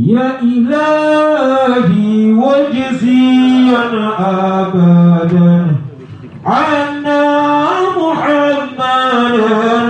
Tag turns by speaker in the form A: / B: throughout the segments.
A: يا إلهي وجزيا أبدا عنا محمدا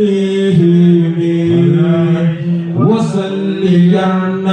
A: وصلي وسلم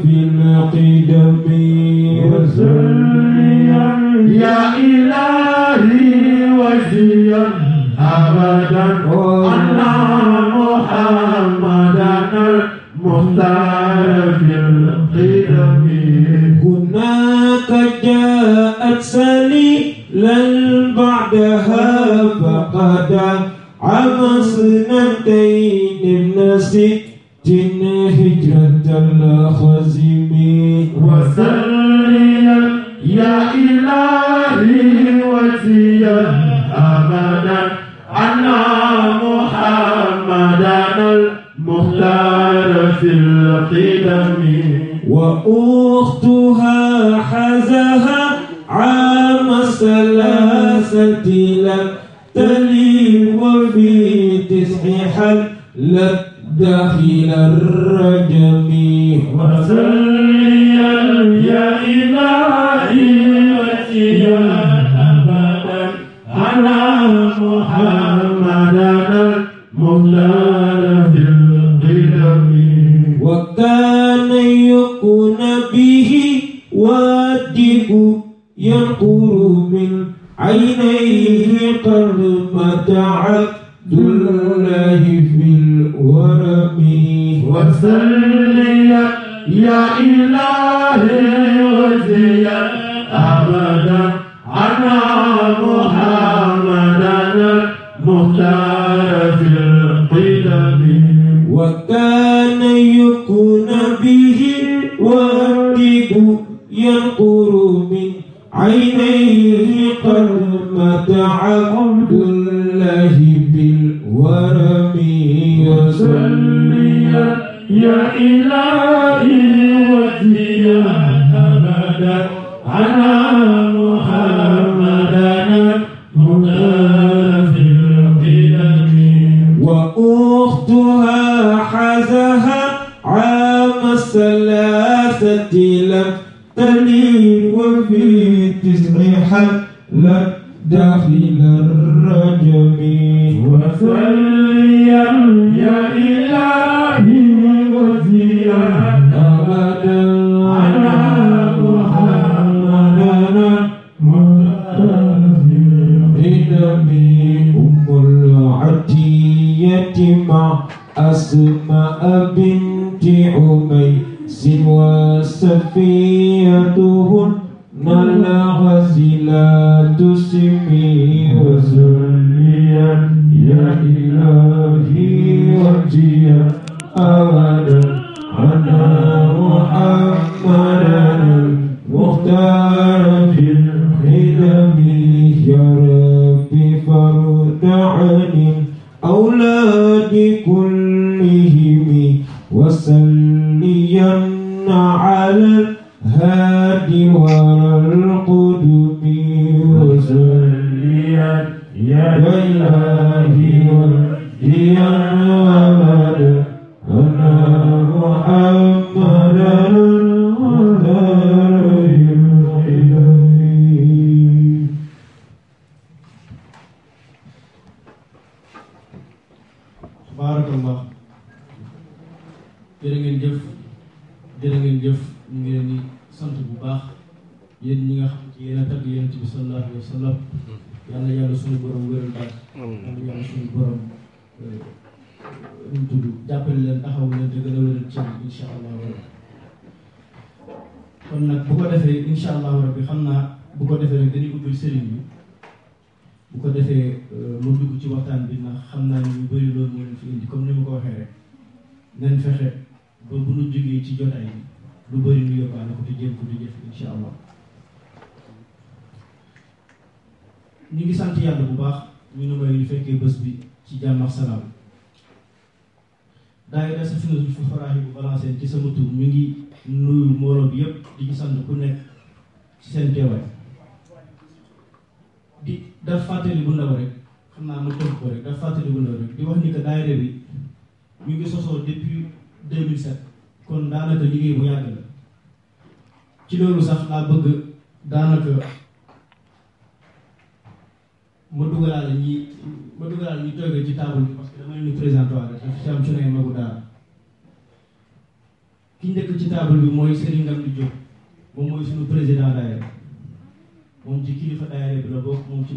A: نسيت الهجرة الأخرى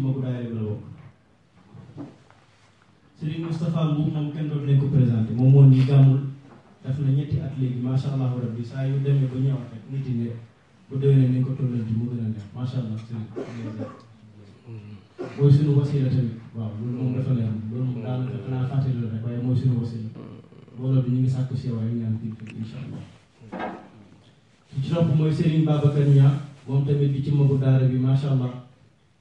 B: boobu daayira bi la bokk Serigne Moustapha Mbow moom kenn doon nañ ko présenté moom moo ñu gàmmul def na ñetti at léegi macha allah rabbi saa yu demee ba ñëwaat rek nit ñi ne bu déwénee nañ ko tollal ji mu gën a neex macha allah Serigne mooy suñu wasila tamit waaw loolu moom dafa leer loolu moom daanaka xanaa fàttali la rek waaye mooy suñu wasila mbooloo bi ñu ngi sàkku si waaye ñaan kii bi incha allah ci topp mooy Serigne Babacar Niang moom tamit bi ci magu daara bi macha allah.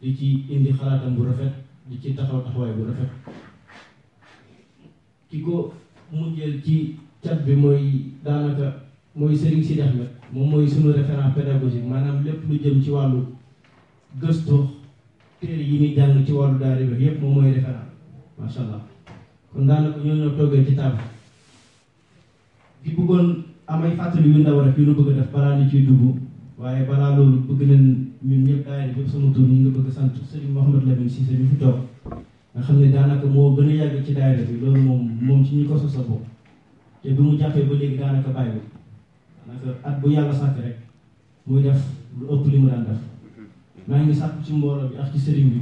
B: di ci indi xalaatam bu rafet li ci taxaw taxawaay bu rafet ki ko jël ci cat bi mooy daanaka mooy Serigne Sidi Ahmed moom mooy sunu référent pédagogique maanaam lépp lu jëm ci wàllu gëstu téere yi ñuy jàng ci wàllu daara bi yépp moom mooy référent macha allah kon daanaka ñoo ñoo toggee ci table di bëggoon amay fàttali yu ndaw rek yu nu bëgg def balaa ñu ciy dugg waaye balaa loolu bëgg nañ ñun ñëpp daayira bépp sama tur ñu ngi bëgg a sant sëriñ Mouhamed Lamine Cissé bi fi toog nga xam ne daanaka moo gën a yàgg ci daayira bi loolu moom moom ci ñu ko sos a bokk te bi mu jàppee ba léegi daanaka bàyyi daanaka at bu yàlla sàkk rek muy def lu ëpp li mu daan def maa ngi sàkk ci mbooloo bi ak ci sëriñ bi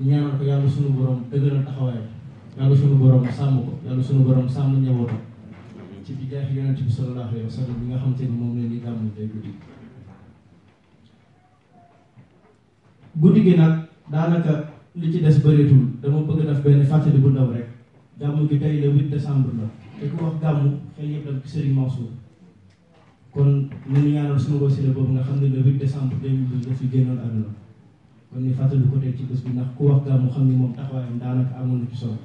B: ñu ñaanal ko yàlla sunu borom dëgëral taxawaay yàlla sunu borom sàmm ko yàlla sunu borom sàmm ñëwootam ci bi jaaxi yonent bi sallallahu alayhi nga xam te ni moom guddi gi nag daanaka li ci des bëreetul dama bëgg def benn fàttali bu ndaw rek gàmmu gi tey le 8 la te ku wax gàmmu xel yëpp dem ci Serigne Mansour kon nañu ñaanal suñu wasila boobu nga xam ne le 8 décembre 2012 daf fi génnoon a kon ñu fàttali ko tey ci bés bi ndax ku wax gàmmu xam ne moom taxawaayam daanaka amoon na ci solo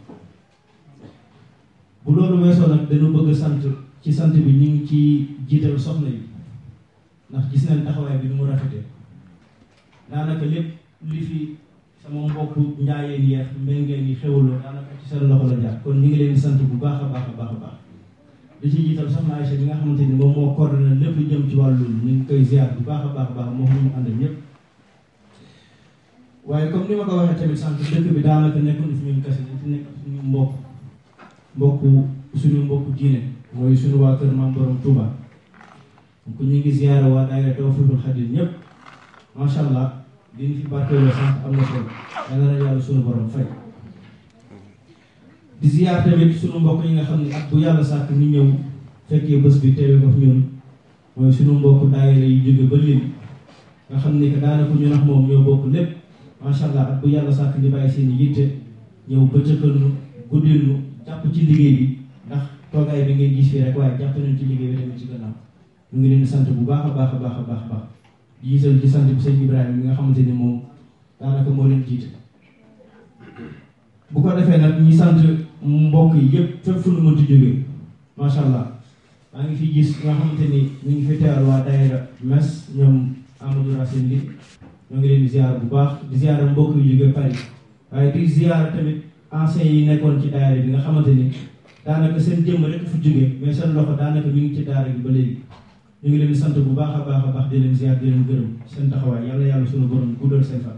B: bu loolu weesoo nag dañu bëgg sant ci sant bi ñu ngi ci jiital soxna yi ndax gis nañ taxawaay bi ni mu rafetee daanaka lépp li fi sama mbokk njaayeen yeex mbéngeen yi xewloo daanaka ci seen loxo la jaar kon ñu ngi leen sant bu baax a baax a baax a ci jiital soxna Aïcha bi nga xamante ni moom moo coordonné lépp lu jëm ci wàllu ñu ngi bu baax a baax a baax moo xam mu ànd ak ñëpp ni ma ko waxee tamit suñu kese bi fi nekk suñu mbokk mbokk suñu mbokk diine mooy suñu waa kër maam borom Touba donc ñu ngi ziar waa daayira Tawfihul Xadim ñëpp macha allah liñ fi barkeeloo sant am na solo yàlla na yàlla borom fay. di ziar su sunu mbokk yi nga xam ne ak bu yàlla sàkk ñu ñëw fekkee bés bi teewee ko fi ñun mooy sunu mbokk daayira yi jóge ba léegi nga xam ne que daanaka ñu nax moom ñoo bokk lépp macha allah ak bu yàlla sàkk ñu bàyyi seen yitte ñëw bëccëgal ñu guddil ci liggéey bi ndax toogaay bi ngeen gis fii rek waaye jàpp nañ ci liggéey bi tamit ci gannaaw ñu ngi leen di sant bu baax a baax a baax baax. jiital ci sant bi sëñ Ibrahima mi nga xamante ni moom daanaka moo leen jiite bu ko defee nag ñi sant mbokk yi yëpp fépp fu nu mënti jógee macha allah maa ngi fi gis nga xamante ni ñu ngi fi teewal waa daayira mes ñoom Amadou Racine li ñoo ngi leen di ziar bu baax di ziar mbokk yu jógee Paris waaye di ziar tamit anciens yi nekkoon ci daayira bi nga xamante ni daanaka seen jëmm rek fu jógee mais seen loxo daanaka mi ngi ci daara bi ba léegi. ñu ngi leen di sant bu baax a baax a baax di leen ziar leen gërëm seen taxawaay yàlla yàlla suñu borom guddal seen fan.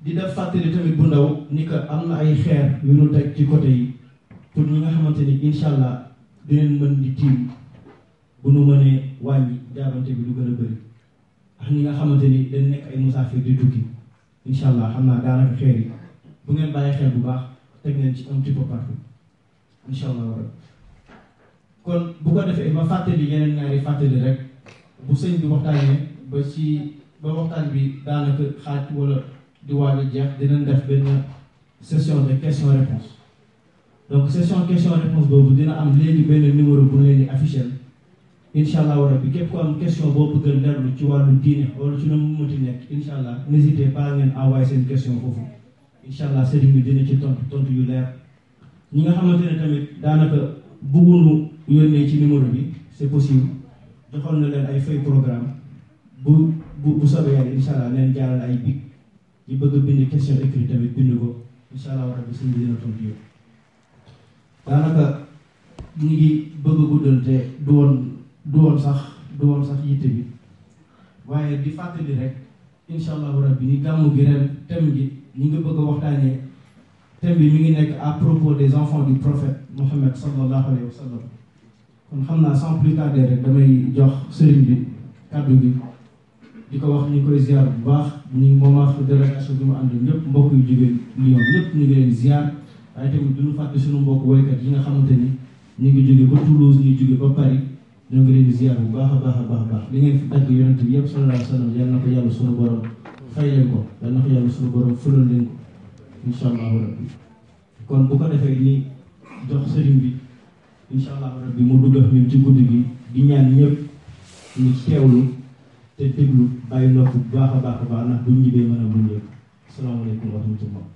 B: di def fàttali tamit bu ndaw ni que am na ay xeer yu ñu teg ci côté yi pour ñi nga xamante ni incha allah dinañ mën di tiim bu nu mënee wàññi jaabante bi du gën a bëri ak ñi nga xamante ni dañ nekk ay musaafir di tukki incha allah xam naa daanaka xeer yi bu ngeen bàyyi xeer bu baax teg ngeen ci un petit peu partout incha allah. kon bu ko defee ma fàttali yeneen ñaari fàttali rek bu sëñ bi waxtaanee ba ci ba waxtaan bi daanaka xaaj wala di waaj a jeex dinañ def benn session de question réponse donc session question réponse boobu dina am léegi benn numéro bu leen di affiché incha allah képp ku am question boo bëgg a leerlu ci wàllu diine wala ci lu mu munti nekk incha allah n'hésitez pas ngeen envoyé seen question foofu incha allah sëriñ bi dina ci tontu yu leer yónnee ci numéro bi c' est possible joxoon na leen ay feuille programme bu bu bu soobee yàlla incha leen jaaral ay bic ñu bëgg a bind question écrite tamit bind ko incha allah rabbi suñu dina tontu yow. daanaka ñu ngi sax du sax yitte bi waaye di fàttali rek incha allah rabbi ni gàmmu gi ren thème gi ñu ngi bëgg a waxtaanee thème bi mi ngi nekk à propos des enfants du prophète Mohammed sallallahu alayhi wa sallam. kon xam naa sans plus rek damay jox sëriñ bi kàddu gi di ko wax ñu ngi koy ziar bu baax ñu moom ak délégation bi mu ànd ñëpp mbokk yu jógee Lyon ñëpp ñu ngi leen ziar waaye suñu mbokk yi nga xamante ni ñu ngi jóge ba Toulouse ñu jógee ba Paris ñoo ngi leen di ziar bu baax a baax a baax a baax li ngeen fi dagg yonent bi yëpp sallallahu alayhi na ko yàlla suñu borom fay leen ko yal na ko yàlla suñu borom fulal leen ko allahu rabbi kon bu ko defee nii jox sëriñ bi incha allah rabbi mu dugg ak ñun ci guddi gi di ñaan ñëpp ñu te déglu bàyyi nopp bu baax a baax a baax ndax buñ ñibbee mën a muñ yëpp salaamaaleykum wa rahmatullah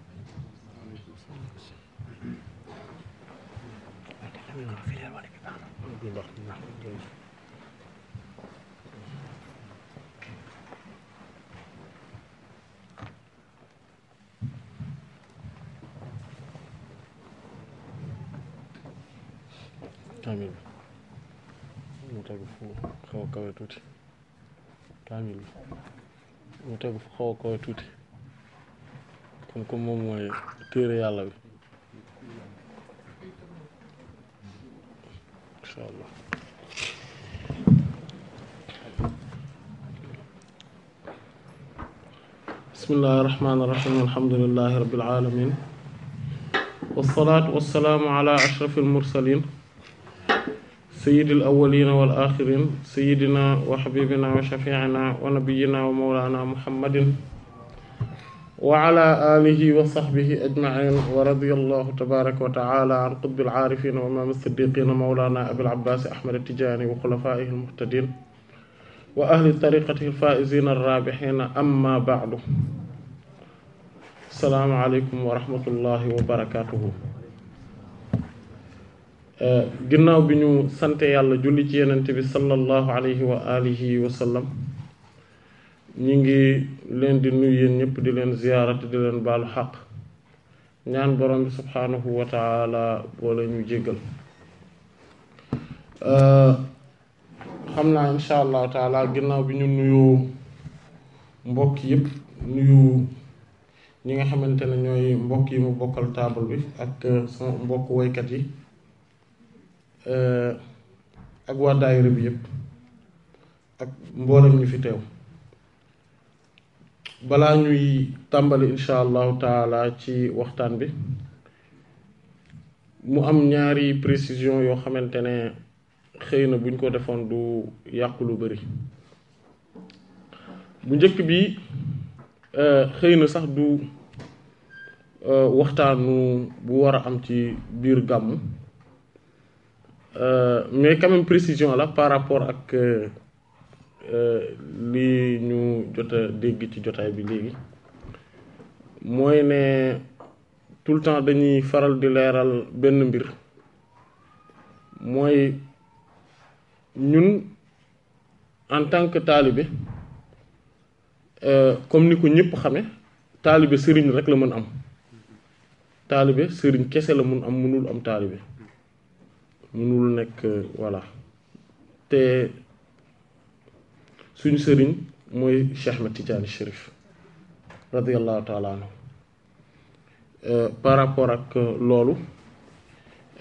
C: kaamil bi mu tegu fu xaw a kawe tuuti kaamil bi mu tegu fu xaw a kawe tuuti kon comme moom mooy téere yàlla bi incha allah bismillahi irrahmani irrahim alhamdulilahi rabil alamin wasalaatu wasalaamu ala ashraf almursalin sayyidil awwalina wal axirin sayyidina wa xabibina wa shafiina wa nabiyina wa mawlana muhammadin wa ala alihi wa sahbihi ajmain wa radiyallahu tabaraka wa taala an qutbil aarifin wa imaam siddiqina mawlana abil abbas ahmad tijaani wa xulafaihi almuhtadin wa ahli tariqatihi alfaizina arrabihina amma baadu asalaamu aleykum wa rahmatullahi wa barakatuhu Euh, ginnaaw bi ñu sante yàlla julli ci yenente bi sallallahu alayhi wa alihi wa ñi ngi leen di nuyu yéen ñëpp di leen ziyaarati di leen baalu xaq ñaan borom bi subhaanahu wa taala boole ñu jéggal euh, xam naa insha allahu taala ginnaaw bi ñu nuyu mbokk yëpp nuyu ñi nga xamante ne ñooy mbokk yi mu bokkal taabal bi ak sama mbokk woykat yi Eh, ak waa daayira bi yëpp ak mboolem ñu fi teew balaa ñuy tàmbali incha allahu taala ci waxtaan bi mu am ñaari précision yoo xamante ne xëy na buñ ko defoon du yàqu lu bari bu njëkk bi eh, xëy na sax du eh, waxtaanu bu war a am ci biir gàmmu Euh, mais quand précision la par rapport ak euh, euh, li ñu jot dégg ci jotaay bi léegi mooy ne tout le temps dañuy faral di leeral benn mbir mooy ñun en tant que taalibe comme ni ko ñëpp xame taalibe sëriñ rek la mën am taalibe sëriñ kese la mun am mënul am taalibe mënul nekk voilà te suñu sëriñ mooy Cheikh Ahmed Tidiane Chérif radiallahu taala euh, par rapport ak loolu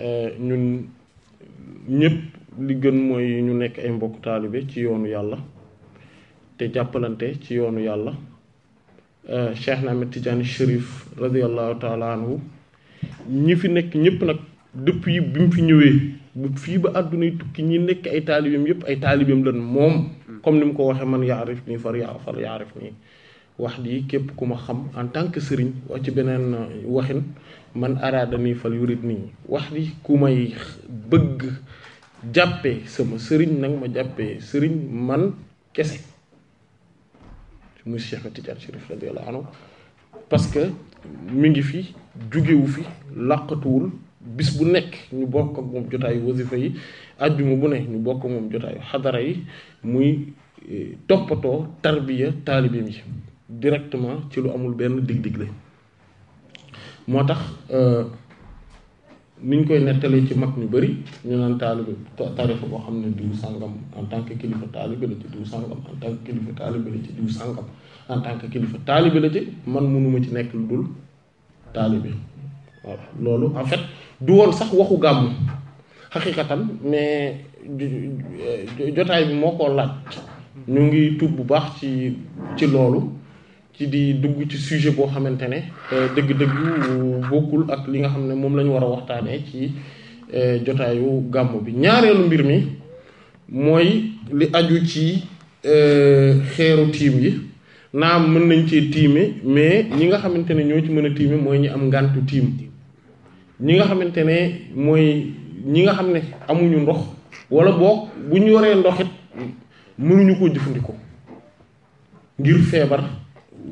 C: euh, ñun ñëpp li gën mooy ñu nekk ay mbokk taalibe ci yoonu yàlla te jàppalante ci yoonu yàlla euh, Cheikh Ahmed Tidiane Chérif radiallahu taala anhu ñi fi nekk ñëpp nag depuis bi mu fi ñëwee fii ba àdduna àddunay tukki ñi nekk ay taalibeem yëpp ay taalibeem lan moom comme ni mu ko waxee man yaarif nii far yaa far yaarif nii wax di képp ku ma xam en tant que sëriñ wax ci beneen uh, waxin man araada nii fal yurit nii wax di ku may bëgg jàppee sama sëriñ nag ma jàppee sëriñ man kese muy Cheikh Tidiane Chérif radiyallahu anhu parce que mi ngi fi jugewu fi làqatuwul bis bu nekk ñu bokk ak moom jotaayu wasifa yi àjjuma bu ne ñu bokk moom jotaayu xadara yi muy eh, toppatoo tarbiya taalibeem yi directement ci lu amul benn dig-digle moo tax eh, niñ koy nettalee ci mag ñu bëri ñu naan taalibe tarifa boo xam ne diw sàngam en tant que kilifa taalibe la ci diw sàngam en tant que kilifa taalibe la ci man mënuma ci nekk lu dul taalibe voilà loolu en fait di woon sax waxu gàmmu xaqiqatan mais jotaay bi moo ko laaj ñu ngi tuub bu baax ci ci loolu ci di dugg ci sujet boo xamante ne euh, dëgg-dëgg bokkul ak li nga xam ne moom la war a waxtaanee ci euh, jotaayu gàmmu bi ñaareelu mbir mi mooy li aju ci euh, xeeru tiim yi naam mën nañ cee tiime mais ñi nga xamante ne ñoo ci mën a tiime mooy ñi am ngàntu tiim ñi nga xamante ne mooy ñi nga xam ne amuñu ndox wala boo bu ñu waree ndoxit it mënuñu koo jëfandikoo ngir feebar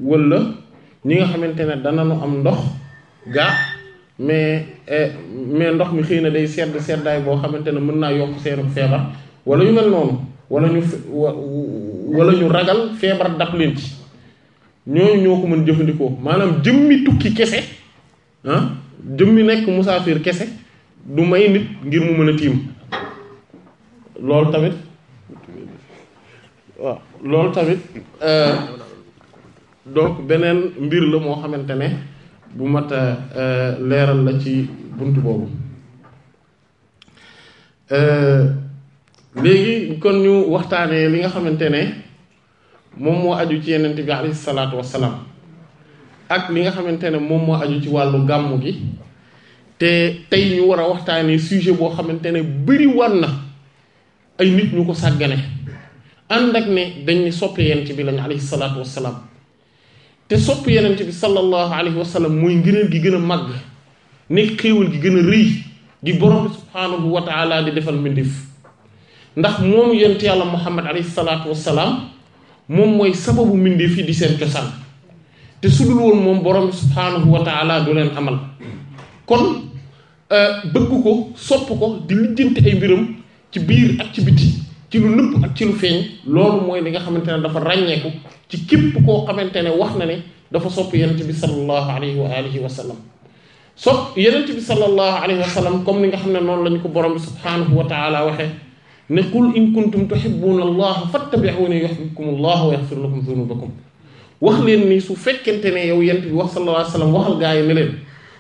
C: wala ñi nga xamante ne danañu am ndox gaa mais eh, mais ndox mi xëy na day sedd seddaay boo xamante ne mën naa yokk seenu feebar wala yu mel noonu wala ñu wala ñu ragal feebar dab leen ci ñooñu ñoo ko mën jëfandikoo maanaam jëmmi tukki kese ah, jëmmi nekk musaafir kese du may ngir mu mën a tiim loolu tamit waaw loolu tamit euh, donc beneen mbir la moo xamante ne bu mat a euh, leeral la ci bunt boobu euh, léegi kon ñu waxtaanee li nga xamante ne moom moo aju ci yenent bi alayhi salaatu wassalaam ak li nga xamante ne moom moo aju ci wàllu gàmmu gi te tey ñu war a waxtaanee sujet boo xamante ne bëri war na ay nit ñu ko sàggane ànd ak ne dañ ne soppi yenent bi lañ alayhi salaatu wassalaam te soppi yenent bi sallallahu alayhi wa gi gën a màgg nekk xéewal gi gën a rëy gi borom bi subhaanahu wa di defal mbindéef ndax moomu yenent yàlla muhammad alayhi salaatu wassalaam moom mooy sababu mbindéef yi di seen cosaan te su dul woon moom borom bi subhaanahu wa taala du leen amal kon euh, bëgg ko sopp ko di lijjanti ay mbiram ci biir ak ci biti ci lu ak ci lu feeñ loolu mooy li nga xamante ne dafa ràññeeku ci képp koo xamante ne wax na ne dafa sopp yenent bi sallallahu alayhi wa alihi wa sallam sopp yenent bi sallallahu alayhi wa sallam ni nga xam ne noonu la ñu ko borom bi subhaanahu wa taala waxee ne qul in kuntum tuhibbuna allaha fattabi'uni yuhibbukum allah wa yaghfir lakum dhunubakum wax leen ni su fekkente ne yow yent bi wax sallallahu alayhi wasallam waxal gaa yi ne leen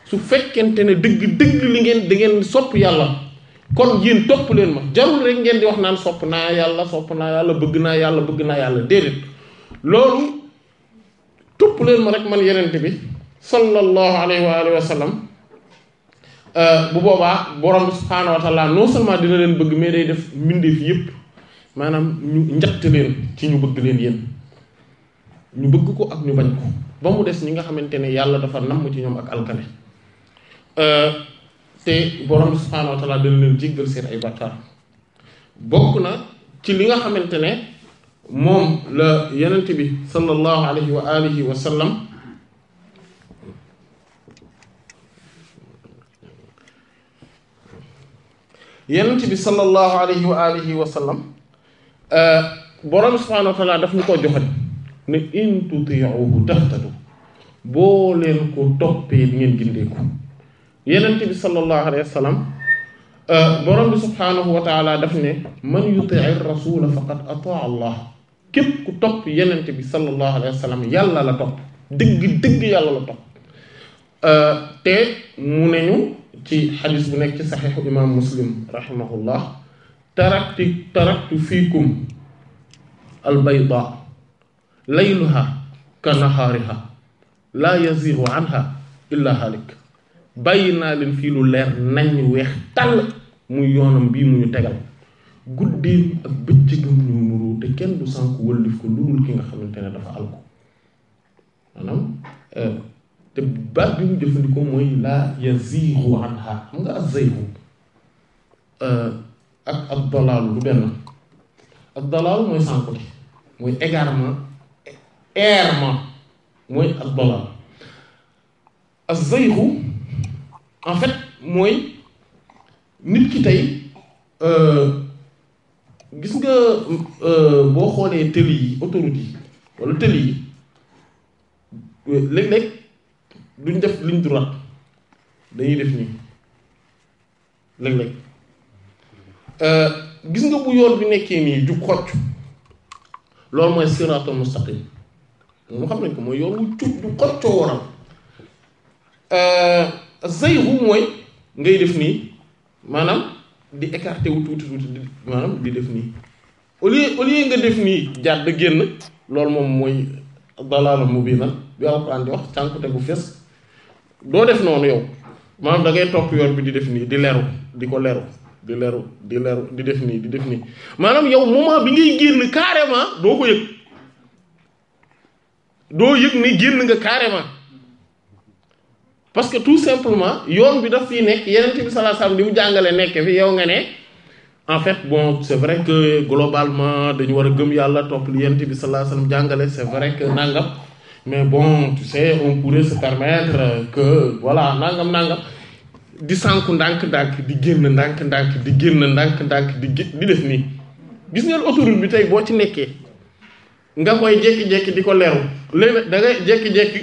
C: su fekkente ne dëgg dëgg li ngeen da ngeen sopp yàlla kon yéen topp leen ma jarul rek ngeen di wax naan sopp naa yàlla sopp naa yàlla bëgg naa yàlla bëgg naa yàlla déedéet loolu topp leen ma rek man yenent bi sallallahu alayhi wa alihi wa sallam euh, bu boobaa borom bi subhaanahu wa taala non seulement dina leen bëgg mais day def mbindeef yépp maanaam ñu njatt leen ci ñu bëgg leen yéen ñu bëgg ko ak ñu bañ ko ba mu des ñi nga xamante ne yàlla dafa namm ci ñoom ak alkane euh, te borom bi subhaanahu wa taala jéggal seen ay bàkkaar bokk na ci li nga xamante ne moom la yenent bi sallallahu alayhi wa alihi wa sallam yenent bi sallallahu alayhi wa alihi wa sallam euh, borom bi subhaanahu wa daf ñu ko joxat ne in tutiuhu tahtadu boo leen ko toppee ngeen gindeeku yenent bi sallallahu alayhi wa sallam euh, borom bi daf ne man yutii rasula faqad ataa allah képp ku topp yenent bi sallallahu alayhi wa sallam yàlla la topp dëgg dëgg yàlla la topp euh, te mu neñu ci xadis bu nekk ci saxiixu imam muslim rahimahullah tarakti taraktu fiikum al layluha ka nahaariha laa anha illa halik bàyyi naa leen fii lu leer nañ weex tàll muy yoonam bii mu ñu tegal guddeem ak bëccëgam ñoo nuroo te kenn du sànku nga xamante ne dafa alko maanaam euh, te baat bi mu jëfandikoo mooy la yaziru anha xam nga euh, ak ak dalaalu du benn mooy sànku mooy égarement eer ma mooy ak dolal ak zayxu en fait mooy nit ki tey euh, gis nga euh, boo xoolee tëli yi autoroute yi wala tëli yi léeg-léeg duñ def ligne droite dañuy def nii léeg-léeg euh, gis nga bu yoon bi nekkee nii ju xocc loolu mooy siraatal mustaqim moom xam nañ ko mooy yoon wu cub du xoccoo woonam euh, zayhu mooy ngay def nii maanaam di écarté wu tuuti tuuti maanaam di def nii au lieu au lieu nga def nii jàdd génn loolu moom mooy dalaala mubiina bi alxuraan di wax cànkute bu fes doo def noonu yow maanaam da ngay topp yoon bi di def nii di leru di ko leru di leru di leru di def nii di def nii maanaam yow moment bi ngay génn carrément doo ko yëg doo yëg ni génn nga carrément parce que tout simplement yoon bi daf fii nekk yeneen bi sallallahu alayhi li mu jàngale nekk fi yow nga ne en fait bon c'est vrai que globalement dañu war a gëm yàlla topp li yeneen bi sallallahu alayhi wasallam jàngale c'est vrai que nangam mais bon tu sais on pourrait se permettre que voilà nangam nangam di sànku ndànk-ndànk di génn ndànk-ndànk di génn ndànk-ndànk di di def nii gis ngeen autoroute boo ci nekkee. nga koy jékki-jékki di ko leeru léegi da ngay jékki-jékki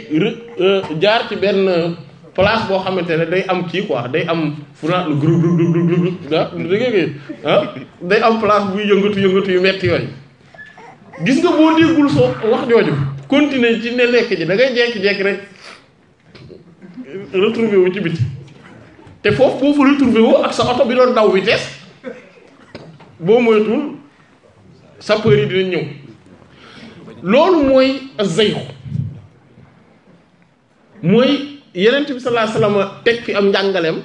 C: euh, jaar ci benn place boo xamante ne day am kii quoi day am fu naa groupe groupe groupe ah, da ngay ah day am place buy yëngatu yëngatu yu metti yooyu gis nga boo déggul soo wax jooju continuer ci ne lekk ji da ngay jékki-jékki rek retrouver wu ci biti te foofu boo fa retrouver wu ak sa oto bi doon daw vitesse boo moytuwul sapeur yi dinañ ñëw. loolu mooy zeyxu mooy yenent bi sallallahu alayhi wasallam teg fi am njàngaleem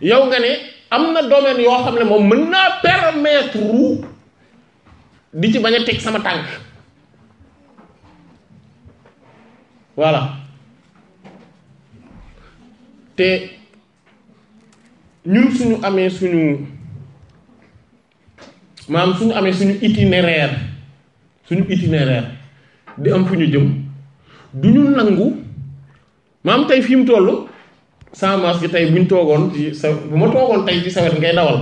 C: yow nga ne am na domaine yoo xam ne moom mën naa permettre di ci bañ a teg sama tànk voilà te ñun suñu amee suñu maam suñu amee suñu itinéraire suñu itinéraire di am fu ñu jëm du ñu nangu maam tey fi mu toll sans masque tey buñ toogoon ci sa bu ma toogoon tey ci sawet ngay dawal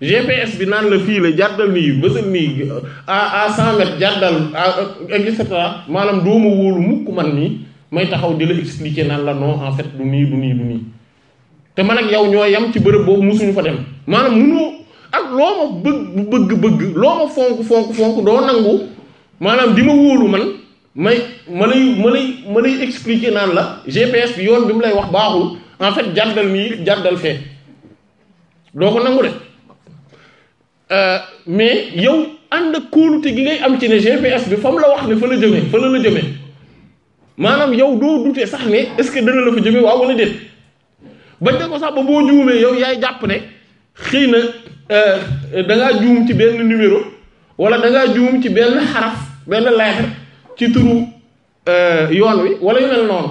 C: GPS bi naan la fii la jàddal nii bësal nii à à cent mètres jàddal euh, et maanaam doo ma wóolu mukk man nii may taxaw di la expliquer naan la non en fait du nii du nii te man ak yow ñoo yam ci bërëb boobu musuñu fa dem maanaam munoo ak loo ma bëgg bëgg bëgg loo ma fonk fonk fonk doo nangu maanaam di ma wóolu man may ma lay ma lay ma lay expliquer naan la GPS bi yoon bi mu lay wax baaxul en fait jàddal nii jàddal fee doo ko nangu de euh, mais yow ànd ak kóolute gi ngay am ci ne GPS bi fa mu la wax ne fa la jëmee fa la la jëmee maanaam yow doo dute sax ne est-ce que dana la fa jëme waaw wala déet ba ne ko sax ba boo juumee yow yaay jàpp ne xëy na euh, da ngaa juum ci benn numéro wala dangaa ngaa juum ci benn xaraf benn lettre ci turu euh, yoon wi walla yu mel noonu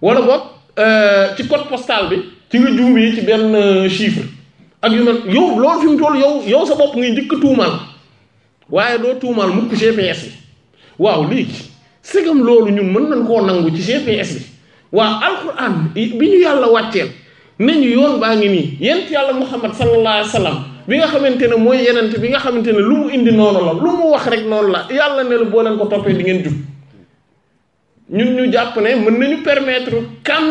C: walla boog euh, ci code postal bi ci nga juumee ci benn euh, chiffre ak yu mel yow loolu fi mu yow yow sa bopp ngay njëkk tuumaal waaye doo tuumaal mukk GPS bi waaw léegi segam loolu ñun mën nañ koo nangu ci GPS bi waaw alquran bi ñu yàlla wàcceel nañu yoon baa ngi nii yent yàlla muhammad sallallahu alayhi bi nga xamante ne mooy yenent bi nga xamante ne lu mu indi noonu la lu mu wax rek noonu la yàlla ne la boo leen ko toppee di ngeen jub ñun ñu jàpp ne mën nañu permettre quand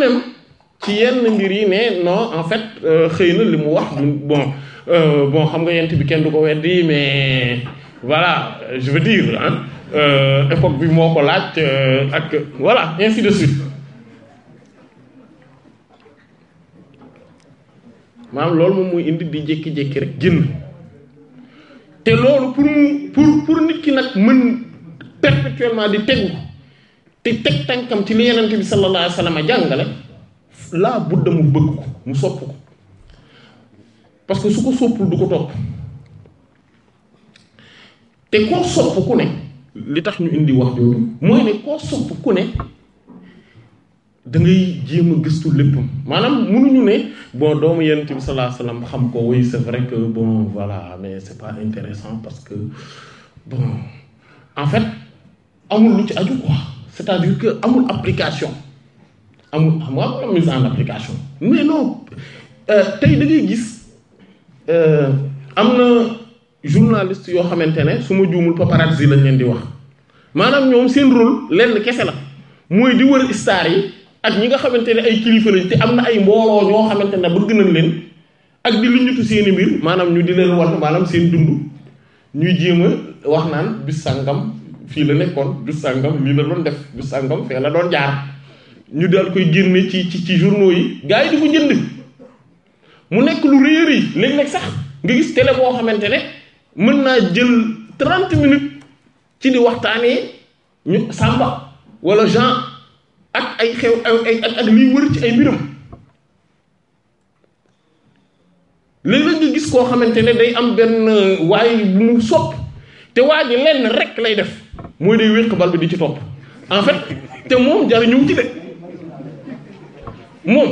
C: ci yenn mbir yi ne non en fait euh, xëy na li mu wax bon euh, bon xam nga yent bi kenn du ko weddi mais voilà je dire ah époque bi moo ko laaj ak voilà ainsi de suite maam loolu moom mooy indi di jékki-jékki rek jën te loolu pour mu pour pour nit ki nag mën perpétuellement di tegu te teg tànkam ci li yenente bi sallallahu alayhi wa jàngale laa budda mu bëgg mu sopp ko parce que su ko soppul du ko topp te koo sopp ku ne li tax ñu indi wax jooju mooy ne koo sopp ku ne da ngay jéem a gëstu lépp maanaam mënuñu ne bon doomu yonent bi sallallahu salaam wasallam xam ko oui c'est vrai que bon voilà mais c'est pas intéressant parce que bon en fait amul lu ci aju quoi c'est-à-dire que amul application amul xam nga amul mise en application mais non euh, tey da ngay gis euh, am na journaliste yoo xamante ne su ma juumul paparazzi lañ leen di wax maanaam ñoom seen rôle lenn kese la mooy di wër star yi. ak ñi nga xamante ne ay kilifa lañ te am na ay mbooloo ñoo xamante ne bëgg nañ leen ak di luñutu seen i mbir maanaam ñu di leen wan maanaam seen dund ñuy jéem a wax naan bis sàngam fii la nekkoon bis sàngam lii la doon def bis sàngam fee la doon jaar ñu daal koy génne ci ci ci journaux yi gars yi di ko jënd mu nekk lu réer yi léeg-léeg sax nga gis télé boo xamante ne mën naa jël trente minutes ci di waxtaanee ñu Samba wala Jean ak ay xew ay ak ak liy wër ci ay mbiram léeg-léeg nga gis koo xamante ne day am benn euh, waay bu mu sopp te waa ji lenn rek lay def mooy day wéq bal bi di ci topp en fait te moom jariñu ci de moom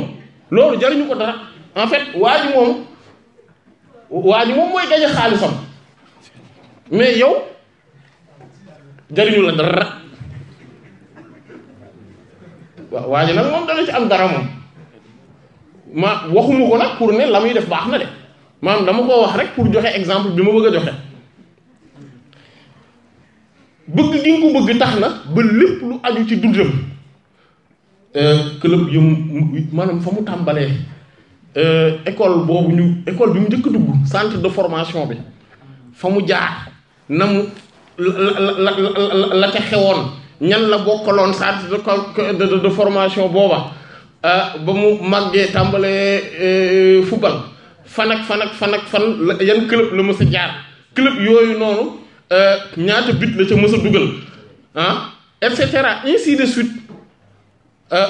C: loolu jariñu ko dara en fait waa moom waa ji moom mooy gañe xaalisam mais yow jariñu la dara waaw waa ji nag moom dana ci am dara moom ma waxuma ko nag pour ne la muy def baax na de maanaam dama koo wax rek pour joxe exemple bi ma bëgg a joxe bëgg gi nga ko bëgg tax na ba lépp lu aju ci dundam euh, club yu maanaam fa mu tàmbalee euh, école boobu ñu école bi mu njëkk dugg centre de formation bi fa mu jaar na mu la la la la ca xewoon ñan la bokkaloon centre de de formation booba euh, ba mu màggee tàmbalee euh, football fan ak fan ak fan ak fan yan club la mës jaar club yooyu noonu euh, ñaata bit la ca mës a dugal ah et cetera si de suite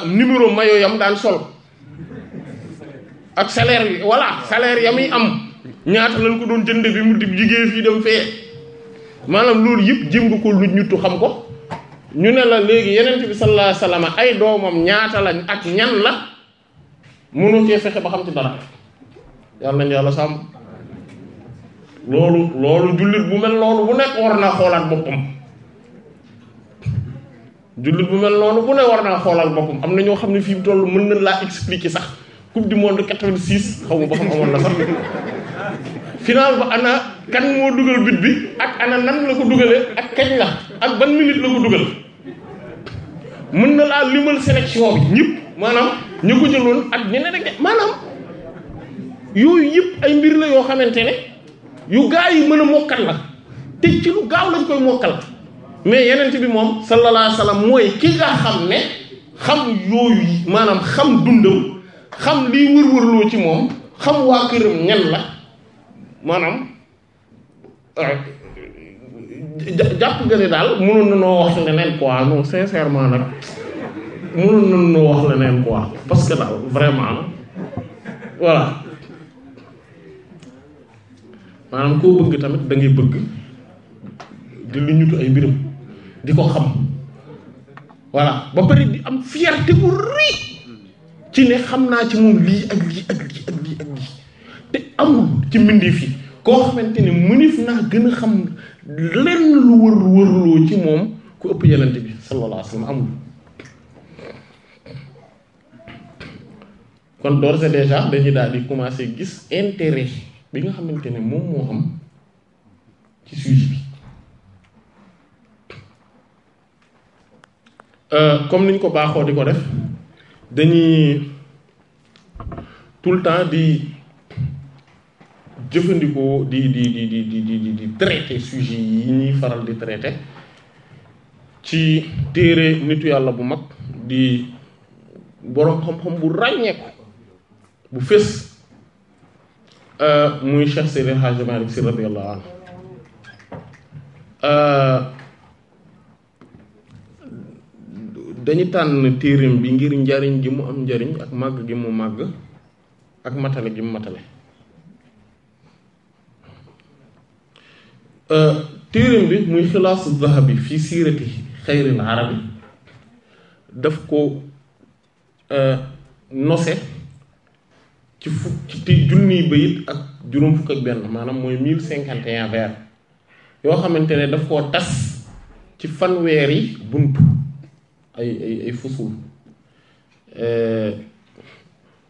C: numéro maillot yam daan sol ak salaire bi voilà salaire ya muy am ñaata lañ ko doon jënd bi mu di jigéen fii dem fee maanaam loolu yëpp jéem nga ko lu ñuttu xam ko. ñu ne la léegi yenent bi sallallahu alayhi ay doomam ñaata lañ ak ñan la mënu cee fexe ba xam ci dara yàlla nañ yàlla sàmm loolu loolu jullit bu mel loolu bu nekk war naa xoolaat boppam jullit bu mel noonu bu ne war naa xoolal boppam am na ñoo xam ne fii mu toll mën na laa expliquer sax coupe du monde 86 xaw ma ba xam amoon na sax final ba ana kan moo dugal but bi ak ana nan la ko dugalee ak kañ la ak ban minute la ko dugal mën na laa limal sélection bi ñëpp maanaam ñu ko jëloon ak ñeneen rek de maanaam yooyu yëpp ay mbir la yoo xamante ne yu gaa yi mën a mokkal la te ci lu gaaw lañ koy mokkal mais yeneen bi moom sallallahu alayhi mooy ki nga xam ne xam yooyu maanaam xam dundam xam liy wër ci moom xam waa këram ñan la maanaam jàpp nga ne daal mënoon na noo wax leneen quoi non sincèrement nag mënoon na noo wax leneen quoi parce que daal vraiment voilà maanaam koo bëgg tamit da bëgg di lu ñutu ay mbiram di ko xam voilà ba pare di am fierté bu rëy ci ne xam naa ci moom lii ak lii ak lii ak lii te amul ci mbindeef yi koo xamante ne mënif naa gën a xam lenn lu wër wërloo ci moom ku ëpp yonent bi sallallahu alayhi wa amul kon d'ores et déjà dañuy daal di commencer gis intérêt bi nga xamante ne moom moo am ci sujet bi euh, comme niñ ko baaxoo di ko def dañuy tout le temps di jëfandikoo di di di di di di di traité sujet yi ñuy faral di traité ci téere nitu yàlla bu mag di boroom xam-xam bu ràññeeku bu fés euh, muy Cheikh Seydi Hadji Malick Sy radiyallahu anhu euh, dañu tànn téereem bi ngir njariñ gi mu am njariñ ak màgg gi mu màgg ak matale gi mu matale Euh, téeram bi muy xilaasu zahabi fii siirati xayril arabi daf ko euh, nose ci fukk ci junniy bayit ak juróom fukk ak benn maanaam mooy mille cinquante et un yoo xamante ne daf koo tas ci fanweeri bunt ay ay ay fusul euh,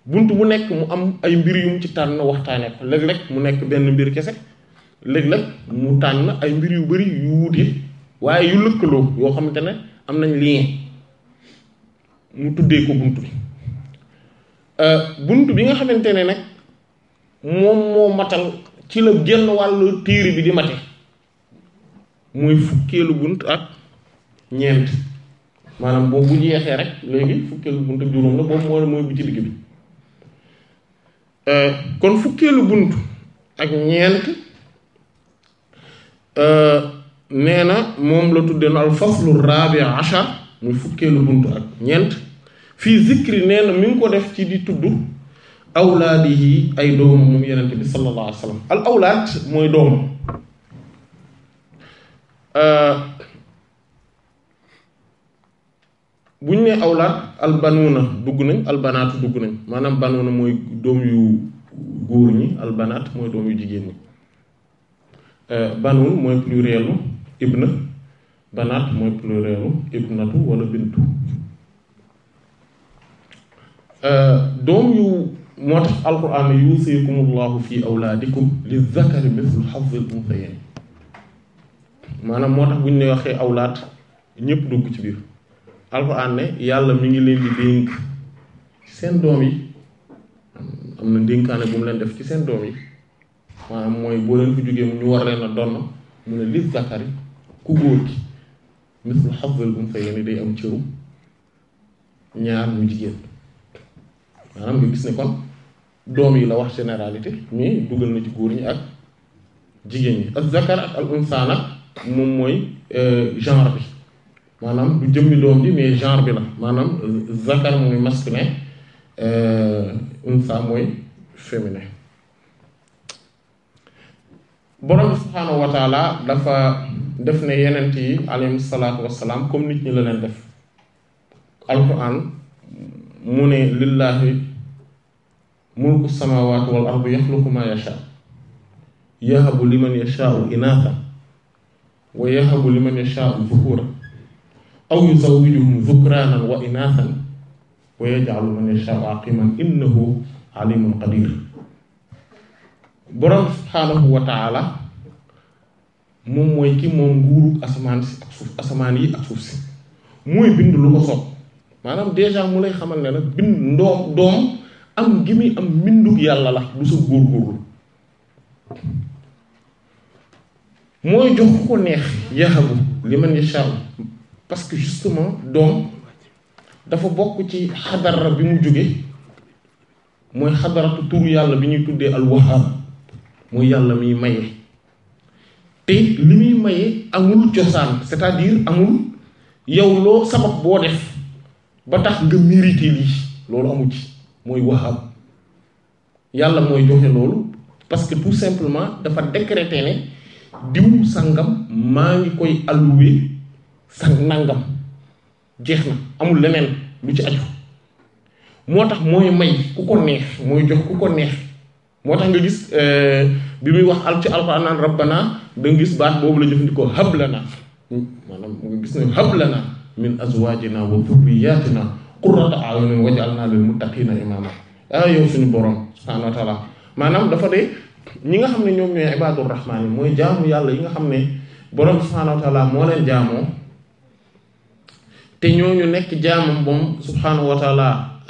C: bunt bu nekk mu am ay mbir yum ci tànn waxtaane ko léeg-léeg mu nekk benn mbir kese léeg-léeg mu tànn ay mbir yu bari yu wuute waaye yu lëkkaloo yoo xamante ne am nañ lien mu tuddee ko bunt bi euh, bunt bi nga xamante ne nag moom moo matal ci la genn wàll téere bi di mate muy fukkeelu bunt ak ñeent maanaam boobu bu jeexee rek léegi bu ci digg bi euh, kon fukkeelu bunt ak ñeent Euh, nee na moom la tuddee al faslu rabi achar muy fukkeelu buntu ak ñeent fii zikri nee na mi ko def ci di tudd awlaadihi ay doomu moom yenente bi sallallahu alayhi wa sallam al awlaad mooy doomu euh, bu ñu nee awlaad albanuuna dugg nañ albanaatu dugg nañ maanaam banuuna mooy doom yu góor ñi albanaat mooy doom yu jigéen ñi Euh, banu mooy plurielu ibna banaat mooy plurielu ibnatu wala bintu euh, doom yu moo tax alquran ne yuusikumullahu fi awlaadikum li zakari mislu xazzil unsayayn maanaam moo tax bu ñu ne waxee awlaad ñëpp dugg ci biir alquran ne yàlla mi ngi leen di dénk seen doom yi am na ndénkaane bu mu leen def ci seen doom yi maanaam mooy boo leen fi jógee ñu war leen a donn mu ne li zakari ku góor gi mislu xafdal bu mu fay ni day am cëru ñaar mu jigéen maanaam nga gis ne kon doom yi la wax généralité mais dugal na ci góor ñi ak jigéen ñi ak zakar ak al unsa nag moom mooy euh, genre bi maanaam du jëmmi doom ji mais genre bi la maanaam euh, zakar mooy masculin euh, unsa mooy féminin borom subhaanahu wa dafa def ne yenent yi alayhim salaatu wassalaam comme nit ñi la leen def alquran mu ne lillahi mulku samawati wal ardi yaxluqu ma yasha yahabu liman yashaau inaatha wa yahabu liman yashaau dhukuura aw yuzawwijuhum dhukraanan wa inaathan wa yajcalu man yashaau aqiman innahu alimun qadir borom subhaanahu wa taala moom mooy ki moom nguuru asamaan si ak suuf asamaan yi ak suuf si mooy bind lu ko soob maanaam déjà mu lay xamal ne la bind ndoo doom am gi muy am mbindug yàlla la du sa góorgóorlu mooy jox ko neex yaxabu li man yashaaw parce que justement doom dafa bokk ci xadara bi mu jóge mooy xadaratu turu yàlla bi ñuy tuddee alwahaab muy yàlla muy maye te li muy maye amul cosaan c'est-à-dire amul yow loo sabab boo def ba tax nga mérité lii loolu amu ci mooy wahab yàlla mooy joxe loolu parce que tout simplement dafa décréter ne diw sàngam maa ngi koy alloué sa nangam jeex na amul leneen lu ci aju moo tax mooy may ku ko neex mooy jox ku ko neex moo tax nga gis euh, bi muy wax al ci alxuraan rabbana da gis baax boobu la jëfandikoo hablana maanaam nga gis ne hablana min azwajina wa dhurriyatina qurrata a'yunin waj'alna lil muttaqina imama ah yow suñu borom subhanahu wa maanaam dafa de ñi nga xam ne ñoom ñooy ibadur rahmaan yi mooy jaamu yàlla yi nga xam ne borom subhanahu wa taala moo leen jaamoo te ñooñu nekk jaamam moom subhanahu wa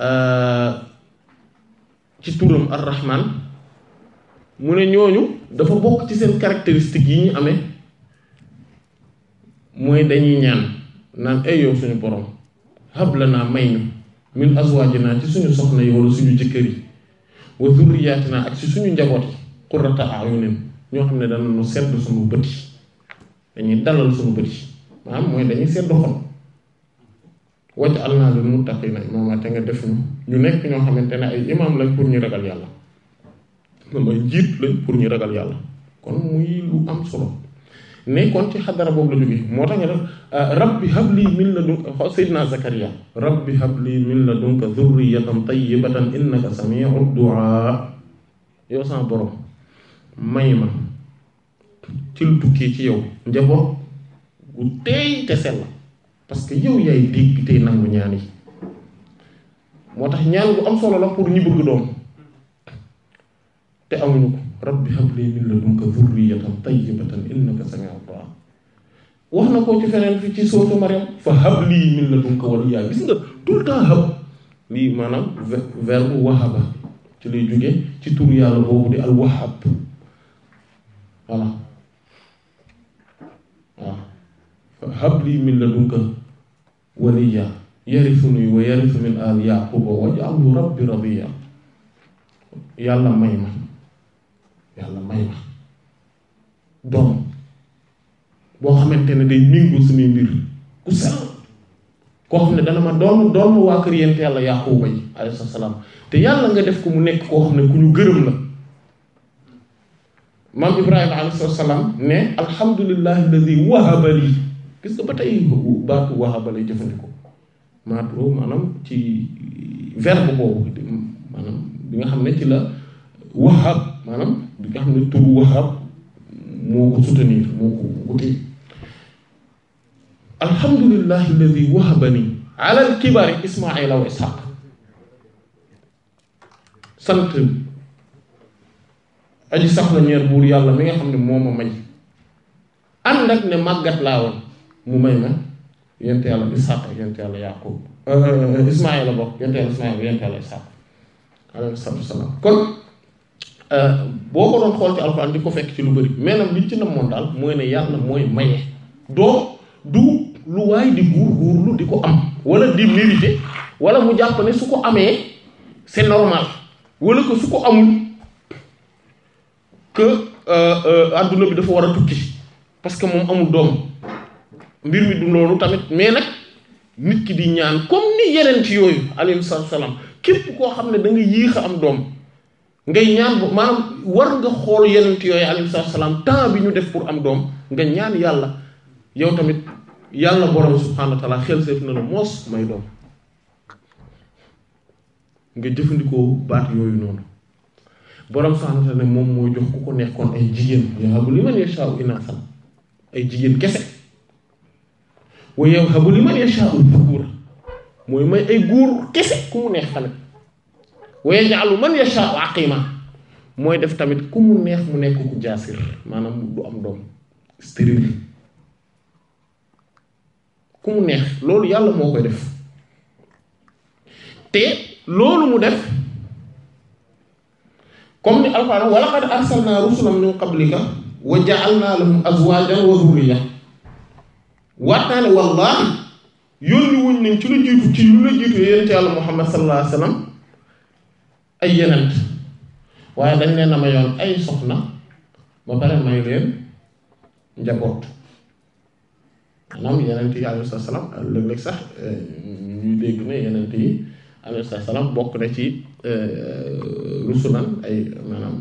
C: euh, ci turam ar rahman mu ne ñooñu dafa bokk ci seen caractéristiques yi ñu amee mooy dañuy ñaan naan ay yow suñu borom hab naa may ñu min azwaajinaa ci suñu soxna yi wala suñu jëkkër yi wa naa ak ci suñu njaboot yi qurrata a'yunin ñoo xam ne danañu sedd suñu bët dañuy dalal suñu bët yi mooy dañuy sedd xol waj'alnaa lil muttaqiina imaamaa te nga def ñu ñu nekk ñoo xamante ne ay imaam lañ pour ñu ragal yàlla mooy njiit lañ pour ñu ragal yàlla kon muy lu am solo mais kon ci xadara boobu la jógee moo tax nga def euh, rabbi habli min ladunka sayyidina Zakariya rabbi habli min ladunka zurriyatan tayyibatan innaka sami'ud du'a yow sama borom may ma ci lu tukkee ci yow njaboot gu teey te sell parce que yow yaay dégg tey nangu ñaan yi moo tax ñaan bu am solo la pour ñi bëgg doom te amuñu ko rabbi habli min ladunka zurriyatan tayyibatan innaka samiul du'a wax na ko ci feneen ci sootu Mariam fa habli min ladunka waliya gis hab lii maanaam verbe wahaba ci lay jóge ci tur yàlla boobu di al wahab voilà waaw fa habli min ladunka waliya yarithuni wa yarithu min al yaquba waj'alhu rabbi radiya yàlla may yàlla may ma doom boo xamante ne day méngoo suñuy mbir ku sell koo xam ne dana ma doom doon ma waa kër yent yàlla Yaquuba yi alayhi salaam te yàlla nga def ko mu nekk koo xam ne ku ñu gërëm la maam Ibrahima alayhi salaam ne alhamdulillahi alladi wahaba lii gis nga ba tey baatu wahaba jëfandikoo maatu maanaam ci verbe boobu maanaam bi nga xam ne ci la Wahab maanaam bi nga xam ne turu Wahab moo ko soutenir moo ko wutee alhamdulillahi alladi wahabani ala alkibari ismaila wa ishaq sant aji sax la ñeer buur yàlla mi nga xam ne moo ma may ànd ak ne màggat laa woon mu may ma yent yàlla ishaq ak yent yàlla yaqub euh, ismaila bokk yent yàlla ismaila yent yàlla ishaq alayhi salaatu wa salaam kon Euh, boo ko doon xool ci alxuraan di ko fekk ci lu bari mais nag liñ ci namoon daal mooy ne yàlla mooy maye doo du lu waay di guur guurlu di ko am wala di mérité wala mu jàpp ne su ko amee c'est normal wala ko su ko amul que euh, euh, adduna bi dafa war a tukki parce que moom amul doom mbir mi du loolu tamit mais nag nit ki di ñaan comme ni yeneen ci yooyu alayhi salaam képp koo xam ne da nga am doom ngay ñaan bu maam war nga xool yenent yooyu alayhi salaatu salaam temps bi ñu def pour am doom nga ñaan yàlla yow tamit yàlla borom subhaanahu wa taala xel seef na la moos may doom nga jëfandikoo baat yooyu noonu borom subhaanahu wa taala ne moom mooy jox ku ko nekkoon ay jigéen yahabu liman yashaa'u inaasan ay jigéen kese wa yahabu liman yashaa'u dhukuura mooy may ay góor kese ku mu neex tamit wa yaj'alu man yashaa'u aqima mooy def tamit ku mu neex mu nekk ku jaasir maanaam du am doom stérile ku mu neex loolu yàlla moo koy def te loolu mu def comme ni alquran wa laqad arsalna rusulan min qablika wa ja'alna lahum azwajan wa dhurriya waat naa ne wallaahi yónni wuñ nañ ci la jiitu ci lu la jiitu yonent yàlla Muhammad sallallahu alayhi ay yenent waaye dañ leen a mayoon ay soxna ba pare may leen njaboot maanaam yenent yi alayhi salaam léeg-léeg sax eh, ñuy dégg ne yenent yi alayhi salaam bokk na ci eh, rusulan ay maanaam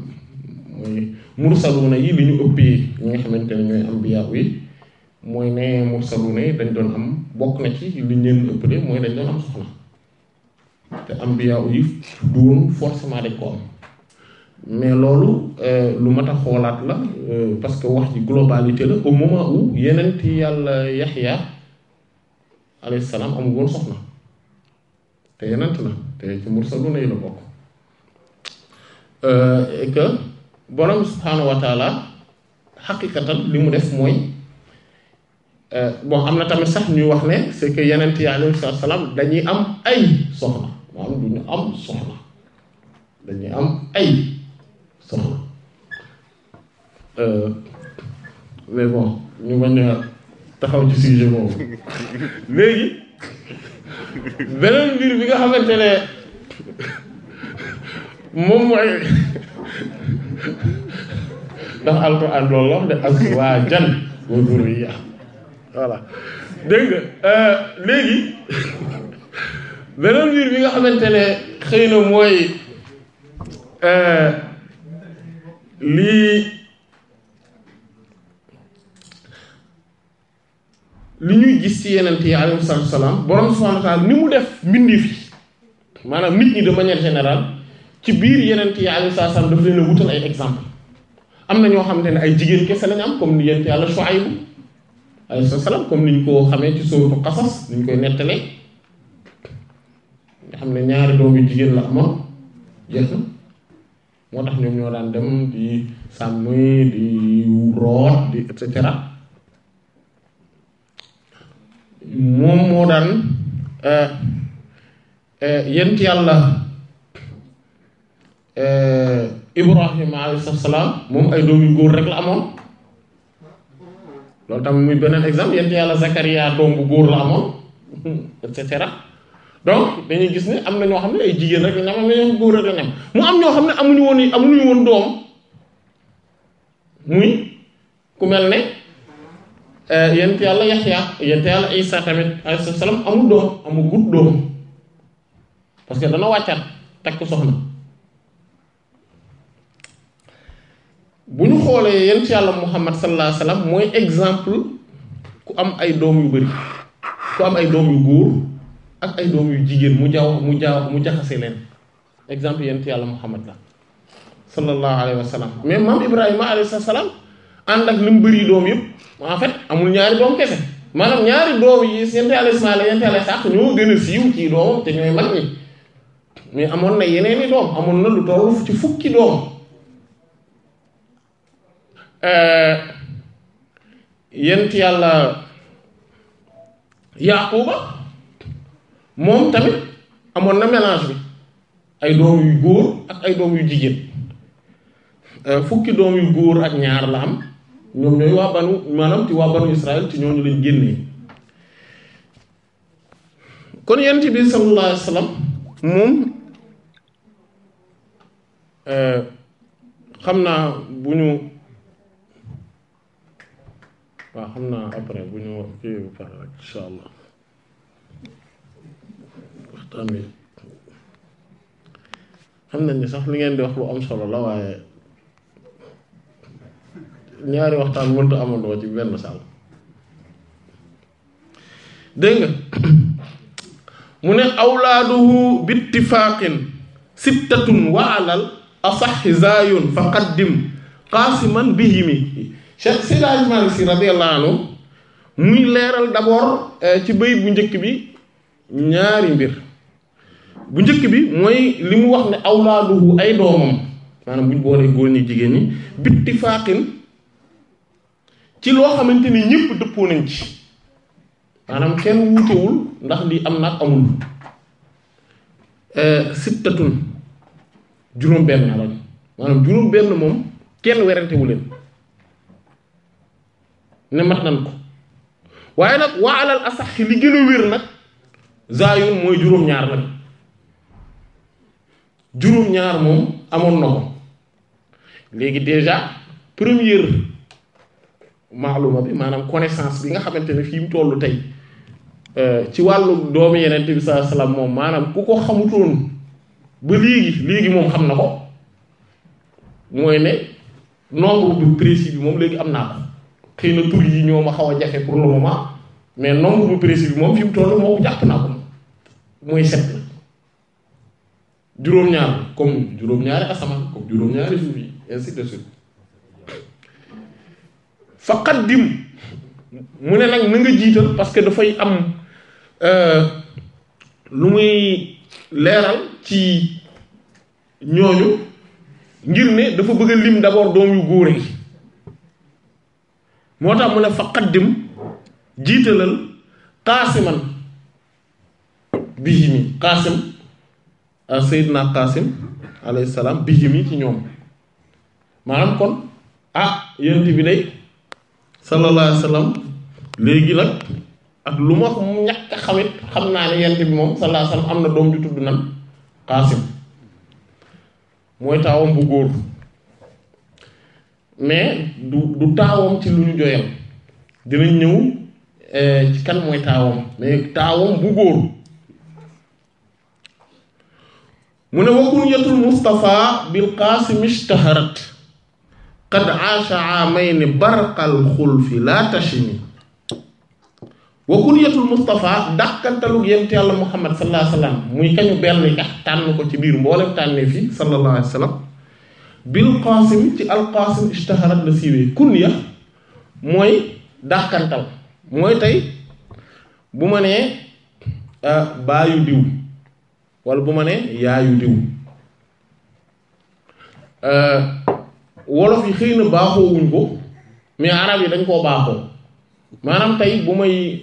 C: mooy mursaluna yi li ñu ëppee ñi nga xamante ne ñooy ambiya yi mooy ne mursaluna yi dañ doon am bokk na ci li ñu leen ëppale mooy dañ doon am soxna te ambiya yi du woon forcément dañ ko am mais loolu euh, lu mat a xoolaat la euh, parce que wax ji globalité la au moment où yàlla yaxya alayhi salaam amul woon soxna te yenent la te ci mursaluna yi la bokk euh, et que borom subhaanahu li mu def mooy bon am na tamit sax ñuy wax ne c'est que yenent yi alayhi salaam dañuy am ay soxna maanaam du ñu am soxna am ay soxna euh, mais bi nga xamante ne moom ndax alquran loolu la wax de azwaajan wa durriya voilà dégg euh, léegi beneen mbir bi nga xamante ne xëy na mooy euh, lii li ñuy gis ci yenent yi alayhi salaatu wasalaam borom subhaanahu wa taala ni mu def mbindeef yi maanaam nit ñi de manière générale ci biir yenent yi alayhi salaatu wasalaam daf leen wutal ay exemple am na ñoo xamante ne ay jigéen kese lañ am comme ni yent yàlla Shuayb alayhi salaam comme ni ñu ko xamee ci sóorutu Qasas ni ñu koy nettalee nga xam ne ñaari doom yu jigéen la amoon moo tax ñoom ñoo daan dem di sàmmi di root di et moom moo daan euh, euh, yent yàlla euh, Ibrahima alayhi salaam moom ay doom yu góor rek la amoon loolu tam muy beneen exemple yent yàlla Zakaria doom bu góor la amoon et donc dañuy gis ni am na ñoo xam ne ay jigéen rek ñam am na ñoo góor rek ñam mu am ñoo xam ne amuñu woon amuñu woon doom muy ku mel ne euh, yent yàlla yaxya yent yàlla isa tamit alayhi doom amul gut doom parce que dana wàccaat takk soxna bu ñu xoolee yent yàlla muhammad sallallahu alayhi wasallam mooy exemple ku am ay doom yu bari ku am ay doom yu góor ak ay doom yu jigéen mu jaaw mu jaaw mu jaxase leen exemple yent yàlla muhammad la sallallahu alayhi wa sallam mais maam ibrahima alayhi salaam ànd ak li mu bëri doom yëpp en fait amul ñaari doom kese maanaam ñaari doom yi yent yàlla ismaila yent yàlla isaax ñoo gën mais amoon na yeneen amoon na lu tollu ci fukki doom euh, yàlla moom tamit amoon na mélange bi ay doom yu góor ak ay doom yu jigéen euh, fukki doom yu góor ak ñaar la am ñoom ñooy waa banu maanaam ci waa banu Israël ci ñooñu lañ génnee kon yonent bi sallallahu alayhi wa moom euh, xam naa bu ñu waa xam naa après bu ñu kii bu pare allah amin xam nañ ni sax li ngeen di wax lu am solo la waaye ñaari waxtaan mënta amandoo ci benn saal dégg mu ne awlaaduhu bittifaaqin sittatun waalal asaxi zaayun fa qaddim qaasiman bihimi Cheikh Seydi Hadji Malick Sy radiyallahu anhu muy leeral d'abord eh, ci bëy bu njëkk bi ñaari mbir bu njëkk bi mooy li mu wax ne awlaaduhu ay doomam maanaam bu ñu boolee góor ñi jigéen ñi bitti faaqin ci loo xamante ni ñëpp dëppoo nañ ci maanaam kenn wuutewul ndax li am naag amul euh, sittatun juróom-benn lañ maanaam juróom-benn moom kenn werantewu leen ne mat nañ ko waaye nag waa alal asaxi li gën a wér nag zaayun mooy juróom-ñaar lañ juróom-ñaar moom amoon na ko léegi déjà première maaluma bi maanaam connaissance bi nga xamante ne fi mu toll tey euh, ci wàllu doomu yeneen bi saa salaam moom maanaam ku ko xamutoon ba léegi léegi moom xam na ko mooy ne nombre bu précis bi moom léegi am naa ko xëy na tur yi ñoo ma xaw a jafe pour le moment mais nombre bu précis bi moom fi mu toll moom jàpp naa ko mooy sept. juróom-ñaar comme juróom-ñaari asamaan comme juróom-ñaari suuf yi ainsi de suite fa qaddim mu ne nag na jiital parce que dafay am euh, lu muy leeral ci ñooñu ngir ne dafa bëgg lim d'abord doom yu góor yi moo tax mu ne fa qaddim jiitalal qaasiman bihimi qaasim Euh, Seydina Qasim alayhi salaam bijim yi ci ñoom maanaam kon ah yent bi day sallallahu alayhi léegi nag ak lu ma ñàkk xawit xam naa ne yent bi moom sallallahu am na doom ju tudd nan Qasim mooy taawam bu góor mais du du taawam ci lu ñu joyal dinañ ñëw euh, ci kan mooy taawam mais taawam bu góor mu ne wa kunyatul mustafa bil qaasim ishtaharat qad aasha aamayni barqal xulfi laa tashini wa kunyatul mustafa dàkkantalug yent yàlla muhammad sallallahu muy kañu benn ka tànn ko ci biir mboolem tànnee fii sallallahu alayhi wa sallam bil qaasim ci al qaasim ishtaharat la siiwee kunya mooy dàkkantal mooy tey bu ma nee ah, baayu diw wala bu ma ne yaayu diw euh, wolof yi xëy na baaxoo wuñ ko mais arab yi dañ koo baaxoo maanaam tay bu may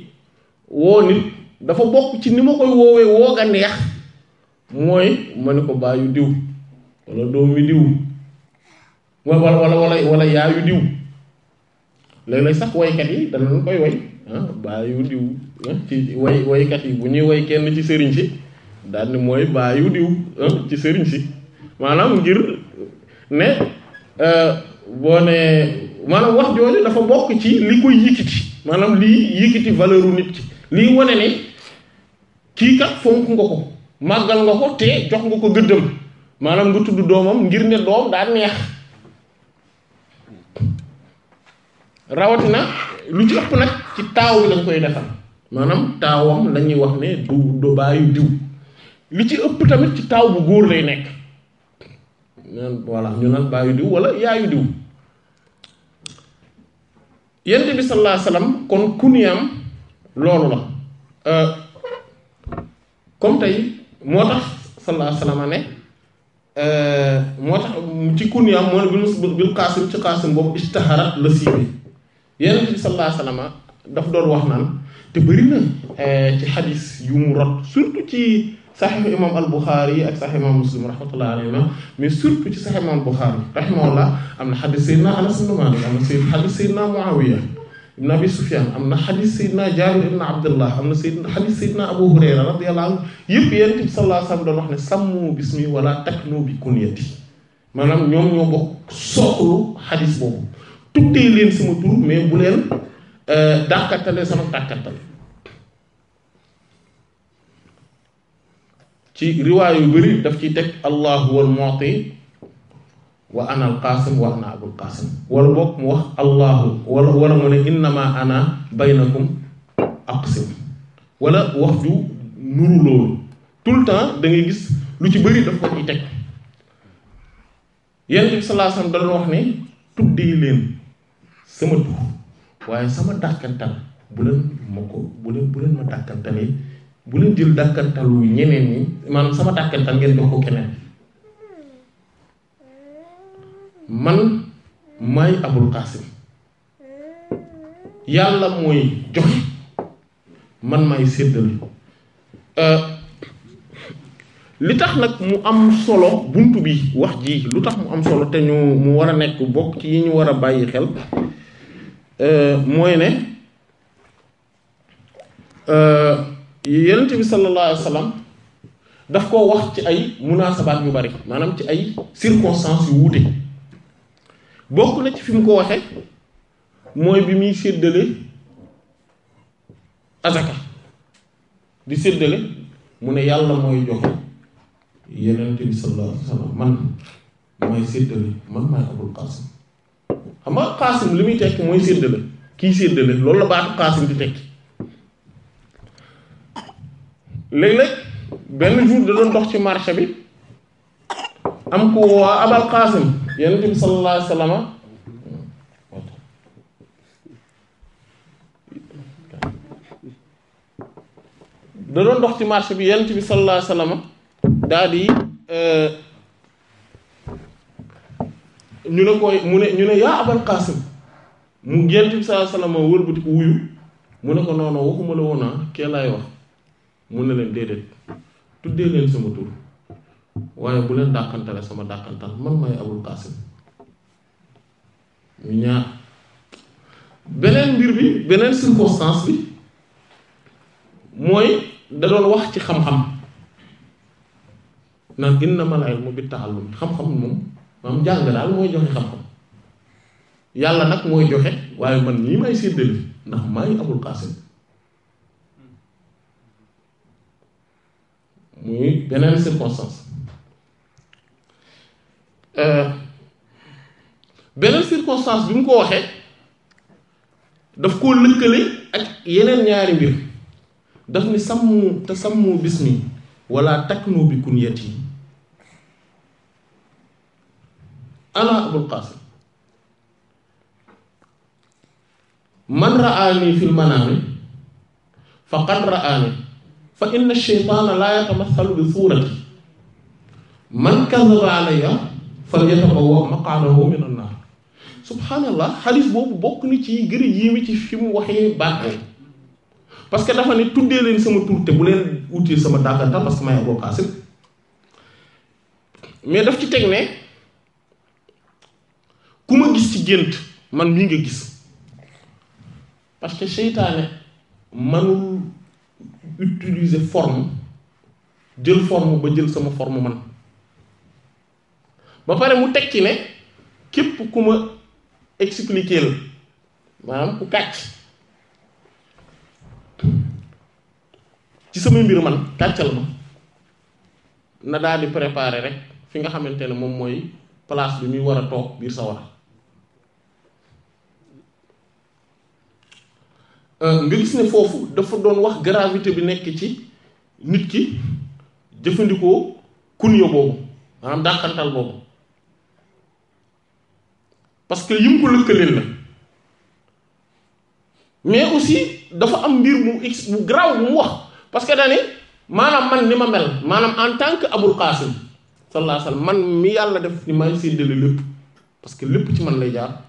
C: woo nit dafa bokk ci ni ma koy woowee woo ga neex mooy ma ne ko baayu diw walla doom yu diw wala wala wala wala yaayu diw léeg-léeg sax waykat yi danañ koy way ah baayu diw ah, ci way waykat yi bu ñuy way kenn ci sëriñ si daal ni mooy baayu diw ah, ci sëriñ si maanaam ngir ne euh, boo ne maanaam wax jooju dafa bokk ci li koy yëkkati maanaam lii yëkkati valeuru nit ki lii wane ne kii kat fonk nga ko màggal nga ko te jox nga ko gëddam maanaam nga tudd doomam ngir ne doom daa neex na lu ci ëpp nag ci taaw bi lañ koy defal maanaam taawam la wax ne du do baayu diw li ci ëpp tamit ci taaw bu góor lay nekk naan voilà ñu naan baayu diw wala yaayu diw yent bi sallallahu kon kuniyaam loolu la euh, comme tey moo tax sallallahu alayhi ne euh, moo tax ci kuniyaam moo ne bil bil qaasim ci qaasim boobu istaharat la siiwee yent bi sallallahu alayhi wasallam doon wax naan te bëri euh, ci xadis yu mu rot surtout ci saxiixu imam al Buxaari yi ak saxiix imam Muslim rahmatullahi alayhima mais surtout ci saxiix imam al Buxaari rahimahullah am na xadis Seydina Anas ibn Maalik am na xadis Seydina Muawiya ibn Abi Sufyaan am na xadis Seydina Jaabir ibn Abdullah am na Seydina xadis Seydina Abu Hurayra radiyallahu anhu yëpp Yonent bi sallallahu alayhi wa doon wax ne sammu bismi wala taknu bi kunyati maanaam ñoom ñoo bokk soxlu xadis boobu tuddee leen sama tur mais bu leen euh, dàkkatale sama tàkkatal ci riwaay yu daf ci teg allahu wal wa ana al wa ana abul qasim wala boog mu wax allahu wala wala mu ne innama ana baynakum aqsim wala wax ju nuru loolu tout le temps da gis lu ci bëri daf ko ciy teg yonent bi sallallahu alayhi wasallam wax ne tuddee leen sama tur waaye sama dàkkantal bu ma ko bu ma dàkkantalee bu leen jël dàkkantalu ñeneen ñi maanaam sama dàkkantal ngeen jox ko keneen man maay abul xaasim yàlla mooy joxe man maay séddale euh, li tax nag mu am solo bunt bi wax ji lu tax mu am solo te ñu mu war a nekk bokk ci yi ñu war a bàyyi xel euh, mooy ne euh, yonent bi sallallahu alayhi wa sallam daf ko wax ci ay munaasabaat yu bari maanaam ci ay circonstances yu wuute bokk na ci fi mu ko waxee mooy bi muy séddale azaka di séddale mu ne yàlla mooy jox yonent bi sallallahu alayhi wa sallam man mooy séddale man maay abul qaasim xam nga qaasim li muy tekk mooy séddale kiy séddale loolu la baatu qaasim di tekk léegi léeg benn jour da doon dox ci marché bi am ku woo abal qaasim yonent bi sallallahu alayhi dox ci marché bi yonent bi sallallahu alayhi wa sallam euh, ñu ne koy mu ne ñu ne yaa abal qaasim mu yonent bi sallallahu alayhi wa sallam mu ne ko noonu waxuma la woon ah, kee laay wax mun na leen déedéet tuddee leen sama tur waaye bu leen dàqantale sama dàqantal man may abul qaasim ñu ñaar beneen mbir bi beneen circonstance bi mooy da wax ci xam-xam naan innamal ilmu bit ta'allum xam-xam moom maam jàng daal mooy joxe xam-xam yàlla nag mooy joxe waaye man ñii may séddale ndax maay abul qaasim muy beneen circonstance euh, beneen circonstance bi mu ko waxee daf koo lëkkale ak yeneen ñaari mbir daf ni sàmmu te sàmmu bismi wala taknu bi kunyati ana abul qasim man ra'ani fil manami faqad ra'ani fa inna sheytaana laa yatamathalu bi suurati man kadaba alayya fal yatabawwa maqaadahu min annaar subhaanallah xadis boobu bokk na ci gën a yéeme ci fi mu waxee baat boobu que dafa ne tuddee leen sama tur te bu leen utile sama dàkkantal parce que may Abul Qaasim mais daf ci teg ne ku ma gis ci gént man mii nga gis parce que seytaane manul utilise form jël forme ba jël sama forme man ba pare mu teg ci ne képp ku ma expliquer la maanaam ku kàcc ci sama mbir man kàccal ma na daal di préparer rek fi nga xamante ne moom mooy place bi muy war a toog biir sawara Euh, nga gis ne foofu dafa doon wax gravité bi nekk ci nit ki jëfandikoo kunyo boobu maanaam dàqantal boobu parce que yim ko lëkkaleel la mais aussi dafa am mbir mu x bu grave bu mu wax parce que daane maanaam man ni ma mel maanaam en tant que Abul Qaasim sallallahu alayhi man mi yàlla def ni may séddale lépp parce que lépp ci man lay jaar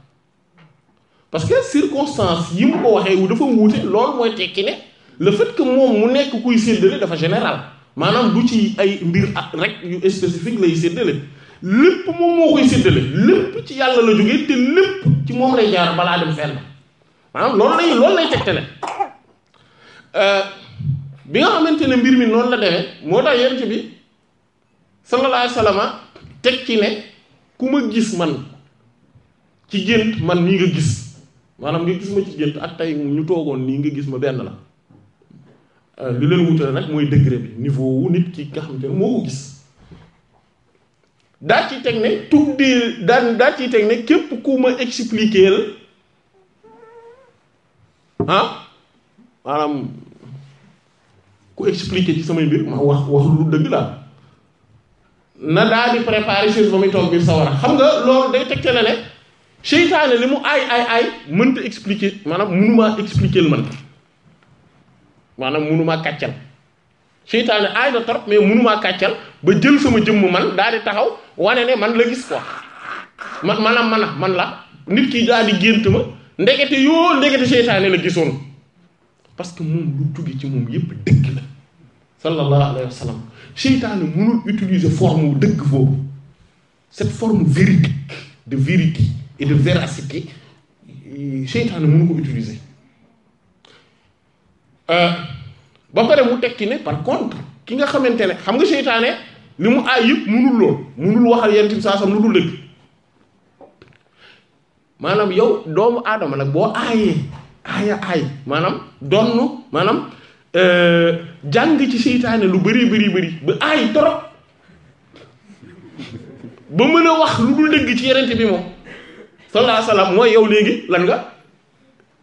C: parce que circonstance yi mu ko waxee wu dafa wuute loolu mooy tekki ne le fait que moom mu nekk kuy séddale dafa général maanaam du ci ay mbir rek yu spécifique lay séddale lépp moom moo koy séddale lépp ci yàlla la jógee te lépp ci moom lay jaar balaa dem fenn maanaam lool lay loolu lay tegtale euh, bi nga xamante ne mbir mi noonu la demee moo tax yent bi sallallahu alayhi wa ne ku ma gis man ci gént man mii nga gis maanaam nga gis ma ci jën ak tey ñu toogoon nii nga gis ma benn la euh, li leen wutale nag mooy degré bi niveau wu nit ki nga xam te ne moo gis daa ciy teg ne tuddee daa daa ciy teg ne képp ku ma expliquer ah maanaam ku expliquer ci samay mbir ma wax wax lu dëgg la na daa di préparer chose ba muy toog biir sawara xam nga loolu day tegte la ne seytaane li mu aay ay aay mënta expliquer maanaam munumaa expliquer man maanaam munumaa seytaane aay na mais munumaa kàccal ba jël sama jëmm man daal di taxaw wane ne man la gis quoi man maanaam man man la nit ki daal di gént ma ndekete yoo ndekete seytaane la gisoon parce que moom lu jóge ci moom yépp dëgg la sallallahu alayhi wa sallam seytaane mënul utiliser forme wu dëgg foofu cette forme véridique de vérité et de véracité seytaane mënu ko utiliser euh, ba pare mu tekki ne par contre ki nga xamante ne xam nga seytaane li mu aay yëpp mënul lool mënul waxal yonent bi saa sam lu dul dëgg maanaam yow doomu aadama nag boo aayee aaya aay maanaam donn maanaam euh, jàng ci seytaane lu bari bari bari ba aay torop ba mën a wax lu dul dëgg ci yonent bi sallallahu alayhi mooy yow léegi lan nga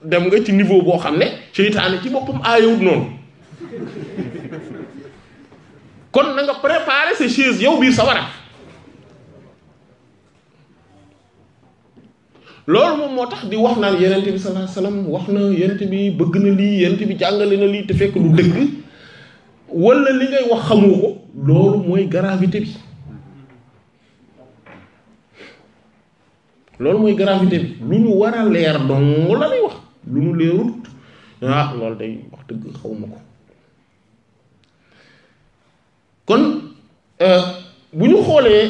C: dem nga ci niveau boo xam ne seytaane ci boppam aayewut noonu kon na nga préparer sa chaise yow biir sawara loolu moom moo tax di wax naan yenente bi sallallahu alayhi wasallam wax na yenente bi bëgg na lii yenente bi jàngale na lii te fekk lu dëgg wala li ngay wax xamoo ko loolu mooy gravité bi loolu mooy gravité bi lu ñu war a leer dong la lay wax lu ñu leerut ah loolu day wax dëgg xaw ma ko kon euh, bu ñu xoolee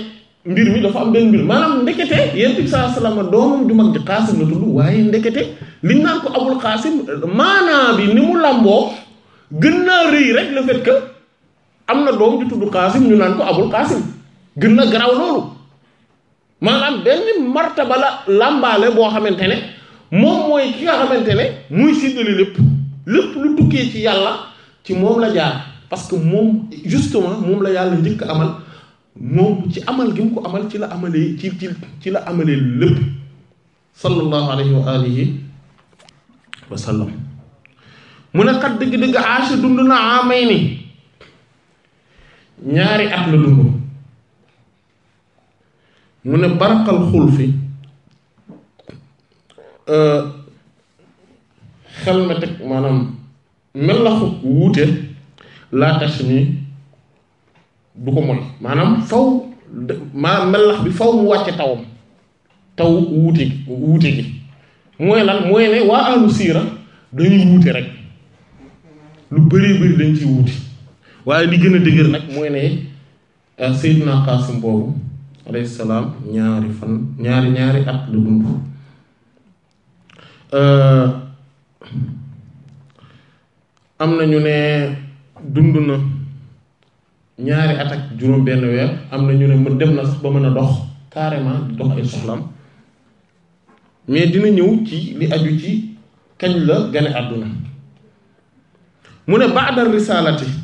C: mbir mi dafa am benn mbir maanaam ndekete yent bi saa salaama doomam ju mag ji xaasim la tudd waaye ndekete liñ naan ko abul xaasim maanaa bi ni mu làmboo gën naa rëy rek le fait am na doom ju tudd xaasim ñu naan ko abul xaasim gën na garaw loolu maanaam benn martaba la làmbaale boo xamante ne moom mooy ki nga xamante ne muy siddali lépp lépp lu tukkee ci yàlla ci moom la jaar parce que moom justement moom la yàlla njëkk amal moom ci amal gi mu ko amal ci la amalee ci ci la amalee lépp sallallahu alayhi wa alihi wa kat dëgg-dëgg aasha dund na amay ni ñaari at la dund mu ne baraqal xulfi euh, xel ma teg maanaam melaxu wuute laa tax nii du ko mooy maanaam faw maanaam bi faw mu wàcce tawam taw wuute gi wuute gi mooy lan mooy ne waa ahlu siira dañuy wuute rek lu bëree bëri dañ ciy wuute waaye li gën a dëgër nag mooy ne euh, Seydina Qaasim boobu alayhi salaam ñaari fan ñaari ñaari at la dund euh, am na ñu ne dund na ñaari at ak juróom benn weer am na ñu ne dem na sax ba mën a dox carrément dox ay soxlaam mais dina ñëw ci li aju ci kañ la gane àdduna mu ne ba'da risalati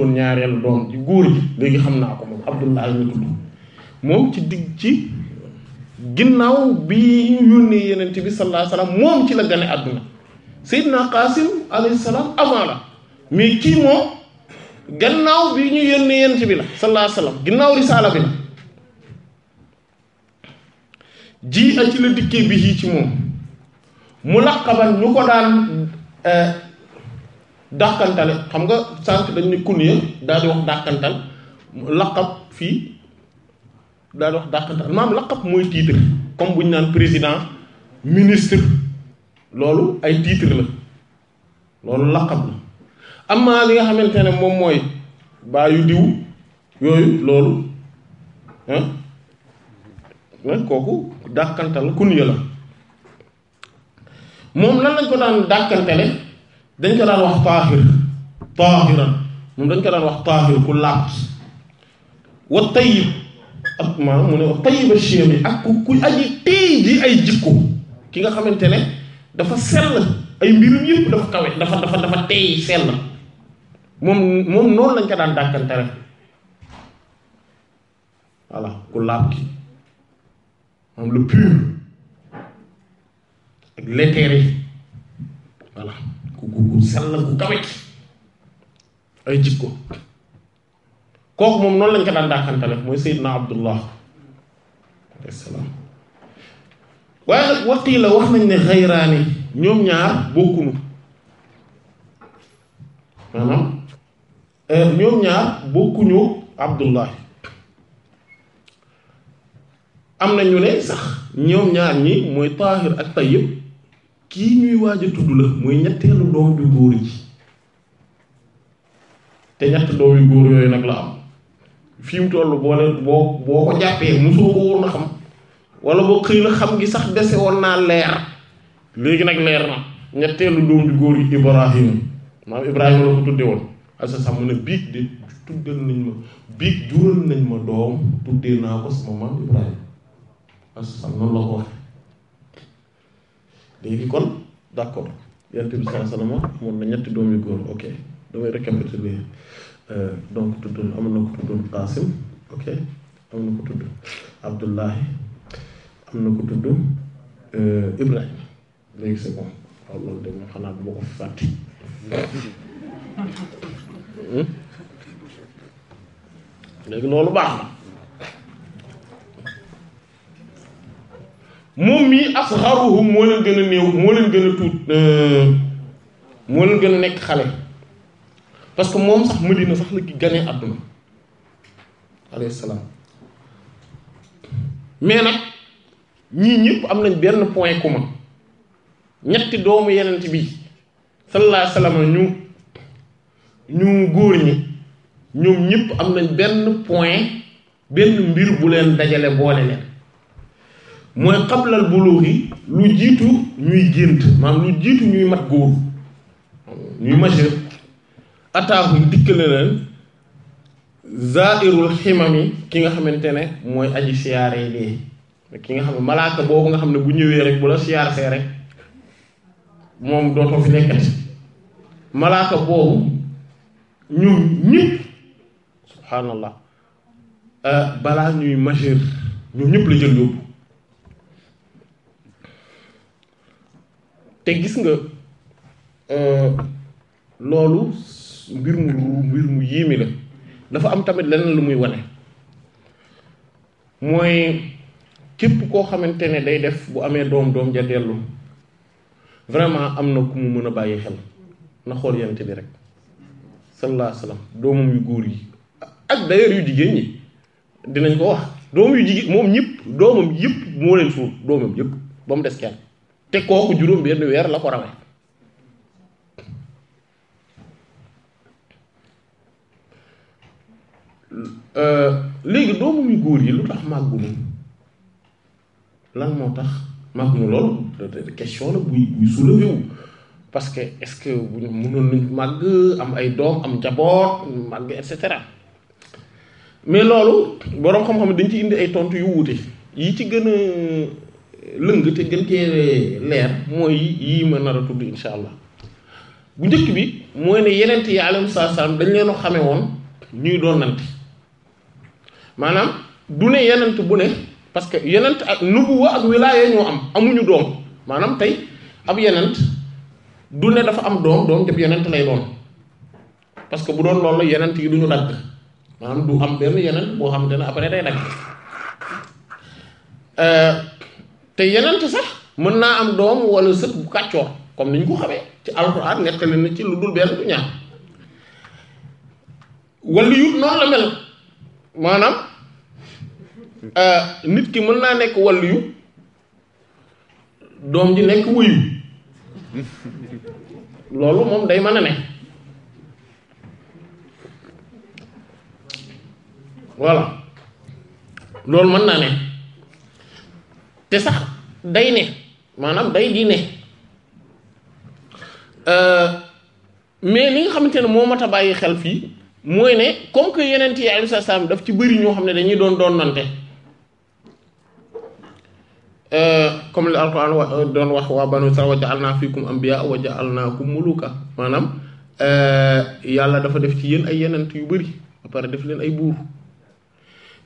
C: tuddoon ñaareelu doom ji góor ji léegi xam naa ko moom Abdullahi la tudd moom ci digg ci ginnaaw bi ñu yónnee yenent bi sallallahu alayhi wasallam moom ci la gane àdduna Seydina Qasim alayhi salaam avant la mais kii moom gannaaw bi ñu yónnee yenent bi la sallallahu alayhi ginnaaw risaala bi la ji a ci la dikkee bi ci moom mu laqaban ñu ko daan euh, dàkkantale xam nga sant dañ ne kunya daal di wax dàkkantal laqab fii daal di wax dàkkantal maam laqab mooy titre comme bu ñu naan président ministre loolu ay titre la loolu laqab la amma li nga xamante ne moom mooy baayu diw yooyu loolu ah kooku dàkkantal kunya la moom nan lañ ko daan dàkkantale dañ ko daan wax taahir taahiran moom dañ ko daan wax taahir ku làpp wa tayyib ak maanaam mu ne wa tayyiba shiyam yi ak ku ku aji tey ji ay jikko ki nga xamante ne dafa sell ay mbirum yëpp dafa kawe dafa dafa dafa tey sell moom moom noonu lañ ko daan dàkkante rek voilà ku laab ki le pur ak l'éthéré voilà ku ku sell ku kawe ki kooku moom noonu lañ ko daan dàkkantale mooy Seydina Abdullah alayhi salaam waaye nag waqiila wax nañ ne xayraani ñoom ñaar bokkunu maanaam euh, ñoom ñaar bokkuñu Abdullahi am na ñu ne sax ñoom ñaar ñi mooy Taahir ak Tayyib kii ñuy waaj tudd la mooy ñetteelu doom yu góor yi te ñett doom yu góor yooyu nag la am fi mu toll boo leen boo boo ko jàppee mosoo ko woon xam wala boo xëy na xam gi sax dese woon naa leer léegi nag leer na ñetteelu doom yu góor yi Ibrahima maam Ibrahima la ko tudde woon asa sax mu ne biig de tuddal nañ ma biig jural nañ ma doom tuddee naa ko sama maam Ibrahima asa sax noonu la ko wax léegi kon d' accord yonent bi sallallahu alayhi amoon na ñetti doom yu góor ok damay récapituler euh, donc tuddoon amoon na na ko tudd na ko tudd euh, Ibrahima léegi c'est bon waaw loolu de moom xanaa bu hmm? léegi loolu baax na moom mii asgharuhum moo leen gën a néew moo leen gën a tuut euh, moo leen gën a nekk xale parce que moom sax Madina sax la ganee àdduna alayhi salaam mais nag ñii ñëpp am nañ benn point commun ñetti doomu yenent bi sallallahu alayhi wasallam ñu ñu góor ñi ñoom ñëpp am nañ benn point benn mbir bu leen dajale boole leen mooy xablal bu yi lu jiitu ñuy gént maanaam lu jiitu ñuy mat góor ñuy majeur ataaxum dikkale leen zairul ximami ki nga xamante ne mooy aji siyaare lii ki nga xam malaaka boobu nga xam ne bu ñëwee rek bu la siyaar see rek moom dootoo fi nekkati malaaka boobu ñun ñëpp subhaanallah euh, balaa ñuy majeur ñoom ñëpp la jël yóbbu te gis nga euh, loolu mbir mu mbir mu yéeme la dafa am tamit leneen lu muy wane mooy képp koo xamante ne day def bu amee doom doom ja dellu vraiment am na ku mu mën a bàyyi xel na xool yante bi rek sallallahu alayhi wasallam doomam yu góor yi ak d'ailleurs yu jigéen ñi dinañ ko wax doomam yu jigéen moom ñëpp doomam yëpp moo leen suur doomam yëpp ba mu des kenn te kooku juróom benn weer la ko rawee euh, léegi doomu yu góor yi lu tax màggunu lan moo tax màggunu loolu question la buy buy soulevé wu parce que est-ce que bu ñu mënoon nañ màgg am ay doom am njaboot màgg et cetera mais loolu boroom xam-xam dañ ci indi ay tontu yu wuute yi ci gën lëng te gën cee leer mooy yii ma nar a tudd insha allah bu njëkk bi mooy ne yenent yi alayhim salaam dañ leen xame woon ñuy doonante maanaam du ne bu ne parce que yenent ak nubuwa ak wilaaya ñoo amuñu doom maanaam tey ab yenent du ne dafa am doom doom jëpp yenent lay doon parce que bu doon loolu la yenent yi du ñu dagg maanaam du am benn yenent boo xamante ne après day dagg euh, te yenent sax mën naa am doom wala sët bu kàccoor comme niñ ko xamee ci alxuraan nettali na ci lu dul benn du ñaar wala noonu la mel maanaam euh, nit ki mën naa nekk wàllu doom ji nekk wuyu loolu moom day mën a ne voilà loolu mën naa ne te sax day ne maanaam day di ne euh, mais li nga xamante ne moo mat a bàyyi xel fii mooy ne comme que yeneen yi sa salaam daf ci bëri ñoo xam ne dañuy doon doon nante euh, comme li alquran wa doon wax waa banu Israayil wa ja'alnaa fiikum anbiyaa wa ja'alnaakum muluka maanaam euh, yàlla dafa def ci yéen ay yenent yu bëri ba def leen ay buur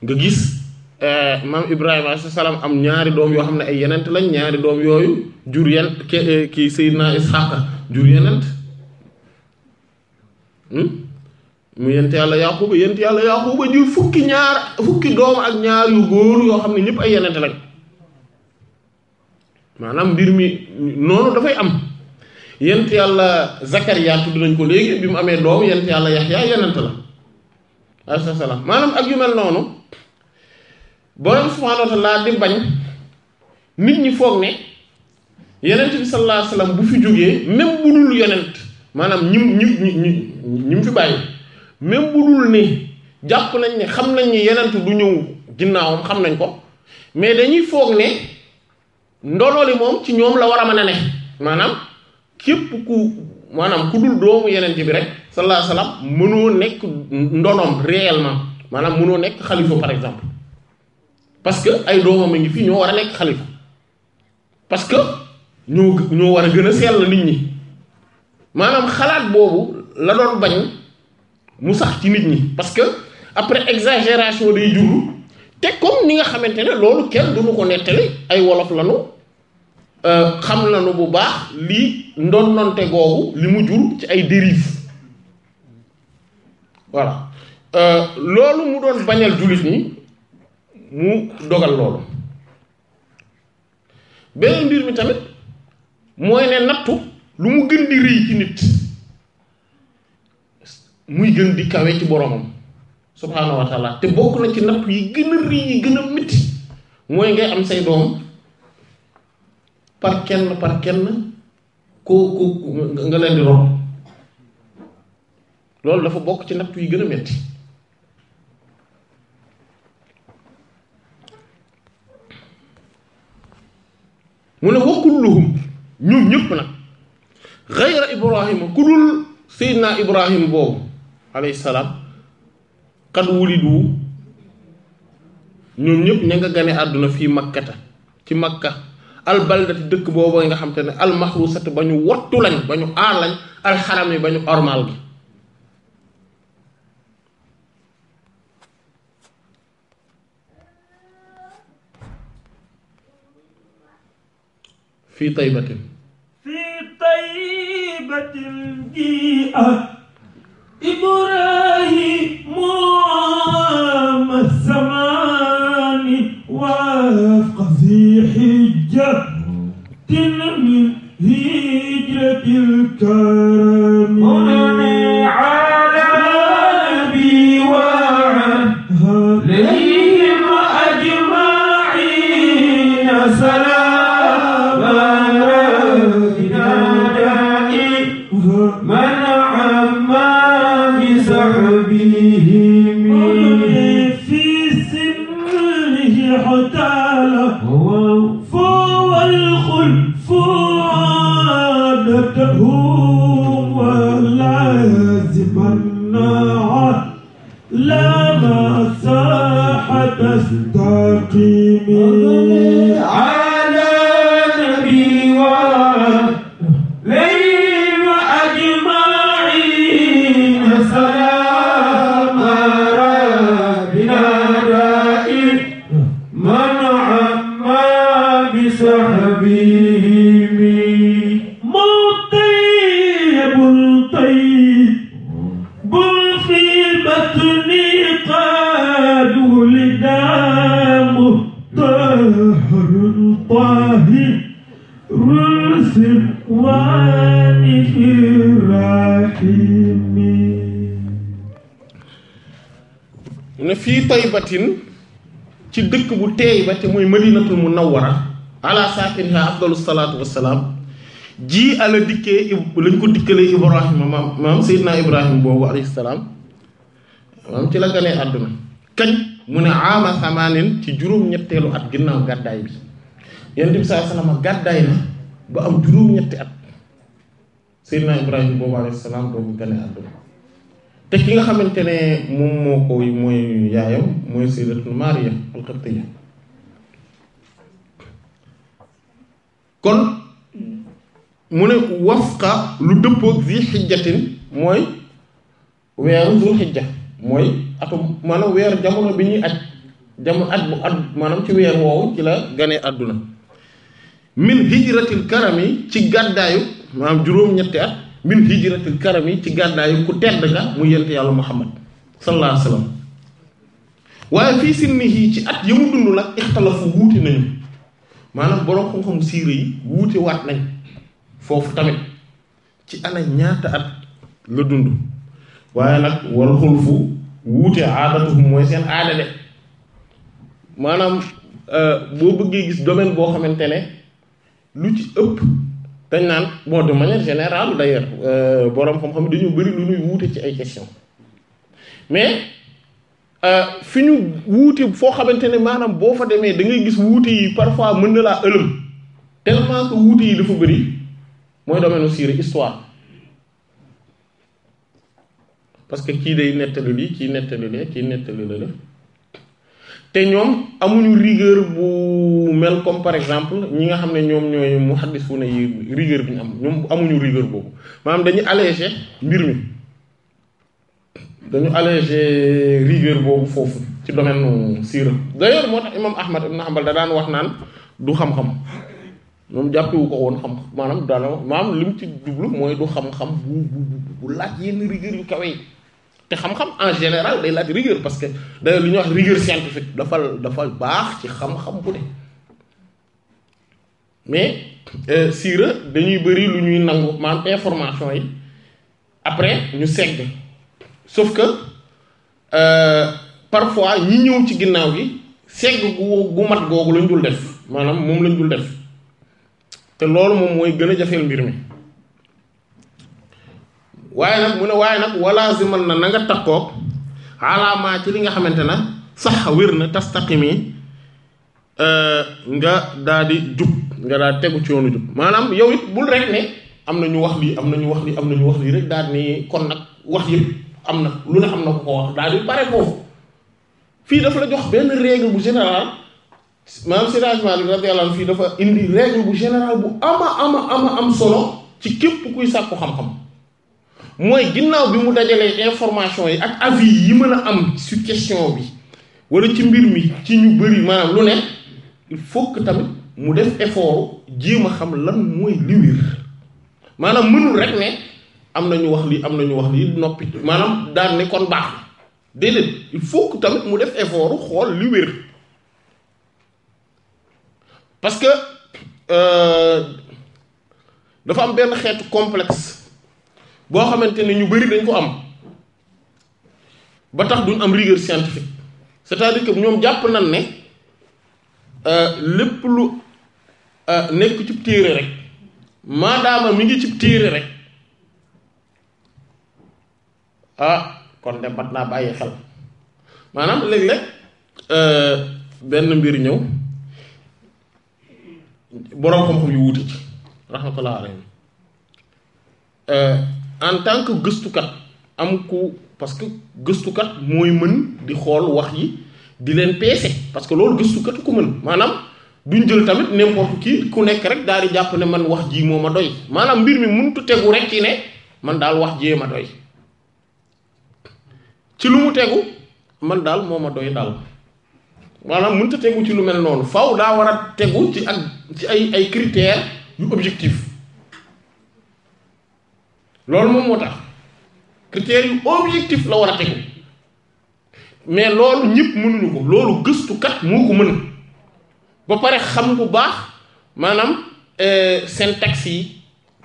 C: nga gis Eh, maam Ibrahima alayhi am ñaari doom yoo xam ne ay yenent lañ ñaari doom yooyu jur yen ke eh, kii Seydina Isxaqa jur yenent hmm? mu yent yàlla Yaquba yent yàlla Yaquba jur fukki ñaar fukki doom ak ñaari yu góor yoo xam ne ñëpp ay yenent la maanaam mbir mi noonu dafay am yent yàlla Zakariya tudd nañ ko léegi bi mu amee doom yent yàlla Yaxya yenent la sa salaam maanaam ak yu noonu borom subhaanahu wa di bañ nit ñi foog ne yonent bi sallallahu bu fi jógee même bu dul yonent maanaam ñi ñi ñi ñi mu fi bàyyi même bu dul ne jàpp nañ ni xam nañ ne yonent du ñëw ginnaawam xam nañ ko mais dañuy foog ne ndono li moom ci ñoom la war a mën a ne maanaam képp ku maanaam ku dul doomu yonent bi rek sallallahu alayhi wasallam mënoo nekk ndonoom réellement maanaam mënoo nekk xalifa par exemple. parce que ay doomam a ngi fii ñoo war a nekk xalifa parce que ñoo ñoo war a gën a sell nit ñi maanaam xalaat boobu la doon bañ mu sax ci nit ñi parce que après exagération day jur te comme ni nga xamante ne loolu kenn du ñu ko nettali ay wolof lanu euh, xam lanu bu baax li ndonnonte googu li mu jur ci ay dérive voilà euh, loolu mu doon bañal jullit ñi mu dogal loolu beneen mbir mi tamit mooy ne nattu lu mu gën di rëy ci nit muy gën di kawe ci boromam subhaanahu wa te bokk na ci nattu yi gën a rëy yi gën a métti mooy ngay am say doom par kenn par kenn ko koo nga leen di loolu dafa bokk ci nattu yi gën a métti mu ne wa kulluhum ñoom ñëpp nag xayra ibrahima ku dul seydina ibrahima boobu alayhi salaam xad wulidu ñoom ñëpp ña nga gane àdduna fii makkata ci makka albaldat dëkk boobu nga xam te ne almahrusat ba ñu wattu lañ ba ñu aar lañ alxaram yi ba ñu ormal gi fii taybatin
A: fii taybatin ji ah ibrahimu ma zamani waafqa fi hijjatin min hijratil karam
C: fi taybatin ci dëkk bu teey ba te mooy madinatul munawwara ala saakiniha afdalu salaatu wassalaam ji ala dikkee lañ ko dikkalee ibrahima maam maam seydinaa ibrahima boobu alayhi salaam maam ci la ganee àdduna kañ mu ne aama samaanin ci juróom-ñetteelu at ginnaaw gàddaay bi yonent bi saa salaam gàddaay na ba am juróom-ñetti at seydinaa ibrahima boobu alayhi salaam doomu ganee àdduna te ki nga xamante ne moom moo ko mooy yaayam mooy sayyidatuna Maariya al-Qibtiyya kon mu ne wafqa lu dëppoog zi xijjatin mooy weeru zul xijja mooy atum maanaam weer jamono bi ñuy aj jamono at bu at maanaam ci weer woowu ci la ganee àdduna min hijratil karami ci gàddaayu maanaam juróom-ñetti at min hijratil karam yi ci gàddaayu ku tedd nga mu yent yàlla muhammad sallallahu alayhi waaye fii sinnihi ci at ya mu dund nag ixtalafu wuute nañu maanaam borom xam-xam yi wuute waat nañ foofu tamit ci ana ñaata at dund waaye nag wal mooy seen aada de maanaam euh, boo bëggee gis domaine boo xamante ne lu ci ëpp dañ naan bon de manière générale d'ailleurs euh, borom xam-xam dañu bëri lu ñuy wuute ci ay questions mais euh, fi ñu wuute foo xamante ne maanaam boo fa demee da ngay gis wuute yi parfois mën na laa ëlëm tellement que wuute yi dafa bëri mooy domaine siire histoire parce que kii day nettali lii kii nettali lee kii nettali la te ñoom amuñu rigueur bu mel comme par exemple ñi nga xam ne ñoom ñooy muhaddisuna yi rigueur bi ñu am ñoom amuñu rigueur boobu maanaam dañu allégé mbir mi dañu allégé rigueur boobu foofu ci domaine siira d'ailleurs moo tax imam Ahmad da daan wax naan du xam-xam moom jàppewu ko woon xam maanaam daana maanaam li mu ci jublu mooy du xam-xam bu bu bu laaj yenn rigueur yu kawe yi te xam-xam en général day laaj rigueur parce que day lu ñuy wax rigueur scientifique dafa dafa baax ci xam-xam bu ne mais euh, siira dañuy bëri lu ñuy nangu maam information yi après ñu segg sof que euh, parfois ñi ñëw ci ginnaaw gi segg gu gu mat googu lañ dul def maanaam moom lañ dul def te loolu moom mooy gën a jafeel mbir mi waaye nag mu ne waaye nag walaasiman na na nga takkoog alaamaa ci li nga xamante ne sax wér na tastaqimi euh, nga daal di jub nga daal tegu ci yoonu jub maanaam yow it bul rek ne am na ñu wax lii am na ñu wax lii am na wax lii rek daal nii kon nag wax yi am na lu ne am na ko ko wax daal di pare foofu fii dafa la jox benn règle bu général maanaam Seydi Maalik radiyallahu anhu fii dafa indi règle bu général bu ama ama ama am solo ci képp kuy sàkku xam-xam mooy ginnaaw bi mu dajalee information yi ak avis yi mën a am su question bi wala ci mbir mi ci ñu bëri maanaam lu ne il fokk que tamit mu def effort jéem a xam lan mooy li wér maanaam mënul rek ne am na ñu wax lii am na ñu wax lii noppi maanaam daal ne kon baax déedéet il faut que tamit mu def effort xool li wér parce que euh, dafa am benn xeetu complexe. boo xamante ne ñu bëri dañ ko am ba tax duñ am rigueur scientifique c'est-à-dire que ñoom jàpp nañ ne euh, lépp lu euh, nekk ci téere rek maadaama mi ngi ci téere rek ah kon de mat naa bàyyi xel maanaam léeg-léeg euh, benn mbir ñëw boroom xam-xam yu wuute ci rahmatullah alayhi en tant que gëstukat am ku parce que gëstukat mooy mën di xool wax yi di leen peese parce que loolu gëstukat ku mën maanaam duñ jël tamit n'importe qui ku nekk rek daal di jàpp ne man wax ji moo ma doy maanaam mbir mi mënut tegu rek ci ne man daal wax jee ma doy ci lu mu tegu man daal moo ma doy daal maanaam mënut tegu ci lu mel noonu faw daa war a tegu ci ak ci ay ay critères yu objectif loolu moom moo tax critères yu objectif la war a tegu mais loolu ñëpp mënuñu ko loolu gëstukat moo ko mën ba pare xam bu baax maanaam euh, seen syntaxe yi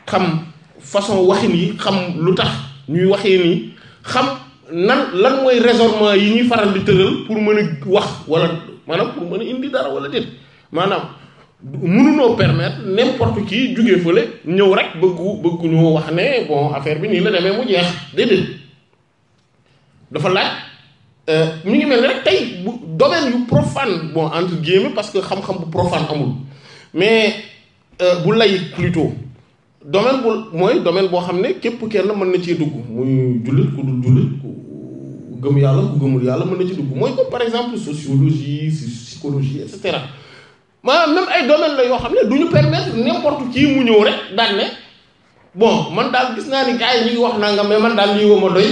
C: xam façon waxin yi xam lu tax ñuy waxee nii xam nan lan mooy raisonnement yi ñuy faral di tëral pour mën a wax wala maanaam pour mën a indi dara wala déet maanaam mënunoo permettre n'importe kii jugee fële ñëw rek bëggu bëggu ñu wax ne bon affaire bi nii la demee mu jeex déedéet dafa laaj euh, mu ngi mel ni rek tey bu domaine yu profane bon entre guillemets parce que xam-xam bu profane amul mais euh, bu layit plutôt domaine bu mooy domaine boo xam ne képp kenn mën na cee dugg muy jullit ku jullit ku gëm yàlla ku gëmul yàlla mën na ci dugg mooy comme par exemple sociologie psychologie et cetera maanaam même ay domaine la yoo xam ne du ñu permettre n'importe qui mu ñëw rek daan ne bon man daal gis naa ni gars yi ñu ngi wax nangam mais man daal lii woo ma doy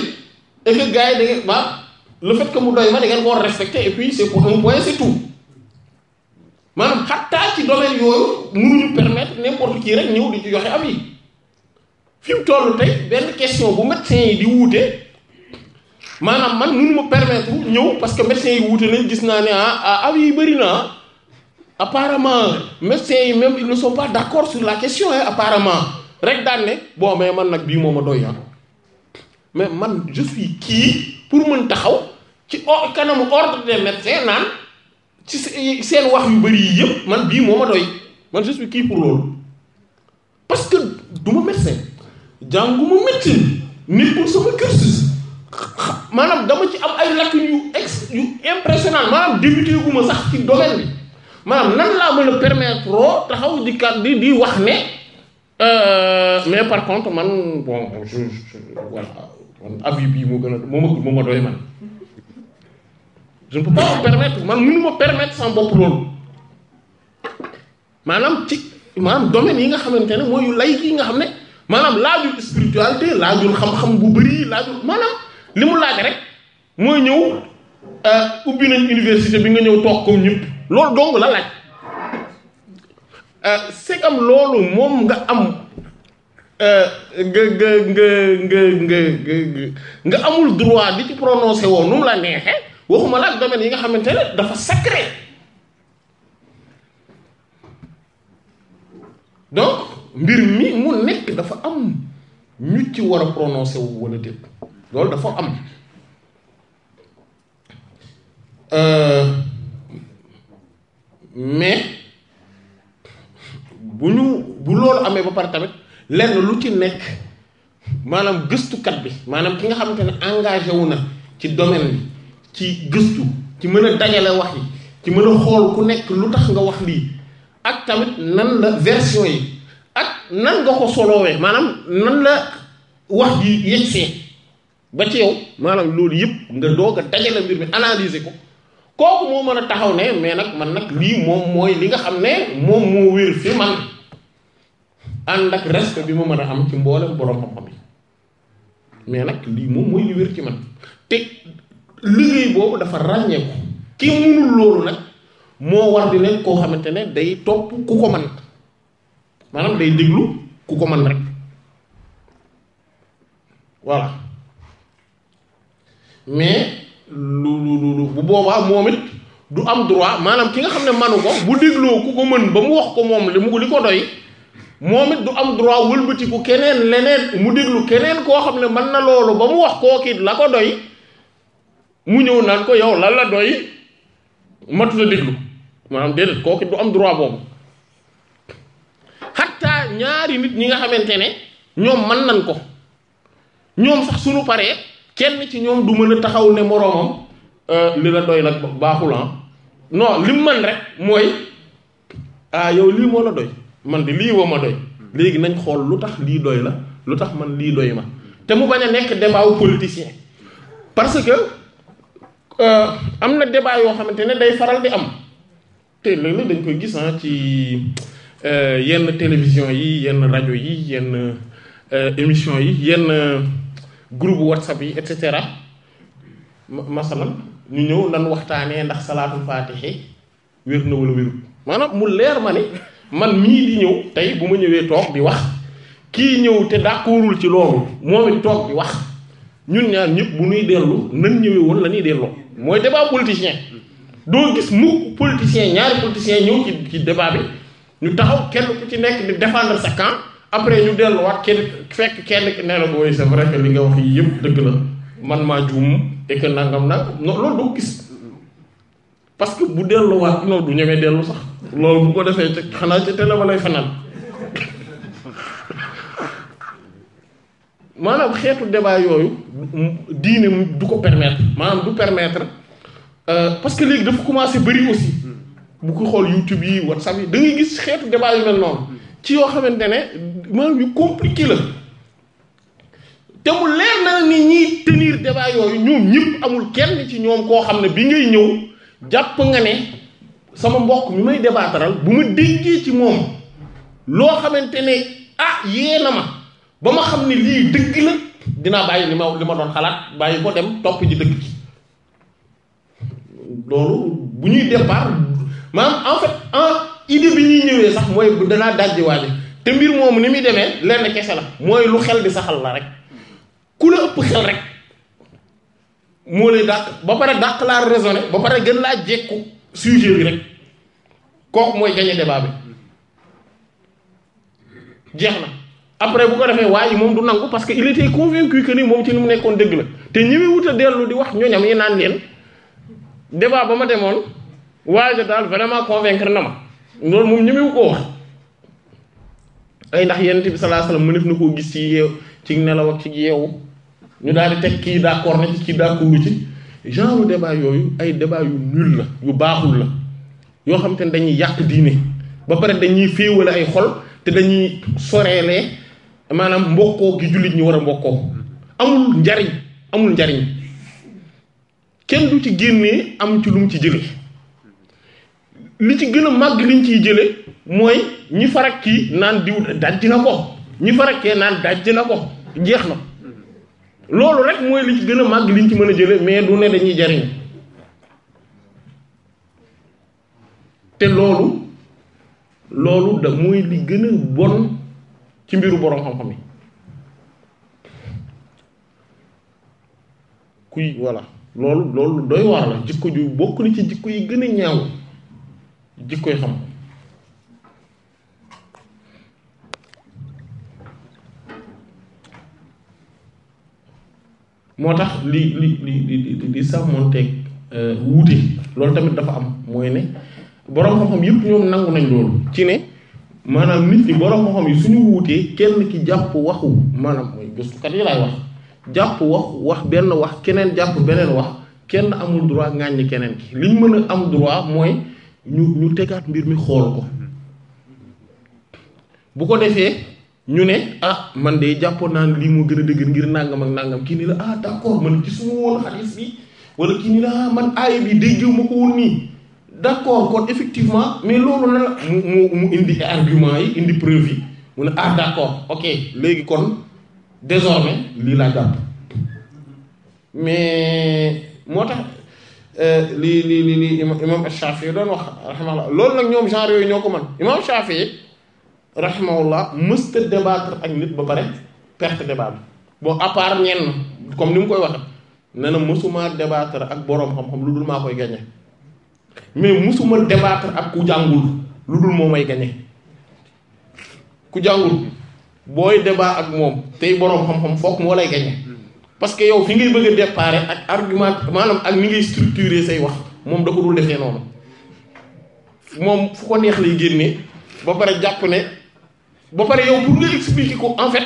C: et que gars yi da ngeen ma le fait que mu doy ma da ngeen ko war respecter et puis c'est pour un point c'est tout maanaam xattaa ci domaine yooyu mënuñu permettre n'importe ci rek ñëw di ci joxe am yi fi mu toll tey benn question bu médecin yi di wuute maanaam man mënu ma permettre ñëw parce que médecin yi wuute nañ gis naa ne ah ah am yi bëri na ah. apparemment médecins yi même ils ne sont pas d'accord sur la question hein apparemment rek daan ne bon mais man nag bii moo ma doy ah. mais man je suis kii pour mën taxaw ci o kanamu ordre des médecins naan ci seen wax yu bëri yi yëpp man bii moo ma doy man je suis kii pour loolu parce que du ma médecin jànguma médecine nekkul sama cursus maanaam dama ci am ay lacunes yu ex yu impressionnant maanaam débuté gu ma sax ci domaine bi maanaam nan laa mën a permettre oo taxaw di kat di di wax ne euh, mais par contre man bon je voilà bii moo gën a moo ma moo ma man je ne peux permettre man mënu ma permettre sama bopp loolu maanaam ci maanaam domaine yi nga xamante ne mooy lay yi nga xam ne maanaam laajul spiritualité laajul xam-xam bu bëri laajul maanaam li mu laaj rek mooy ñëw Euh, ubbi nañ université bi nga ñëw toog comme ñëpp loolu dong la laaj euh, c'est am loolu moom nga am euh, nga nga nga nga nga nga amul droit bi ci prononcé woo nu mu la neexee waxuma la ak domaine yi nga xamante ne dafa sacré donc mbir mi mu nekk dafa am ñu ci war a prononcé wu wala déet loolu dafa am Euh, mais bu ñu bu loolu amee ba pare tamit lenn lu ci nekk maanaam gëstukat bi maanaam ki nga xamante ne engagé wu na ci domaine bi ci gëstu ci mën a dajale wax yi ci mën a xool ku nekk lu tax nga wax lii ak tamit nan la version ak nan nga ko soloowee maanaam nan la wax ji yegsee ba ci yow maanaam loolu yëpp nga doog a dajale mbir mi analyser ko kooku moo mën a taxaw ne mais nag man nag lii moom mooy li nga xam ne moom moo wér fi man ànd ak respect bi ma mën a am ci mboolem borom xam-xam yi mais nag lii moom mooy li wér ci man te liggéey boobu dafa ràññeeku ki munul loolu nag moo war di nekk koo xamante ne day topp ku ko man maanaam day déglu ku ko man rek voilà mais lu lu lu bu boobaa moom it du am droit maanaam ki nga xam ne manu ko bu dégloo ku ko mën ba mu wax ko moom li mu li ko doy moom it du am droit wëlbatiku keneen leneen mu déglu keneen koo xam ne mën na loolu ba mu wax kookit la ko doy mu ñëw naan ko yow lan la doy matu la déglu maanaam déedéet kookit du am droit boobu xatta ñaari nit ñi nga xamante ne ñoom mën nañ ko ñoom sax suñu paree kenn ci ñoom du mën a taxaw ne moroomam euh, li la doy nag baaxul ah. non lim man rek mooy ah yow lii moo la doy man de lii woo ma doy léegi nañ xool lu tax lii doy la lu tax man lii doy ma te mu bañ a nekk débat wu politicien parce que euh, am na débat yoo xamante ne day faral di am te léeg-léeg dañ koy gis ah, ci euh, yenn télévision yi yenn rajo yi yenn émission yi yenn. groupe whatsapp yi et cetera masalan ñu ñëw nan waxtaanee ndax salaatul faatihi wér na wala wérut mu leer ma ne man mii di ñëw tey bu ma ñëwee toog di wax kii ñëw te d'accordul ci loolu moom it toog di wax ñun ñaar ñëpp bu ñuy dellu nan ñëwee woon la ñuy delloo mooy débat politicien doo gis mu politicien ñaari politicien ñëw ci ci débat bi ñu taxaw kenn ku ci nekk di défendre sa camp après ñu delluwaat kenn fekk kenn ki nee na ko way c'est vrai que li nga wax yi yëpp dëgg la man maa juum et que nangam nag non loolu doo gis parce que bu delluwaat non du ñemee dellu sax loolu bu ko defee ca xanaa ca télé ba lay fanaan maanaam xeetu débat yooyu diine du ko permettre maanaam du permettre euh, parce que léegi dafa commencé bëri aussi bu ko xool YouTube yi WhatsApp yi da ngay gis xeetu débat yu mel noonu ci yoo xamante ne maanaam yu compliqué la te mu leer na ni ñiy tenir débat ñoom ñëpp amul kenn ci ñoom koo xam ne bi ngay ñëw jàpp nga ne sama mbokk mi may débattaral bu ma déggee ci moom loo xamante ne ah yee na ma ba ma xam ne lii dëgg la dinaa bàyyi li ma li ma doon xalaat bàyyi ko dem topp ji dëgg ci loolu bu ñuy départ maanaam en en idée bi ñuy ñëwee sax mooy danaa dajji waa te mbir moomu ni muy demee lenn kese la mooy lu xel di saxal la rek ku la ëpp xel rek moo lay dàq ba pare dàq laa raisonné ba pare gën laa jekku sujet bi rek kooku mooy gagné débat bi jeex na après bu ko defee waaye moom du nangu parce que il était convaincu que ni moom ci li mu nekkoon dëgg la te ñëwee wut a dellu di wax ñoñam yi naan leen débat ba ma demoon waaye daal vraiment convaincre na ma loolu moom ñemewu ko wax ay ndax yonent bi sallallahu alayhi wasallam mënef na koo gis ci yeew ci nelaw ak ci yeewu ñu daal di teg kii d'accord na ci kii ci ci genre débat yooyu ay débat yu nul la yu baaxul la yoo xam te ne dañuy yàq diine ba pare dañuy féewale ay xol te dañuy soreele maanaam mbokkoo gi jullit ñi war a mbokkoo amul njariñ amul njariñ kenn du ci génnee am ci lum ci jëlee li ci gën a màgg liñ ciy jëlee mooy ñi farak kii naan diw daj na ko ñi farakkee naan daj na ko jeex na loolu rek mooy li gën a màgg liñ ci mën a jëlee mais du ne dañuy jariñ te loolu loolu da mooy li gën a bon ci mbiru boroom xam-xam yi kuy voilà loolu loolu doy waar la jikko ju bokk na ci jikko yi gën a ñaaw jikkoy xam moo tax li li li li li sàmmonteeg euh, wuute loolu tamit dafa am mooy ne boroom xam yëpp ñoom nangu nañ loolu ci ne maanaam nit ñi boroom xam yi suñu wuutee kenn ki jàpp waxu maanaam mooy gëstukat yi laay wax jàpp wax wax benn wax keneen jàpp beneen wax kenn amul droit ŋàññi keneen ki liñ mën a am droit mooy ñu ñu tegaat mbir mi xool ko bu ko defee ñu ne ah man de jàppoon naa lii moo gën a dëgër ngir nàngam ak nàngam kii nii la ah d'accord man gisuma woon xadiis bi wala kii ni la ah man aaya bi dégg ma ko woon nii d'accord kon effectivement mais loolu la mu mu mu indi argument yi indi preuve mu ne ah d'accord ok léegi kon désormais lii laa jàpp mais moo tax Euh, lii lii lii lii imam Shafii doon wax rahimahullah loolu nag ñoom genre yooyu ñoo ko man imam Shafii rahimahullah mësta débattre ak nit ba pare perte débat bi bon à part ñenn comme ni mu koy waxe ne na mësuma débattre ak boroom xam-xam lu dul maa koy gañe mais mësuma débattre ak ku jàngul lu dul moo may gañe ku jàngul booy débat ak moom tey boroom xam-xam foog moo lay gañe parce que yow fi ngay bëgg a départ ak argument maanaam ak ni ngay structurer say wax moom da ko dul defee noonu moom fu ko neex lay génnee ba pare jàpp ne ba pare yow pour nga expliquer ko en fait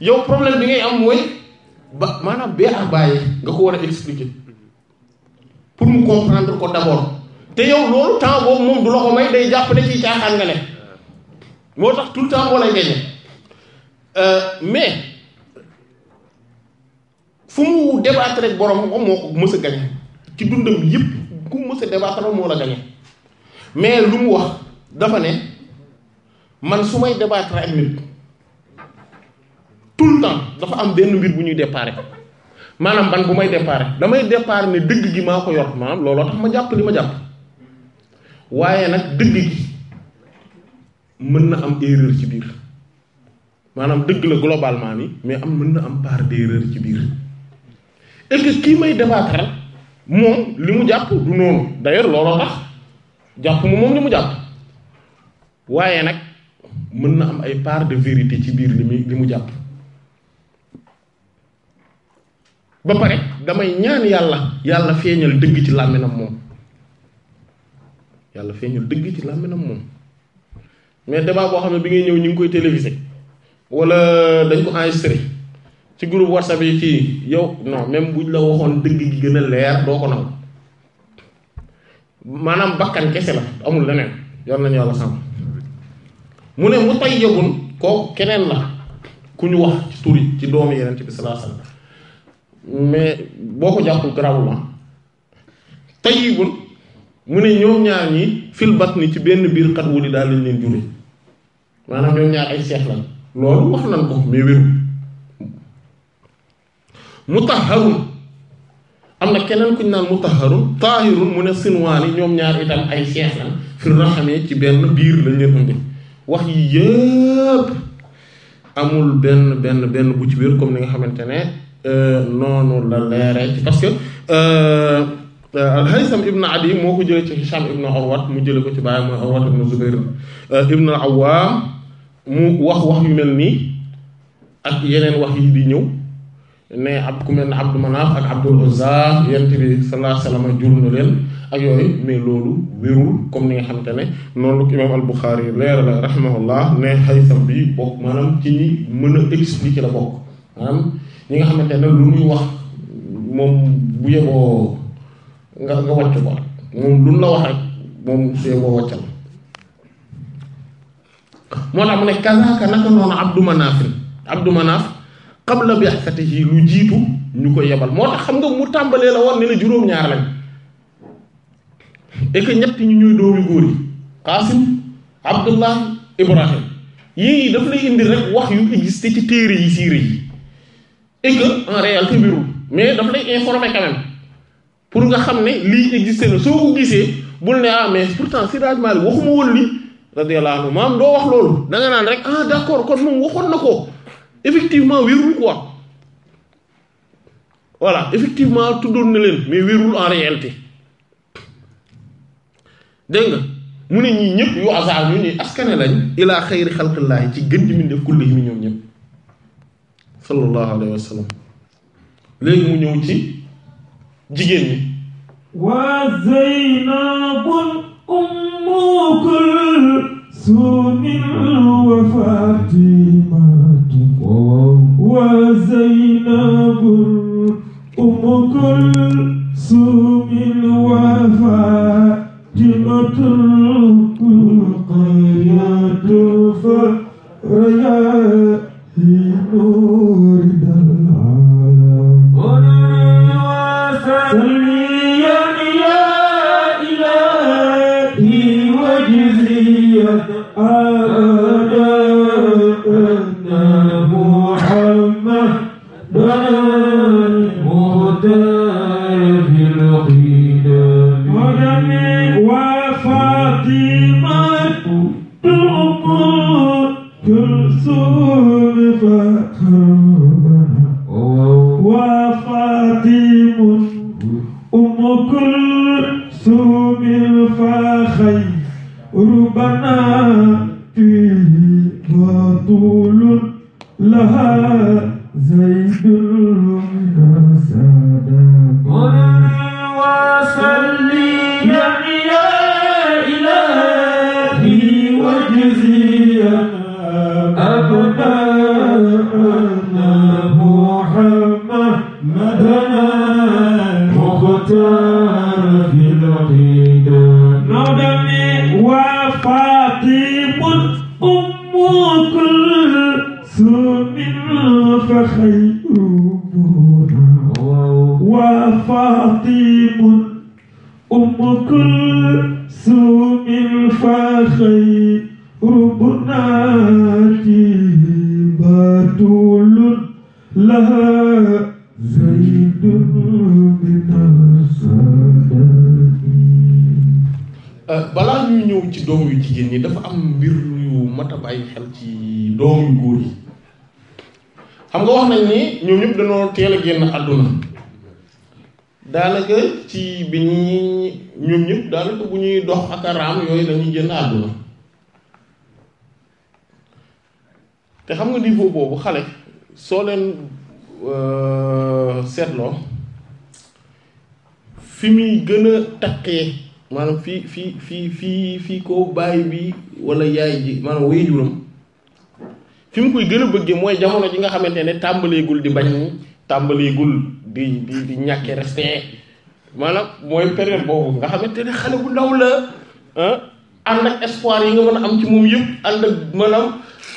C: yow problème bi ngay am mooy ba maanaam bee ak nga ko war a expliquer pour mu comprendre ko d'abord te yow loolu temps boobu moom du la ko may day jàpp ne ci caaxaan nga ne moo tax tout le temps moo lay gañe euh, mais fu mu débattre rek borom ko moo ko mës a gañe ci dundam yépp ku mës a débattre moo la gañe mais lu mu wax dafa ne man su may débattre ak nit tout le temps dafa am benn mbir bu ñuy déparé maanaam ban bu may déparé damay déparé ne dëgg gi maa ko yor maanaam looloo tax ma jàpp li ma jàpp waaye nag dëgg gi mën na am erreur ci biir maanaam dëgg la globalement ni mais am mën na am part d'erreur ci biir et kii may débattre moom li mu jàpp du noonu d'ailleurs looloo tax jàpp mu moom li mu jàpp waaye nag mën na am ay part de vérité ci biir li muy li mu jàpp ba pare damay ñaan yàlla yàlla feeñal dëgg ci làmminam moom yàlla feeñal dëgg ci làmminam moom mais débat boo xam ne bi ngay ñëw ñu ngi koy télévisé wala dañ ko enregistré ci group whatsapp yi kii yow non même buñ la waxoon dëgg gi gën a leer doo ko nangu maanaam bakkan kese la amul leneen yor nañu yàlla sàmm mu ne mu tay yëgul kooku keneen la ku ñu wax ci ci doomu yeneen bi sallallahu mais boo ko jàppul garaawul ah. tayyibun mu ne ñoom ñaar ñi fil batni ci benn biir xat wuli daal lañ leen jure maanaam ñoom ñaar ay seex la loolu wax nañ ko mais wéru mutahharun am na keneen kuñ naan mutahharun taahirun mu ne sinwaani ñoom ñaar itam ay xeex lan fi raxamee ci benn biir lañ leen indi wax yi yëpp amul benn benn benn bu ci biir comme ni nga xamante ne euh, noonu la leere ci parce que euh, euh, al-Haytham ibn Adi moo ko jëlee ci Hisham ibn Urwat mu jële ko ci bàyyi mooy Urwat ibn Zubayr ibn al-Awwam mu wax wax yu mel nii ak yeneen wax yi di ñëw ne ab ku mel ne Abdou Manaf ak Abdul Uzza yent bi sallallahu jur na leen ak yooyu mais loolu wérul comme ni nga xamante ne noonu la ko leer la rahimahullah ne xaysam bi bokk maanaam a expliquer ñi nga xamante ne lu muy wax moom bu yeboo nga nga wàcc ko moom lu la wax rek moom bu yeboo wàccal moo tax mu ne kazaaka naka noonu Abdou Manaf Abdou Manaf qabla bi'thatihi lu jiitu ñu ko yebal moo tax xam nga mu tàmbalee la woon ne la juróom-ñaar lañ et ñett ñu ñuy doomi góor yi Qaasim Abdullah Ibrahim yii daf lay indi rek wax yu existé ci téere yi siire yi et que en réalité mbirul mais daf lay informer quand pour nga xam ne lii existé na soo ko gisee bul ne ah mais pourtant Seydi Hadji Malick waxuma woon li radiyallahu anhu maam doo wax loolu da naan rek ah d'accord kon moom waxoon na ko effectivement wérul quoi voilà effectivement tuddoon na leen mais wérul en réalité dégg mu ne ñii ñëpp yu hasard ñu ni askane lañ ilaa xayri xalqillaahi ci gën di min def kulli mi mu ñëw ci jigéen ñi waa
A: zaynabun وزينب أم كلثوم وفاطمة
C: taqee maanaam fii fii fii fii fii ko baay bi wala yaay ji maanaam waajuram fi mu koy gën a bëggee mooy jamono ji nga xamante ne tàmbaleegul di bañ tàmbaleegul di di di ñàkke respect maanaam mooy période boobu nga xamante ne xale bu ndaw la ah, ànd ak espoir yi nga mën a am ci moom yëpp ànd ak maanaam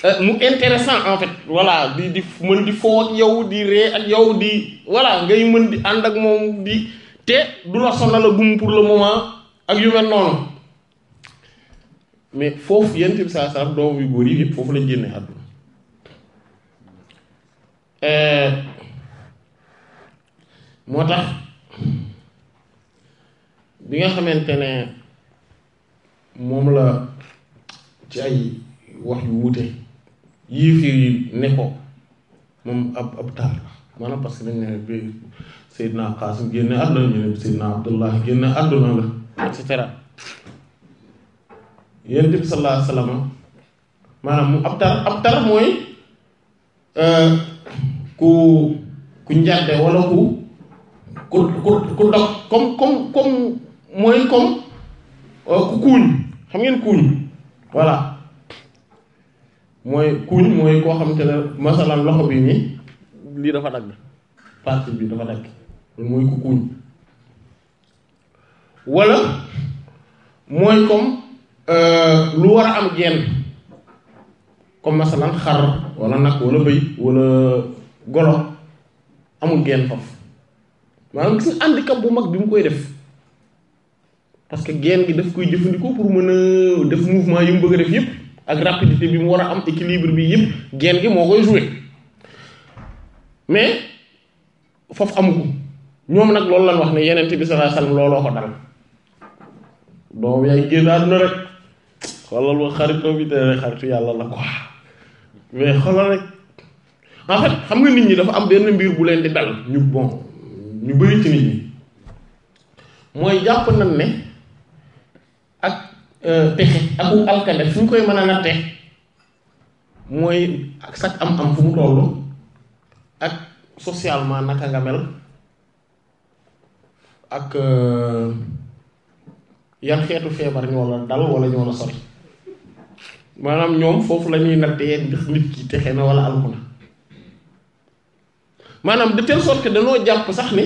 C: euh, mu intéressant en fait voilà di di mën di foo ak yow di ree ak yow di voilà ngay mën di ànd ak moom di te du la sonal a gum pour le moment ak yu noonu mais foofu yent saa saa lañ génne àdduna euh, moo tax bi nga xamante ne moom la ci ay wax yu wuute yii fii ne ko moom ab ab taar la maanaam parce que dañ ne Seydina Qaasim génne àdduna ñu ne génne àdduna la et cetera yonent bi sallallahu alayhi wa sallam mooy euh, ku ku njàdde wala ku ku ku ku dog comme comme comme mooy comme euh, ku kuuñ xam ngeen kuuñ voilà mooy kuuñ mooy koo xam te ne masalan loxo bi nii lii dafa dagg partie bi dafa dagg mooy ku kuñ wala mooy comme euh, lu war a am genn comme masalan xar wala nag wala bëy wala golo amul genn faf maanaam gis nga handicap bu mag bi mu koy def parce que genn gi daf koy jëfandikoo pour mën a def mouvement yu mu bëgg a def yëpp ak rapidité bi mu war a am équilibre bi yëpp gen gi moo koy jouer mais foofu amu ñoom nag loolu lan wax ne yeneen bi sallallahu alayhi looloo ko dal doom yaay génn àdduna rek xoolal ma xaritoo bi te xaritu yàlla la ko mais xoolal rek en xam nga nit ñi dafa am benn mbir bu leen di dal ñu bon ñu bëri ti nit ñi mooy jàpp nañ ne ak pexe euh, ak u alkande fu ñu koy mën a natte mooy ak sax am am fu mu toll ak socialement naka nga mel ak euh, yan xeetu feebar ñoo la dal wala ñoo la sori maanaam ñoom foofu la ñuy nattee ndax nit texe na wala alku na maanaam de telle sorte que danoo jàpp sax ni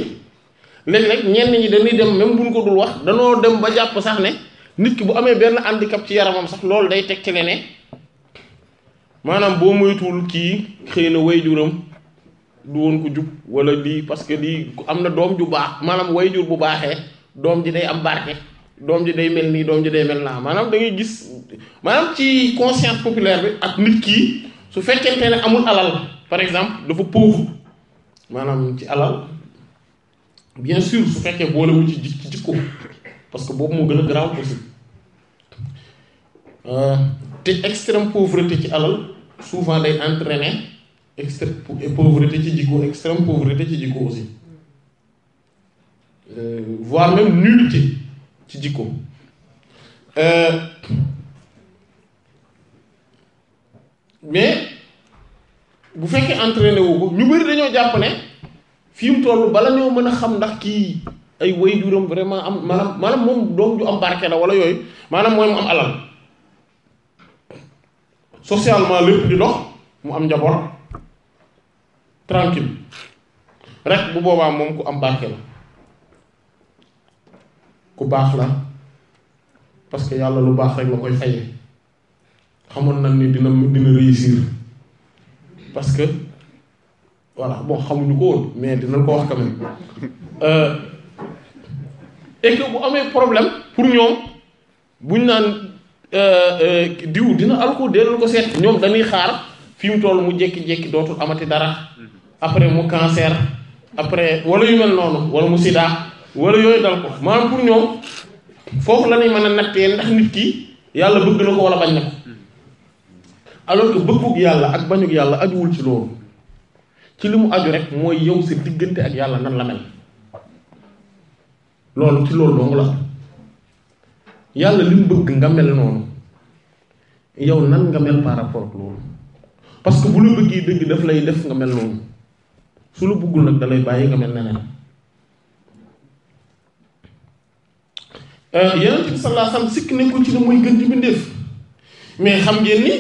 C: léeg-léeg ñenn ñi dañuy dem même buñ ko dul wax danoo dem ba jàpp sax ne nit ki bu amee benn handicap ci yaramam sax loolu day tegtale ne maanaam boo moytuwul kii xëy na way juram du woon ko jub wala lii parce que lii am na doom ju baax maanaam way jur bu baaxee doom ji day am barke doom ji day mel nii doom ji day mel naa maanaam da gis maanaam ci conscience populaire bi ak nit kii su fekkente ne amul alal par exemple dafa pauvre maanaam ci alal bien sûr su fekkee boolewul mu ci jikko parce que boobu moo gën a garaaw aussi euh, te extrême pauvreté ci alal souvent day entraîner extrême pauvreté ci jikko extrême pauvreté ci jikko aussi euh, voire même nullité ci jikko euh, mais bu fekkee entraîné wu ko ñu bëri dañoo jàpp ne fi toll bala ñoo mën a xam ndax kii ay waajuram vraiment am maanaam maanaam moom doom ju am barke la wala yooyu maanaam mooy mu am alal socialement lépp di dox mu am njaboot. tranquille rek bu boobaa moom ku am barke la ku baax la parce que yàlla lu baax rek la koy fayee xamoon nag ni dina dina réussir parce que voilà bon xamuñu ko woon mais dina ko wax quand même euh, bu amee problème pour ñoom buñ naan euh, euh, diw dina alko delloo ko seet ñoom dañuy xaar fi mu toll mu jékki-jékki dootul amati dara après mu cancer après wala yu mel noonu wala mu sida wala yooyu dal ko maanaam pour ñoom foofu la ñuy mën a nattee ndax nit ki yàlla bëgg na ko wala bañ na ko alors yàlla ak bañug yàlla ajuwul ci loolu ci li mu aju rek mooy yow sa diggante ak yàlla nan la mel loolu ci loolu dong la yàlla li bëgg nga mel noonu yow nan nga mel par rapport loolu parce bu la bëggee dëgg daf lay def nga mel noonu su la buggul nag dalay bàyyi nga mel neneen euh, yonent bi sallallahu alayhi wasallam sikk nekkul ci ne mooy gën ci bindeef mais xam ngeen ni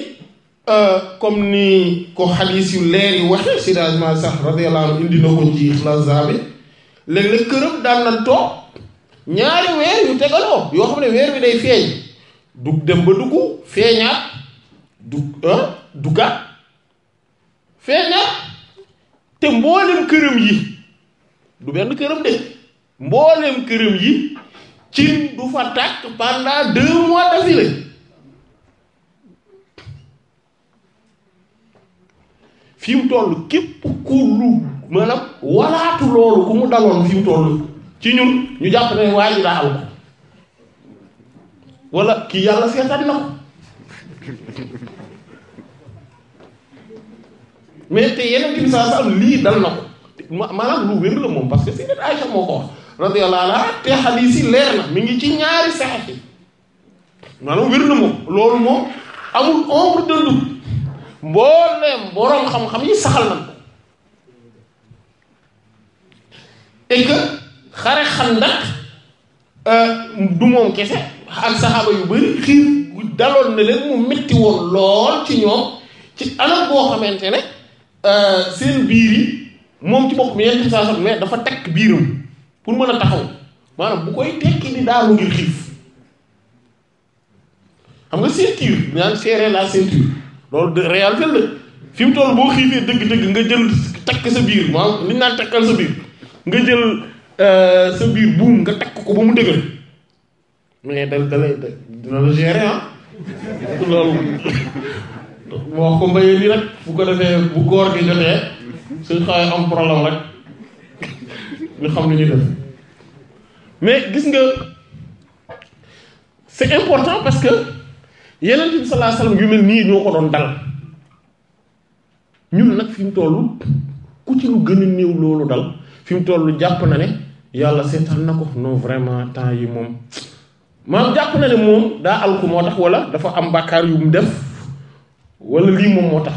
C: euh, comme ni ko xadiis yu leer yi waxe si dagement sax radiyallahu anhu indi na ci Ixlaas bi léeg-léeg këram daan na toog ñaari weer yu tegaloo yoo xam ne weer bi day feeñ dug dem ba dugg feeñaat dug duggaat feeñaat te mboolem këram yi du benn këram de mboolem këram yi ci du fa tàkk pendant deux mois d'affilée fi mu toll képp ku walaatu loolu ku mu daloon fi mu ci ñun ñu jàpp ne waa ji daa am ko wala kii ko mais te yeneen bi saa saam lii dal na ko maanaam lu wér la moom parce que sayyidat Aïcha moo ko wax radiyallahu anha te xadiis yi leer na mi ngi ci ñaari saxiix yi maanaam wér na moom loolu moom amul ombre de doute mbooleem boroom xam-xam yi euh, saxaaba yu bari xiir daloon na leen mu metti woon lool ci ñoom ci anam boo xamante ne Euh, seen biir yi moom ci boppam yenn saa soxna mais dafa tekk biiram pour mën a taxaw maanaam bu koy tekki di daanu ngir xiif xam nga ceinture naan serrer la ceinture loolu de réalité la fi mu toll boo xiifee dëgg-dëgg nga jël takk sa biir maanaam li ñu naan takkal sa biir nga jël euh, sa biir buum nga takk ko ba mu dëgër mais da da lay dina la gérer ah. loolu moo ko mbayee li rek bu ko defee bu góor gi jotee suñ xawee am problème rek ñu xam li ñu def mais gis nga c'est important parce que yeneen bi sallallahu alayhi wasallam yu mel nii ñoo ko doon dal ñun nag fi mu toll ku ci lu gën a néew loolu dal fi mu toll jàpp na ne yàlla seetaan na ko non vraiment temps yi moom maanaam jàpp na ne moom daa alku moo tax wala dafa am bàkkaar yu mu def wala lii moom moo tax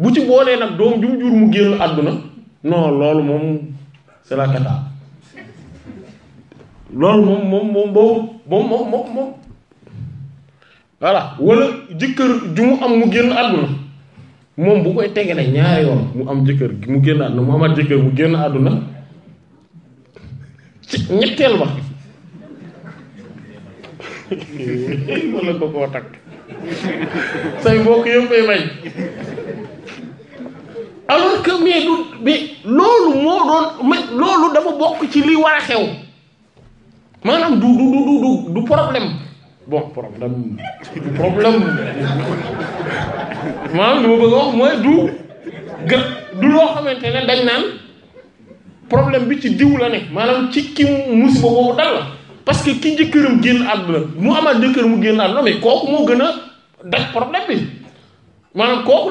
C: bu ci boolee nag doom jum jur mu génn àdduna non loolu moom c'est la cata loolu moom moom moom moom moom moom moom voilà wala jëkkër ju mu am mu génn àdduna moom bu koy tegale ñaari yoon mu am jëkkër mu génn àdduna mu amaat jëkkër mu génn àdduna ci ñetteel ba wala ko koo takk say mbokk yëpp koy may alors que mais du mais loolu moo doon mais loolu dafa bokk ci li war a xew maanaam du du du du du problème bon problème problème maanaam li ma bëgg a wax mooy du du loo xamante ne dañ naan problème bi ci diw la ne maanaam ci ki musiba boobu dal la parce que ki jëkkëram génn àdduna mu amaat jëkkër mu génn àdduna mais kooku moo gën a daj problème bi maanaam kooku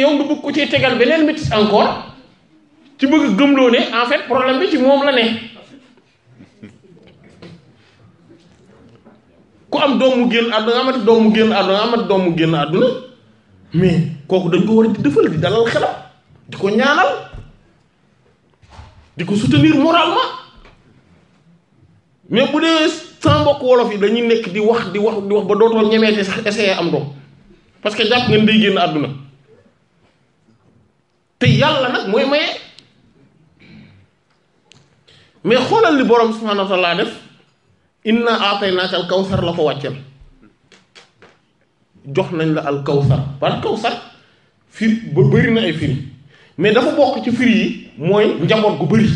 C: yow ko ci tegal beneen métis ci bëgg gëmloo fait problème bi ci moom la ne ku am doom mu génn àdduna amati doom mu génn àdduna amati doom mu génn àdduna mais kooku dañ ko war a di dëfal di dalal xelam di ko ñaanal di ko soutenir moralement mais bu dee sama mbokk wolof yi dañuy nekk di wax di wax di wax ba dootoo ñemeete sax essayer am doom parce que jàpp ngeen day génn àdduna te yàlla nag mooy maye mais xoolal li borom subhanahu wa taala def inna aataynaaka al kawsar la ko wàcceel jox nañ la al kawsar baat kawsar ba bëri na ay firi mais dafa bokk ci firi yi mooy njaboot gu bëri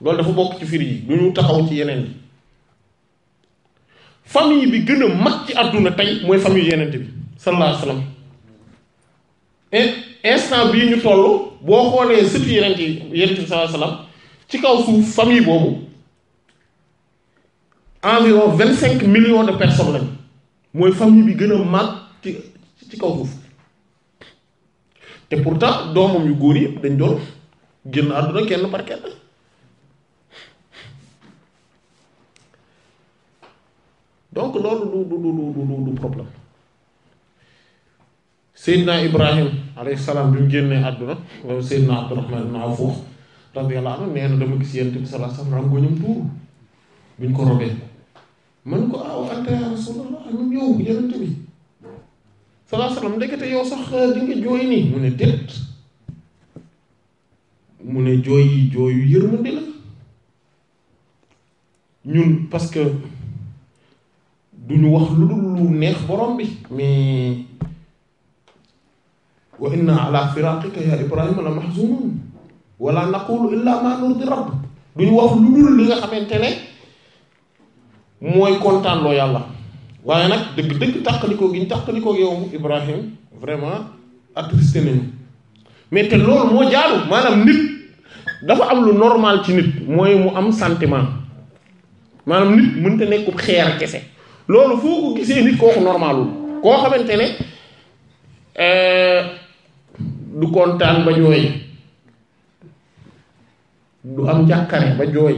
C: loolu dafa bokk ci firi yi du ñu taxaw ci yeneen yi famille bi gën a mag ci àdduna tey mooy famille yeneen bi sallallahu alayhi wa sallam instant bii ñu toll boo xoolee sëtu yeneen yi yeneen bi sallallahu alayhi ci kaw suuf famille boobu environ vingt cinq millions de personnes lañ mooy famille bi gën a mag ci ci kaw suuf pour pourtant doomam yu góor yëpp dañ doon génn àdduna kenn par kenn donc loolu du du du problème Seydina Ibrahim alayhi bi mu génnee àdduna loolu Seydina Abdurahman ibn Awf radiyallahu anhu nee na dama gis Yonent bi sallallahu alayhi wasallam rangoñam tuuru bi ñu ko robee mën ko ah anta ya Rasulullah ñun yow Yonent bi salaa salaam yow sax euh, di jooy nii mu ne déet mu ne jooy yi jooyu yërmande la ñun parce que duñu wax lu dul lu neex borom bi mais wa inna ala firaqika ya ibrahima la mahzunun wala naqulu illa ma nurdi rabb duñu wax lu dul li nga xamante ne mooy kontaan loo yàlla waaye nag dëgg-dëgg tàqalikoo gi ñu tàqalikoo yow Ibrahim vraiment attristé nañu mais te loolu moo jaadu maanaam nit dafa am lu normal ci nit mooy mu am sentiment maanaam nit mënta nekkub xeer kese loolu foo ko gisee nit kooku normalul koo xamante ne euh, du kontaan ba jooy du am jàkkare ba jooy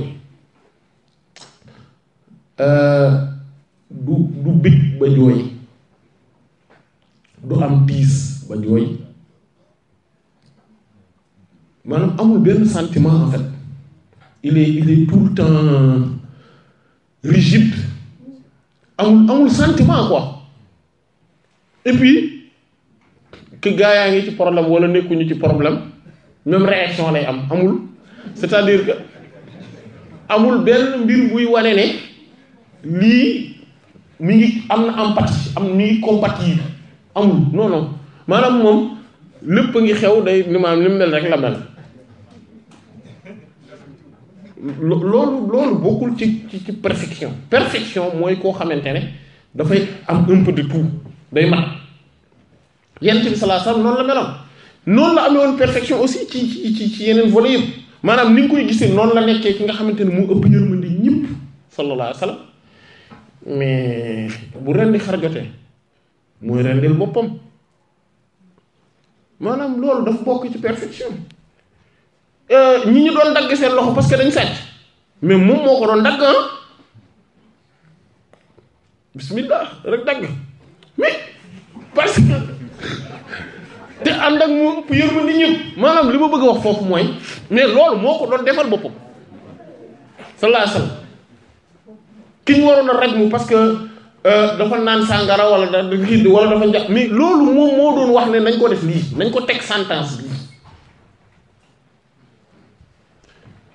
C: euh, du du bég ba jooy du am tiis ba jooy maanaam amul benn sentiment en fait il est il est tout le temps rigide amul amul sentiment quoi et puis gaa yaa ngi ci problème wala nekkuñu ci problème même réaction lay am amul c'est-à-dire que amul benn mbir buy wane ne lii mi ngi am na empathie am mi ngi compatir amul non non maanaam moom lépp a ngi xew day ni maanaam li mu mel rek la mel loolu loolu bokkul ci ci ci perfection perfection mooy koo xamante ne dafay am un peu tout day mat yent bi sallallahu alayhi wasallam noonu la meloon noonu la amee woon perfection aussi ci ci ci yeneen volets yëpp maanaam ni nga koy gisee noonu la nekkee ki nga xamante ne mu ëpp yërmande ñëpp sallallahu alayhi wasallam mais bu rendi xar jotee mooy rendil boppam maanaam loolu daf bokk ci perfection euh, ñi ñu doon dagg seen loxo parce que dañ sàcc mais moom moo ko doon dagg ah bismillah rek dagg mais parce que te ànd ak moo ëpp yërmande ñëpp maanaam li ma bëgg a wax foofu mooy mais loolu moo ko doon defal boppam salaa alayhi ki ñu waroon a raj mu parce que euh, dafa naan sàngara wala da xidd wala dafa njax mais loolu moom moo doon wax ne nañ ko def lii nañ ko teg sentence bi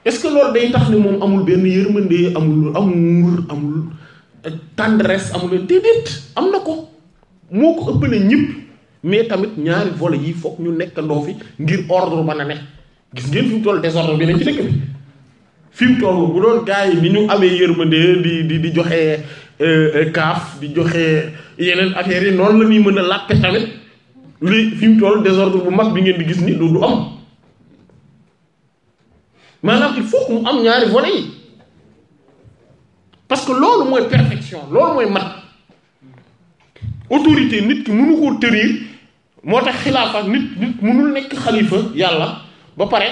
C: est-ce que loolu day tax ne moom amul benn yërmande amul amul amul euh, tendresse amul déedéet am na ko moo ko ëpp ne ñëpp mais tamit ñaari volets yi foog ñu nekk ndoo fi ngir ordre ba na ne gis ngeen fi mu toll désordre bi ne ci dëkk bi fi mu toll bu doon gars yi ñu amee yërmande di di di joxe euh, euh, kaaf di joxe yeneen affaires yi noonu la ñuy mën a làppe tamit li fi mu toll désordre bu mag bi ngeen di gis ni du du am maanaam il faut mu am ñaari volets yi parce que loolu mooy perfection loolu mooy mat autorité nit ki mënu koo tenir moo tax xilaafa nit nit mënul nekk xalifa yàlla ba pare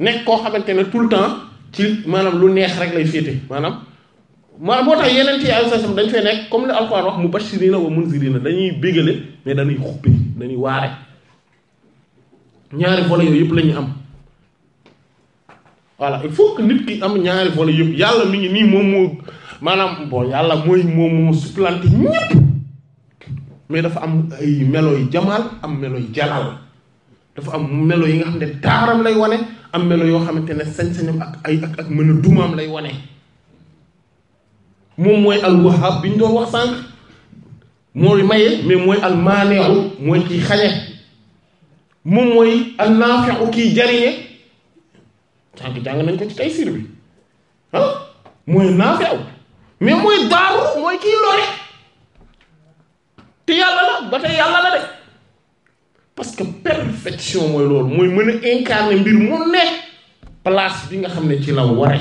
C: nekk koo xamante ne tout le temps ci maanaam lu neex rek lay féete maanaam ma moo tax yeneen ci alsasam dañ fay nekk comme li alxuraan wax mubashirina wa munzirina dañuy bégale mais dañuy xuppe dañuy waare ñaari volet yooyu yëpp la ñuy am voilà il faut que nit ki am ñaari volet yëpp yàlla mi ngi nii moom moo maanaam bon yàlla mooy moom moo supplanté ñëpp mais dafa am ay melo yu jamaal am melo yu jalaal dafa am melo yi nga xam ne taaram lay wane am melo yoo xamante ne sañ-sañam ak ay ak ak mën a dumaam lay wane moom mooy al bi ñu doon wax sànq mooy maye mais mooy almaaneeru mooy kiy xañe moom mooy alnaafexu kiy jariñe sànq jàng nañ ko ci taysir bi ah, mooy naafexu mais te yàlla la ba tey yàlla la de parce que perfection mooy loolu mooy mën a incarner mbir mu ne place bi nga xam ne ci la ware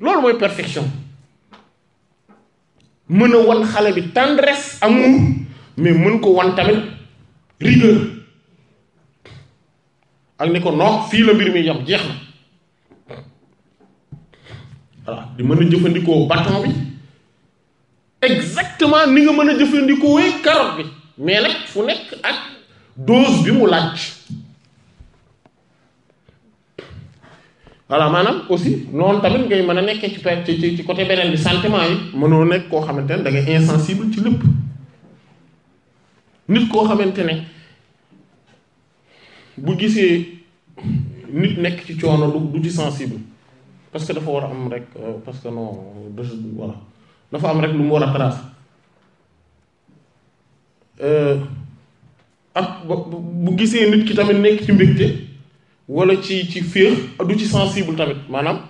C: loolu mooy perfection mën a wan xale bi tendresse amour mais mën ko wan tamit rigueur ak ni ko noox fii la mbir mi yam jeex na voilà di mën a jëfandikoo bâton bi exactement ni nga mën a jëfandikoo carotte bi mais nag fu nekk ak dose bi mu laaj voilà maanaam aussi noonu tamit ngay mën a nekkee ci ci ci côté beneen bi sentiment yi mënoo nekk koo xamante ne da ngay insensible ci lépp nit koo xamante ne bu gisee nit nekk ci coono du du ci sensible parce que dafa war a am rek euh, parce que non euh, voilà dafa am rek lu mu war a tracer Euh, ak ah, bu gisee nit ki tamit nekk ci mbégte wala ci ci féex ah, du ci sensible tamit maanaam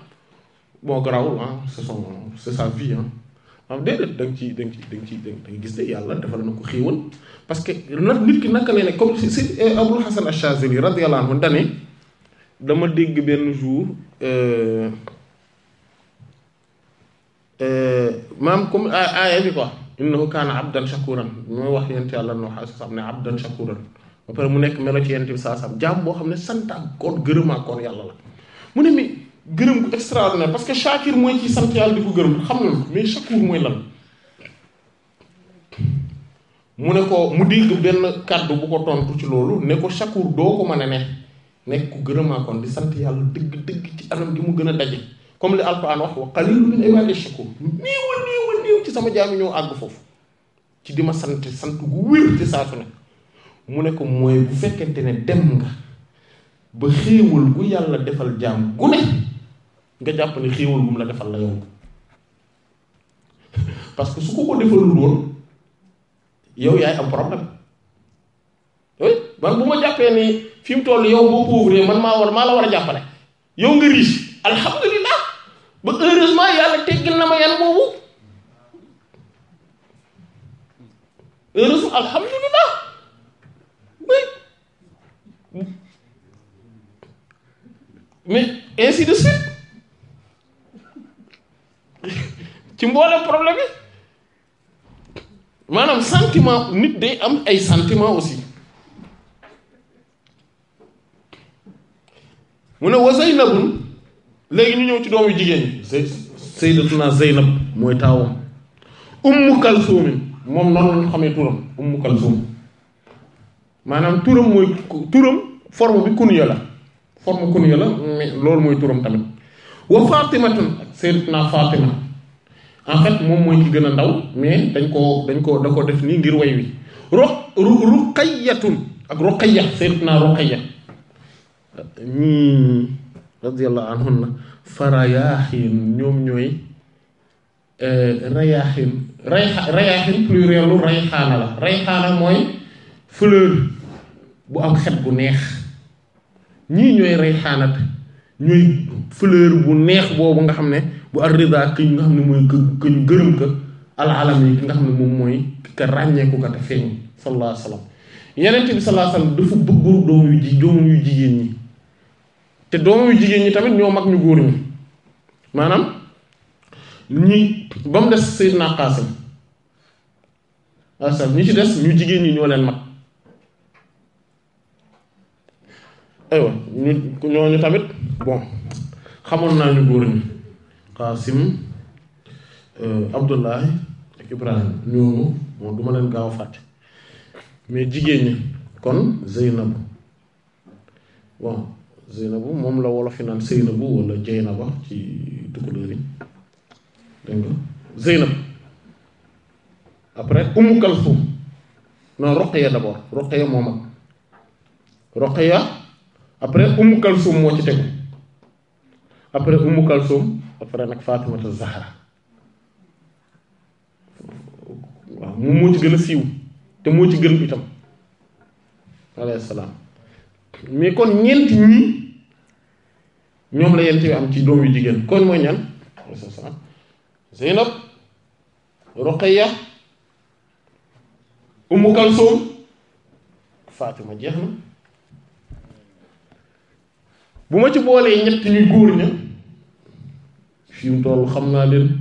C: boo garaawul ah c'est son c'est sa vie ah maanaam déedéet ci da ci da ci da nga gis ne yàlla defal na ko xéewal parce que nag nit ki naka lay ne comme si si eh, Abul Hasan Ash-Shazili radiyallahu anhu dane dama dégg benn jour euh, euh, maam comme aaya ah, bi quoi innahu kaana abdan shakuran mooy wax yent yàlla no xam ne abdan shakuran ba pare mu nekk melo ci yent bi saa sam jaam boo xam ne sant ak koon gërëm ak yàlla la mu ne mi gërëm ko extraordinaire parce que shakir mooy ci sant yàlla di ko mooy lan ne ko mu dégg benn kàddu bu ko ci loolu ne ko shakur doo ko mën nekk ku gërëmaa kon di sant yàlla dëgg dëgg ci anam gi mu gën a daje comme li alquran wax wa qalilun min ibadi shakur néew a néew a néew ci sama jaami ñoo àgg foofu ci di ma sant sant gu wér ci saa su ne mu ne ko mooy bu fekkente ne dem nga ba xéewal gu yàlla defal jaam gu ne nga jàpp ne xéewal gum la defal la yow parce que su ko ko defalul woon yow yaay am problème oui man bu ma jàppee ni fi mu toll yow boo pauvre man maa war maa la war a jàppale yow nga riche alhamdulilah ba heureusement yàlla teggil na ma yan boobu heureusement alhamdulilah mais ainsi de suite ci mboolem problème yi maanaam sentiment nit day am ay sentiment aussi mu ne wasay nabun léegi ñu ñëw ci doomu jigéen ñi say sayyidatuna Zeynab mooy taawam ummu kalsuumin moom noonu lañ xamee turam ummu kalsuum maanaam turam mooy turam forme bi kunya la forme kunya la mais loolu mooy turam tamit wa fatimatun ak sayyidatuna fatima en fait moom mooy ki gën a ndaw mais dañ koo dañ ko da ko def nii ngir way wi ro ruqayyatun ak ruqayya sayyidatuna ruqayya ñii radiyallahu anhunna fa rayaaxin ñoom ñooy eh, rayaaxin ray rayaaxin pluriel lu rayxaana la rayxaana mooy fleur bu am xet bu neex ñii ñooy rayxaanat ñooy fleur bu neex boobu nga xam ne bu ar rida ki nga xam ne mooy ka ñu gërëm ka alalam yi ki nga xam ne moom mooy ka ràññeeku ka te feeñ sallallahu alayhi wa sallam yeneen bi sallallahu alayhi wa sallam dafa bëggoon doom yu jigéen ñi te doomam jigéen ñi tamit ñoo mag ñu góor ñi maanaam ñi ba mu des Seydina Qaasim asal ñi ci des ñu jigéen ñi ñoo leen mag aywa ñu tamit bon xamoon naa ñu góor ñi Qaasim euh, Abdullahi ak Ibrahim ñooñu moom duma leen gaaw fàtte mais jigéen ñi kon Zeynab bon Zeynabu moom la wolof yi naan Seynabu wala Jeynaba ci tukulóor yi Zeynab après Umu Kalsum non Roqeya d'abord Roqeya moo mag Roqeya après Umu Kalsum moo ci tegu après Umu Kalsum après nag Fatimata Zahra waaw moom moo ci gën a siiw te moo ci gën itam alayhi salaam mais kon ñeent ñii ñoom la yent bi am ci doom yu jigéen kon mooy ñan Zeynab Ruqayya Ummu Kalsum Fatima jeex na bu ma ci boolee ñett ñu góor ña fi mu toll xam naa leen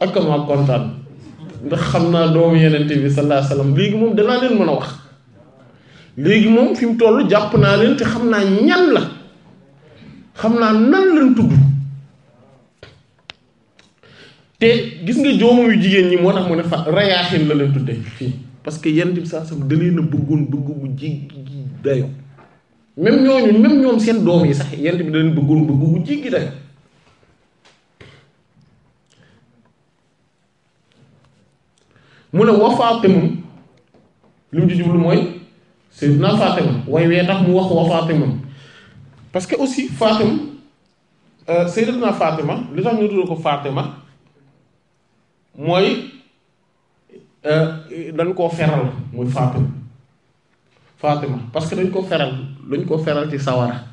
C: ak kontaan ndax xam naa doomu yenente bi sallallahu alayhi wasallam léegi moom danaa leen mën a wax léegi moom fi mu toll jàpp naa leen te xam naa ñan la xam naa nan lañ tudd te gis nga joomu yu jigéen ñi moo tax mu ne fa rayaaxin la leen tudde fii parce que yenente bi sallallahu alayhi wasallam da leen a bëggoon bëgg bu jéggi dayo même ñooñu même ñoom seen doom yi sax yenente bi da bëggoon bëgg bu jéggi dayo mu ne wa Faatimum li mu ci jublu mooy Sayyidina Faatima way wee tax mu wax wa Faatimum parce que aussi Faatim euh, Sayyidina Faatima li tax ñu tudd ko Faatima mooy euh, dañ koo feral muy Faatima Faatima parce que dañ koo feral dañ koo feral ci sawara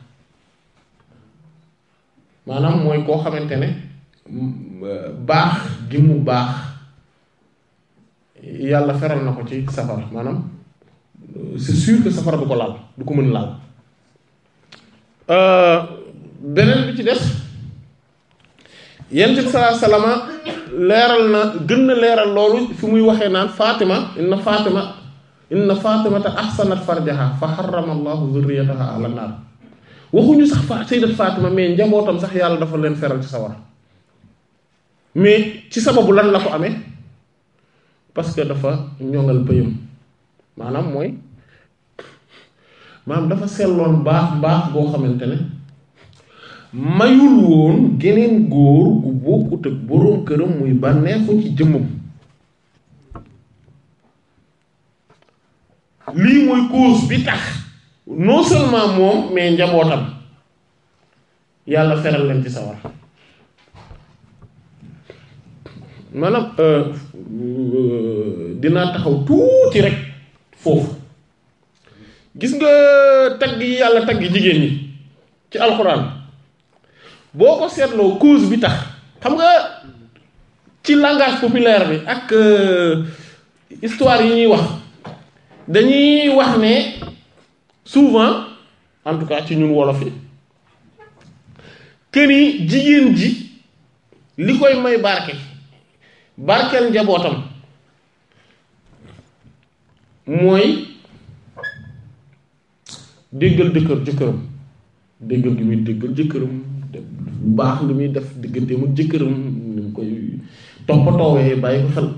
C: maanaam mooy koo xamante ne euh, baax gi mu baax yàlla feral na ko ci safara maanaam c'est sûr safara du ko laal du ko mën laal euh, beneen bi ci des yent bi salaa salama leeral na gën na leeral loolu fi muy waxee naan fatima inna fatima inna fatimata ahsanat farjaha fa harrama allahu zurriyataha ala naar waxuñu sax fa sayyidat fatima mais njabootam sax yàlla dafa leen feral ci sawar mais ci sababu lan la ko amee parce que dafa ñoŋal pëyam maanaam mooy maanaam dafa selloon baax baax boo xamante ne mayul woon geneen góor gu bokkut ak boroom këram muy bànneexu ci jëmmam lii mooy cause bi tax non seulement moom mais njabootam yàlla feral leen ci sawar maanaam euh, dinaa taxaw tuuti rek foofu gis nga tagg yi yàlla tagg jigéen ñi ci alxuraan boo ko seetloo cause bi tax xam nga ci langage populaire bi ak euh, histoire yi ñuy wax dañuy wax ne souvent en tout cas ci ñun wolof yi kër yi jigéen ji li koy may barke barkeel njabootam mooy déggal jëkkër jëkkëram déggal gi muy déggal jëkkëram bu baax li muy def digganteem ak jëkkëram ni mu koy toppatoowee bàyyi ko xel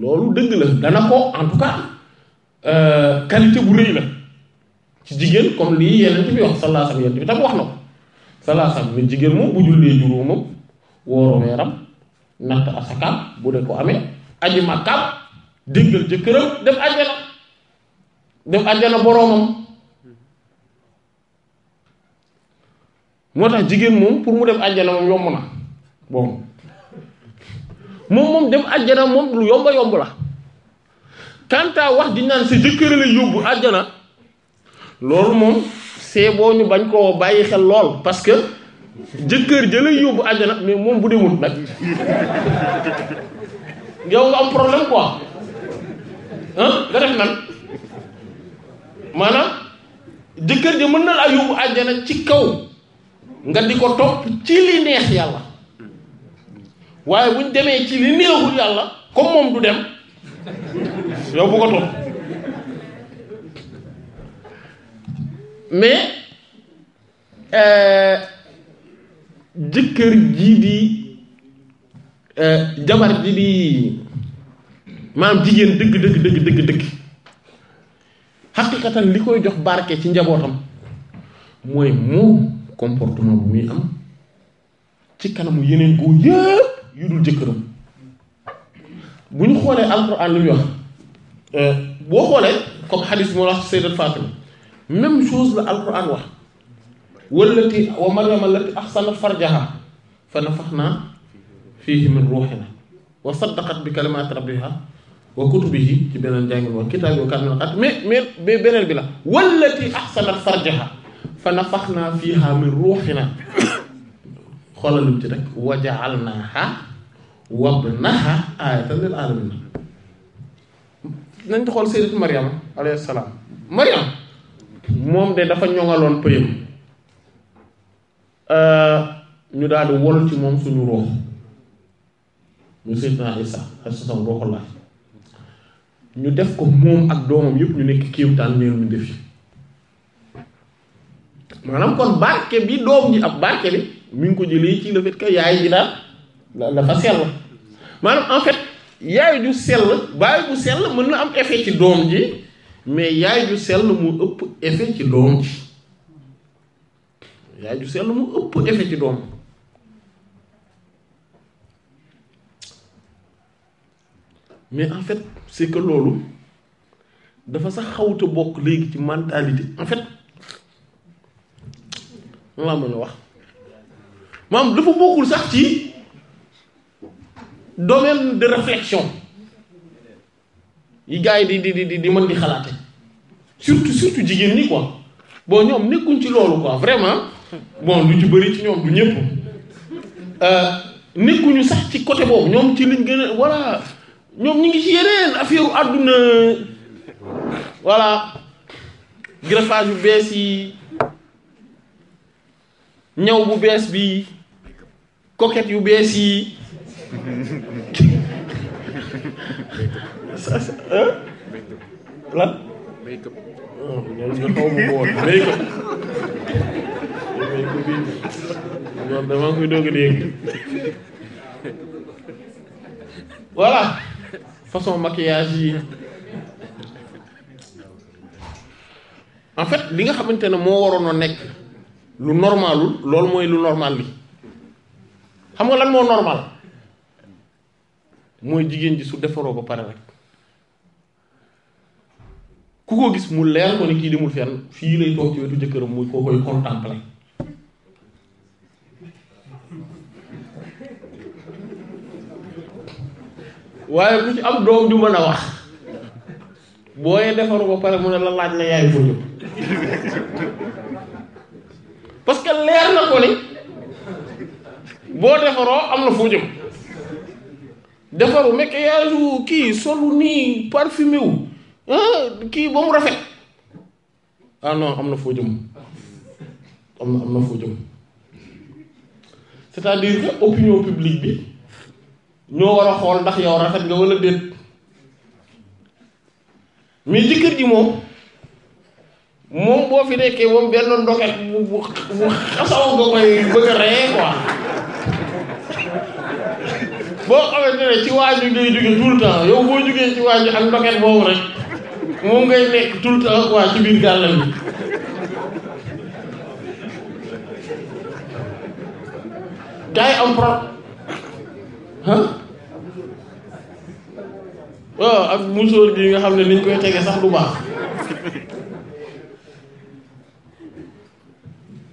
C: loolu dëgg la dana ko en tout euh, bu rëy la ci jigéen comme lii yeneen bi wax sallallahu alayhi wa sallam tam wax na ko sallallahu alayhi jigéen moom bu jullee juróomam wóoroom yaram natt asakaam bu dee ko amee aji màkkaam déggal jëkkëram dem àjjana dem àjjana boroomam moo tax jigéen moom pour mu dem àjjana moom yomb na bon moom moom dem ajana moom lu yomba yomb la kanta wax di naan sa jëkkër la yóbbu àjjana loolu moom c'est ñu bañ koo bàyyi xel lool parce que jëkkër ja lay yóbbu àjjana mais moom bu demut nag yow nga am problème quoi ah nga def nan maanaam jëkkër ja mën na laa yóbbu àjjana ci kaw nga di ko topp ci li neex yàlla waaye buñ demee ci li neexul yàlla comme moom du dem yow bu ko topp mais euh, jëkkër jii di euh, jabar ji di maanaam jigéen dëgg dëgg dëgg dëgg dëgg li koy jox barke ci njabootam mooy moom comportement bu muy am ci kanamu yeneen góor yëpp yu dul jëkkëram bu ñu xoolee alquran lu muy wax euh, boo xoolee comme xadis bi moo wax sayyidat Fatima même chose la alquran wax wallati wa maryama allati axsanat farjaha fa nafaxna fiihi min ruuxina wa saddaqat bi kalimaati rabbiha wa kutubihi ci beneen jàngin wa kitaab yoo kaat xat mais mais beneen bi la wallati axsanat farjaha fa nafaxna fiiha min ruuxina xoolal lim ci rek wa jaalnaaha wabnaha aayatan lil aalamiin nañ ci xool sayyidatu Maryam alayhi salaam Maryam moom de dafa ñoŋaloon pëyam ñu daal di wol ci moom suñu ruux muy Seydina Isa xassasam ruuxullah ñu def ko moom ak doomam yëpp ñu nekk kéemtaan neeru mu def yi maanaam kon mi ko jëlee ci le yaay ji daal dafa sell maanaam en fait yaay ju sell baay bu sell mën na am effet ci doom ji mais yaay ju sell mu ëpp effet ci doom ji yaay ju sell mu ëpp effet ci doom mais en fait loolu dafa sax xawta bokk léegi ci mentalité en fait laa mën a wax maam dafa bokkul sax ci domaine de réflexion yi gars yi di di di di man di xalaate surtout surtout jigéen ñi quoi bon ñoom nekkuñ ci loolu quoi vraiment bon lu ci bëri ci ñoom du ñëpp euh, nekkuñu sax ci côté boobu ñoom ci liñ gën a voilà ñoom ñi ngi ci yeneen affaire àdduna voilà greffage bu bees yi ñaw bu bees bi coquette yu bees yi loolu damaa koy doog a dégg façon maquillage yi en fait li nga xamante ne moo waroon a nekk lu normalul loolu mooy lu normal li xam nga lan moo normal mooy jigéen ji su defaroo ba pare rek ku ko gis mu leer ko ni kii demul fenn fii lay toog ci wetu jëkkëram muy koo koy contempler waaye ku ci am doom ju mën a wax booyee defaru ba pare mu ne la laaj na yaay foo jëm que leer na ko ni boo defaroo am na foo jëm defaru maquillage wu kii solu nii parfumé wu kii ba mu rafet ah non am na foo jëm am na am na foo c'est-à-dire que opinion publique bi ñoo war a xool ndax yow rafet nga walla déet mais jëkkër ji moom moom boo fi nekkee moom benn ndoxet bu bu bu nga koy bëgg a reyee boo xamante ne ci waaju ngay jóge tout le yow boo jógee ci waaju ak ndoxet boobu rek moom ngay nekk tout le temps ci biir gàllam bi gars yi am problème ah waaw ak musóor gi nga xam ne niñ koy tege sax du baax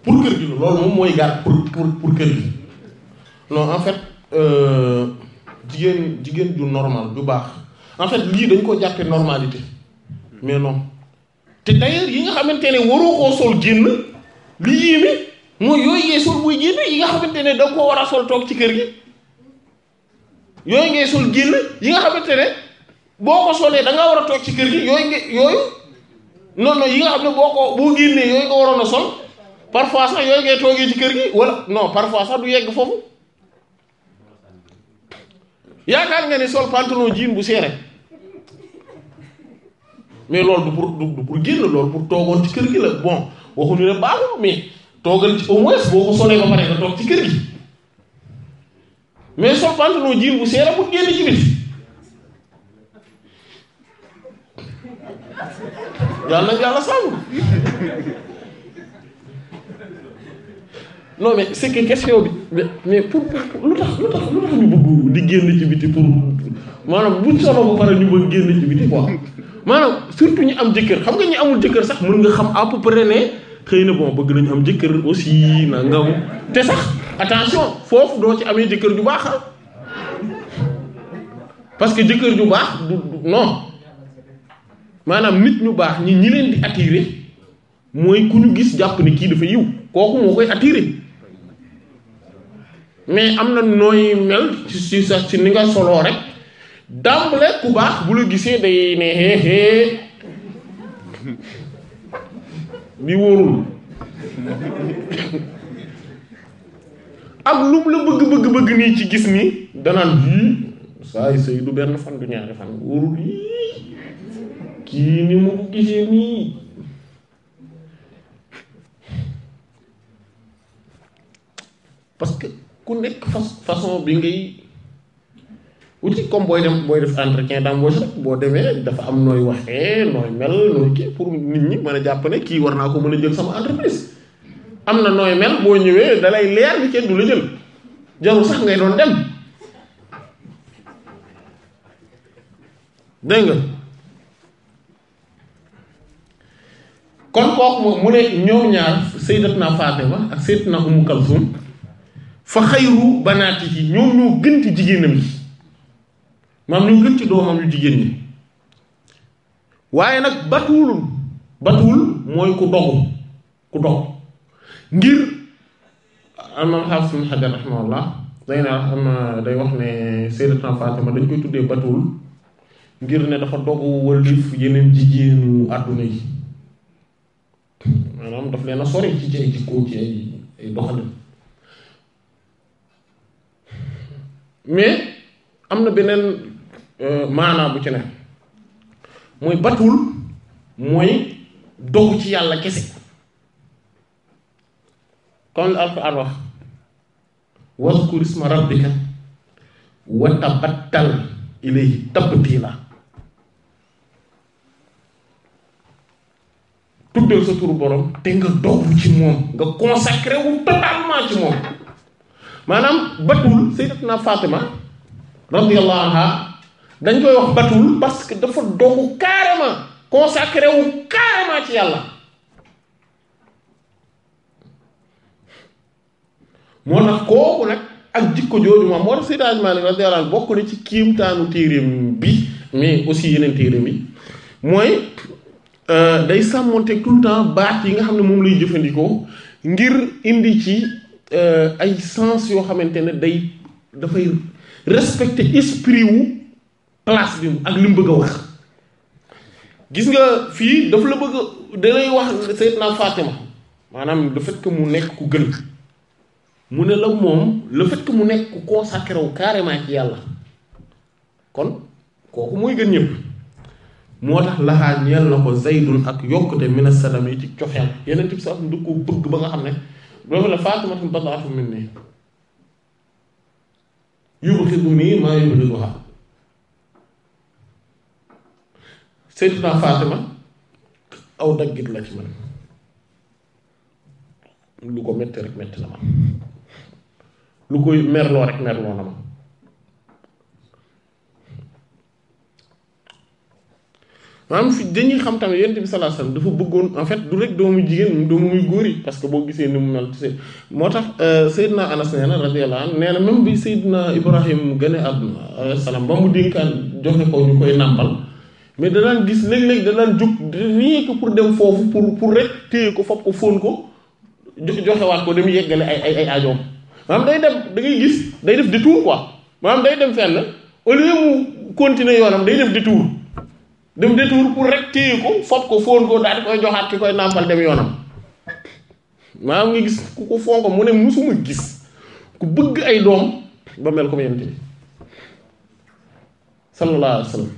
C: pour kër gi loolu moom mooy gàtt pour pour pour kër gi non en fait euh, jigéen jigéen ju normal du baax en fait lii dañ ko jàppe normalité mais non te d'ailleurs yi nga xamante ne waroo koo sol génn li yéeme mooy yooyu yee sol buy génn yi nga xamante ne da nga koo war a sol toog ci kër gi yooyu ngay sol génn yi nga xamante ne boo ko solee da nga war a toog ci kër gi yooyu nga yooyu non yi nga xam ne boo ko boo génnee yooyu nga waroon a sol parfois sax ngay toogee ci kër gi wala non parfois sax du yegg foofu yaakaar nga ni sol pantalon jean bu serré mais loolu du pour du pour génn lool pour toogoon ci kër gi la bon waxuñu ne baaxul mais toogal ci au moins boo ko solee ba pare nga toog ci kër gi. mais sol pantalon jiin bu seera pour génn ci biti yàlla nag yàlla sàmm non mais c'est que question bi mais pour lu tax lu tax lu tax ñu bëgg di génn ci biti pour maanaam buñ solo ba pare ñu bëgg génn ci biti quoi maanaam surtout ñu am jëkkër xam nga ñu amul jëkkër sax mën nga xam à peu près ne xëy na bon bëgg nañu am jëkkër aussi nangam te sax attention foofu doo ci amee jëkkër ju baax ah. parce que jëkkër ju baax du non maanaam nit ñu baax ñi ñi leen di attirer mooy ku ñu gis jàpp ne kii dafa yiw kooku moo koy attirer mais am na nooy mel ci sa ci ni nga soloo rek dàmbale ku baax bu la gisee day ne xeexee bi wóorul ak lu mu la bëgg bëgg bëgg nii ci gis nii danaan yii saa yi sëy du benn fan du ñaari fan wóorul yii kii ni mu gisee nii parce que ku nekk fa bi ngay uti comme booy dem booy def entretien d'embauche rek boo demee dafa am nooy waxee nooy mel nooy kii pour nit ñi mën a jàpp ne kii war naa ko mën a jël sama entreprise am na nooy mel boo ñëwee dalay leer bi kenn du la jël jarul sax ngay doon dem dégg nga kon kooku mu ne ñoom ñaar sayyidatna Fatima ak sayyidatna Umu Kalsum fa xayru banaati yi ñoom ñoo gën ci jigéenam yi maam ñoo gën ci doomam yu jigéen ñi waaye nag batuwul batuwul mooy ku dogu ku dog ngir imam Haafis ibn Hajar rahimahullah day naa am day wax ne dañ koy tuddee batul ngir ne dafa dogu wëlif yeneen jigéenu àdduna yi maanaam daf leen a sori ci ci ay ay doxalin mais am na beneen euh, maanaa bu ci ne mooy batul mooy dogu ci yàlla kese comme la alquran wax waskur isma rabbika wa tabattal ilayhi tabtila tuddal sa turu borom te nga doobu ci moom nga consacré totalement ci moom maanaam batul sayyidatuna Fatima radiyallahu anha dañ koy wax batul parce que dafa doogu carrément consacré wu ci yàlla moo tax kooku nag ak jikko jooju moom moo tax Seydi Hadji Malick radiyallahu anhu bokk na ci kiimtaanu téereem bi mais aussi yeneen téereem yi mooy euh, day sàmmonte tout le temps baat yi nga xam ne moom lay jëfandikoo ngir indi ci euh, ay sens yoo xamante ne day dafay respecter esprit wu place bi ak li bëgg a wax gis nga fii daf la bëgg dalay wax Seydina Fatima maanaam le fait que mu nekk ku gën mu ne la moom le fait mu nekk ku consacré wu carrément ci yàlla kon kooku mooy gën ñëpp moo tax laxaa ñeel na ko zaydun ak yokkute mina salam yi ci cofeel yeneen tib sa du ko bëgg ba nga xam ne dafa la faatumatam badaatu aw daggit la ci man lu ko métti rek métti na ma lu koy merloo rek merloo na ma maanaam dañuy xam tamit yonent bi sallallahu alayhi dafa bëggoon en fait du rek doomu jigéen mu muy góor yi parce que boo gisee ni mu mel ci moo tax euh, Seydina Anas nee na radiyallahu anhu nee na même Ibrahim gane àdduna salaam ba mu dénkaan joxe ko ñu koy nàmpal mais danaan gis léeg-léeg danaan jug rien que pour dem foofu pour pour rek téye ko fab ko fóon ko joxewaat ko dem yeggale ay ay ay ajoom maanaam day dem dangay gis day def détour quoi maanaam day dem fenn au lieu mu continuer yoonam day def détour dem détour pour rek téye ko fob ko fóon ko daal di koy joxaat ki koy nàmpal dem yoonam maanaam nga gis ku ko fonko mu ne musuma gis ku bëgg ay doom ba mel ko mu yonent bi sallallahu alayhi wa sallam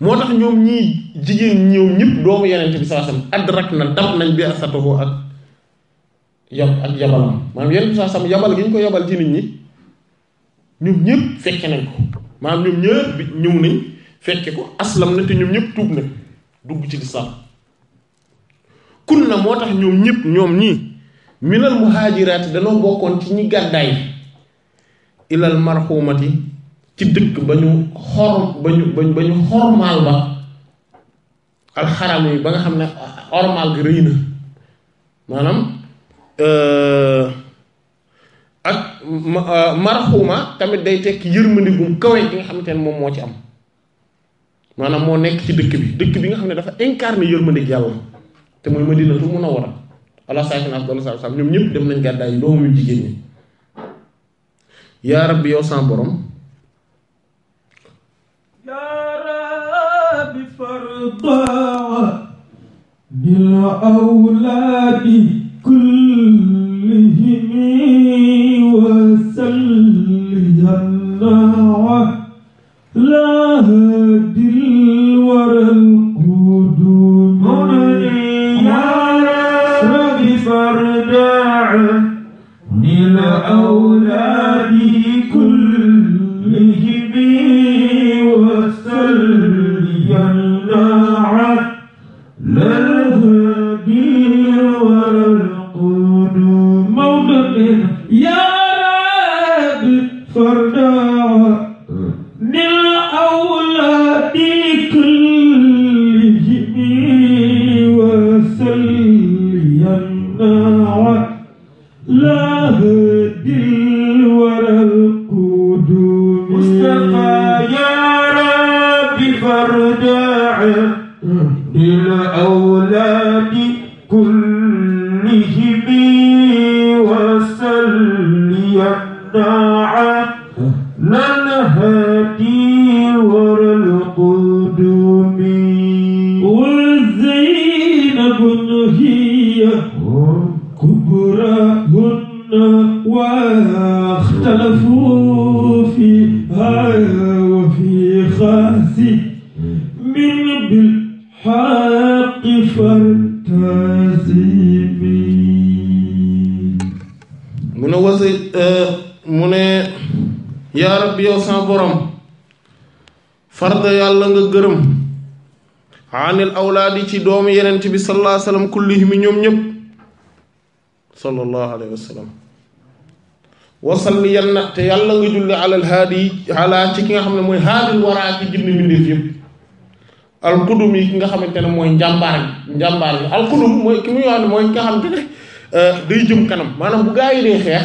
C: moo tax ñoom ñii jigéen ñoom ñëpp doomu yonent bi sallallahu alayhi wa na dab nañ bi asatahu ak yab ak yabalam maanaam yeneen saa sam yabal gi ñu ko yabal ci nit ñi ñoom ñëpp fekke nañ ko maanaam ñoom ñëpp ñëw nañ fekke ko aslam na te ñoom ñëpp tuub na dugg ci lislaam kun na moo tax ñoom ñëpp ñoom ñii minal muhaajiraati danoo bokkoon ci ñi gàddaay ilal marxumati ci dëkk ba ñu xor ba ñu ba ba alxaram yi ba nga xam ne xormaal gi rëy na maanaam Euh, ak euh, marxuma tamit day tekki yërmande gum kawe nga xamante ne moom moo ci am maanaam moo nekk ci dëkk bi dëkk bi nga xam ne dafa incar yërmande gi yàlla te mooy Madinatu Munawwara ala saakinihaa afdalu salaatu salaam ñoom ñëpp dem nañ gàddaay yi doomu ñu jigéen ñi yaa rabbi yow sama borom
A: yaa rabbi farda bil awlaadi kull amrihi
C: doomu yenent bi sallallahu alayhi wa sallam kullihim ñoom ñëpp sallallahu alayhi wa sallam yan na te yàlla nga julli alal haadi ala ci ki nga xam ne mooy haadil waraa ci jinni mbindeef yëpp alqudum yi ki nga xamante ne mooy njàmbaar bi njàmbaar bi alqudum mooy ki muy wax ne mooy ki nga xamante ne euh, day jëm kanam maanaam bu gaa yi dee xeex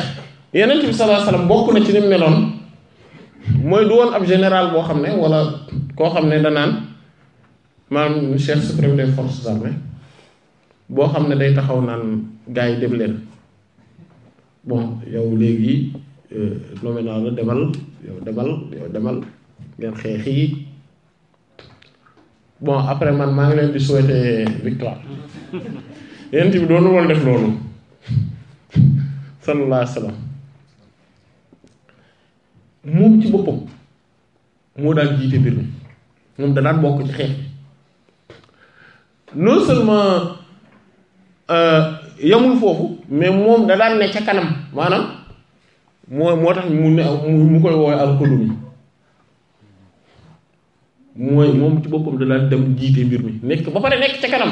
C: yenent bi sallallahu alayhi wa na ci ni meloon mooy du woon ab général boo xam ne wala koo xam ne danaan maanaam chef suprême des forces armées boo xam ne day taxaw naan gars yi dem leen bon yow léegi euh, nommé naa demal yow demal yow demal ngeen xeex yi bon après man maa ngi leen di souhaiter victoire yéen bi doonu woon def loolu sallallahu alayhi wa moom ci boppam moo daan jiite mbir moom da daan bokk ci xeex non seulement euh, yamul foofu mais moom da ne ca kanam maanaam moo moo tax mu ne mu koy woowee alxulumi mooy moom ci boppam da daan dem jiite mbir mi nekk ba pare nekk ca kanam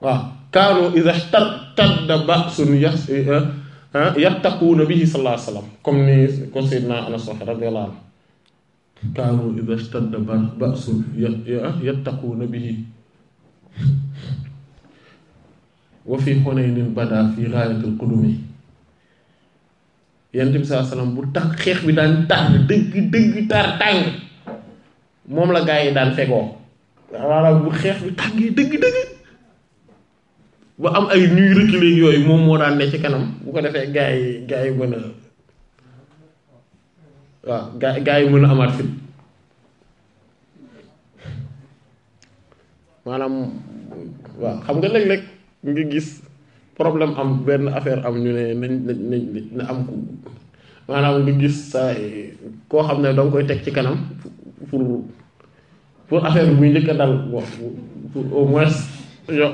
C: waaw kaanu iza shtadda ba'sun yattaquuna eh, eh, bihi sallallahu alayhi wa sallam comme ni ko Seydina Anas wax radiyallahu anhu kaanu ida stadda basul yattaquuna bihi wa fi xunaynin bada fi gaayatil qudumi yonent bi saa salaam bu tax xeex bi daan tàng dëgg dëgg tar tàng moom la gaa yi daan fegoo waaw bu xeex bi tàngee dëgg dëgg ba am ay nuy reculé yooyu moom moo daan ne ci kanam bu ko defee gaa yi gaa a waaw gaa gaa yi mën a amaat fit maanaam waaw xam nga léeg-léeg nga gis problème am benn affaire am ñu ne nañ nañ am ku maanaam nga gis saa koo xam ne danga koy teg ci kanam pour pour affaire bi muy njëkk a dal pour au moins yo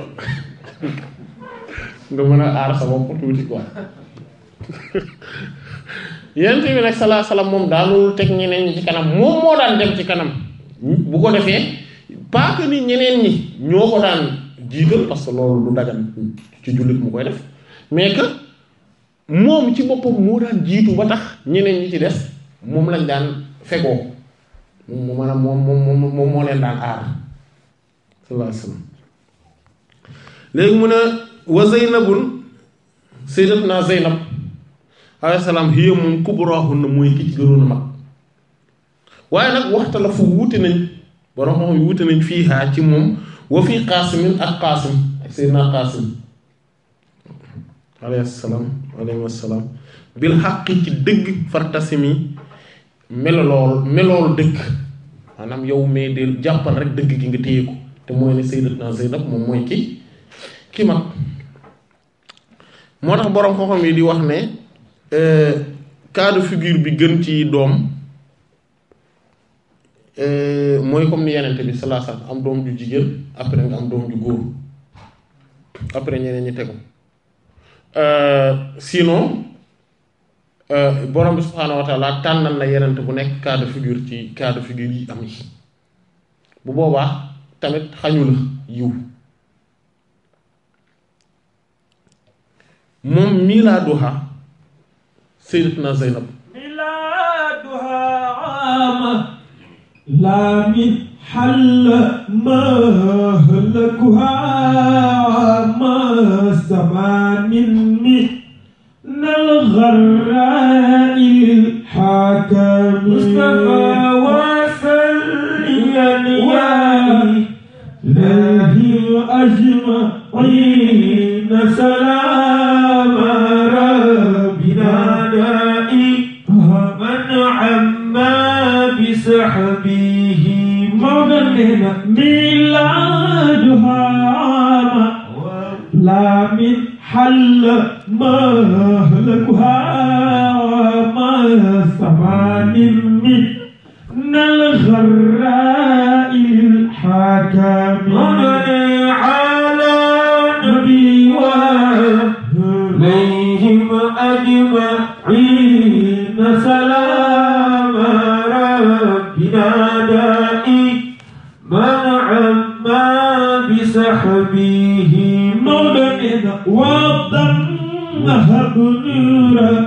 C: nga mën a aar sa bopp tuuti quoi yonent bi nag salaa salaam moom daanul teg ñeneen ñi ci kanam moom moo daan dem ci kanam bu ko defee pas que ni ñeneen ñi ñoo ko daan jiital parce que loolu du dagan ci jullit mu koy def mais que moom ci boppam moo daan jiitu ba tax ñeneen ñi ci des moom lañ daan fegoo moom moo maanaam moom moom moom moo leen daan aar salaa salaam léegi mu ne wa Zeynabun sayyidatuna Zeynab alayhi salaam hiya moom kubraahunna mooy ki gënoon mag waaye nag waxta la fu wuute nañ borom xam wuute nañ fii haa ci moom wa fii qaasimin ak qaasim ak seydina qaasim alayhi salaam alayhi wa salaam bil xaqi ci dëgg fartasimi melolool melool dëgg maanaam yow mais del jàppal rek dëgg gi nga téye ko te mooy ne sayyidatna Zaynab moom mooy ki ki mag moo tax borom xam yi di wax ne Euh, cas de figure bi gën ci doom euh, mooy comme ni yenente bi salaa am doom ju jigéen après nga am doom ju góor après ñeneen ñi tegu euh, sino boroom bi subhaanahu wa tànnal la yenent bu nekk cas figure ci cas de figure yi am yi bu boobaa tamit xañul la yiw moom mii laa duha sayyidatuna Zaynab laami
A: xàll ma xalakuha ma samanin mi nal xaraayil xaakami Mustafa wasalliyan yaa lahi ajmaina salaam من حل مهلكها ما سمان من الغراء الحكم على نبي وآلهم أجمعين سلام ربنا دائما عما بسحبه نهب نورا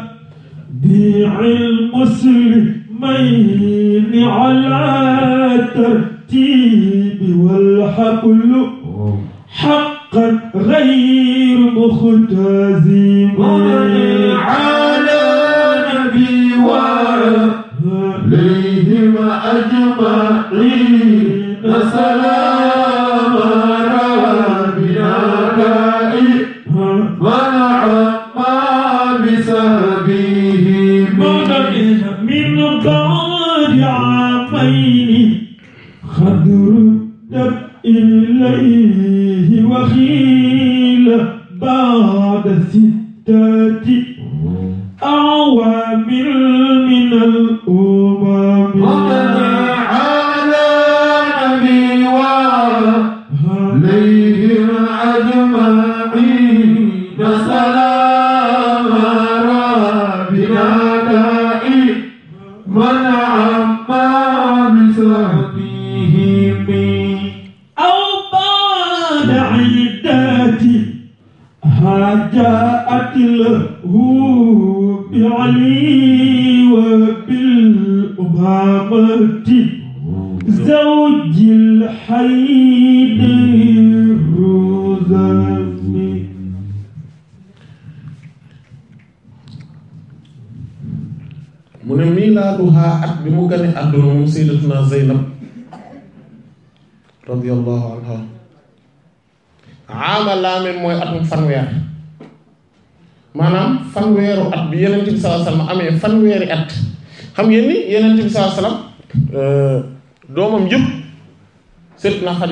A: بيع المسلمين على ترتيب والحقل حقا غير مختزم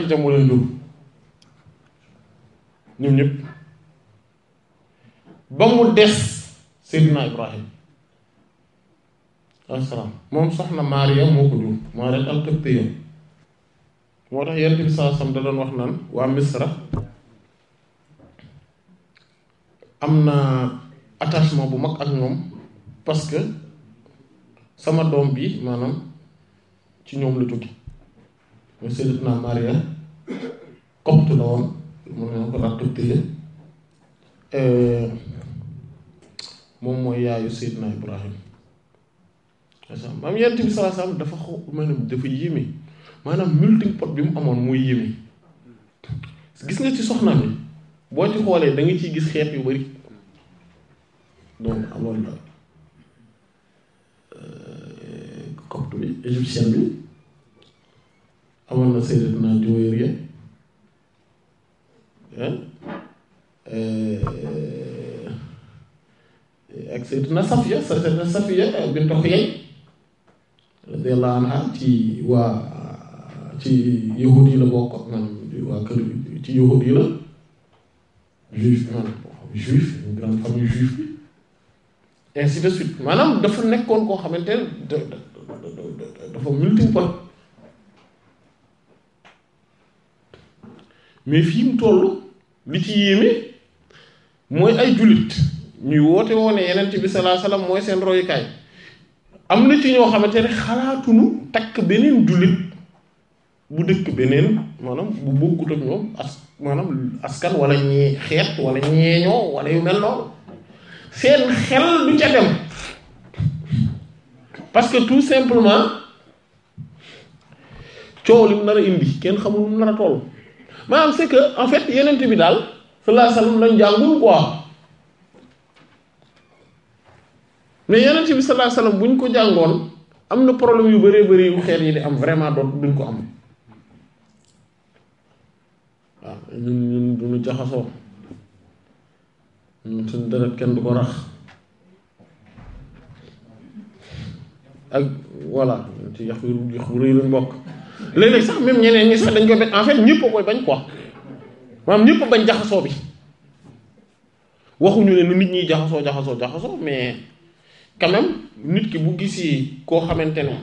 C: ci te moo leen dugg ñoom ñëpp ba mu des Seydina Ibrahim alayhi moom soxna Maariya moo ko jur moo rek alxibtiyam moo tax yonent bi saa sam da doon wax naan waa Misra am na attachement bu mag ak ñoom parce que sama doom bi maanaam ci ñoom la jóge mooy Seydina Maariya copte la woon mu ne ko rattu téye moom mooy yaayu Seydina Ibrahim maanaam maam yent bi sallallahu alayhi dafa xaw maanaam dafa yéeme maanaam melting pot bi mu amoon mooy yéeme gis nga ci soxna yi boo ci xoolee da nga ciy gis xeet yu bari donc amoon na copte euh, bi égyptienne bi amoon na Seydina Juwayriya Euh, ak Seydina Safiya Seydina Safiya bint Xuyay radiyallahu anha ci waa ci yahud yi la bokk maanaam waa kër ci yahud yi la juif maanaam juif une grande famille juif bi ainsi de suite maanaam dafa nekkoon koo xamante ne dafa multiple mais fii mu toll li ci yéeme mooy ay jullit ñuy woote woo ne yenent bi salaa salaam mooy seen royukaay am na ci ñoo xamante ne xalaatunu takk beneen jullit bu dëkk beneen maanaam bu bokkut ak maanaam askan wala ñee xeet wala ñeeñoo wala yu mel noonu seen xel du ca dem parce que tout simplement coow li mu nar a indi kenn xamul mu nar a toll maanaam c'est en fait yenent bi daal sallallahu alayhi wa sallam lañ jàngul mais yenent bi sallallahu alayhi bu ñu ko jàngoon am na problème yu bëree bëri yu xeet yi di am vraiment doot duñ ko am waaw ñun ñun duñu jaxasoo ñun suñ deret kenn du ko rax ak voilà ci yax yu yax bu rëy bokk léeg-léeg sax même ñeneen ñi sax dañ koy bañ en fait ñëpp koy bañ quoi maanaam jaxasoo bi waxuñu ne nu nit ñi jaxasoo jaxasoo jaxasoo mais quand nit ki bu gisi koo xamante ne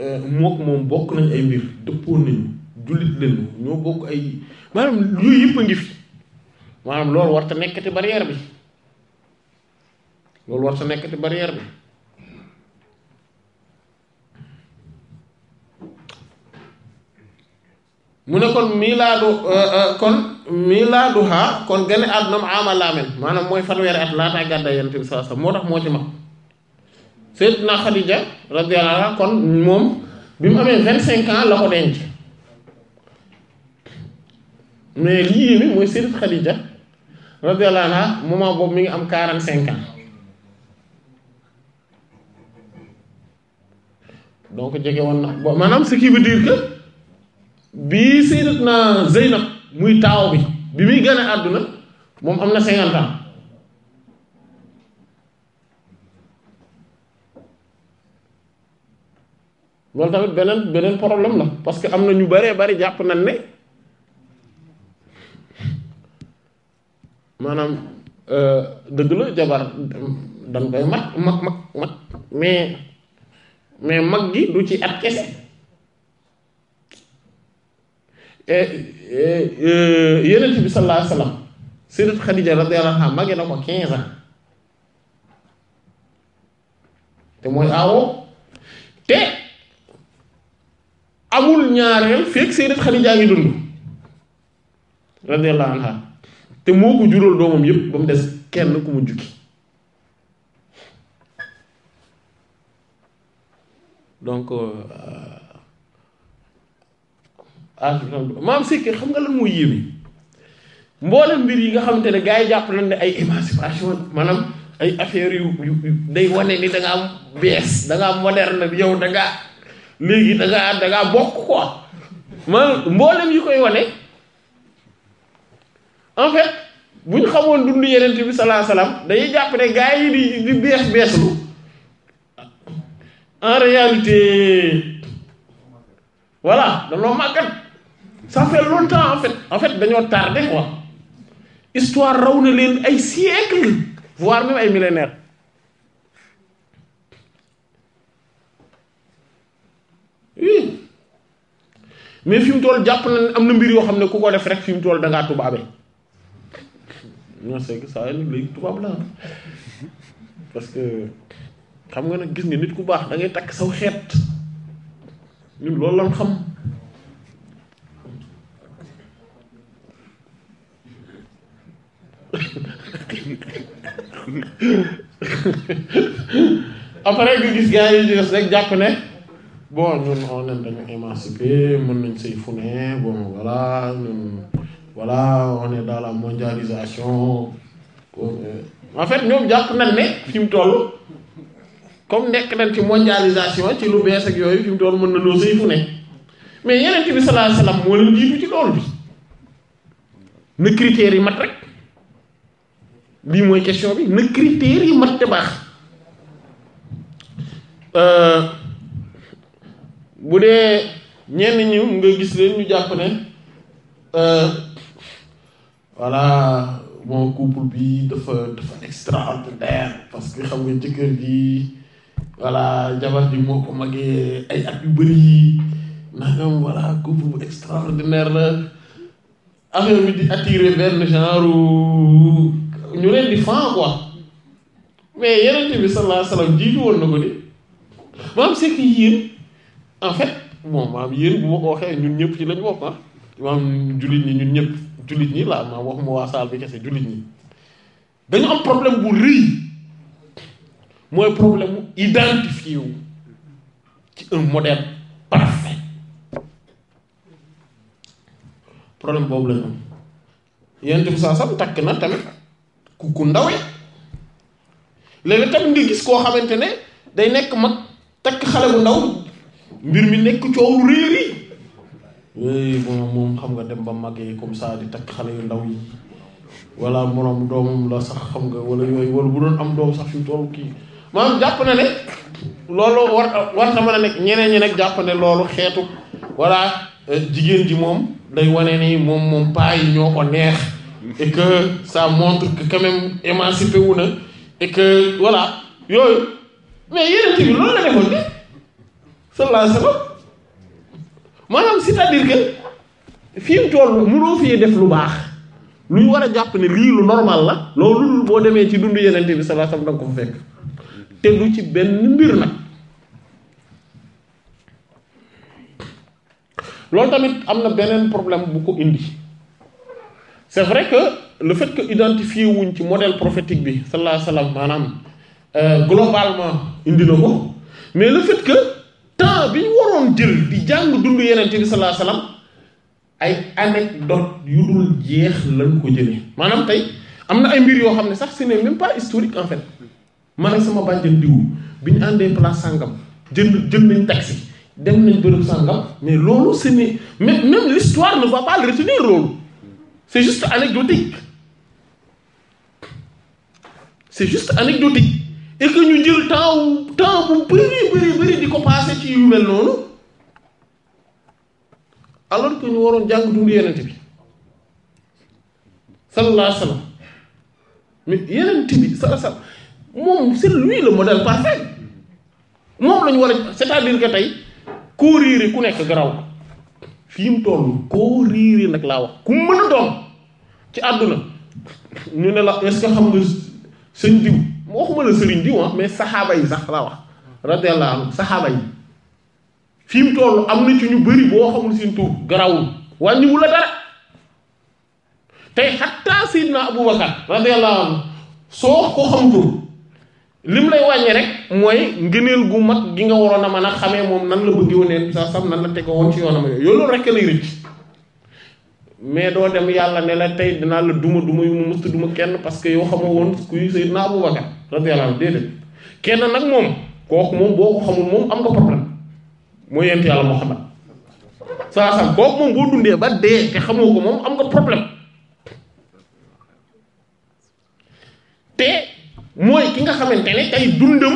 C: euh, mook moom bokk nañ ay mbir dëppoo nañu jullit leen ñoo bokk ay maanaam yooyu yëpp a ngi fi maanaam loolu war ta nekkati barrière bi loolu war sa nekkati barrière bi mu ne kon miilaadu euh, euh, kon miilaaduha kon gane àddunaam aama laamen maanaam mooy fanweeri at laataa gàddaay yonent bi saa moo tax moo ci mag Seydina Khadija radiyallahu anha kon moom bi mu amee vingt cinq ans la ko denc mais mi ngi am quarante cinq ans donc maanaam ce qui veut dire que. bi sayyidatna Zeynab muy taaw bi bi muy gën a àdduna moom am na cinquante ans loolu tamit beneen beneen problème la parce que am na ñu baree bari jàpp nañ ne maanaam euh, dëgg la jabar dañ mag mag mag mais mais mag gi lu ci at kese Eh, eh, eh, yenent bi sallallahu alayhi wa sallam sayyidat Khadija radiyallahu anha mage na ko quinze ans te mooy aawoo te amul ñaareel fekk sayyidat Khadija ngi dund radiyallahu anha te moo ko jural doomam yépp ba mu des kenn ku mu jukki donc euh, alhamdulilah maam Sikir xam nga lan mooy yéeme mboolem mbir yi nga xamante ne gaa yi jàpp nañ ne ay émancipation maanaam ay affaires yu yu day wane ni da bees da ngaa moderne yow da léegi da ngaa da bokk quoi maanaam mboolem yu koy wone en fait bu ñu xamoon dund yeneen bi salaa salaam dañuy jàpp ne gars yi di di bees beeslu en réalité voilà dañoo màggat. ça fait longtemps en fait en fait dañoo tardé quoi histoire raw na leen ay siècles voire même ay millénaires mais fi mu toll jàpp na am na mbir yoo xam ne ku ko def rek fi mu toll da ngaa tubaabe non c'est que saa nag léegi tubaab la parce que xam nga nag gis nga nit ku baax da ngay takk saw xeet ñun loolu lañ xam après nga gis gars yi ñu des rek jàpp ne bon ñun on dañu émancipé mën nañ say fune bon voilà ñun voilà on est la mondialisation euh. en fait ñoom jàpp nañ ne fi mu toll comme nekk nañ ci mondialisation ci lu bees ak yooyu fi mu mën na loo say fune mais yeneen bi sallallahu alayhi moo leen jiitu ci loolu bi na critères yi mat rek lii mooy question bi na critères yi baax euh, bu dee ñenn ñi nga gis leen ñu jàpp ne euh, voilà bon couple bi dafa dafa extraordinaire parce que xam nga jëkkër ji voilà jabar ji moo ko magee ay at yu bëri nangam voilà couple bu extraordinaire la affaire bi di attirer benn genre. ñu leen di fan quoi mais yenente bi sallallahu alayhi wasallam jiitu woon na ko di maam c'est que yéen en fait bon maam yéen bu ma ko waxee ñun ñëpp ci lañ bokk ah maam jullit ñi ñun ñëpp jullit ñi laa maam waxuma waa saal bi kese jullit ñi dañu am problème bu rëy mooy problème mu identifié wu ci un modèle parfait problème boobu la ñu am yenente bi sallallahu alayhi wasallam takk na tamit ku ku ndawe léeg-léeg nga koo xamante ne day nekk mag takk xale bu ndaw mbir mi nekk coow lu rëy rëy moom xam nga dem ba màggee comme ça di takk xale yu ndaw yi wala moroom doom la sax xam nga wala yooyu wala bu doon am doom sax fi mu kii maanaam jàpp na ne loolu war war a nekk ñeneen ñi nag jàpp ne loolu xeetu wala eh, jigéen ji moom day wane ni moom moom paa yi ñoo ko neex. et que ça montre que quand même émancipé wu na et que yooyu mais
A: yeneen bi loolu la
C: defoon bi sallallahu alayhi wa sallam maanaam c'est-à-dire que fi mu toll mënoo def lu baax lu war a jàpp ne lii lu normal la loolu boo demee ci dundu yeneen bi sallallahu alayhi wa sallam da ko fa fekk te du ci benn mbir nag loolu tamit am na beneen problème bu ko indi c'est vrai que le fait que identifié wuñ ci modèle prophétique bi sallallahu alayhi wasallam maanaam euh, globalement indi na ko mais le fait que temps bi ñu waroon jël di jàng dund yenente bi sallallahu alayhi ay anecdote yu dul jeex lañ ko jëlee maanaam tey am na ay mbir yoo xam ne sax ce n'est même pas historique en fait man ak sama bànjën diwu bi ñu àndee place sàngam jënd jël nañ taxi dem nañ bërëb sàngam mais loolu ce n'est même l'histoire ne va pas le loolu C'est juste anecdotique. C'est juste anecdotique. Et ñu jël temps wu temps bu bëri bëri bëri di ko passé ci yu mel noonu alors que ñu waroon jàng dund yenente bi sallallahu alayhi wa bi sallallahu alayhi wa sallam moom c'est lui le modèle parfait moom la war a c'est-à-dire tey courir ku nekk garaw fii mu toll koo riiri nag laa wax ku mën doon ci àdduna ñu ne la est-ce que xam nga sëñ diw moo waxuma la sëriñ diw ah mais saxaaba yi sax laa wax radiyallahu anhu saxaaba yi fii mu toll am na ci ñu bëri boo xamul seen tur garawul wàññiwu la dara tey xattaa Seydina Abubakar radiyallahu anhu soo ko xam tur li mu lay wàññee rek mooy ngëneel gu mag gi nga waroon a mën a xamee moom nan la bëggee woon sa sam nan la tegoo woon ci yoonam yooyu loolu doo dem yàlla ne la tey dinaa la duma duma yu kenn parce que yow xamoo woon kenn nag moom ko am nga problème mooy yent yàlla Muhammad saa sam kooku moom boo dundee ba dee te xamoo ko moom am nga problème te. mooy ki nga xamante ne tey dundam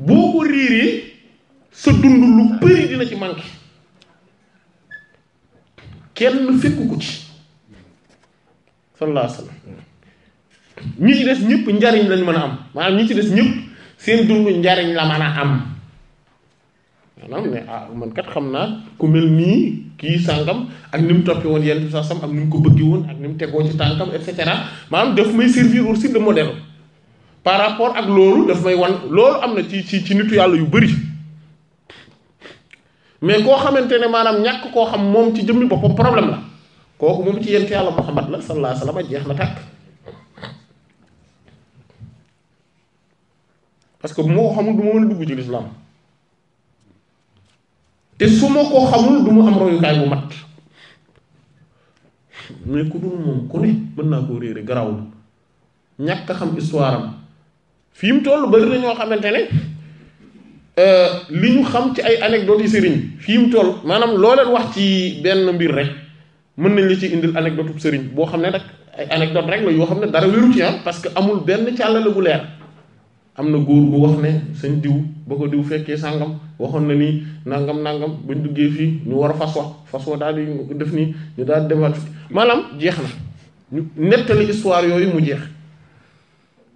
C: boo ko riiree sa dund lu bëri dina ci manqué kenn fekku ko ci sallallahu alayhi ñi ci des ñëpp njariñ lañ mën a am maanaam ñi ci des ñëpp seen dund njariñ la mën a am maanaam ne ah man kat xam naa ku mel nii kii sàngam ak ni mu toppee woon yenn saa sam ak ni mu ko bëggee woon ak ni mu tegoo ci tànkam et cetera maanaam daf may servir aussi de modèle par rapport ak loolu daf may wan loolu am na ci ci ci nitu yàlla yu bëri mais koo xamante ne maanaam ñàkk koo xam moom ci jëmmi boppam problème la kooku moom ci yent yàlla Muhammad la sallallahu alayhi wa sallam jeex na tàkk parce que bu ma xamul du ma dugg ci lislaam te su ma ko xamul du mu am royukaay bu mat mais ku dul moom ku ne mën naa koo réere garawul ñàkk xam histoire am fi mu toll bari na ñoo xamante ne euh, li ñu xam ci ay anecdotes yi sëriñ fi mu toll maanaam loo leen wax ci benn mbir rek mën nañ la ci indil anecdote sëriñ boo xam ne rek ay anecdote rek la yoo xam ne dara wéru ci ah parce que amul benn càllale gu leer am na góor bu wax ne sëñ diw ba ko diw fekkee sàngam waxoon na nii nangam nangam bañ duggee fii ñu war a fas wax fas wa daal di def nii ñu daal di demaat maanaam jeex na nettali histoire yooyu mu jeex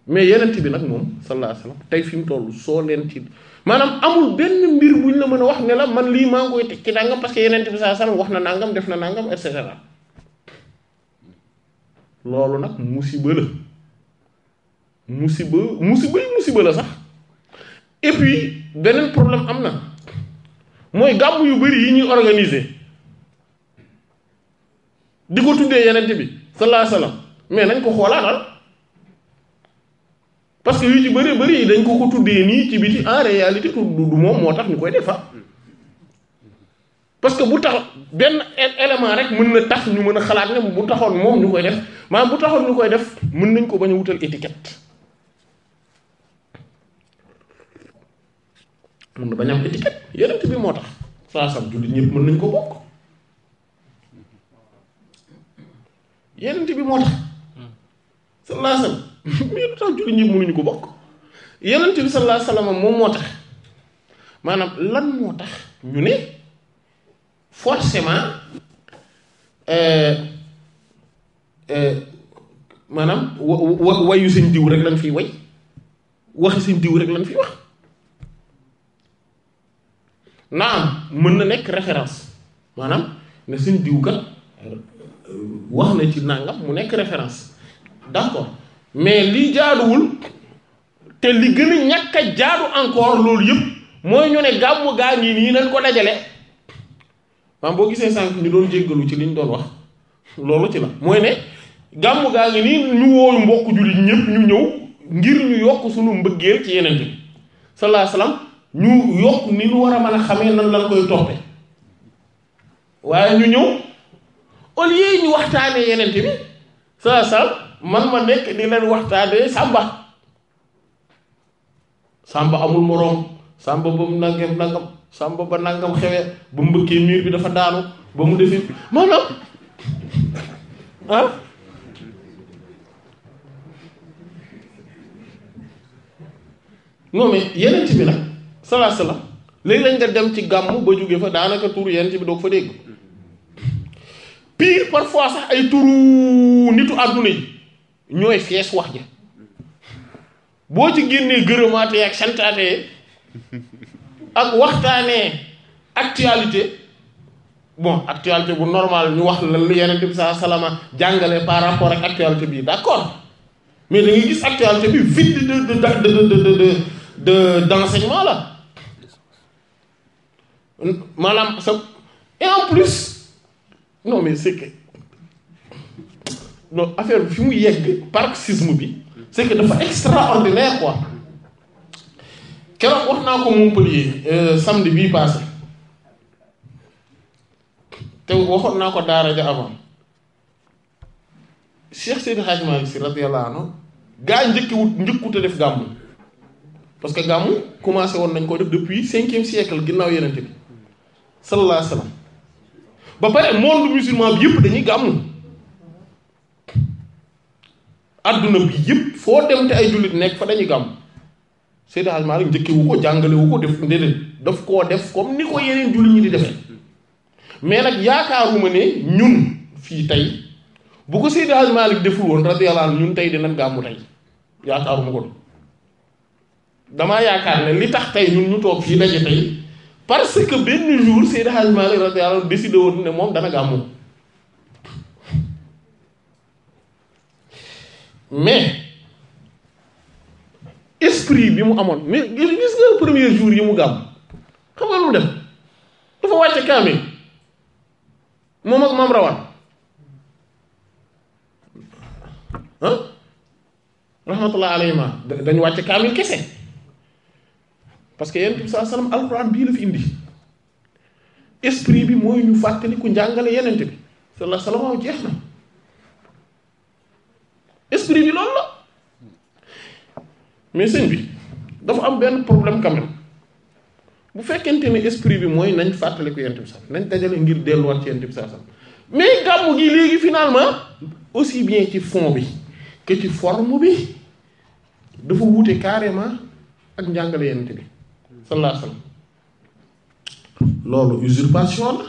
C: mais yenent bi nag moom sallallahu alayhi tey fi mu toll soo leen ci maanaam amul benn mbir wuñ la mën a wax ne la man lii maa ngi koy teg ci nangam parce que yenent bi sallallahu wax na nangam def na nangam et cetera loolu nag musiba la musiba musiba yi musiba la sax et beneen problème am na mooy gàmmu yu bari yi ñuy organiser di ko tuddee yenent bi sallallahu mais nañ ko xoolaatal parce que yu ci bëri bëri yi dañ ko ko tuddee nii ci biti en réalité tudd du moom moo tax ñu koy defa ah. parce que bu tax benn élément rek mën na tax ñu mën a xalaat ne bu taxoon moom ñu koy def maanaam bu taxoon ñu koy def mën nañ ko bañ a wutal étiquette na bañ am étiquette yenent bi moo tax saasam jullit ñëpp mën nañ ko bokk moo tax sa laasam mais lu tax jullit ñi mënuñu ko bokk yonent bi sallallahu alayhi moom moo tax maanaam lan moo tax ñu ne forcément euh, euh, maanaam wa wayu seen diw rek lañ fiy way waxi seen diw rek lañ fi wax naam mën na nekk référence maanaam ne seen diw kat euh, wax na ci nangam mu nekk référence d'accord mais lii jaaduwul te li gën a ñàkk a jaadu encore loolu yëpp mooy ñu ne gàmmu gaa ngi nii nañ ko dajale maam boo gisee sànq ñu doon jéggalu ci liñ doon wax loolu ci la mooy ne gàmmu gaa ngi nii ñu wooyu mbokk jullit ñu ñëw ngir ñu yokk suñu mbëggeel ci yeneen bi sallallahu alayhi ñu yokk ni ñu war a mën a xamee nan lañ koy toppe waaye ñu ñëw au lieu ñu waxtaanee yeneen bi sallallahu alayhi man ma nekk di leen waxtaanee sàmba sàmba amul moroom sàmba ba mu nangam nangam sàmba ba nangam xewee ba mu mbëkkee miir bi dafa daanu ba mu defi maanaam ah non mais yenent bi nag sala sala léegi lañ nga dem ci gàmm ba jóge fa daanaka tur yenent bi doog fa dégg pire parfois sax ay turu nitu àdduna yi ñooy fees wax ja boo ci génnee gërëmaatee ak santaatee ak waxtaanee actualité bon actualité bu normal ñu wax la yeneen bi saa salama jàngale par rapport ak actualité bii d'accord mais da ngay gis actualité bi vide de de de de la maanaam sa en plus non mais c'est non affaire bi fi mu yegg paroxysme bi c'est que dafa extraordinaire quoi keroog wax naa ko Montpellier euh, samedi bii passé te waxoon naa ko daara ja avant Cheikh Seydi Hadji Malick Sy radiyallahu anhu gaa njëkkiwut njëkkute def gàmmu parce que gàmmu commencé woon nañ ko def depuis cinquième siècle ginnaaw yenente bi sallallahu alayhi ba pare monde musulman bi yëpp dañuy gàmmu adduna bi yëpp foo dem te ay jullit nekk fa dañu gàmm Seydi Hadj Malick njëkkewu ko jàngalewu ko def déedéet daf koo def comme ni ko yeneen jullit ñi di defee mais nag yaakaaruma ne ñun fii tey bu ko Seydi Hadj Malick deful woon radiyallahu anhu ñun tey dinañ gàmmu tey yaakaaruma ko damaa yaakaar ne li tax tey ñun ñu toog fii daje tey parce que benn jour Seydi Hadj Malick radiyallahu anhu ne moom dana gàmmu mais esprit bi mu amoon mais gis jour yi mu gàmm xam nga lu mu def dafa wàcce kaamil moom ak maam rawaan ah rahmatullah dañu wàcce kaamil kese parce que yonent bi saa sallam alquran bii la fi indi esprit bi mooy ñu fàttali ku njàngale yonent bi sallallahu alayhi wa sallam jeex na esprit bi loolu la mais bi dafa am benn problème quand bu fekkente ni esprit bi mooy nañ fàttaliku yent bi sax nañ dajale ngir delluwaat ci yent bi sax sax mais gàmmu gi léegi finalement aussi bien ci fonds bi que ci forme bi dafa wuute carrément ak njàngale yent bi sallallahu loolu usurpation la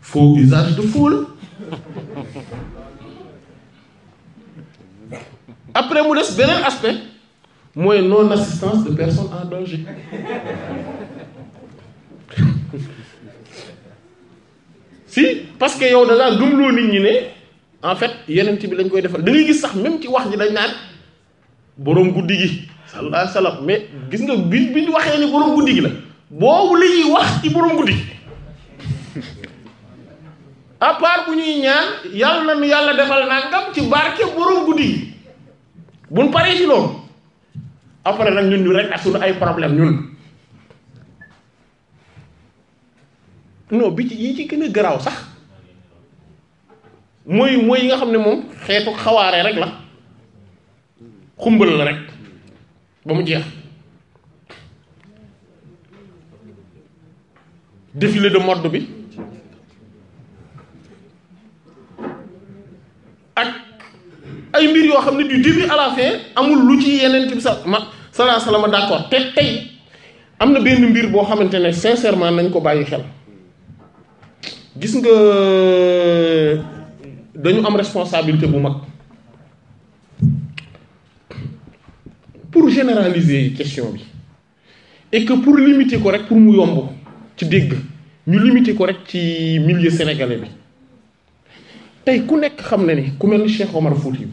C: faux usage de après mu des beneen aspect mooy non assistance de personne en danger si parce que yow da ngaa gëmloo nit ñi ne en fait yeneen ti bi lañ koy defal da gis sax même ci wax ji dañ naan boroom guddi gi sallallahu alayhi wasallam mais gis nga bi bi ñu waxee ni boroom guddi gi la boobu la ñuy wax ci boroom guddi gi à part bu ñuy ñaan yàlla na nu yàlla defal naa nangam ci barke boroom guddi gi buñ paree si loolu après nag ñun ñu rek ak suñu ay problème ñun non bi ci yi ci gën a garaaw sax mooy mooy yi nga xam ne moom xeetu xawaaree rek la xumbal la rek ba mu jeex défilé de mode bi ay mbir yoo xam ne du début à la amul lu ci yeneen bi sa ma salaa salaama d'accord te tey am na benn mbir boo xamante ne sincèrement nañ ko bàyyi xel gis nga dañu am responsabilité bu mag pour généraliser question bi et que pour limiter ko rek pour mu yomb ci dégg ñu limiter ko rek ci milieu sénégalais bi tey ku nekk xam na ni ku mel ni Cheikh Omar Fouti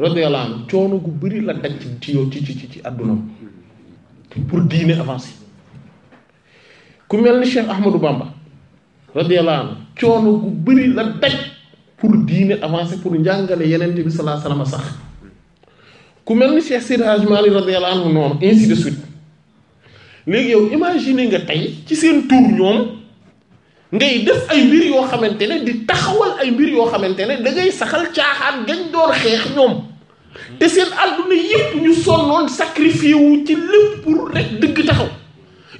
C: radiyallahu anhu coono gu bëri la daj ci yow ci ci ci àdduna pour diine avancer ku mel ni Cheikh Ahmadou Bamba radiyallahu anhu coono gu bëri la daj pour diine avancer pour njàngale yeneen bi sallallahu alayhi wa sallam sax ku mel ni Cheikh Seydi Hadji Malick radiyallahu anhu noonu ainsi de suite léegi yow imaginer nga tey ci seen tour ñoom. ngay def ay mbir yoo xamante ne di taxawal ay mbir yoo xamante ne da ngay saxal caaxaan gañ doon xeex ñoom te seen àdduna yépp ñu sonnoon sacrifié wu ci lépp pour dëkk taxaw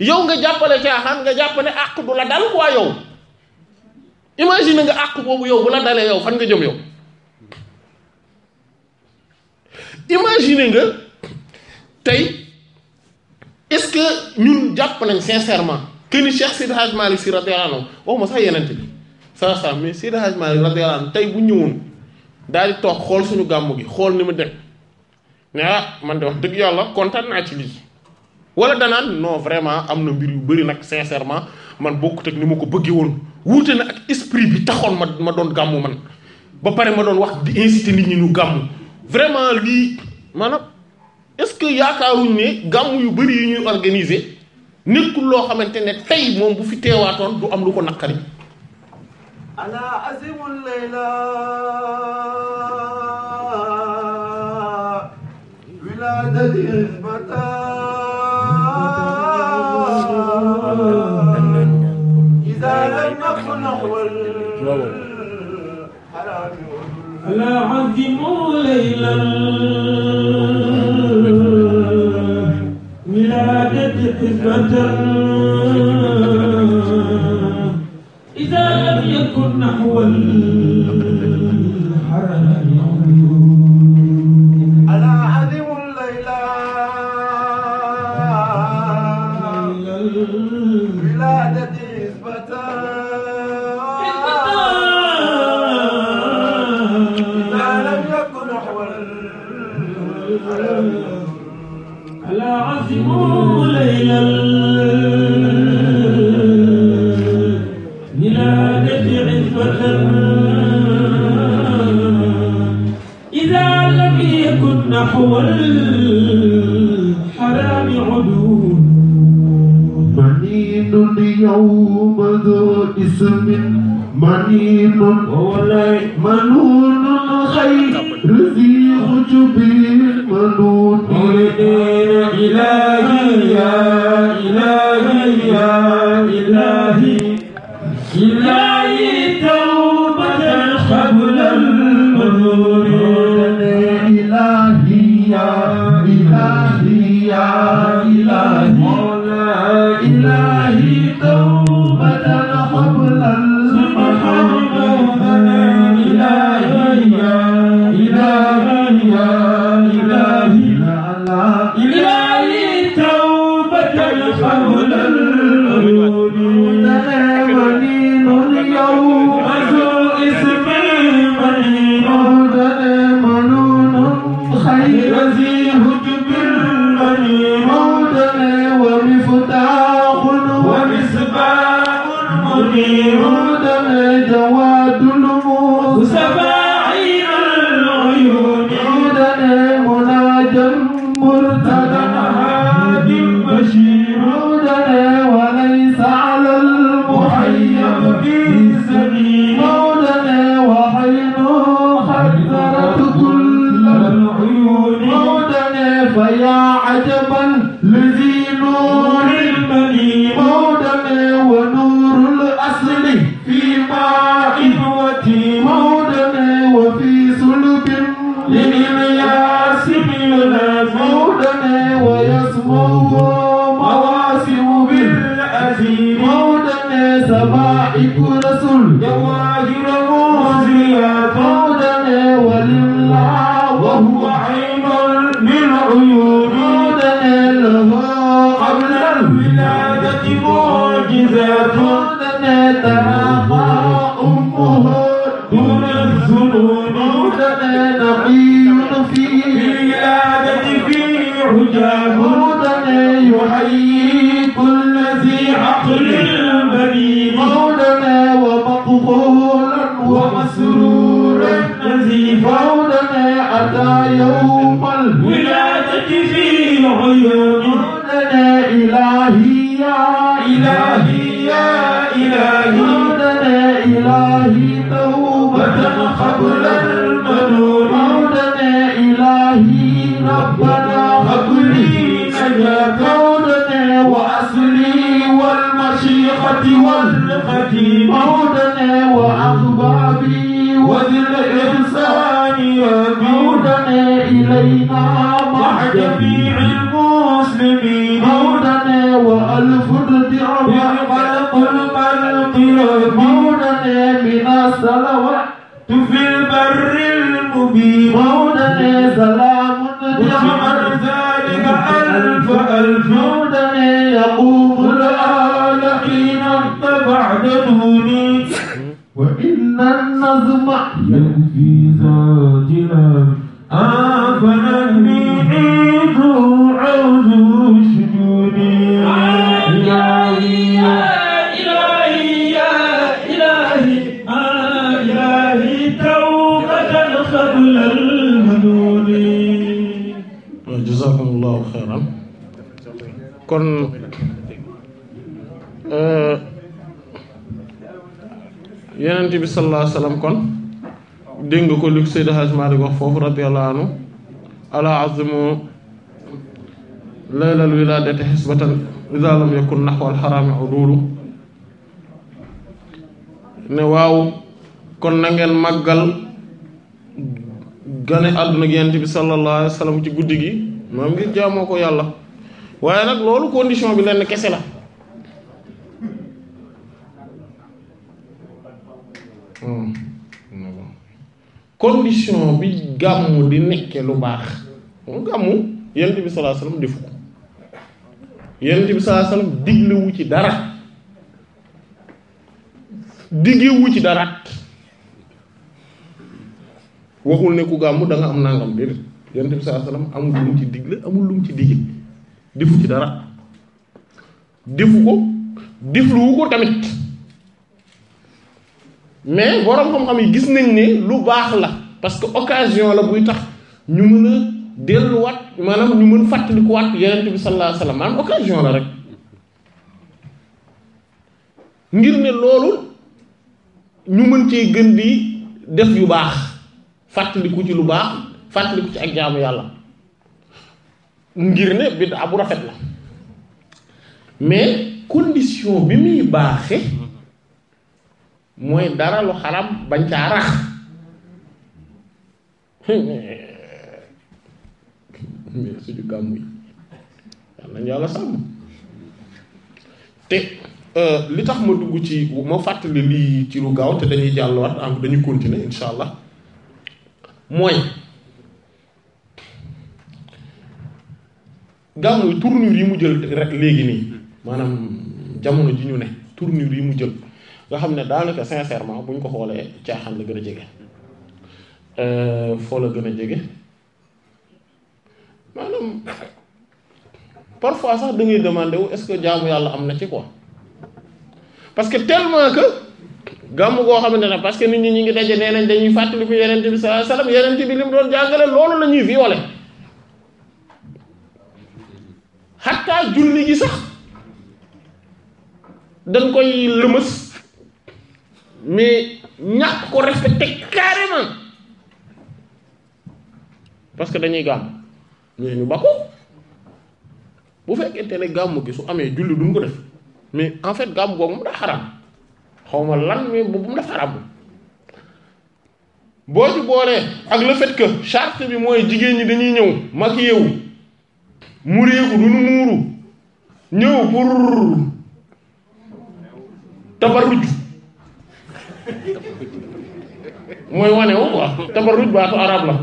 C: yow nga jàppale caaxaan nga jàpp ne àq du la dal waa yow imagine nga àq boobu yow bu la dalee yow fan nga jëm yow imagine nga tey est-ce que ñun jàpp nañ sincèrement que ni Cheikh Seydi Hadj Malick Sy radiyallahu anhu sax yeneen bi saa saa mais Seydi Hadj Malick radiyallahu anhu tey bu ñëwoon daal di toog xool suñu gàmmu gi xool ni ma dem ne ah man de wax dëgg yàlla kontaan naa ci lii. wala danaan non vraiment am na mbir yu bëri nag sincèrement man bokkut ak ni ma ko bëggee woon wuute na ak esprit bi taxoon ma ma doon gàmmu man ba pare ma doon wax di inciter nit ñi ñu gàmmu vraiment lii maanaam est-ce que yaakaaruñ ne gàmmu yu bëri yi ñuy organiser. nekkul loo xamante ne tey moom bu fi teewaatoon du am lu ko naqari
A: ala azimul layla حكمة إذا لم يكن نحو حكيم معجزات تتلقى أمه دون الظنون
D: نقي في الولادة في حجاب يحيي
A: كل ذي عقل بريد مولنا ومقبولا ومسرورا الذي فولنا أتى يوم الولادة في عيون
C: sallallahu alayhi wa kon dégg nga ko li Seydi Hadj Malick wax foofu radiyallahu anhu ala azimu laylal wiladati xisbatan ida lam yakun naxwal xaraami udulu ne waaw kon na ngeen màggal gane àdduna ak yonent bi sallallahu alayhi wa ci guddi gi moom ngir jaamoo ko yàlla waaye nag loolu condition bi lenn kese la Hmm.
E: condition bi
C: gàmmu di nekkee lu baax mu gàmmu yonent bi sallallahu alayhi ko yonent bi sallallahu diglewu ci dara diggewu ci dara waxul ne ku gàmmu da nga am nangam déedéet yonent bi sallallahu amul lu mu ci digle amul lu ci digge defu ci dara defu ko defluwu ko tamit mais borom xam-xam yi gis nañ ne lu baax la parce que occasion la buy tax ñu mën a delluwaat maanaam ñu mën fàttalikuwaat yeneen bi sallallahu alayhi wasallam maanaam occasion la rek ngir ne loolu ñu mën cee gën di def yu baax fàttaliku ci lu baax fàttaliku ci ak jaamu yàlla ngir ne bid'a bu rafet la mais condition bi muy baaxe mooy dara lu xaram bañ caa rax mais suñu gàmmu yi yàlla nañu yàlla sàmm te euh, li tax ma dugg ci ma fàttali lii ci lu gaaw te dañuy jàlluwaat am ah, dañuy continuer insha allah mooy gàmmu yi tournure yi mu jël rek léegi nii maanaam jamono ji ñu ne tournure yi mu jël nga xam ne daanaka sincèrement bu ñu ko xoolee caaxaan la gën a jege euh, foo la gën a jege maanaam parfois sax da ngay demandé wu est-ce que jaamu yàlla am na ci quoi parce que tellement que gàmm goo xamante ne parce que nit ñi ñu ngi daje nee nañ dañuy fàttaliku yeneen bi sallallahu alayhi wasallam yeneen bi li mu doon jàngale loolu la ñuy violé xataa julli gi sax dañ koy lëmës. mais ñàkk ko respecté carrément parce que dañuy gàmm mais ñu bako bu fekkente ne gàmm gi su amee julli duñ ko def mais en fait googu moom daa xaraam xaw ma lan mais bu mu daf xaraam boo ci boolee ak le fait que charte bi mooy jigéen ñi dañuy ñëw maquillé wu muréeku du nu muuru ñëw pour tabarruj mooy wane wu quoi tabarruj baatu arab la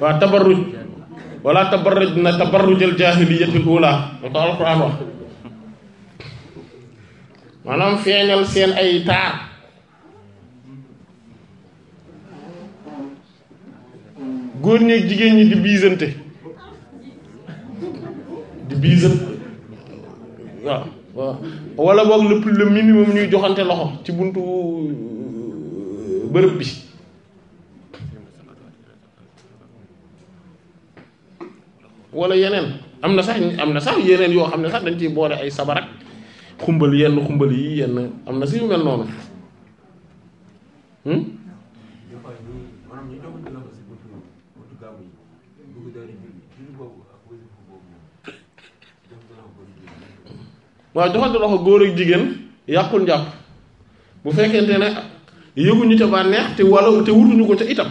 C: waaw tabarruj wala tabarruj na tabarrujal jaahiliyatil ula da ko alquran wax maanaam feeñal seen ay taar góor ñi jigéen ñi di biisante di biisante waaw waaw wala boog le plus minimum ñuy joxante loxo ci buntu euh, bërëb bi wala yeneen am na sax am na sax yeneen yoo xam ne sax dañ ciy boole ay sabarak xumbal yenn xumbal yi yenn am na si mel noonu hmm? waaw joxante loxo góor ak jigéen yàqul njàpp bu fekkente ne yëguñu ca bànneex te wala te wutuñu ko ca itam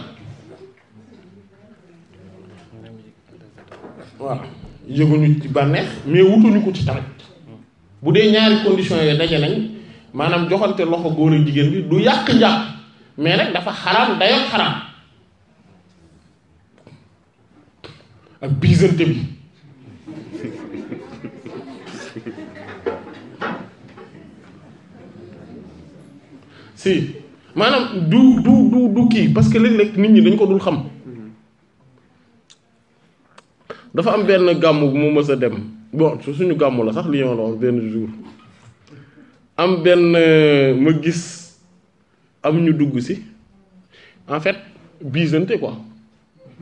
C: voilà yëguñu ci bànneex mais wutuñu ko ci tamit bu dee ñaari conditions yooyu daje nañ maanaam joxante loxo góor ak jigéen bi du yàq njàpp mais nag dafa xaraam dayoon xaraam ak biisante bi si maanaam du du du du kii parce que léeg-léeg nit ñi dañ ko dul xam dafa am benn gàmm bu mu mës dem bon suñu gàmmu la sax Lyon la benn jour am benn euh, ma gis am ñu dugg si en fait bisanté ko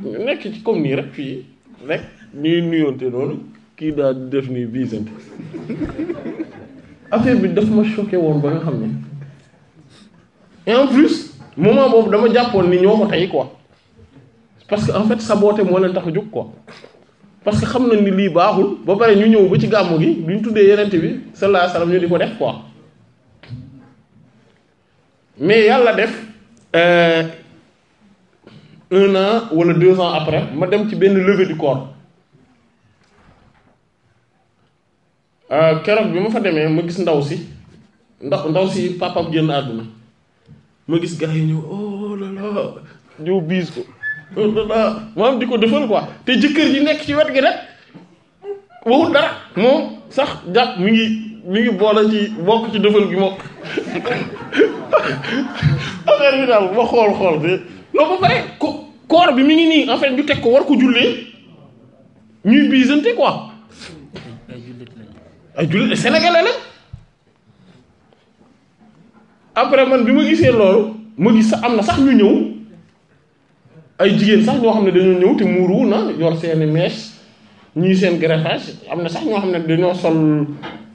C: nekk ci comme nii rek fii rek ñuy nuyonte noonu kii daal def nii bisanté affaire bi dafa ma choqué woon ba nga xam ne en plus moment boobu dama jàppoon ni ñoo ko tey quoi parce que en fait saboté moo leen tax a jóg quoi parce que xam nañ ni lii baaxul ba pare ñu ñëw ba ci gàmmu gi duñ tuddee yenent bi sallallahu alayhi wasallam ñu di ko def quoi mais yàlla def euh, un an wala deux ans après ma dem ci benn levée du corps euh, keroog bi ma fa demee ma gis ndaw si ndaw ndaw si papam génn àdduna ma gis gars yi ñëw oh là ñëw biis ko oh maam di ko defal quoi te jëkkër ji nekk ci wet gi rek waxul dara moom sax jàpp mi ngi mi ngi boole ci bokk ci defal gi moom affaire bi daal ma xool xool de loolu ba pare ko koor bi mi ngi nii en fait ñu teg ko war ko jullee ñuy biisante quoi ay jullit ay la après man bi ma gisee loolu ma gis sax am na sax ñu ñëw ay jigéen sax ñoo xam ne dañoo ñëw te muuru na yor seeni mèche ñii seen greffage am na sax ñoo xam ne dañoo sol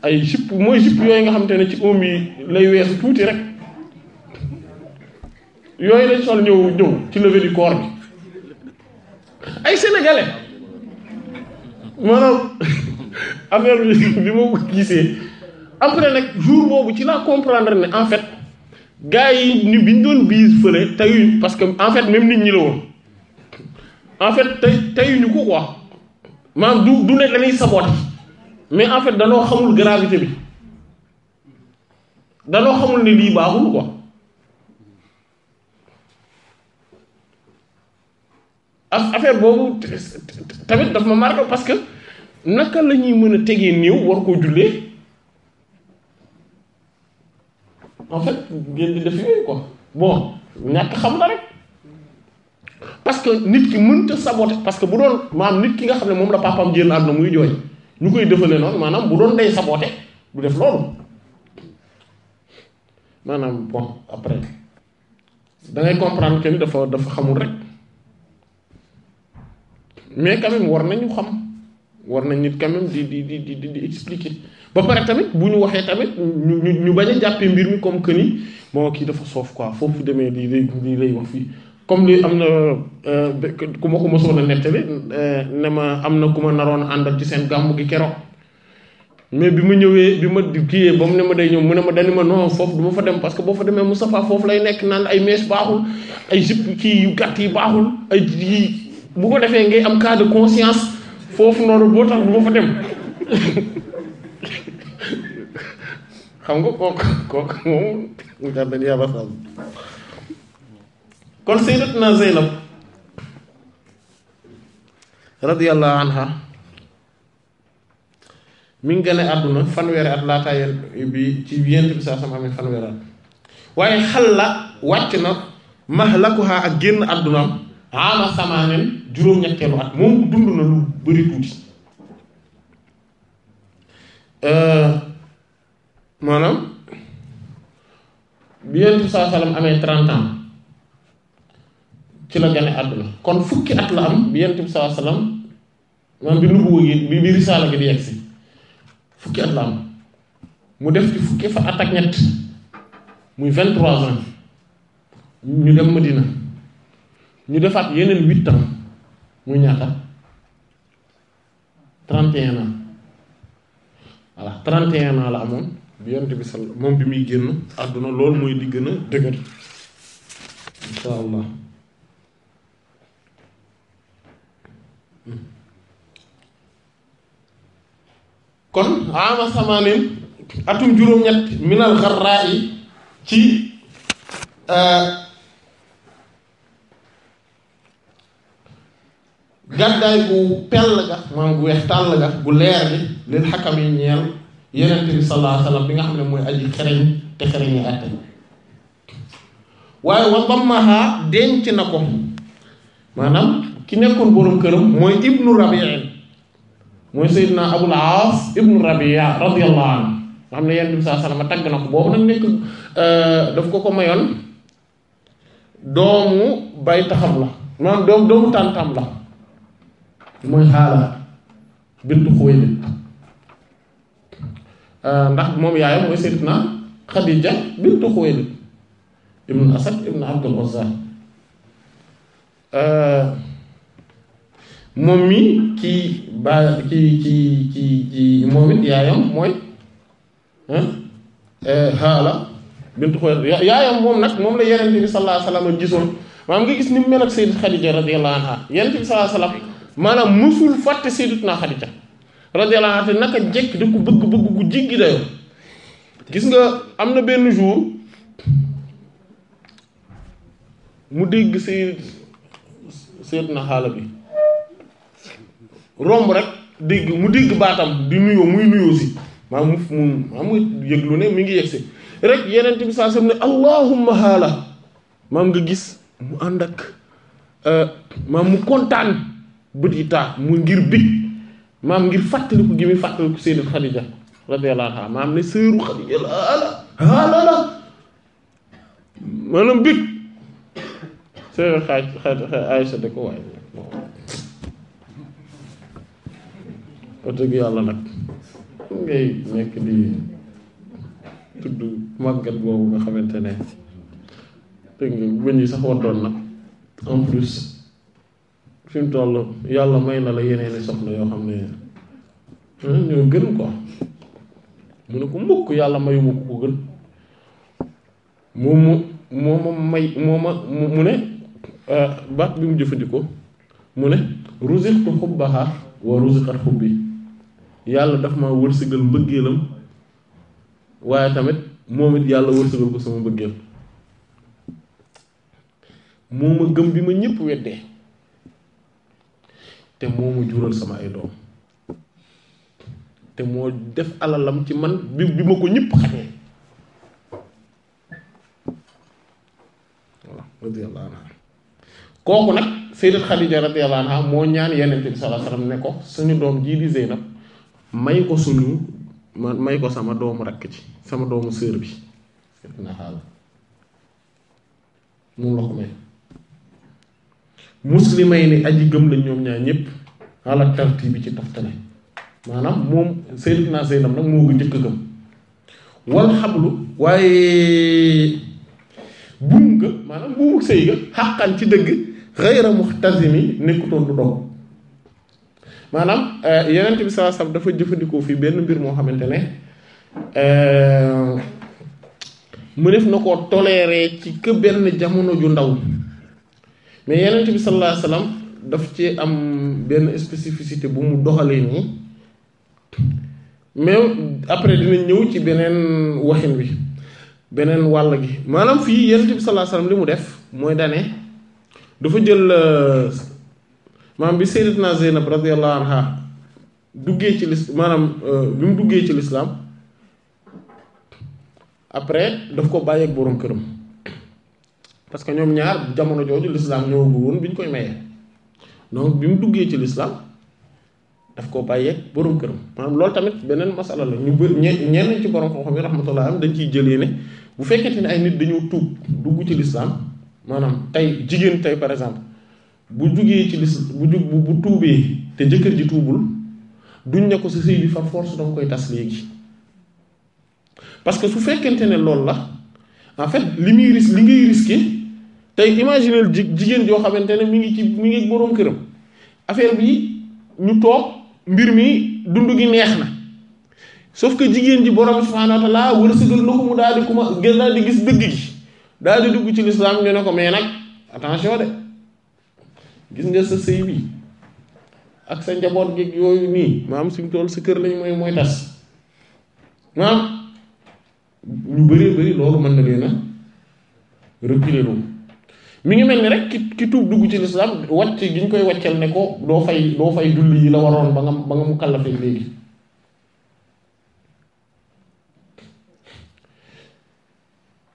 C: ay jupe mooy jupe yooyu nga xam te ne ci oom lay weesu tuuti rek yooyu lañ sol ñëw ñëw ci lever du corps bi ay sénégalais maanaam affaire bi bi ma gisee après nag jour boobu ci laa comprendre ne en fait gars yi ni biñ doon biis fële teyuñ parce que en fait même nit ñi la woon en fait tey teyuñu ko quoi maanaam du du ne dañuy saboot mais en fait danoo xamul gravité bi danoo xamul ne lii baaxul ko af affaire boobu tamit daf ma marqué parce que naka la ñuy mën a tegee néew war koo jullee en fait ngeen di def yooyu quoi bon ñàkk xam la rek parce que nit ki mënta saboter parce que bu doon maanaam nit ki nga xam ne moom la papaam génn na muy jooy ñu koy defalee noonu maanaam bu doon day saboter du def loolu maanaam bon après da ngay comprendre dafa dafa xamul rek mais quand même war nañu xam war nañ nit quand même di di di di di ba pare tamit bu ñu waxee tamit ñu ñu bañ a jàppee mbir mi comme que ni bon kii dafa soof quoi foofu demee lii lay lii lay wax fii comme li am na euh, ku ma ko mosoon a nettali euh, ne ma am na ku ma naroon àndal ci seen gàmmu gi keroog mais bi ma ñëwee bi ma kiiyee ba mu ne ma day ñëw mu ne ma dani ma non foofu du ma fa dem parce que boo fa demee Moustapha foofu lay nekk naan ay mees baaxul ay jupe kii yu gàtt yi baaxul ay yi bu ko defee ngay am cas de conscience foofu noonu boo tax du fa dem xam nga kooku kooku moom nga dañ yaba sal kon sayyidatuna Zeynab radiyallahu anha mi ngi gane àdduna fanweeri at laataa yéen bi ci yent bi saa sama amee fanweeri at waaye xal la wàcc na mahlakuha ak génn àddunaam ama samaanen juróom-ñetteelu at moom dund na lu bari tuuti euh, maanaam bi yonent bi saa salaam amee trente ci la gane àdduna kon fukki at la am bi yonent bi saa salaam maanaam bi nubuwa gi bi bi risaala gi di yegg si fukki at la am mu def ci fukki fa at ak ñett muy vingt trois ans ñu dem Madina ñu defaat yeneen huit ans muy ñaata trente et un ans voilà la amoon bi yonent bi sal moom bi muy génn àdduna loolu mooy li gën a dëgër insha allah kon ama atum juróom-ñett minal xarraa yi ci euh, gàddaay gu pell ga maanaam gu weex tàll ga gu leer bi lil xakam yi ñeel yenent bi sallallahu alayhi wa sallam bi nga xam ne mooy aji xereñ te xereñi àtte waaye wa dammaha denc na ko maanaam ki nekkoon borom këram mooy ibnu rabiin mooy sayyidina abul aas ibnu rabia radiyallahu anhu nga xam ne yenent bi sallallahu alayhi wa sallam tagg na ko boobu nag nekk euh, daf ko ko mayoon doomu bay taxam la maanaam doom doomu tàntam la mooy xaala bintu xuwaylid Euh, ndax moom yaayam mooy sayyidatuna Khadija bintu Xuwaylid ibnu Asad ibnu Abdul Uzza euh, moom mi ci ba ci ci kii kii moom yaayam mooy euh, Haala bintu Xuwaylid yaayam moom nag moom la Yonent bi sallallahu alayhi wa sallam gisoon maanaam nga gis ni mu mel ak sayyidat Khadija radiyallahu anha Yonent bi sallallahu alayhi wa sallam maanaam musul fàtte sayyidatuna Khadija radiyallahu anhu naka jekk da ko bëgg bëgg gu jiggi dayoo gis nga am na benn jour mu dégg say sayyidna xaala bi romb rek dégg mu dégg baatam di nuyoo muy nuyoo si maa mu mu maa mu yëglu ne mi ngi yegg si rek yeneen bi saa sam ne allahumma xaala maam nga gis mu ànd ak euh, maam mu kontaan bët yi taa mu ngir bit maam ngir fàttaliku gi muy fàttaliku Sayyidatu Xadija radiyallahu anha maam ne seeru Xadija la la la maanaam bég Sayyidatu Aysa de ko waaye wax dëgg yàlla nag ngay nekk di tudd màggat boobu nga xamante ne dégg nga bëñ yi sax war doon na en plus fi mu toll yàlla may na la yeneeni soxna yoo xam ne ñoo gën ko mu ne ko mukk yàlla mayu ma ko gën moom mu moo ma may moo ma mu ne euh, baat bi mu jëfandikoo mu ne ruziqtu xubbaha wa ruziqat bi yàlla daf ma wërsëgal mbëggeelam waaye tamit moom it yàlla wërsëgal ko sama mbëggeel moo ma gëm bi ma ñëpp weddee te moo ma jural sama ay doom te moo def alalam ci man bi bi ma ko ñëpp xañee voilà kooku nag sayyidat Khadija radiyallahu anha moo ñaan yenente bi sallallahu ne ko suñu doom jii di Zeynab may ko suñu man may ko sama doomu rakk ci sama doomu sœur bi na la ko may muslimay ni aji gëm lañ ñoom ñaar ñëpp ala tarti bi ci toftale maanaam moom sayyidatuna Zaynab nag moo ko njëkk a gëm wal xablu waaye buum nga maanaam buumu sëy ga xàqan ci dëgg xayra muxtasimi nekkutoon du dog maanaam eh, yenent bi saa sab dafa jëfandikoo fii benn mbir moo xamante ne eh, mëneef na ko toléré ci que jamono ju ndaw mais yenent bi sallallahu alayhi wasallam daf ci am benn spécificité bu mu doxalee nii mais après dinañ ñëw ci beneen waxin wi beneen wàll gi maanaam fii yenent bi sallallahu li mu def mooy dane dafa jël euh, maanaam bi sayyidatna Zeynab radiyallahu anha duggee ci lis maanaam euh, bi mu duggee ci lislaam après daf ko bàyyeek borom këram parce que ñoom ñaar jamono jooju lislaam ñëwagu woon bi ñu koy mayee donc bi mu duggee ci lislaam daf koo bàyyeeg borom këram maanaam loolu tamit beneen masala la ñu bëri ñenn ci borom xam-xam yi rahmatullah am dañ ciy jëlee ne bu fekkente ne ay nit dañoo tuub dugg ci lislaam maanaam tey jigéen tey par exemple bu jugee ci lis bu jug bu tuubee te jëkkër ji tuubul duñ ne ko sa sëy bi far force danga koy tas léegi parce que su fekkente ne loolu la en fait li muy ris li ngay risqué tey imagineel jigéen joo xamante ne mu ngi ci mi ngi boroom këram affaire bi ñu toog mbir mi dund gi neex na sauf que jigéen ji borom subhaanahu wa ta'ala wërsëgal na ko mu daal di gis dëgg gi daal di dugg ci lislaam ñu ne ko mais nag attention de gis nga sa sëy bi ak sa njaboot gi yooyu nii maam suñ tool sa kër lañ mooy mooy tas maam ñu bëree bëri loolu mën na leen a reculer mi ngi mel ni rek ki tuub dugg ci lislaam wàcc gi ñu koy wàccal ne ko doo fay doo fay julli yi la waroon ba nga ba nga mu kallafee léegi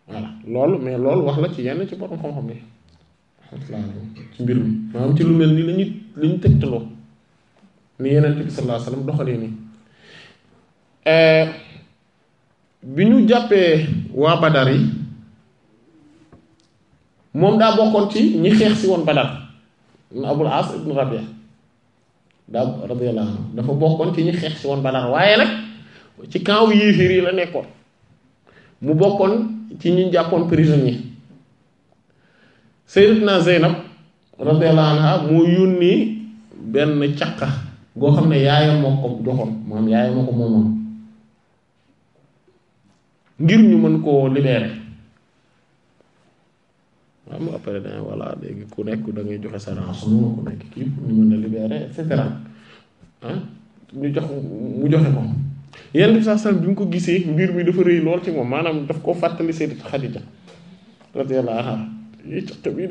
C: voilà loolu mais loolu wax la ci yenn ci borom xam-xam yi ci mbir mi maanaam ci lu mel ni lañuy lañu tegtaloo ni yeneen bi sallallahu alayhi wasallam doxalee nii eh, bi ñu jàppee waa Badar yi moom daa bokkoon ci ñi xeex si woon Badar ibnu Abul As ibnu Rabia daa radiyallahu anhu dafa bokkoon ci ñi xeex si woon Badar waaye nag ci camp yéefar yi la nekkoon mu bokkoon ci ñi jàppoon prisonnier Sayyidatuna Zeynab radiyallahu anha moo yónni benn càqa goo xam ne yaayam moo ko joxoon maanaam yaayam moo ko moomoon ngir ñu mën koo libérer am après ne voilà léegi ku nekk da ngay joxe sa rançon ku nekk ñu jox mu joxe ko yenn bi mu ko gisee mbir mi dafa rëy ci moom maanaam daf koo fàttali Sayyidatu Xadija radiyallahu anha yi caq bii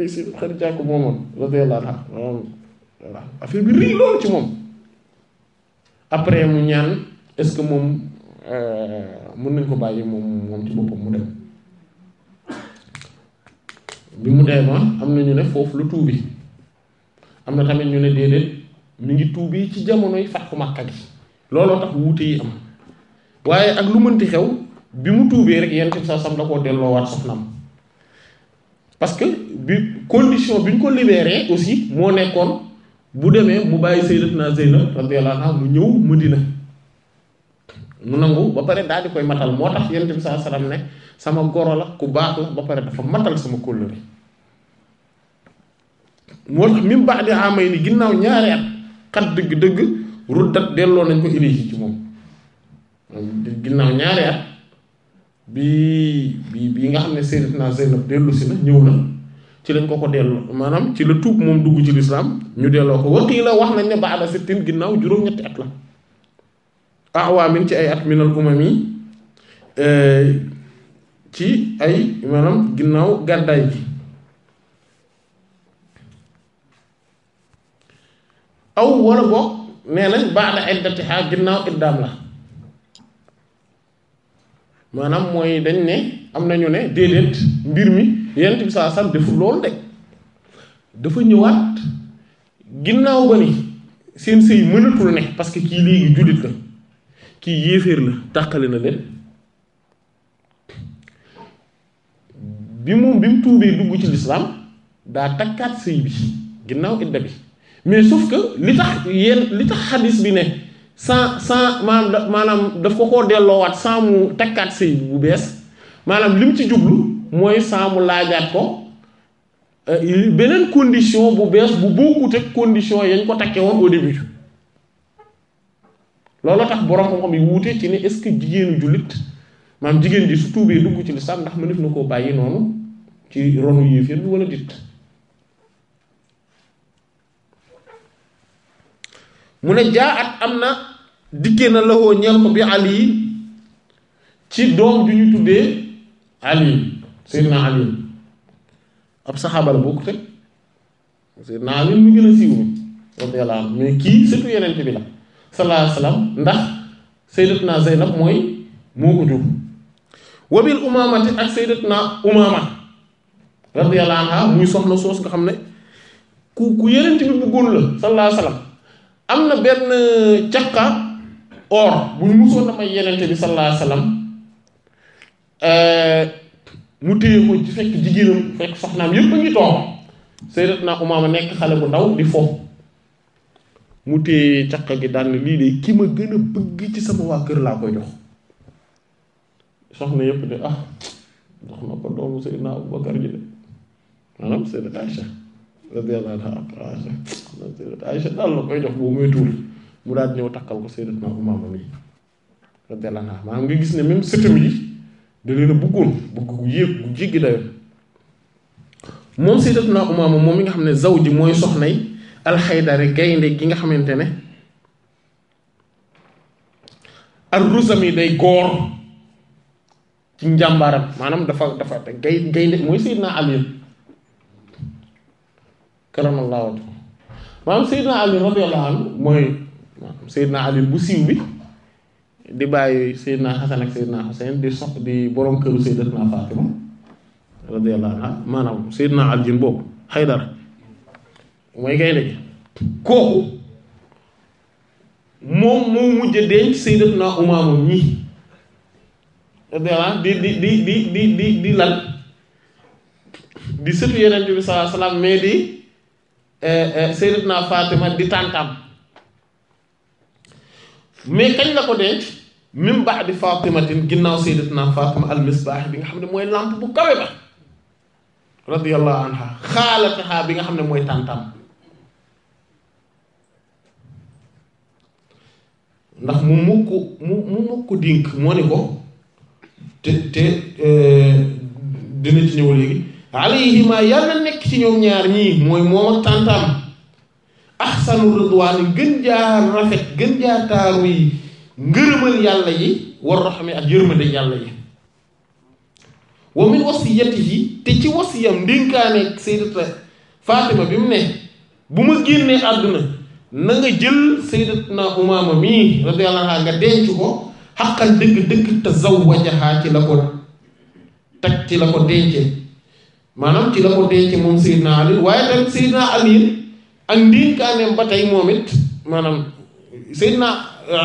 C: de moom après euh, nañ ko bàyyi moom moom ci boppam mu dem bi mu dee ma am na ñu ne foofu lu tuubi am na tamit ñu ne déedéet mi ngi tuubi ci jamonoy fàqu Makka gi looloo tax wuute yi am waaye ak lu mënti xew bi mu tuubee rek yonent bi sallallahu alayhi wasallam da koo delloowaat soxnaam parce que bi condition bi ñu ko libeeree aussi moo nekkoon bu demee mu bàyyi sayyidatuna Zeynab radiyallahu anha mu ñëw Madina mu nangu ba pare daal di koy matal moo tax yonent bi sallallahu alayhi wasallam ne sama goro la ku baax la ba pare dafa matal sama kóllëre moo tax min ba'di amay ni ginnaaw ñaari at xat dëgg-dëgg ruddat delloo nañ ko ilayhi ci moom ginnaaw ñaari at bi bi bi nga xam ne naa Zaynab dellu si na ñëw na ci lañ ko ko delloo maanaam ci la tuub moom dugg ci lislaam ñu delloo ko waqiila wax nañ ne ba'da sittin ginnaaw juróom-ñetti at la awaamin ci ay at minal umami eh, ci ay maanaam ginnaaw gàddaay gi aw wala boog nee nañ baada iddatiha ginnaaw iddaam la maanaam mooy dañ ne am nañu ne déedéet mbir mi yent bi saa sam deful loolu de dafa ñëwaat ginnaaw ba ni seen sëy mënatul ne parce que kii léegi jullit la kii yéeféer la tàqale na leen bi moom bi mu tuubee dugg ci lislaam daa takkaat sëy bi ginnaaw idda bi mais sauf que li tax yéen li tax xadis bi ne sans sans maanaam maanaam daf ko koo delloowaat sans mu takkaat sëy bi bu bees maanaam li mu ci jublu mooy sans mu laajaat ko euh, beneen condition bu bees bu bokkut ak condition yañ ko takkee woon au début loolu tax borom xam-xam yi wuute ci ne est-ce que jigéenu jullit maam jigéen ji su tuubee dugg ci lislaam ndax def na koo bàyyi noonu ci ronu yéeféer bi wala dit mu ne jaa at am na dikkee na la woo ñeel ko bi ali ci doom ju ñu tuddee ali seydina ali ab saxaaba la bokk te naa ali mu gën a siiw mi radiyallahu anhu mais kii surtout yeneen bi la sallallahu alayhi wa sallam ndax sayyidatuna Zaynab mooy moo ko jur wabil umamati ak sayyidatuna umama radiyallahu anha muy soxna soos nga xam ne ku ku yenent bi bëggoon la sallallahu am na benn caqa or bu ñu musoon na bi sallallahu alayhi wasallam eh, mu téye ko ci fekk jigéenam fekk soxnaam yépp a ngi toog sayyidatuna umama nekk xale bu ndaw di foofu mu téye caqa gi daal ne lii de ki ma gën a bëgg ci sama waa kër laa ko jox soxna yëpp ne ah dox na ko doomu Seydina Aboubacar ji de maanaam Seydina Aïcha radiyallahu anha Aïcha daal la koy jox boobu muy tuul mu daal di ñëw takkal ko Seydina Umaama mi radiyallahu anha maanaam gis ne même sëtam yi da yéeg gu jéggi dayoon moom Seydina Umaama moom mi nga xam ne zaw ji mooy soxnay alxaydari gaynde gi nga xamante ne ar yi day góor ci njàmbaaram maanaam dafa dafa gay gaynde mooy Seydina Ali karamallahu wajhu maanaam Seydina Ali radiyallahu anhu mooy maanaam Seydina Ali bu siiw bi di bàyyi Seydina Xasan ak Seydina Xuseyn di sox di borom këru Seydatuna Fatima radiyallahu anha maanaam Seydina Aljin boobu Xaydar mooy gaynde kooku moom moo mujj denc Seydatuna Umaama ñi radiyallahu di di di di bi mais di eh, eh, sayyidatna ko denc min ba'di bi nga xam ne mooy lampe bu kawe bi nga xam ne mooy tàntam ndax mu mukk mu mukk dénk moo ni ko te te euh, dina ci ñëw léegi alayhima yàlla nekk ci ñoom ñaar ñii mooy moom ak tàntaam ahsanu gën jaar rafet gën jaar taaru yi ngërëmal yàlla yi war raxame ak yërmande yàlla yi wa min wasiyatihi te ci wasiyam ndénkaane saydata Fatima bi mu ne bu ma génnee àdduna na nga jël saydatna Umaama mii radiyallahu anha nga denc ko xaqal dëgg-dëgg te ci la ko teg ci la ko dencee maanaam ci la ko dencee moom Seydina Ali waaye tamit Seydina Ali ak ndénkaaneem ba tey moom maanaam Seydina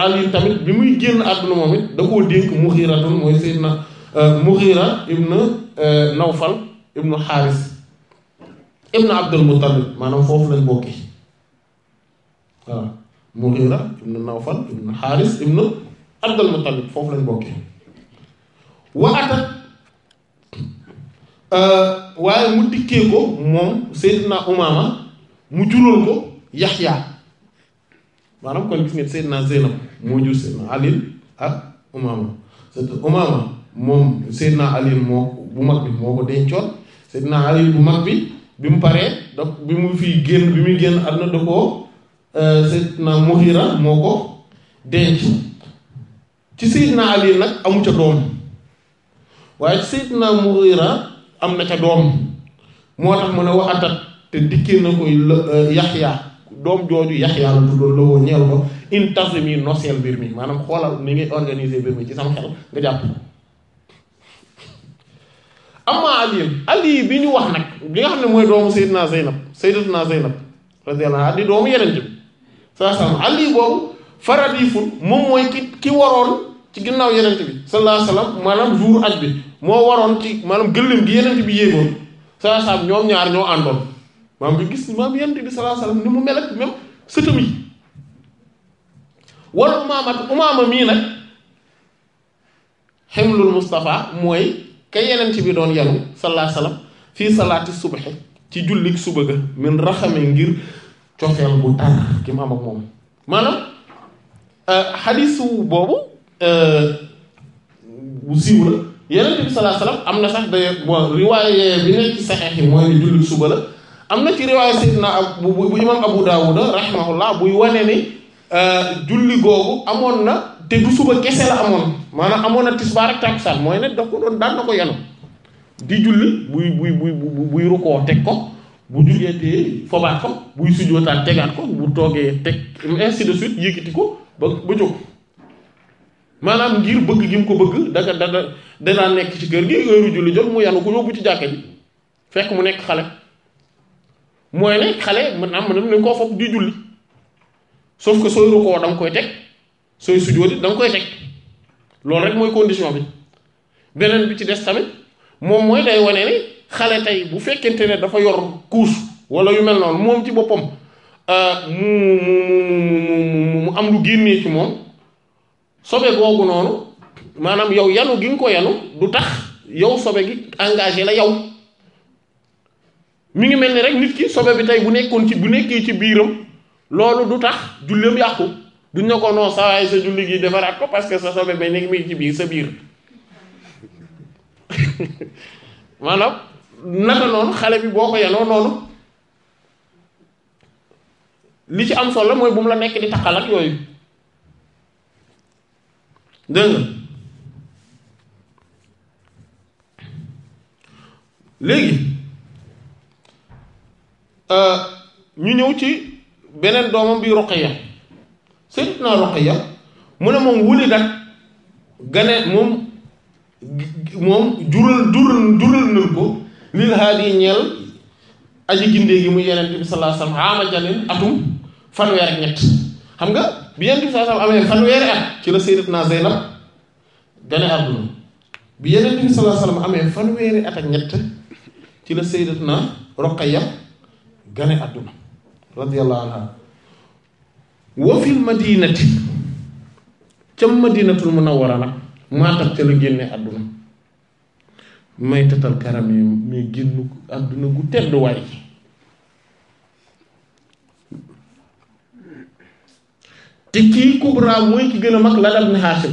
C: Ali tamit bi muy génn àdduna moom it da koo dénk Muxiratun mooy Seydina euh, Muxira ibnu euh, Nawfal ibnu Xaaris ibnu Abdul Muttalib maanaam foofu lañ bokki waaw Muxira ibnu Nawfal ibnu Xaaris ibnu Abdul Muttalib foofu lañ bokkee wa atat euh, waaye mu dikkee ko moom Seydina Umaama mu juróol ko Yaxya maanaam kon gis ngeen Seydina Zeynab moo jur Seydina Ali ak Umaama Seydina Umaama moom Seydina bu mag bi moo ko dencoon Seydina Ali bu mag bi bi mu paree da bi mu fi génn bi muy génn àdduna da koo euh, Seydina Muhira moo ko denc ci Seydina Ali nag amu ca doom waaye ci Seydina Mughira am na ca doom moo tax mu ne waxatat te dikkee na koy euh, Yaxya doom jooju Yaxya la tuddoon la woo ñeel ko intase mi noseel mbir mi maanaam xoolal ni ngay organiser mbir mi ci sama xel nga jàpp amma Ali Ali bi ñu wax nag bi nga xam ne mooy doomu Seydina Zeynab Seydatuna Zeynab radiyallahu anha di doomu yeneen bi saa sam Ali boobu faradiful moom mooy ki ki waroon ci ginnaaw yenent bi sallallahu alayhi maanaam jour aj bi moo waroon ci maanaam gëléem gi yenent bi yéegoon saa saab ñoom ñaar ñoo àndoon maanaam nga gis maanaam yenent bi sallallahu alayhi ni mu mel ak même yi wala umaamat umaama mii nag xemlul Moustapha mooy ka yenent bi doon yanu sallallahu alayhi wasallam fii salaati subhi ci jullik suba ga min raxame ngir cofeel bu tànn ki mu moom maanaam euh, xadiisu boobu bu euh, siiw la yeneen bi sallallahu alayhi am na sax day bon riwaaye bi nekk ci saxeex mooy ne jullit suba la am na ci riwaaye sayyidina bu bu imam Abu Dawuda rahimahullah buy wane ni euh, julli googu amoon na te du suba kese la amoon maanaam amoon na tisbaar ak takkusaan mooy ne da ko doon daan na ko yenu di julli buy buy buy buy rukkoo teg ko bu jugee te fobaat ko buy sujjootaat tegaat ko bu toogee teg ainsi de suite yëkkati ko ba ba jóg maanaam ngir bëgg gi mu ko bëgg daka dada danaa nekk ci kër gi heure julli jot mu yanu ko yóbbu ci jàkka bi fekk mu nekk xale mooy ne xale mën am mën nañ koo fopp di julli sauf ko sooy rukoo da nga koy teg sooy sujjóoti da koy teg loolu rek mooy condition bi beneen bi ci des tamit moom mooy day wane ni xale tey bu fekkente ne dafa yor kuus wala yu mel noonu moom ci boppam euh, mu mu mu mu mu am lu génnee ci moom sobe googu noonu maanaam yow yanu gi nga ko yanu du tax yow sobe gi engagé la yow mi ngi mel ni rek nit ki sobe bi tey bu nekkoon ci bu nekkee ci biiram loolu du tax julleem yàqu duñ ne ko non sawaay sa julli gi defaraat ko parce que sa sobe ba nekk mi ci biir sa biir maanaam naka noonu xale bi boo ko yanoo noonu li ci am solo mooy bu mu la nekk di taqal ak yooyu dégg léegi euh, ñu ñëw ci beneen doomam bi Ruqayya Sayyidatuna Ruqayya mu ne moom wuli nag gane moom moom jural jural jural nal ko lil haadi ñeel aji gindee gi muy yeneen bi sallallahu alayhi wa sallam atum fanweer ak ñett xam nga bi yonent bi sallallahu alayhi wasallam amee fanweeri at ci la sayyidatuna Zeynab gane àdduna bi yonent bi sallallahu alayhi wasallam amee fanweeri at ak ñett ci la sayyidatuna Ruqayya gane àdduna radiyallahu anha wa fil madinati ca madinatul munawwara nag maa ca la génnee àdduna may tatal karam te kii kubra mooy ki gën a mag la dal ibn Hashim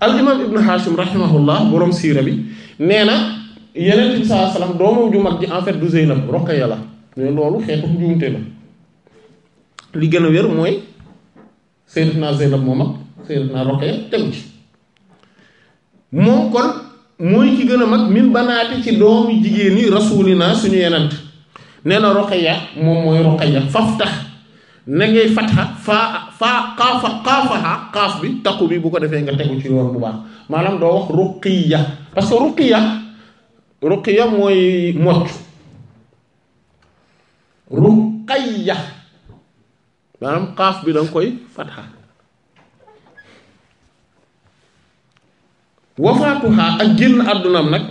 C: al imam ibn Hashim rahimahullah borom siira bi nee na yeneen bi saa salaam doomam ju mag ji en fait du Zeynab Roqaya la mais loolu xeetu njuumte la li gën a wér mooy Sayyidatuna Zeynab moo mag gën a mag min banaati ci suñu yenant nee na moom mooy Roqaya faf tax na ngay fatxa faa faa xaafa xaaf bi taqu bi bu ko defee nga tegu ci yoon bu baax maanaam doo wax ruqiya parce que ruqiya ruqiya mooy mocc ruqayya maanaam xaaf bi da nga koy fatxa wafaatuhaa ak génn àddunaam nag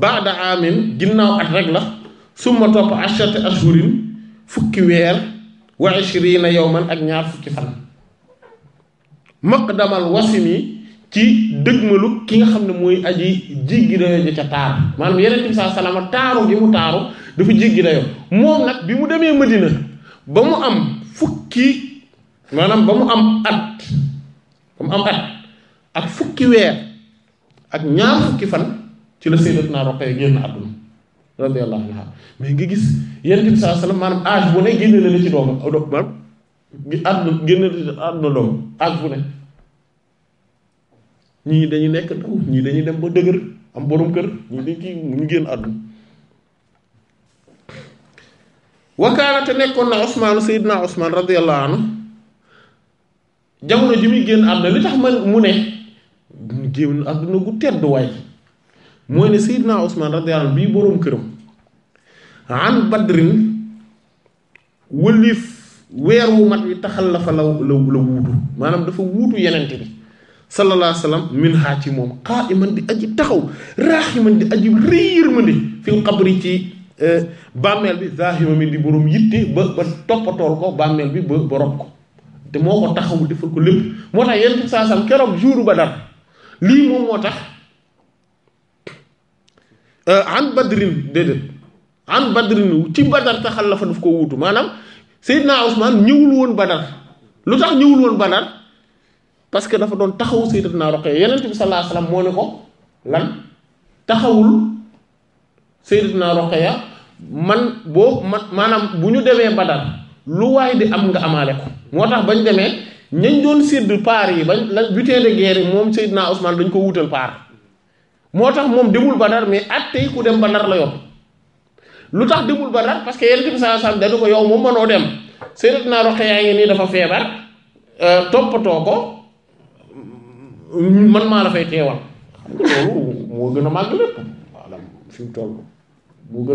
C: baada amin ginnaaw at rek la summa topp ashati ashurin fukki weer wa ishrina yawman ak ñaar fukki fan maqdamal wasimi ci lu ki nga xam ne mooy aji jéggi dayo ja ca taaru maanaam yeneen bi saa salaama taaru gi mu taaru dafa jéggi dayo moom nag bi mu demee Madina ba mu am fukki maanaam ba mu am at ba mu am at ak fukki weer ak ñaar fukki fan ci la sayyidatuna Ruqayya génn àdduna radiyallahu anha mais nga gis yonent bi sallallahu alayhi wasallam maanaam bu ne génne na la ci doomam doom âge bu ne ñii dañuy nekk ndaw ñii dañuy dem ba dëgër am borom kër ñii dañ kii ñu génn àdduna wakaanate nekkoon na Ousmane Seydina Ousmane radiyallahu anhu jamono ji muy génn àdduna li tax man mu ne génn àdduna gu tedd waay mooy ne Seydina Ousmane radiyallahu bii boroom këram an badrin wëlif weer mu mat wi taxal la fa la la wuutu maanaam dafa wuutu yenente bi sallallahu alayhi wa sallam ci moom qaaiman di aji taxaw raaximan di aji réyër ma ndi fil qabri ci euh, bàmmeel bi zaahima mi di boroom yitte ba ba toppatool ko bàmmeel bi ba ba rob ko te moo ko taxaw defal ko lépp moo tax yenente bi saa sallam keroog jouru lii moom moo tax Euh, an badrin déedéet an badrin ci badar taxal la fa daf ko wuutu maanaam Seydina Ousmane ñëwul woon badar lu tax ñëwul woon badar parce que dafa doon taxawu Sayyidatuna naa Yonent bi sallallahu alayhi wasallam moo ne ko lan taxawul Sayyidatuna man boo man maanaam bu ñu demee badar lu waaye di am nga amaale ko moo tax bañ demee ñañ doon sédd paar yi bañ la butin de guerre moom moom naa Ousmane dañ ko wutal paar moo tax moom demul Badar mais attey ku dem Badar la yor lu tax demul Badar parce que yonent bi sallallahu alayhi wasallam dañu ko yow moom mënoo dem Sayyidatuna Ruqayya ngi nii dafa feebar euh, toppatoo ko man maa la fay teewal gën mu toll moo gën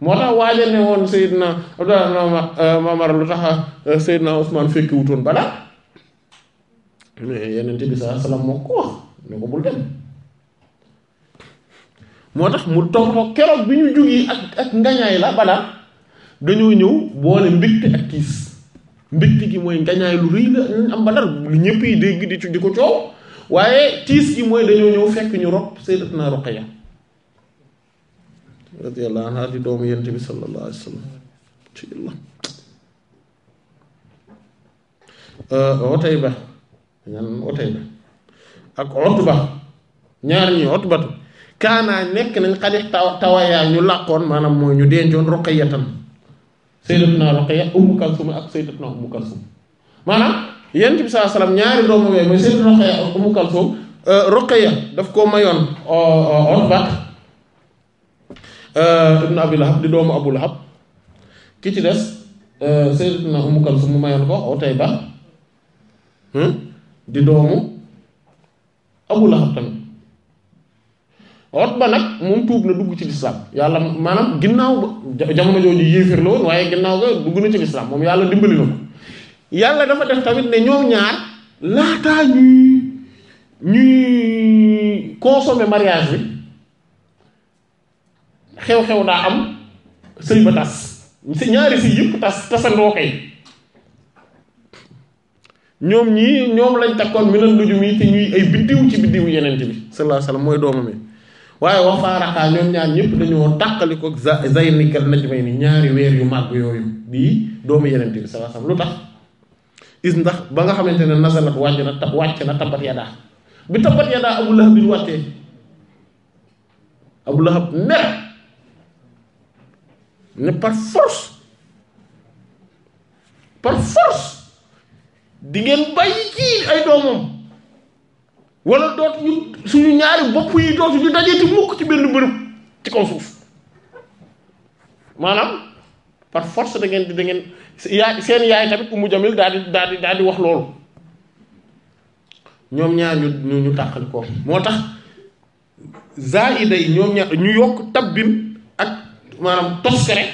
C: moo tax waaja ne woon Seydina Mamar euh, lu tax euh, Seydina Ousmane fekki wutoon mais yonent bi sallallahu alayhi moo ko wax ne ko bul dem moo tax mu toppatoo keroog bi ñu jugee ak ak ngañaay la Badar dañoo ñëw boole mbégte ak kiis mbégte gi mooy ngañaay lu rëy la ñu am Badar lu ñëpp dégg di di ko coow waaye tiis gi mooy dañoo ñëw fekk ñu rob sayyidatuna Ruqayya radiyallahu anha di doomu yonent bi sallallahu alayhi wa sallam ci euh, ñaar ñi Utbatu kaanaa nekk nañ xadix taw tawayaa ñu làqoon maanaam mooy ñu dencoon ruqayatan sayyidatuna ruqayya ummu kalsum ak sayyidatuna ummu kalsum maanaam yonent bi sallallahu alayhi ñaari doomu yooyu mooy sayyidatuna ruqayya ak euh, daf koo mayoon Utba euh, euh, ibn di doomu Abu Lahab ki ci des sayyidatuna ummu kalsum mu mayoon ko Utayba hmm, di doomu Abu Lahab tamit ba nag moom tuub na dugg ci lislaam yàlla maanaam ginnaaw ba jamono jooju yéeféer waaye ginnaaw ga dugg na ci lislaam moom yàlla dimbali na ko yàlla dafa def tamit ne ñoom ñaar laataa ñuy ñuy consommer mariage bi xew-xew daa am sëy ba tas si yëpp tas ñoom ñii ñoom lañ takkoon mi lan luju te ñuy ay biddiw ci biddiw yeneen bi sallallahu alayhi wasallam mooy doomam yi waaye wa faaraxaa ñoom ñaar ñëpp dañu woon tàqali ko may najmayni ñaari weer yu màgg yooyu di doomu yeneen bi sallallahu alayhi lu tax is ndax ba nga xamante ne nasalat wàcc na tab wàcc na tabbat yadaa bi tabbat yadaa abu lahab bi wàccee abu lahab mer ne par force par force di bàyyi kii ay doomam wala dootuñu suñu ñaari bopp yi dootuñu dajeeti mukk ci benn bërëb ci kaw suuf maanaam par force da ngeen di da ngeen seen yaay tamit Umu Jamil daal di daal di daal di wax loolu ñoom ñaar ñu ñu tàqali ko moo tax zaida yi ñoom ñaar ñu yokk tabbin ak maanaam toskere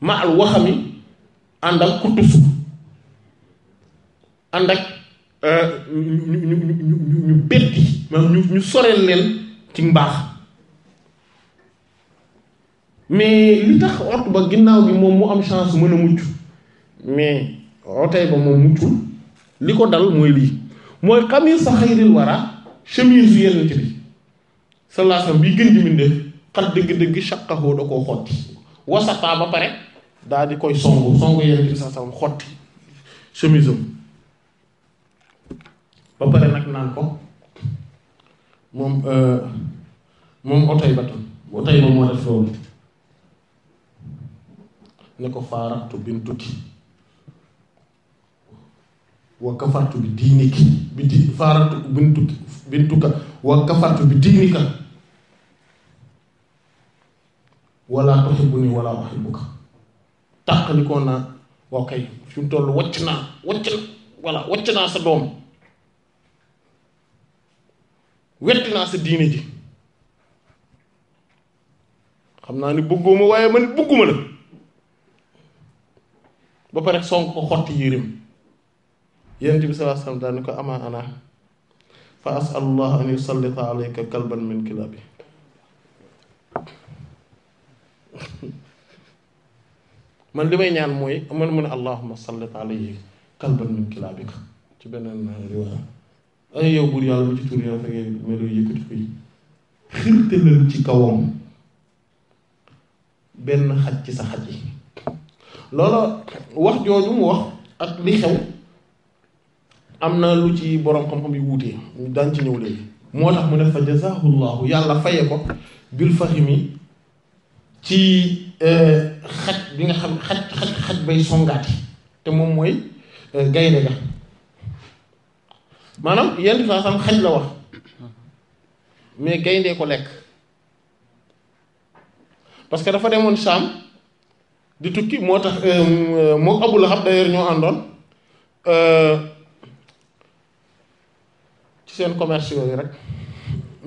C: ma al waxami ànd ak kuttus ànd ak Euh, ñu ñu ñu ñu betti maanaam ñu ñu soreel leen ci mbaax mais li tax ot ba ginnaaw gi moom mu am chance mën a mucc mais otey ba moom muccul li ko dal mooy lii mooy xamis sa xayril wara chemise yenente bi sallallahu alayhi wasallam bi gën di mbindéef xat dëgg-dëgg shaqahu da koo xotti wasataa ba pare daa di koy songu songu yenente bi sallallahu alayhi wasallam xotti chemise am ba pare nag naan ko moom euh, moom otoy batu otoy ba moo def loolu ne ko faaratu bintuki wa kafartu bi bi di faaratu bintuki ko naa waaw kay fi mu toll wàcc naa wàcc na voilà naa sa doom wetti naa sa diine ji xam naa ni bëgguma waaye man bëgguma la ba pare sonk ko xotti yéreem yonent bi sallallahu alayhi daal ni ko ama ana fa asalullah an yusallita alayka kalban min kilaabi man li may ñaan mooy man mu ne allahuma sallit alayhi kalban min kilaabika ci beneen riwaaya ay yow buur yàlla ci tur yàlla da ngay melu yëkkati ko yi xirte ci kawam benn xaj ci sa xaj yi loola wax jooju mu wax ak li xew am na lu ci boroom xam-xam yu wuutee daan ci ñëw léegi moo tax mu ne fa jazahullahu yàlla faye ko bil fahimi ci eh, xaj bi nga xam xaj xaj xaj bay songaati te moom mooy eh, gaynde ga maanaam yenn saa sam xaj la wax mais gayndee ko lekk parce que dafa demoon Saam di tukki moo tax euh, moo Abu Lahab d'ailleurs ñoo àndoon euh, ci seen commerce yooyu rek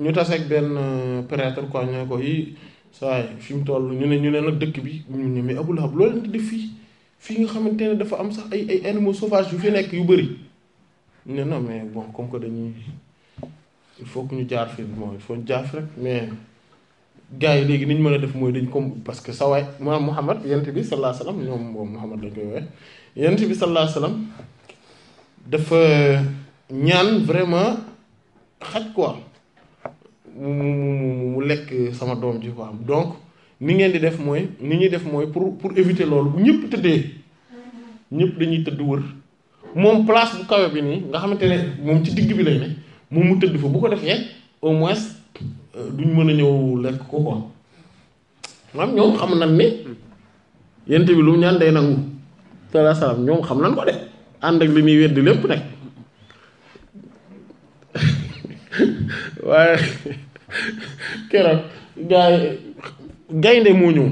C: ñu taseeg benn euh, prêtre quoi ñu ne ko yi saa yi fi mu toll ñu ne ñu ne nag dëkk bi ñu ne mais Abu Lahab loolu leen di def fii fii nga xamante ne dafa am sax ay ay animaux sauvages yu fi nekk yu bëri ne non mais bon comme que dañuy il faut que ñu jaar fi bon il faut ñu jaar fi rek mais gars yi léegi ni mën a def mooy dañ comme parce que sa waay maanaam Muhammad yent bi sallallahu alayhi wasallam ñoom moom Muhammad lañ koy woowe yent bi sallallahu alayhi wasallam dafa ñaan vraiment xaj quoi mu mu mu lekk sama doom ji quoi donc ni ngeen di def mooy ni ñuy def mooy pour pour éviter loolu bu ñëpp tëddee ñëpp dañuy tëdd wër moom place bu kawe bi nii nga xamante ne moom ci digg bi lay ne moom mu tëdd fa bu ko defee au moins euh, duñ mën a ñëw lekk ko quoi maanaam xam nañ ne yent bi lu mu ñaan day nangu ñoom xam nañ ko de ànd ak li muy wedd lépp nag waaye keroog gaa yi gaynde moo ñëw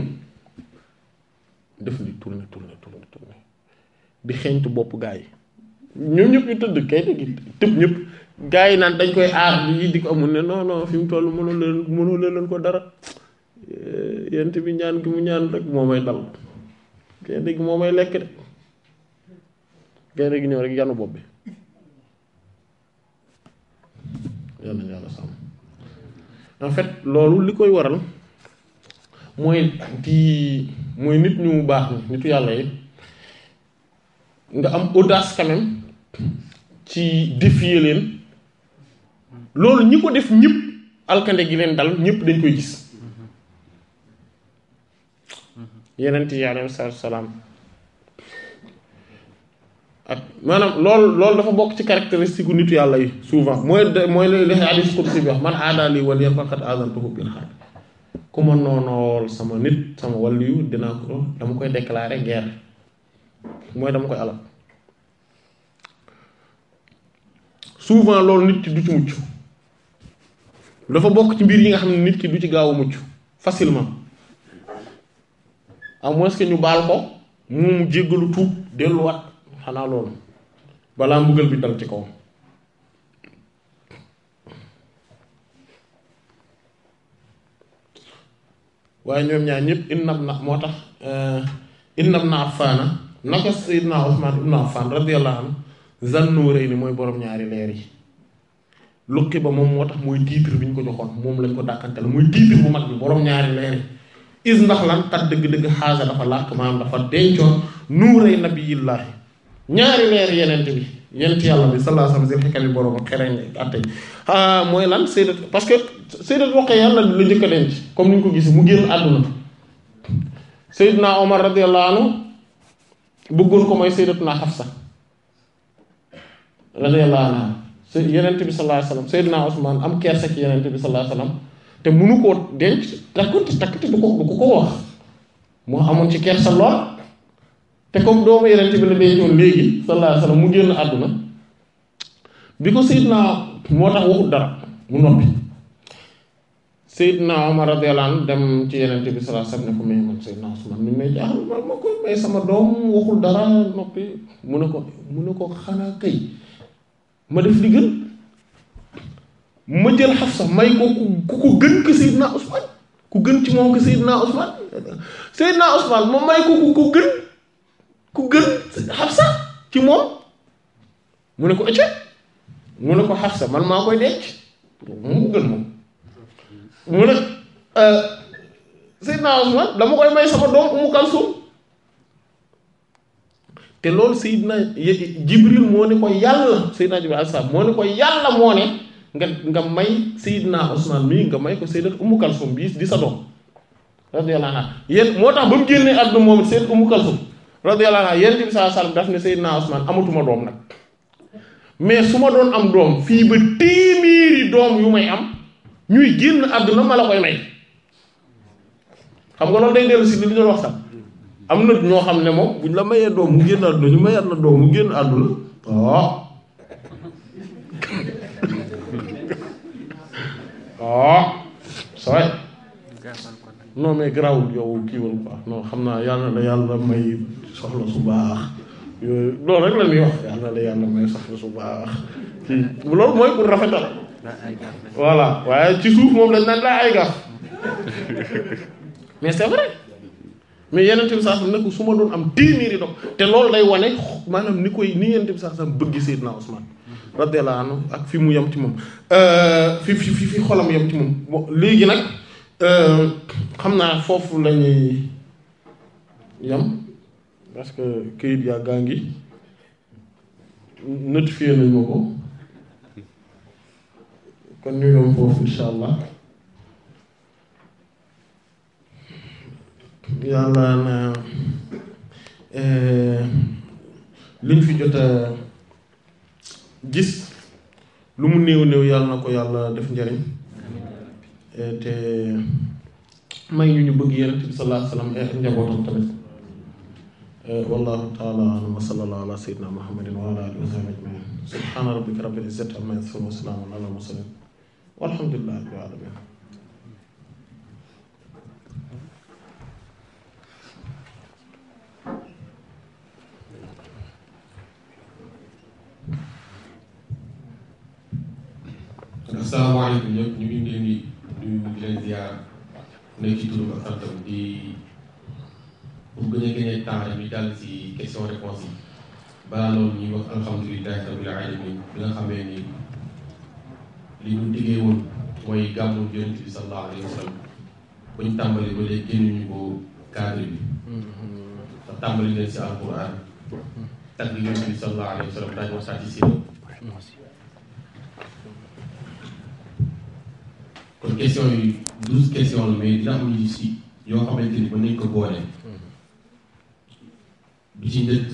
C: def li tourné tourné tourné tourné di xeeñtu bopp gaa yi ñoom ñëpp ñu tëdd kay dëgg tëb ñëpp gars yi naan dañ koy aar bi di ko amul ne non non fi mu toll mënoo leen mënoo leen ko dara eh, yent bi ñaan gi mu ñaan rek moo may dal kay dëgg moo may lekk de kay dëgg ñëw rek yanu bopp bi yàlla yàlla sàmm en fait loolu li koy waral mooy di mooy nit ñu baax nit yàlla yi nga am audace quand ci défier leen loolu ñi ko def ñëpp alkande gi leen dal ñëpp dañ koy gis yenent yi alayhi salaam ak maanaam loolu loolu dafa bokk ci caractéristique u nitu yàlla yi souvent mooy mooy li hadiis qudsi bi ku ma noonool sama nit sama waliyu dinaa ko dama koy déclarer guerre mooy dama koy alal souvent loolu nit ki du ci mucc dafa bokk ci mbir yi nga xam ne nit ki du ci gaaw a mucc facilement à moins que ñu baal ko mu jéggalu tuub delluwaat xanaa loolu balaa mbugal bi dal ci kaw waaye ñoom ñaar ñëpp innab na moo tax euh, innab na Affaana naka Seydina Ousmane ibn Affan radiyallahu anhu Zannurayni mooy borom ñaari leer yi luqi ba moom moo tax mooy titre bi ñu ko joxoon moom lañ ko dàkkante la mooy titre bu mag bi boroom ñaari leer yi is ndax lan tat dëgg-dëgg xaasa dafa làkk maanaam dafa dencoon nuuray nabiyillaahi ñaari leer yenente bi yent yàlla bi sallallahu alayhi wasallam xekal yi borom ak mooy lan sayyidat parce que sayyidat Ruqayya yàlla la njëkk a denc comme ni ñu ko gis mu génn àdduna sayyidna Omar radiyallahu bëggoon ko mooy sayyidatuna Hafsa la anhu sa yenent bi sallallahu alayhi wasallam bi sallallahu alayhi wasallam te munu koo denc ci kersa lool te comme doomu bi la dencoon léegi sallallahu alayhi wasallam mu génn àdduna ko Seydina moo tax waxut ci yenent bi sallallahu alayhi wasallam ne ko may may jaaxal ma koy may sama doom waxul dara noppi mu ne ko mu ne ko xanaa kay ma def li gën ma jël Xafsa may ko ku ko gën ko Seydina Ousmane ku gën ci moom ko Seydina Ousmane Seydina Ousmane ma may ko ku ko gën ku gën Xafsa ci moom mu ne ko ëcce mu ne ko Xafsa man maa koy denc mu gën moom mu ne euh, Seydina Ousmane dama koy may sama doom Umu Kalsum te loolu Seydina Jibril moo ne ko yàlla Seydina Jibril alayhi moo ne ko yàlla moo ne nga nga may Seydina Usmaan mii nga may ko Seydat Ummu Kalsum bii di sa doom radiyallahu anha yéen moo tax ba mu génnee àdduna moom Seydat Ummu Kalsum radiyallahu anha yéen bi sallallahu alayhi wasallam daf ne Seydina Usmaan amatuma doom nag mais su ma doon am doom fii ba téeméeri doom yu may am ñuy génn àdduna ma la koy may xam nga loolu day dellu si li doon wax sax am na ñoo xam ne moom buñ la mayee doom mu génn àdduna ñu mayaat la doom mu génn àdduna waaw ah. ah. waaw saway non mais garaawul yow kiiwal quoi non xam naa yàlla na yàlla may soxla su baax yooyu loolu rek la ñuy yàlla na yàlla may su baax ci loolu mooy pour rafetal voilà waaye ci suuf moom lañ naan laa ay gaf mais c'est vrai mais yenente bi sax na ko su ma doon am téeméeri dog te loolu day wane maanaam ni koy ni yenente bi sax sam bëgg Seydina Ousmane radiyallahu anhu ak fi mu yem ci moom euh, fi fi fi xolam yem ci moom léegi nag euh, xam naa foofu lañuy ñuy yem parce que këyit yaa gaa ngi notifié nañ ma kon ñu yem foofu insha allah yàlla na eh, liñ fi jot a gis lu mu néew néew yàlla na ko yàlla def njariñ eh, te may ñu ñu bëgg yonent bi sallallahu alayhi wa sallam njabootam tamit eh, wallahu taala alam wa sallallahu ala sayyidina muhammadin wa ala alihi wa sahbihi ajmain subhana rabbika rabbil izzati amma yasifun wa salamun ala mursalin walhamdulillahi rabbil alamin
F: asalaamaaleykum ñëpp ñu ngi leen di nuyu nekk ci turam ak santam di bu gën a gën a temps rek ñu jàll si question réponse yi balaa loolu ñuy wax alamin bi nga xamee ni li ñu diggee woon mooy gàmmu yonent bi sallallahu alayhi wa sallam bu ba léegi génnuñu ko cadre bi ndax mm-hmm. tàmbali leen si alquran mm-hmm. tagg yonent bi sallallahu alayhi kon question yi douze question la mais dina am yu si yoo xamante ni mën nañ ko boole bi ci njëkk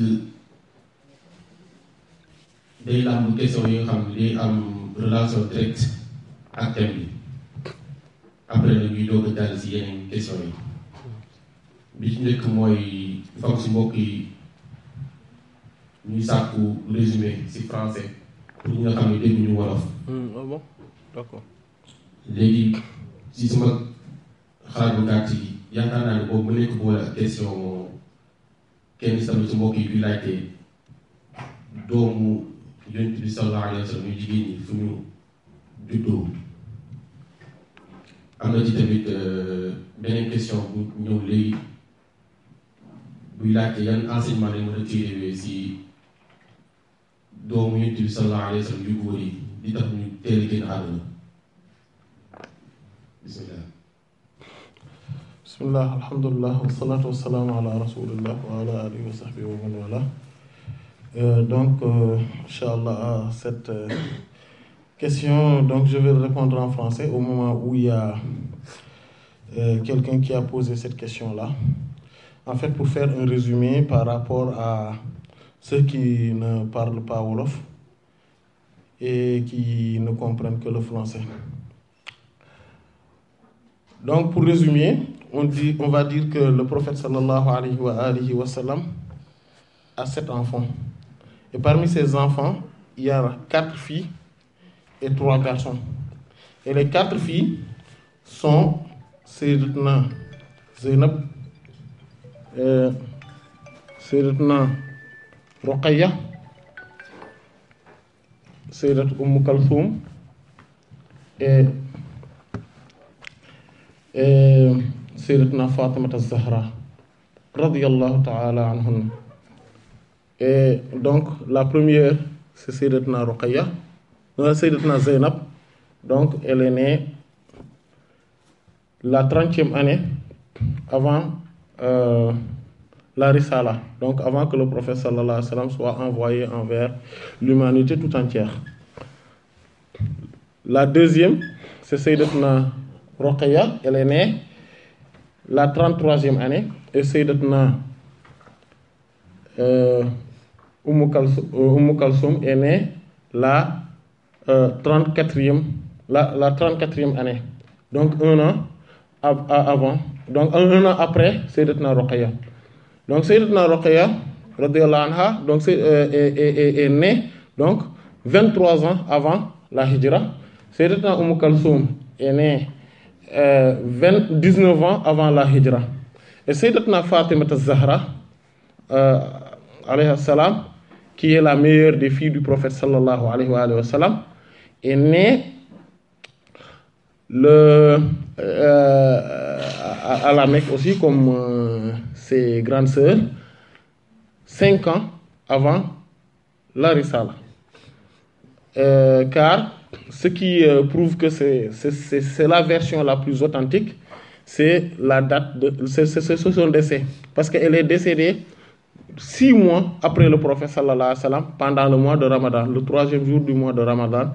F: day làmb question yi nga relation directe ak après la ñuy doog a jàll si yeneen question yi bi ci njëkk mooy fam si mbokk yi ñuy sàkku résumé si français pour ñi nga xam ne dégg ñu wolof hmm, ah d'accord léegi si sama xaaj bu gàtt gi yaakaar naa ne boobu mu nekk boole ak question kenn sama ci mbokk yi kuy laajte doomu yonent bi sallallahu alayhi wa sallam yu jigéen ñi fu ñu juddoo am na ci tamit euh, beneen question bu ñëw léegi buy laajte yan enseignement lañ mën a tiiree si doomu yonent bi yu góor yi di tax ñu teel a génn bismillah
C: bismillah alhamdulilah wasalaatu wasalaamu ala rasulillah wa ala alihi wa sahbihi wa man wala euh, donc euh, inchallah à cette euh, question donc je vais répondre en français au moment où il y a euh, quelqu'un qui a posé cette question là en fait pour faire un résumé par rapport à ceux qui ne parlent pas wolof et qui ne comprennent que le français donc pour résumer on dit on va dire que le prophète sallallahu alayhi wa alihi wa sallam a sept enfants et parmi ces enfants il y a quatre filles et trois garçons et les quatre filles sont Sayyidatna Zaynab euh, Sayyidatna Ruqayya Sayyidat Umm Kalthum et Eh, sayyidatuna Fatimata Zahra radiyallahu ta'ala anhunna et eh, donc la première c'est sayyidatuna Ruqayya non euh, sayyidatuna donc elle la trentième année avant euh, la risala donc avant que le prophète sallallahu alayhi wa sallam soit envoyé envers l'humanité tout entière la deuxième c'est sayyidatuna Ruqayya elle est née la 33e année et Sayyidatna euh, Umm Kalsum Umm la euh, 34e la la 34 année donc un an avant donc un an après Sayyidatna Ruqayya donc Sayyidatna Ruqayya radiyallahu anha donc c'est euh, est, est, est née donc 23 ans avant la hijra Sayyidatna Umm Kalsum est née Euh, vingt dix neuf ans avant la hijra et Sayyidatna Fatimata Zahra euh, alayha salam qui est la meilleure des filles du prophète sallallahu alayhi wa sallam est née le euh, aussi comme euh, ses grandes cinq ans avant la risala euh, ce qui euh, prouve que c'est la version la plus authentique, c'est la date de c'est son décès parce qu'elle est décédée six mois après le prophète sallallahu alayhi wa sallam pendant le mois de Ramadan, le troisième jour du mois de Ramadan,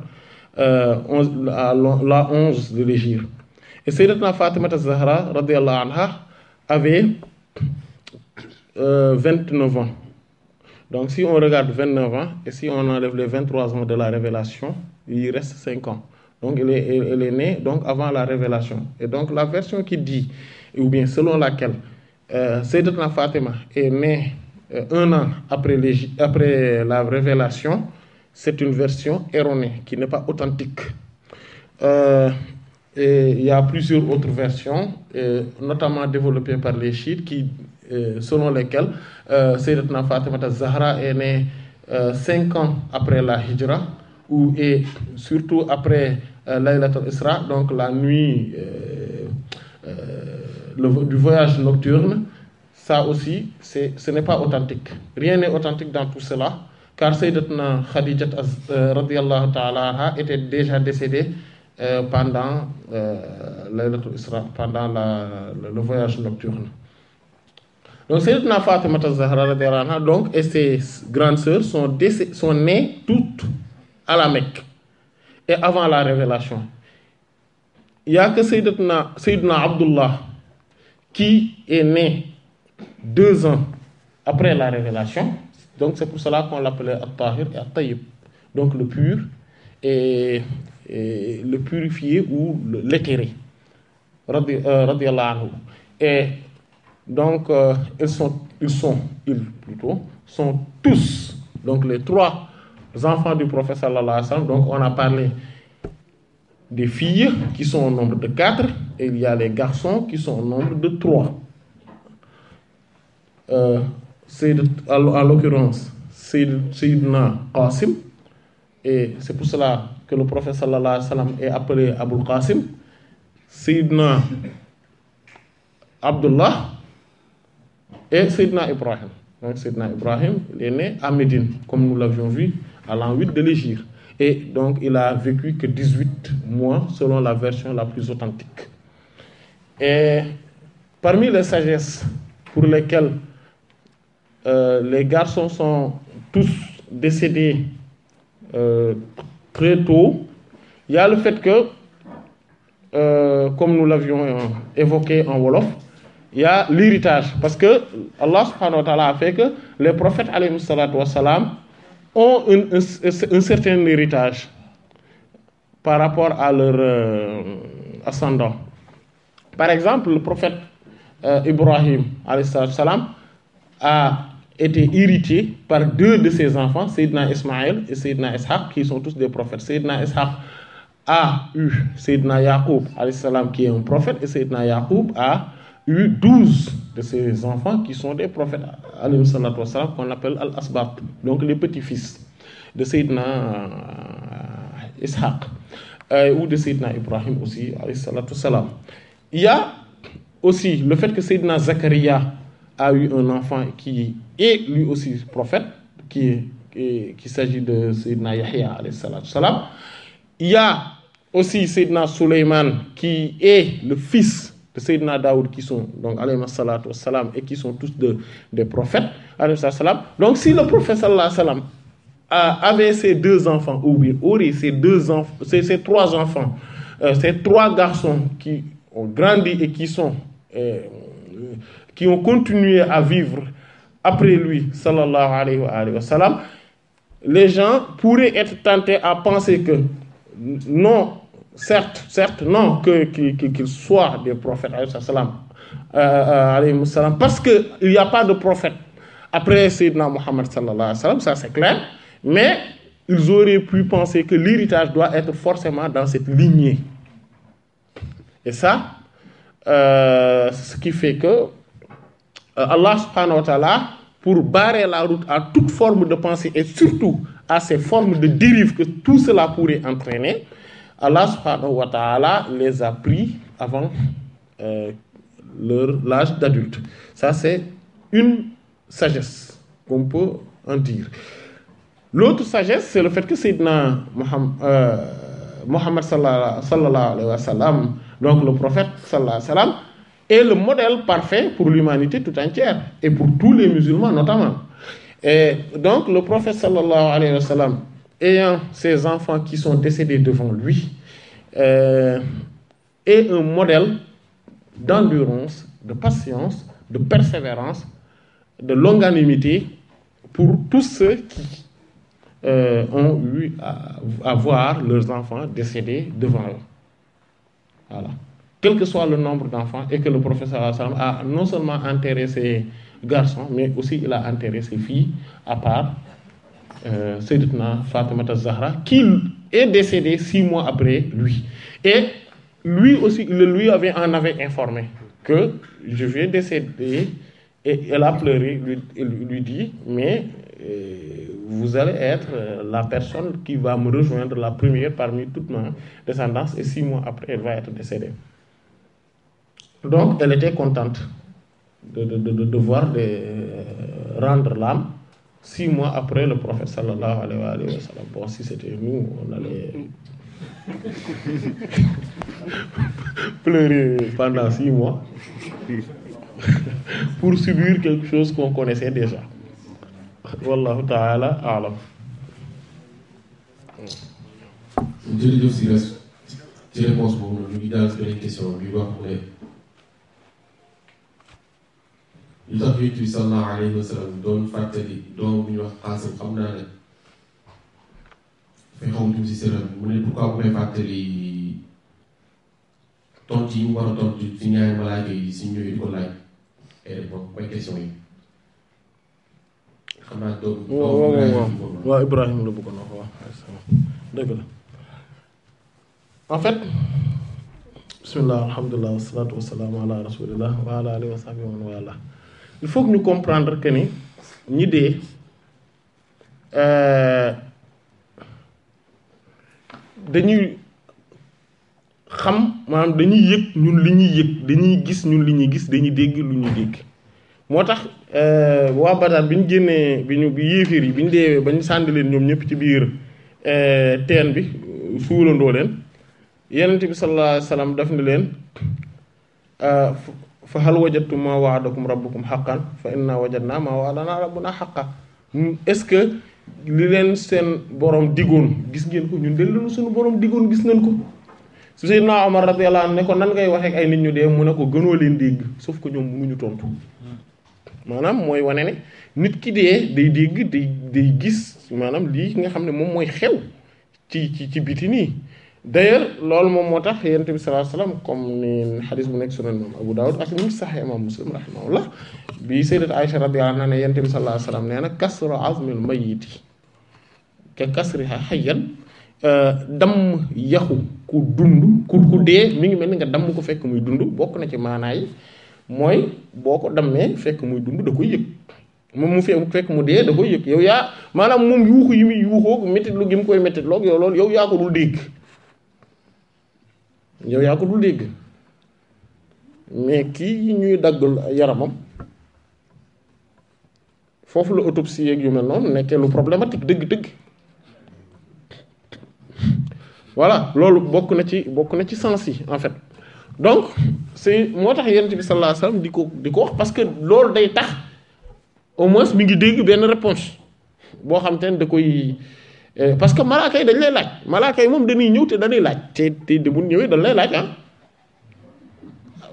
C: euh, 11, la, la 11 de l'Hégire. Et Sayyidatna Fatima Zahra radiyallahu anha avait euh, 29 ans. Donc si on regarde 29 ans et si on enlève les 23 ans de la révélation il reste cinq ans. Donc, elle est, née donc, avant la révélation. Et donc, la version qui dit, ou bien selon laquelle euh, Sayyidatna Fatima est née euh, un an après, les, après la révélation, c'est une version erronée, qui n'est pas authentique. Euh, et il y a plusieurs autres versions, euh, notamment développées par les chiites, qui, euh, selon lesquelles euh, Sayyidatna Fatima Zahra est née euh, cinq ans après la hijra, ou et surtout après euh, Laylatul Isra donc la nuit euh, euh, le, du voyage nocturne ça aussi c'est ce n'est pas authentique rien n'est authentique dans tout cela car Sayyidatna Khadija radiyallahu ta'ala anha était déjà décédée pendant euh, Laylatul pendant la le, le voyage nocturne donc Sayyidatna Fatima az-Zahra radiyallahu anha donc et ses grandes sœurs sont nées toutes à la Mecque et avant la révélation il n'y a que Sayyidna Sayyidna Abdullah qui est né deux ans après la révélation donc c'est pour cela qu'on l'appelait At-Tahir et At-Tayyib donc le pur et, et le purifié ou l'éthéré radi euh, radiyallahu et donc euh, ils sont ils plutôt sont tous donc les trois enfants du prophète sallallahu alayhi wa sallam donc on a parlé des filles qui sont au nombre de quatre et il y a les garçons qui sont au nombre de trois euh, c'est à l'occurrence Sayyidina et c'est pour cela que le prophète sallallahu alayhi wa est appelé Abul Qasim Sayyidina Abdullah et Sayyidina Ibrahim donc Sayyidina Ibrahim il est comme nous l'avions vu à huit 8 de l'Égypte. Et donc, il a vécu que 18 mois, selon la version la plus authentique. Et parmi les sagesses pour lesquelles euh, les garçons sont tous décédés euh, très tôt, il y a le fait que, euh, comme nous l'avions euh, évoqué en Wolof, y a l'héritage. Parce que Allah subhanahu wa ta'ala a fait que les prophètes, alayhi salatu wa ont un, un, un certain héritage par rapport à leur euh, ascendant. Par exemple, le prophète euh, Ibrahim salam, a été irrité par deux de ses enfants, Sayyidina Ismaël et Sayyidina Ishaq, qui sont tous des prophètes. Sayyidina Ishaq a eu Sayyidina Yaqub salam, qui est un prophète, et Sayyidina Yaqub a 12 de ses enfants qui sont des prophètes, qu'on appelle Al-Asbat, donc les petits-fils de Sayyidina euh, Ishaq euh, ou de Sayyidina Ibrahim aussi, salam. Il y a aussi le fait que Sayyidina Zakaria a eu enfant qui est lui aussi prophète, qui, qui, qui s'agit de Sayyidina Yahya, salam. Il y a aussi Sayyidina Suleiman qui est le fils de Seydina Daoud qui sont donc alayhi salatu wassalam et qui sont tous de, des prophètes alayhi salam donc si le prophète sallallahu alayhi avait ses deux enfants ou bien aurait ses deux enfants euh, ses, trois garçons qui ont grandi et qui sont euh, qui ont continué à vivre après lui sallallahu alayhi les gens pourraient être tentés à penser que non certes certes non que qu'ils qu soient des prophètes alayhi salam euh, euh, parce que il a pas de prophète après Sayyidina Muhammad sallallahu alayhi wa ça c'est clair mais ils auraient pu penser que l'héritage doit être forcément dans cette lignée et ça euh, ce qui fait que euh, Allah subhanahu wa pour barrer la route à toute forme de pensée et surtout à ces formes de dérive que tout cela pourrait entraîner Allah subhanahu wa les a pris avant euh, leur l'âge d'adulte ça c'est une sagesse qu'on peut en dire l'autre sagesse c'est le fait que Seydina Muhammad euh, Muhammad sallallahu donc le prophète sallallahu alayhi wa sallam est le modèle parfait pour l'humanité tout entière et pour tous les musulmans notamment et donc le prophète sallallahu alayhi wa ayant ses enfants qui sont décédés devant lui, euh, est un modèle d'endurance, de patience, de persévérance, de longanimité pour tous ceux qui euh, ont eu à, à, voir leurs enfants décédés devant eux. Voilà. Quel que soit le nombre d'enfants, et que le professeur a non seulement enterré ses garçons, mais aussi il a enterré ses filles à part euh, Sayyidatuna Fatimata Zahra, qui est décédée six mois après lui. Et lui aussi, le lui en avait informé que je vais décéder. Et elle a pleuré, lui, dit, mais euh, vous allez être euh, la personne qui va me rejoindre, la première parmi toute ma descendance, et six mois après, elle va être décédée. Donc, elle était contente de, de devoir euh, rendre l'âme six mois après le prophète sallallahu alayhi wa, bon si c'était nous on allait pleurer pendant six mois pour subir quelque chose qu'on connaissait déjà wallahu ta'ala a'lam
F: li tax yonent bi sallallahu alayhi wa sallam doon fàttali doom bu ñuy wax xaasim xam naa ne dafay xaw tuuti sëram mu ne pourquoi bu may fàttali tontu yi mu war a tontu ci ñaari malaaka yi si ñëwee di ko laaj ay réponse ay question yi xam naa doom. waaw waaw waaw waaw Ibrahima la bëggoon wax waaw
C: dëgg la en fait. bismillah alhamdulilah wasalaatu wasalaamu ala rasulillah wa ala alihi wa sahbihi wa man wala il faut ñu comprendre que ni ñi dee euh, dañuy xam maanaam dañuy yëg ñun li ñuy yëg dañuy gis ñun li ñuy gis dañuy dégg lu ñuy dégg moo tax euh, waa Badar bi ñu génnee bi ñu bi yéeféer yi bi ñu deewee ba ñu sànni leen ñoom ñëpp ci biir euh, teen bi suulandoo leen yenent bi sallallahu alayhi daf ni leen fa hal wajadtum ma waadakum rabbukum haqqan fa inna wajadna ma waadana rabbuna haqqan hmm, est-ce que li leen seen borom diggoon gis ngeen ko ñun de lu suñu borom diggoon gis nañ ko su Seydina Omar radiyallahu anhu ne ko nan ngay waxee ay nit ñu dee mu ne ko gënoo leen dégg sauf que ñoom ñu tontu maanaam mooy wane ne nit ki dee day dégg day day gis maanaam lii nga xam ne moom mooy xew ci ci ci biti nii d'ailleurs loolu moom moo tax yonent bi sallallahu alayhi comme ni xadis bu nekk sunan imam Abu Dawud ak ni Sahih imam Muslim rahimahullah bi sayyidat Aisha radiyallahu naa ne yonent bi sallallahu alayhi wasallam nee na kasru azmil mayyiti ka kasriha hayyan euh, damm yaxu ku dund ku ku dee mi ngi mel ni nga damm ko fekk muy dund bokk na ci maanaay mooy boo ko dammee fekk muy dund da koy yëg moom mu fekk mu dee da koy yëg yow yaa maanaam moom yuuxu yi muy yuuxoo métitlu gi mu koy métitloog yow loolu yow yaa ko dul dégg yow yaa ko dul dégg mais kii ñuy daggal yaramam foofu la autopsie yeeg yu mel noonu nekkee lu problématique dëgg-dëgg voilà loolu bokk na ci bokk na ci sens yi en fait donc c'est moo tax yonent bi sallallahu di ko di ko wax parce que loolu day tax au moins mi ngi dégg benn réponse boo xam te da koy Eh, parce que malaaka yi dañ lay laaj malaaka yi moom dañuy ñëw te dañuy laaj te te bu ñëwee dañ lay laaj ah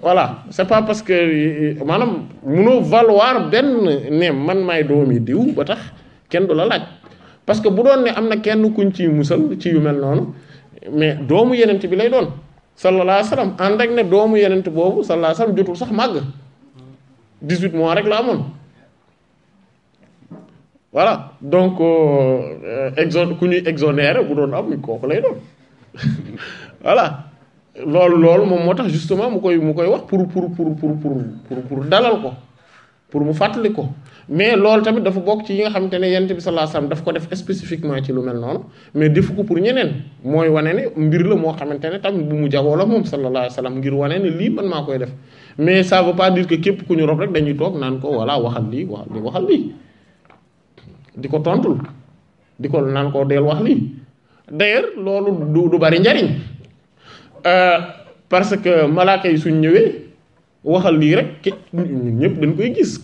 C: voilà c'est pas parce que euh, maanaam munoo valoir benn ne man maay doomi diw ba tax kenn du la laaj parce que bu doon ne am na kenn kuñ ci musal ci yu mel noonu mais doomu yenent bi lay doon sallallahu alayhi wa sallam ànd ne doomu yenent boobu sallallahu alayhi wa sallam jotul sax màgg 18 mois rek la amoon voilà donc euh, euh, exo ku ñuy exonéré bu doon am kooku lay doon voilà loolu loolu moom moo tax justement mu koy mu koy wax pour pour pour pour pour pour dalal ko pour mu fàttali ko mais loolu tamit dafa bokk ci yi nga xamante ne yonent bi sa alayhi wasallam daf ko def spécifiquement ci lu mel noonu mais defu ko pour ñeneen mooy wane ne mbir la moo xamante ne tamit bu mu jagoo la moom sallallahu alayhi wasallam ngir wane ne lii man maa koy def mais ça veut pas dire képp ku ñu rek dañuy toog naan ko voilà waxal lii waxal lii waxal di ko tontul di ko naan ko del wax lii d'ailleurs loolu du du bari njariñ euh, parce que malaaka yi suñ ñëwee waxal lii rek ki ñëpp dañ koy gis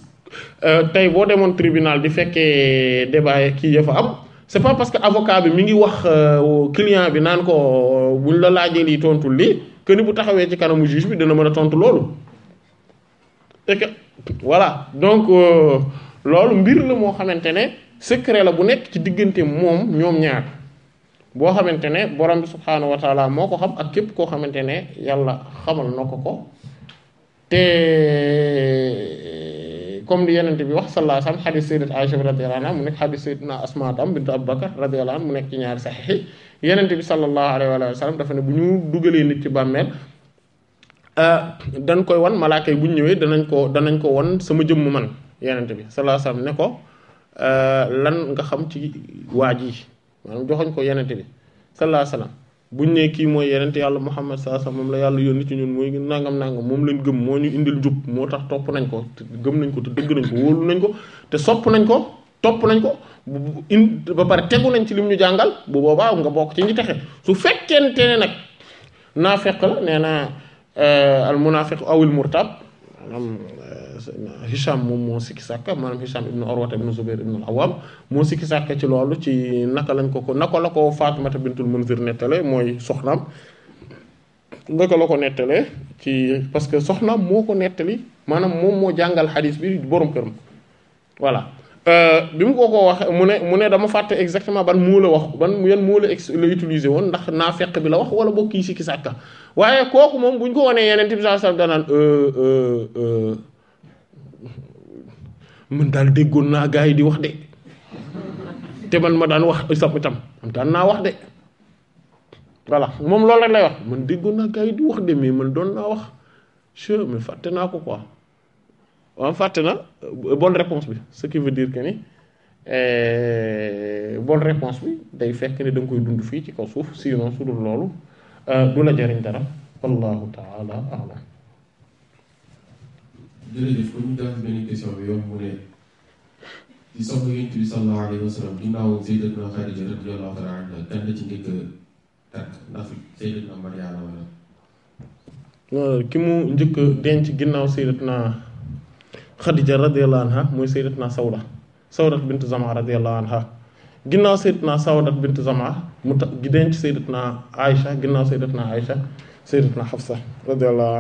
C: euh, tey boo demoon tribunal di fekkee débat kii ya am c'est pas parce que avocat bi mi ngi wax euh, client bi naan ko buñ la laaj lii tontul lii que bu taxawee ci kanamu juge bi dina mën a tontu loolu et que voilà donc loolu mbir la moo xamante ne secret la bu nekk ci diggante moom ñoom ñaar boo xamante ne borom bi subhaanahu wa taala moo ko xam ak képp koo xamante ne yàlla xamal na ko ko te comme li yenente bi wax sallallahu alayhi wasallam xadis sayyidat Aisha radiyallahu anha mu nekk xadis sayyidatuna Asma tam bintu Abubakar radiyallahu anha mu nekk ci ñaari saxiix yenent bi sallallahu alayhi wa sallam dafa ne bu ñu dugalee nit ci bàmmeel euh, dan koy wan malaaka yi bu ñu ñëwee danañ ko danañ ko won sama jëmm man yenente bi sallallahu alayhi ne ko Euh, lan nga xam ci waa ji maanaam joxoñ ko yenente bi sallallahu alayhi wasallam buñ ne kii mooy yenente yàlla Muhammad sallallahu alayhi wasallam moom la yàlla yónni ci ñun mooy nangam nangam moom lañ gëm moo ñu indil njub moo tax topp nañ ko gëm nañ ko te dëgg nañ ko wóolu nañ ko te sopp nañ ko topp nañ ko in ba pare tegu nañ ci lim ñu jàngal bu boobaa nga bokk ci ñi texe su fekkente ne nag naafeq la nee na euh, al munafiq awil murtab maanaam Hisham moom moo sikki sàkka maanaam Hisham ibnu Urwata ibnu Zubair ibnu al-Awwam moo sikki sàkka ci loolu ci naka lañ ko ko naka la ko Faatimata bintul Munzir nettale mooy soxnaam naka la ko nettalee ci parce que soxnaam moo ko nettali maanaam moom moo jàngal xadis bi borom këram voilà euh, bi mu ko ko waxee mu ne mu ne dama fàtte exactement ban moo la wax ban yan moo la ex la utilisé woon ndax naa fekk bi la wax wala bokk yi sikki sàkka waaye kooku moom bu man daal déggoon naa gars yi di wax de te man ma daan wax sam itam man daan naa wax de voilà moom loolu rek lay wax man déggoon naa gars yi di wax de mais man doon naa wax che mais fàtte naa ko quoi waaw ah, fàtte na euh, bonne réponse bi ce qui veut dire que ni euh, bonne réponse bi day fekk ne da koy dund fii ci kaw suuf sinon su dul loolu euh, du la jëriñ dara wallahu taala alam
F: jërëjëf ko ñu daan benn question bi yow mu ne bi sallallahu alayhi wa sallam ginnaaw Sayyidatuna Xadija njëkk a takk ndax
C: euh, denc ginnaaw Sayyidatuna Xadija radiyallahu anha mooy Sayyidatuna Sawda Sawda bint Zama radiyallahu anha ginnaaw Sayyidatuna Sawda bint Zama mu ta denc Sayyidatuna Aïcha ginnaaw Sayyidatuna Aïcha. sayyidatuna Hafsa radiyallahu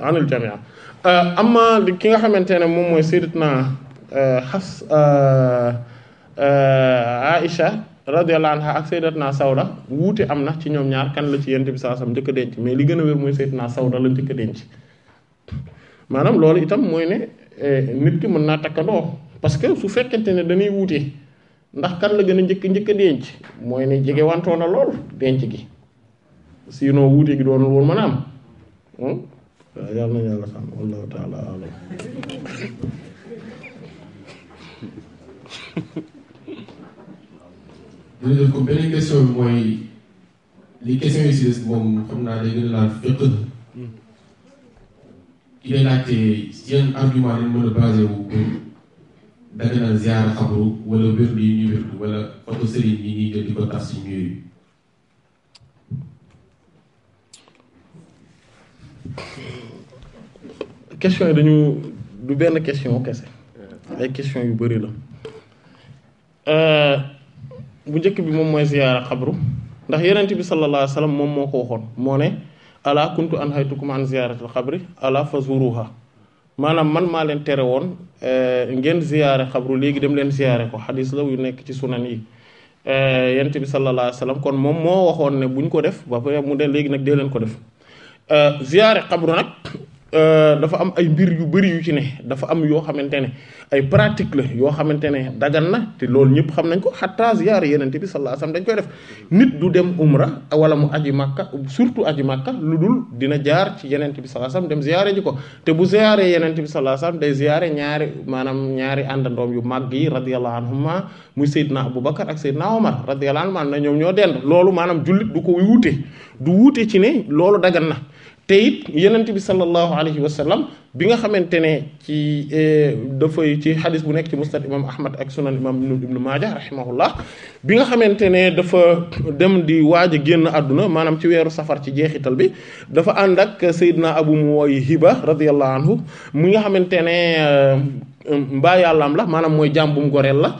C: anil jamia uh, amma ki nga xamante ne moom mooy sayyidatuna uh, Hafs uh, Aisha radiyallahu anha ak sayyidatuna Sawda wuute am na ci ñoom ñaar kan la ci yent bi sallallahu njëkk denc mais li gën a wér mooy sayyidatuna Sawda la njëkk a denc maanaam loolu itam mooy ne eh, nit ki mën naa takkandoo parce que su fekkente ne dañuy wuute ndax kan la gën a njëkk njëkk a denc mooy ne jege wantoo lool denc gi sinon wuute gi doonul woon mën a am hmm? waaw yàlla na yàlla sàmm wallahu taala alam
F: jërëjëf ko beneen question bi mooy naa day gën a laal fiqh ki day laajte yan argument ziyaara xabru wala wérdu yi ñuy wérdu wala photo jël di ko tax si ñuy
C: question yi dañu du benn question kese ay question yu bari la euh, bu njëkk bi moom mooy ziyaara xabru ndax yonent bi sallallahu alayhi wa sallam moom moo ko waxoon moo ne ala kuntu anhaytukum an ziyaaratil xabri ala man maa leen tere woon euh, ngeen ziyaare xabru léegi dem leen ziyaare ko xadis la yu nekk ci sunan yi euh, yonent bi sallallahu alayhi kon moom moo waxoon ne buñ ko def ba pare mu de léegi nag dee leen ko def Euh, ziyaare xabru nag euh, dafa am ay mbir yu bari yu ci ne dafa am yoo xamante ne ay pratique la yoo xamante ne dagan na te loolu ñëpp xam nañ ko xatta ziyaare yenente bi sallallahu alayhi wasallam dañ koy def nit du dem umra wala mu aji màkka surtout aji màkka lu dul dina jaar ci yenente bi sallallahu alayhi wasallam dem ziyaare ji ko te bu ziyaare yenente bi sallallahu alayhi wasallam day ziyaare ñaari maanaam ñaari àndandoom yu màgg yi radiyallahu anhuma muy Seydina Abubakar ak Seydina Omar radiyallahu anhuma na ñoom ñoo dend loolu maanaam jullit du ko wuute du wuute ci ne loolu dagan na te it yenent bi sallallahu alayhi wa sallam bi nga xamante ne ci eh, dafay ci xadis bu nekk ci musnad imam ahmad ak sunan imam ibnu maaja rahimahullah bi nga xamante ne dafa dem di waaj a génn àdduna maanaam ci weeru safar ci jeexital bi dafa ànd ak sayyidina abu muwayhiba radiyallahu anhu mu nga xamante ne eh, mbaa am la maanaam mooy jaam bu mu goreel la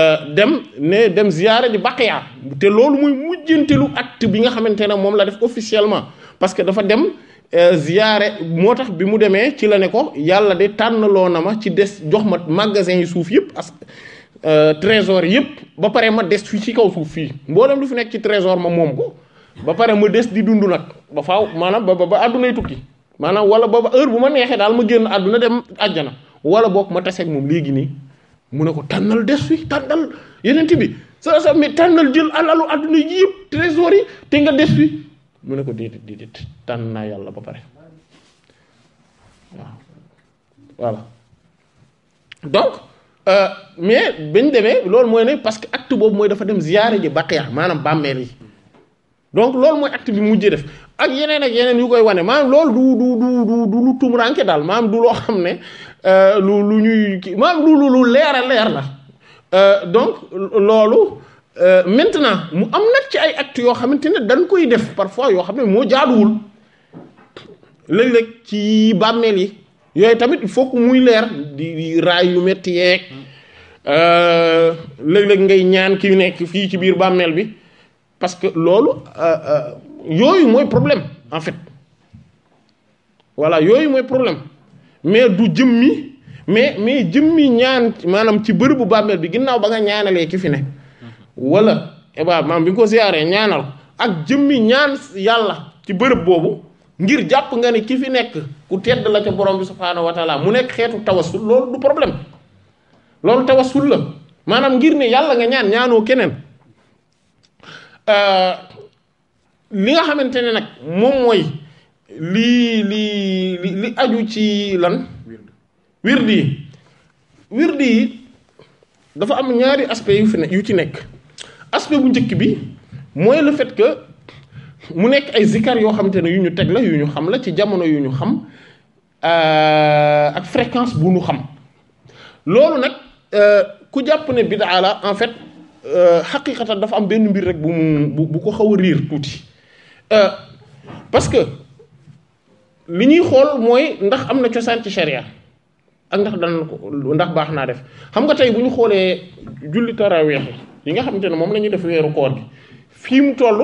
C: eh, dem ne dem ziyaare di Baqiya te loolu muy mujjantelu acte bi nga xamante ne moom la def officiellement parce que dafa dem Euh, ziyaare moo tax bi mu demee ci la ne ko yàlla de tànnaloo na ma ci des jox ma magasin yi suuf yëpp as euh, trésor yëpp ba pare ma des fii ci kaw suuf fii mboolem lu fi nekk ci trésor ma moom ko ba pare ma des di dundu nag ba faw maanaam ba ba àdduna àddunay tukki maanaam wala ba ba heure bu ma neexee daal ma génn àdduna dem àjjana wala boog ma taseeg moom léegi nii mu ne ko tànnal des fi tànnal yeneen bi sa sa mi tànnal jël alalu àdduna yi yëpp trésor yi te nga des fi mu ne ko déedéet déedéet tànn naa yàlla ba pare waaw voilà donc euh, mais bañ demee loolu mooy ne parce que acte boobu mooy dafa dem ziyaare ji baqiya maanaam bàmmeel yi donc loolu mooy act bi mujjee def ak yeneen ak yeneen yu koy wane maanaam lool du du du du lu tumuraanke daal maam du loo xam ne euh, lu lu ñuy maanaam lu leera leer a leer la euh, donc loolu Euh, maintenant mu am nag ci ay act yoo xamante ne dañ koy def parfois yoo xam ne moo jaaduwul léeg-léeg ci bàmmeel yi yooyu tamit il faut muy leer di raay yu metti yeeg euh, léeg-léeg ngay ñaan ki nekk fii ci biir bàmmeel bi parce que loolu euh, yooyu mooy problème en fait voilà yooyu mooy problème mais du jëmmi mais mais jëmmi ñaan maanaam ci bërëbu bàmmeel bi ginnaaw ba nga ñaanalee ki fi ne wala eba eh, maam bi nga ko siyaaree ñaanal ak jëmmi ñaan yàlla ci bërëb boobu ngir jàpp nga ne ki fi nekk ku tedd la ca borom bi subhaanahu wa taala mu nekk xeetu tawassul loolu du problème loolu tawassul la maanaam ngir ne yàlla nga ñaan ñaanoo keneen euh, li nga xamante ne nag moom mooy lii lii li aju ci lan wirdi yi wirdi yi dafa am ñaari aspect yu fi yu ci nekk aspect bu njëkk bi mooy le fait que mu nekk ay zikar yoo xamante ne yu ñu teg la yu ñu xam la ci jamono yu ñu xam euh, ak fréquence bu ñu xam loolu nag euh, ku jàpp ne bidaa la en fait euh, xaqiqatan dafa am benn mbir rek bu mu bu ko xaw a riir tuuti parce que li ñuy xool mooy ndax am na cosaan ci sharia ak ndax dana ko ndax baax naa def xam nga tey bu ñu xoolee julli tarawih yi nga xamante ne moom la ñu def weeru koor gi fii mu toll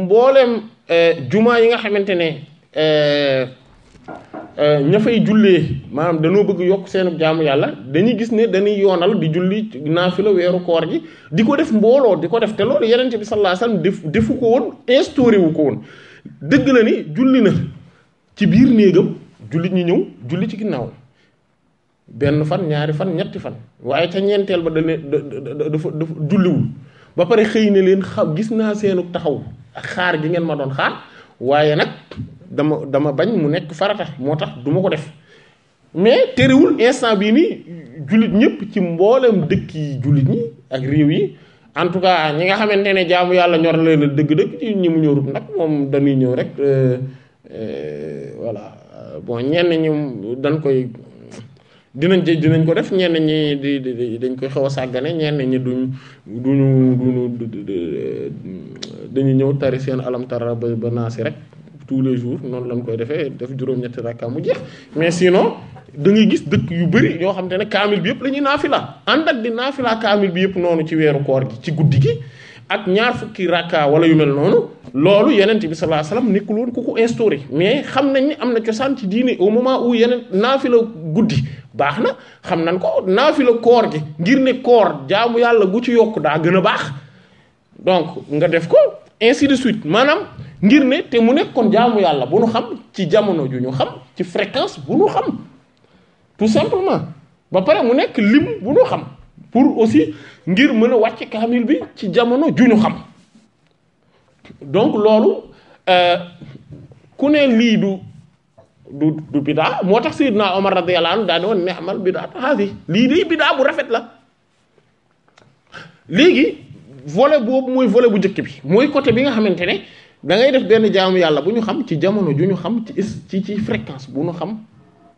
C: mbooleem eh, jumaa yi nga xamante ne eh, eh, ña fay jullee maanaam danoo bëgg yokk seen jaamu yàlla dañuy gis ne dañuy yoonal di julli naafila weeru koor gi di ko def mbooloo di ko def te loolu yenente bi sallallahu alayhi wasallam def defu ko woon instauré wu ko woon dëgg la ni julli na ci biir néegam jullit ñu ñëw julli ci ginnaaw benn fan ñaari fan ñetti fan waaye ca ñeenteel ba da leen dafa dafa julliwul ba pare xëy na leen xaw gis naa seenu taxaw ak xaar ji ngeen ma doon xaar waaye nag dama dama bañ mu nekk farata moo tax duma ko def mais terewul instant bii nii jullit ñëpp ci mboolem dëkk yi jullit ñi ak réew yi en tout cas ñi nga xamante ne jaamu yàlla ñor na leen dëgg-dëgg ñi mu ñorut nag moom dañuy ñëw rek euh, euh, voilà bon ñenn ñi dañ koy. dinañ dinañ ko def ñenn ñi di di dañ koy xaw a sàggane ñenn ñi duñ duñu duñu dañu ñëw tari seen alam tara ba ba naasi rek tous les jours noonu lañ koy defee def juróom-ñetti rakka mu jeex mais sinon da ngay gis dëkk yu bari yoo xam te ne kaamil bi yëpp la ñuy naafila ànd ak di naafila kaamil bi yëpp noonu ci weeru koor gi ci guddi gi ak ñaar fukki rakka wala yu mel noonu loolu yenent bi sallallahu alayhi wasallam nekkul woon ku ko instauré mais xam nañ ni am na cosaan ci diine au moment où yeneen naafila guddi baax na xam nañ ko naafila koor gi ngir ne koor jaamu yàlla gu ci yokk daa gën a baax donc nga def ko ainsi de suite maanaam ngir ne te mu nekkoon jaamu yàlla bu nu xam ci jamono ju ñu xam ci fréquence bu nu xam tout simplement ba pare mu nekk lim bu nu xam pour aussi ngir mën a wàcc kaamil bi ci jamono ñu xam donc loolu euh, ku ne lii du du du moo tax naa Seydina Omar radiyallahu anhu daane woon ni'mal bidaa haadi lii day bidaa bu rafet la léegi vole boobu mooy vole bu njëkk bi mooy côté bi nga xamante ne dangay def benn jaamu yàlla bu ñu xam ci jamono ju ñu xam ci ci ci fréquence bu ñu xam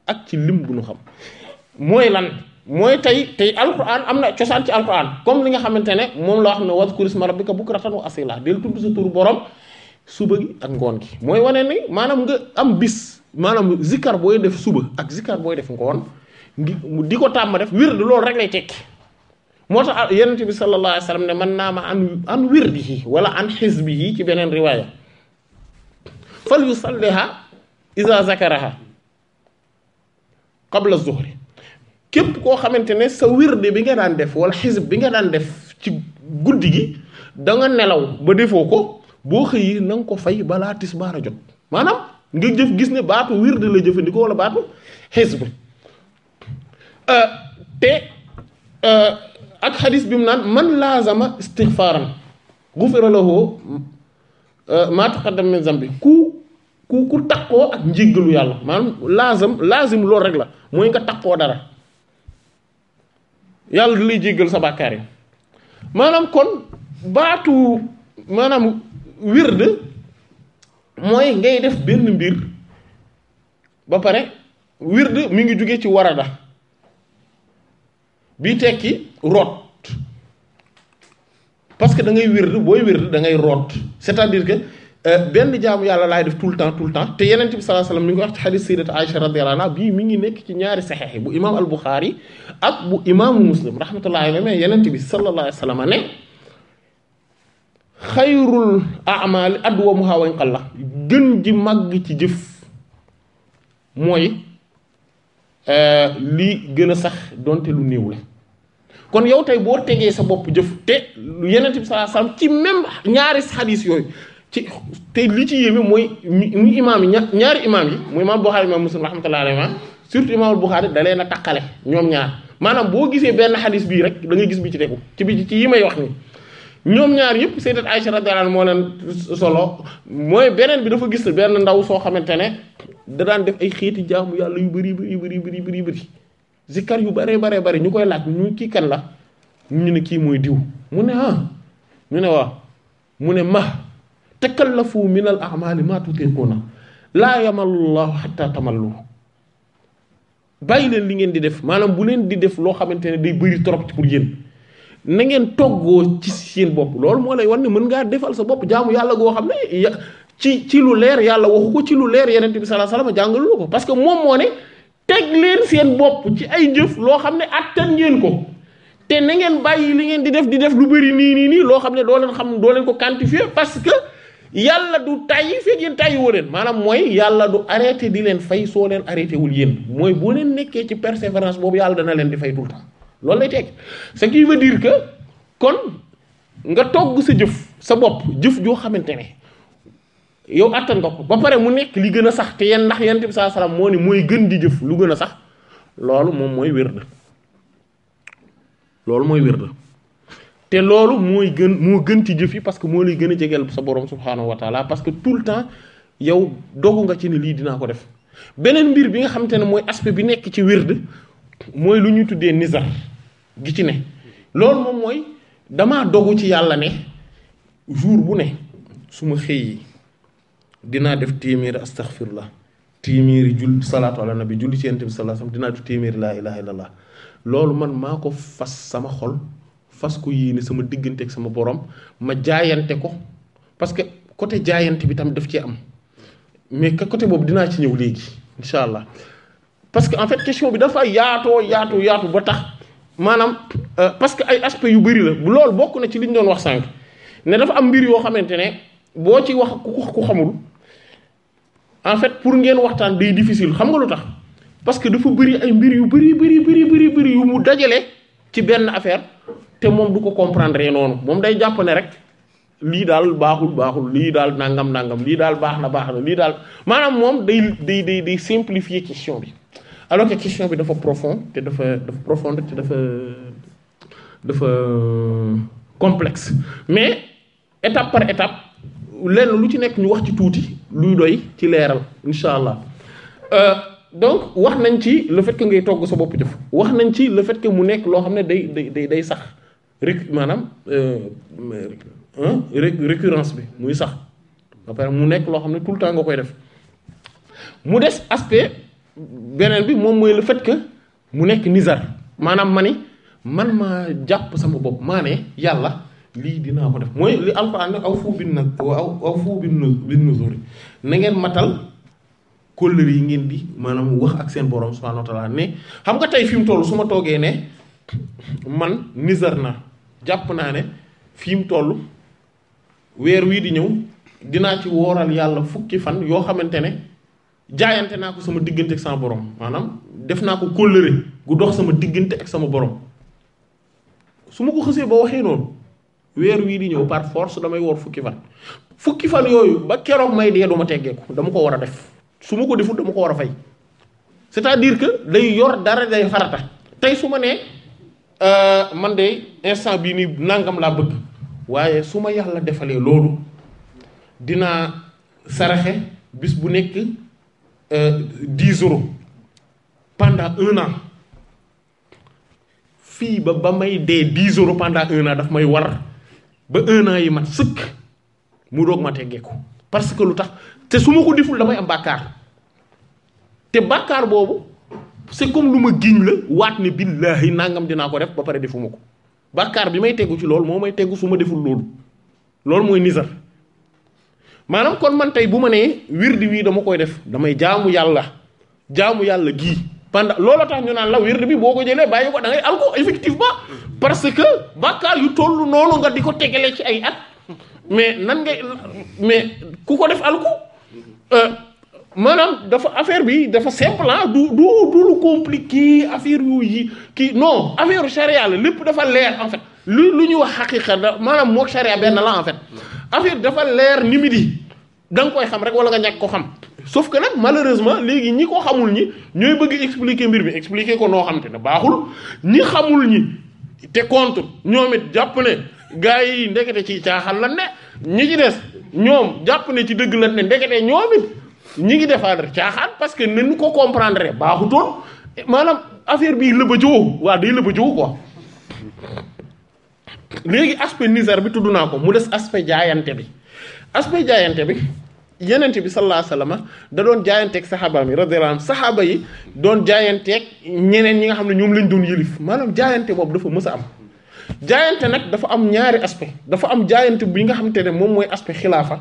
C: ak ci lim bu ñu xam mooy lan mooy tey tey alquran am na cosaan ci alquran comme li nga xamante ne moom la wax ne wazkur isma rabbika bukratan wa asila del tudd sa turu borom suba gi ak ngoon gi mooy wane ni maanaam nga am bis maanaam zikkar booy def suba ak zikkar booy def ngoon di ko tàmm def wird loolu rek lay tekki moo tax yenent bi sallallahu ne wa naa ma am naama an an wirdihi wala an xisbihi ci beneen riwaaya fal yusalliha iza zakaraha qabla zuhri képp koo xamante ne sa wirde bi nga daan def wala xisib bi nga daan def ci guddi gi danga nelaw ba defoo ko boo xëyee na ko fay balaa tis a jot maanaam nga jëf gis ne baatu wirde la jëfandikoo la baatu xisib euh, te euh, ak xadis bi mu naan man laazama istighfaaran gufira lahu euh, maa taqaddama min bi ku ku ku takkoo ak njéggalu yàlla maanaam laazam laazim loolu rek la mooy nga takkoo dara yàlla da lay jéggal sa bàkkaar yi maanaam kon baatu maanaam wird mooy ngay def benn mbir ba pare wird mi ngi jóge ci warada bi tekki root parce que da ngay wird booy wird da ngay root c'est-à-dire que Euh, benn jaamu yàlla laay def tout le temps tout le temps te yeneen bi sallallahu alayhi wasallam mi ngi wax ci hadith sayyidat Aisha radiyallahu anha bii mi ngi nekk ci ñaari saxeex bu imam al Bukhari ak bu imaamu Muslim rahmatullahi alayhi mais yeneen bi sallallahu alayhi wasallam ne xayrul a'mal adwamuha wa in qalla gën ji màgg ci jëf mooy euh, lii gën a sax donte lu néew la kon yow tey boo tegee sa bopp jëf te yeneen bi sallallahu alayhi wasallam ci même ñaari hadith yooyu ci te li ci yéeme mooy muy imaam yi ñaari imaam yi muy imaam Buxaari imaam Muslim rahmatullahi alayhi surtout imaamul Buxaari da leen a taqale ñoom ñaar maanaam boo gisee benn xadis bii rek da ngay gis bi ci tegu ci bi ci yi may wax nii ñoom ñaar yëpp sayyidat Aisha radiyallahu anha moo leen solo mooy beneen bi dafa gis benn ndaw soo xamante ne da daan def ay xeeti jaamu yàlla yu bëri bëri bëri bëri bëri bëri zikkar yu baree baree bëri ñu koy laaj ñu kii kan la ñu ne kii mooy diw mu ah. ñu ne waaw ma takallafu min al amali ma tutiquuna laa yamalullahu xatta tamallu bàyyi leen li ngeen di def maanaam bu leen di def loo xamante ne day bëri trop ci pour yéen na ngeen toggoo ci seen bopp loolu moo lay wan ne mën ngaa defal sa bopp jaamu yàlla goo xam ne ci ci lu leer yàlla waxu ko ci lu leer yenente bi sallallahu alayhi wasallam jàngalu ko parce que moom moo ne teg leen seen bopp ci ay jëf loo xam ne attan ngeen ko te na ngeen bàyyi li ngeen di def di def lu bëri nii nii yàlla du tàyyi fekk yéen tàyyi woo leen maanaam mooy yàlla du arrêté di leen fay soo leen arrêté wul yéen mooy boo leen nekkee ci persévérance boobu yàlla dana leen di fay tout loolu lay teg ce qui veut dire que kon nga togg sa jëf sa bopp jëf joo xamante ne yow attan nga ko ba pare mu nekk li gën a sax te yan ndax yan tamit saa salaam moo ne mooy gën di jëf lu gën a sax loolu moom mooy wér da loolu mooy wér da te loolu mooy gën moo gën ci jëf yi parce que moo lay gën a jegeel sa borom subhaanahu wa taala parce que tout le temps yow dogu nga ci ne lii dinaa ko def beneen mbir bi nga xamante ne mooy aspect bi nekk ci wird mooy lu ñuy tuddee nizar gi ci ne loolu moom mooy damaa dogu ci yàlla ne jour bu ne su ma xëy dinaa def téeméeri astaghfirullah téeméeri jul salaatu ala bi julli ci yonent bi sallallahu alayhi dinaa def téeméeri laa ilaha illallah loolu man maa ko fas sama xol fas ko yéene sama diggante ak sama borom ma jaayante ko parce que côté jaayante bi tam daf cee am mais que côté boobu dinaa ci ñëw léegi incha allah parce que en fait question bi dafa yaatoo yaatu yaatu ba tax maanaam euh, parce que ay aspects yu bëri la lool bokk na ci li ñu doon wax sànq ne dafa am mbir yoo xamante ne boo ci wax ku ku xamul en fait pour ngeen waxtaan day difficile xam nga lu tax parce que dafa bëri ay mbir yu bëri bëri bëri bëri bëri yu mu dajale ci benn affaire te moom du ko comprendre noonu moom day jàpp rek lii daal baaxul baaxul lii daal nangam nangam lii daal baax na baax na lii daal maanaam moom day day day day simplifier question bi alors que question bi dafa profond te dafa dafa profonde te dafa dafa euh, complexe mais étape par étape lenn lu ci nekk ñu wax ci tuuti luy doy ci leeral insha allah euh, donc wax nañ ci le fait que ngay togg sa bopp jëf wax nañ ci le fait que mu nekk loo xam ne day day day day sax rek maanaam euh, euh, récurrence bi muy sax mu nekk loo xam ne tout le nga koy def mu des aspect beneen bi moom mooy le fait que mu nekk nizar maanaam mani man ma jàpp sama bopp maa ne yàlla lii dinaa ko def mooy li alxuraan nag aw fuu bin nag aw aw fuu bin na ngeen matal kóllëre yi ngeen di maanaam mu wax ak seen borom subhaanahu wa ne xam nga tey fi mu toll su ma toogee ne man nizar na jàpp naa ne fi mu toll weer wii di ñëw dinaa ci wooral yàlla fukki fan yoo xamante ne jaayante naa ko sama diggante ak sama borom maanaam def naa ko kóllëre gu dox sama diggante ak sama borom su ma ko xësee ba waxee noonu weer wii di ñëw par force damay woor fukki fan fukki fan yooyu ba keroog may dee duma teggeeku dama ko war a def su ma ko deful dama ko war a fay c'est-à-dire que day yor dara day farata tey su ma nee Euh, man de instant bii nii nangam laa bëgg waaye su ma yàlla defalee loolu dinaa saraxe bis bu nekk euh, dix euros pendant un an fii ba ba may dee dix euros pendant un an daf may war ba un yi mat sëkk mu doog ma teggeeku parce que lu tax te su ma ko deful damay am bàkkaar te bàkkaar boobu c'est comme lu ma giñ la waat ne billaahi nangam dinaa ko def ba pare defuma ko bàkkaar bi may tegu ci loolu moo may tegu su ma deful loolu loolu mooy nisar maanaam kon man tey bu ma nee wirdi wii dama koy def damay jaamu yàlla jaamu yàlla gii pendant loolu tax ñu naan la wirdi bi boo ko jëlee bàyyi ko dangay ngay al ko effectivement parce que bàkkaar yu tollu noonu nga di ko tegale ci ay at mais nan ngay mais ku ko def al ko euh, maanaam dafa affaire bi dafa simple ah du du du lu compliqué affaire yu yi kii non affaire charia la lépp dafa leer en lu lu ñu wax xaqiqa da maanaam mook charia benn la en affaire dafa leer ni mi di da koy xam rek wala nga ñàkk ko xam sauf que nag malheureusement léegi ñi ko xamul ñi ñooy bëgg expliquer mbir mi expliquer ko noo xam te ne baaxul ñi xamul ñi te kont ñoom it jàpp ne gars yi ndekete ci caaxal la ne ñi ci des ñoom jàpp ne ci dëgg la ne ndekete ñoom it ñi ngi défendre caaxaan parce que nañu ko comprendre baaxutoon maanaam affaire bii lëbëjoo waa day lëbëjoo quoi léegi aspect nizar bi tudd naa ko mu des aspect jaayante bi aspect jaayante bi yenente bi sallallahu alayhi wasallam da doon jaayanteeg saxaabaam yi radiyallahu anhum saxaaba yi doon jaayanteeg ñeneen ñi nga xam ne ñoom lañ doon yëlif maanaam jaayante boobu dafa mës a am jaayante nag dafa am ñaari aspect dafa am jaayante bi nga xamante ne moom mooy aspect xilaafa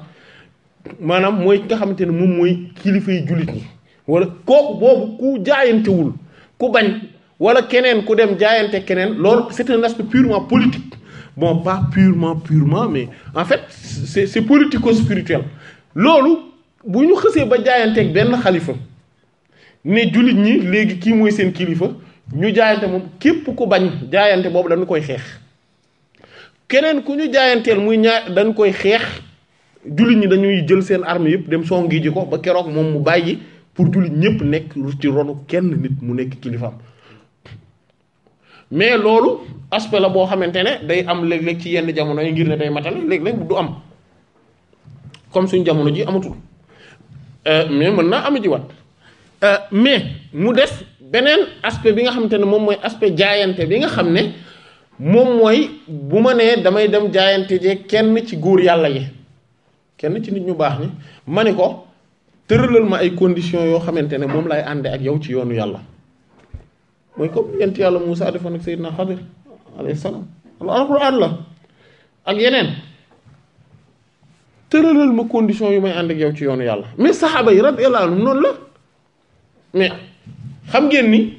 C: maanaam mooy ki nga xamante ne moom mooy kilifa yi jullit ñi wala kooku boobu ku jaayantewul ku bañ wala keneen ku dem jaayante keneen loolu c'est un aspect purement politique bon pas purement mais en fait c'est c'est politico loolu bu ñu xësee ba jaayanteeg benn xalifa ne jullit ñi léegi kii mooy seen kilifa ñu jaayante moom képp ku bañ jaayante boobu dañu koy xeex keneen ku ñu jaayanteel muy ñaar dañ koy xeex jullit ñi dañuy jël seen arme yëpp dem songi ji ko ba keroog moom mu bàyyi pour jullit ñëpp nekk ci ronu kenn nit mu nekk kilifaam mais loolu aspect la boo xamante ne day am léeg-léeg ci yenn jamono yi ngir ne day matal léeg-léeg du am comme suñ jamono ji amatul euh, mais mën naa am jiwaat euh, mais mu des beneen aspect bi nga xamante ne moom mooy aspect jaayante bi nga xam ne moom mooy bu ma nee damay dem jaayante je kenn ci góor yàlla yi. kenn ci nit ñu baax ñi ma ni ko tëralal ma ay conditions yoo xamante ne moom laay ànde ak yow ci yoonu yàlla mooy comme yent yàlla Moussa defoon ak Seydina Xadir alayhi salaam yeneen tëralal ma condition yu may ànd yow ci yoonu yàlla mais saxaaba yi radiyallahu anhum noonu la mais xam ngeen ni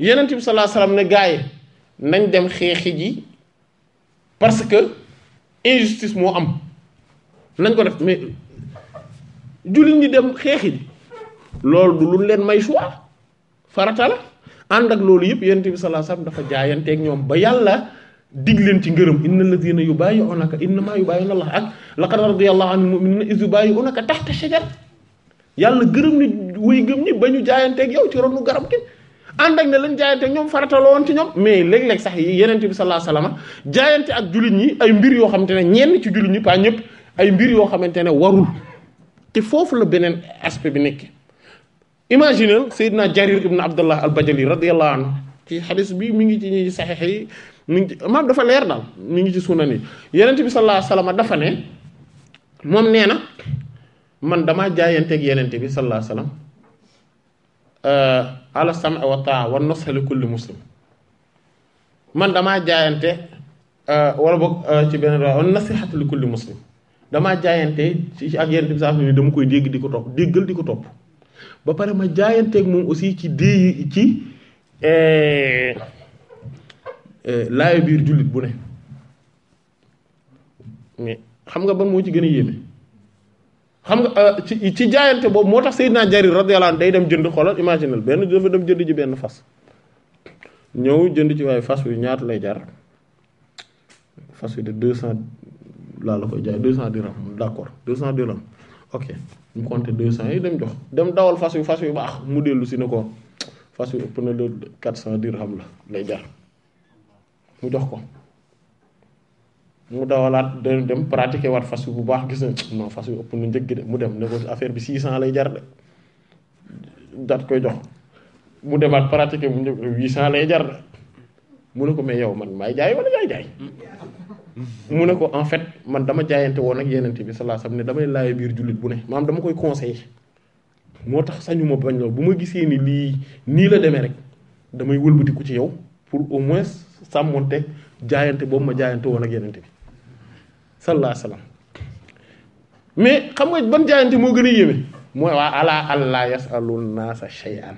C: yenent bi sallallahu ne gaa yi nañ dem xeexi ji parce que injustice moo am nañ ko def mais jullit ñi dem xeexi loolu du lu leen may choix farata la ànd ak loolu yëpp yonent bi sallallahu alayhi wasallam dafa jaayanteeg ñoom ba yàlla dig leen ci ngërëm inna alladhina yubayyi'unaka innama yubayyi'una Allah ak laqad radiyallahu anil mu'minina iz yubayyi'unaka tahta shajar yàlla gërëm ni way gëm ñi ba ñu jaayanteeg yow ci ronu garab gi ànd ak ne lañ jaayante ñoom farata ci ñoom mais léeg-léeg sax yeneen bi sallallahu alayhi wasallam jaayante ak jullit ñi ay mbir yoo xam te ne ñenn ci jullit ñi pas ñëpp ay mbir yoo xamante ne warul te foofu la beneen aspect bi nekk imaginel Seydina Jarir ibn Abdullah al-Bajali radiyallahu anhu ci xadis bi mu ngi ci saxiix yi mi ngi ci maam dafa leer daal mi ngi ci sunan yi yenent bi sallallahu alayhi wasallam dafa ne moom nee na man damaa jaayanteeg yenent bi sallallahu alayhi wasallam eh, ala li kulli damaa jaayante wala boog ci benn wa nasihatu li kulli muslim damaa jaayante ci ak yenn bi saa ni dama koy dégg di ko topp déggal di ko topp ba pare ma jaayanteeg moom aussi ci dee ci eh, eh, laay biir jullit bu ne xam nga ba moo ci gën a yéeme xam nga euh, ci ci jaayante boobu moo tax Seydina Jarir radiyallahu anhu day dem jënd xoolal imaginal benn dafa dem jënd ci benn fas ñëw jënd ci waaye fas wi ñaat lay jar fas wi de deux cent laa la koy jaay deux cent dirham d' accord deux cent dirham ok mu compter deux cent yi dem jox dem dawal fas yu fas yu baax mu dellu si ne ko fas yu ëpp na le quatre cent dirham la lay jar mu jox ko mu dawalaat dem dem pratiquer waat fas yu bu baax gis na non fas yu ëpp na njëg gi de mu dem ne ko affaire bi six cent lay jar de daat koy jox mu demaat pratiquer mu njëg huit cent lay jar de mu ne ko mais yow man maay jaay wala yaay jaay mu ne ko en fait man dama jaayante woon ak yenente bi sallallahu alayhi wasallam ne damay laaya biir jullit bu ne maanaam dama koy conseiller moo tax sañu ma bañ bu ma gisee ni lii nii la demee rek damay wëlbatiku ci yow pour au moins sàmmonte jaayante boobu ma jaayante woon ak yenente bi sallallahu alayhi wasallam mais nga ban jaayante moo a yéeme mooy waa ala allah yasalul naasa shay'an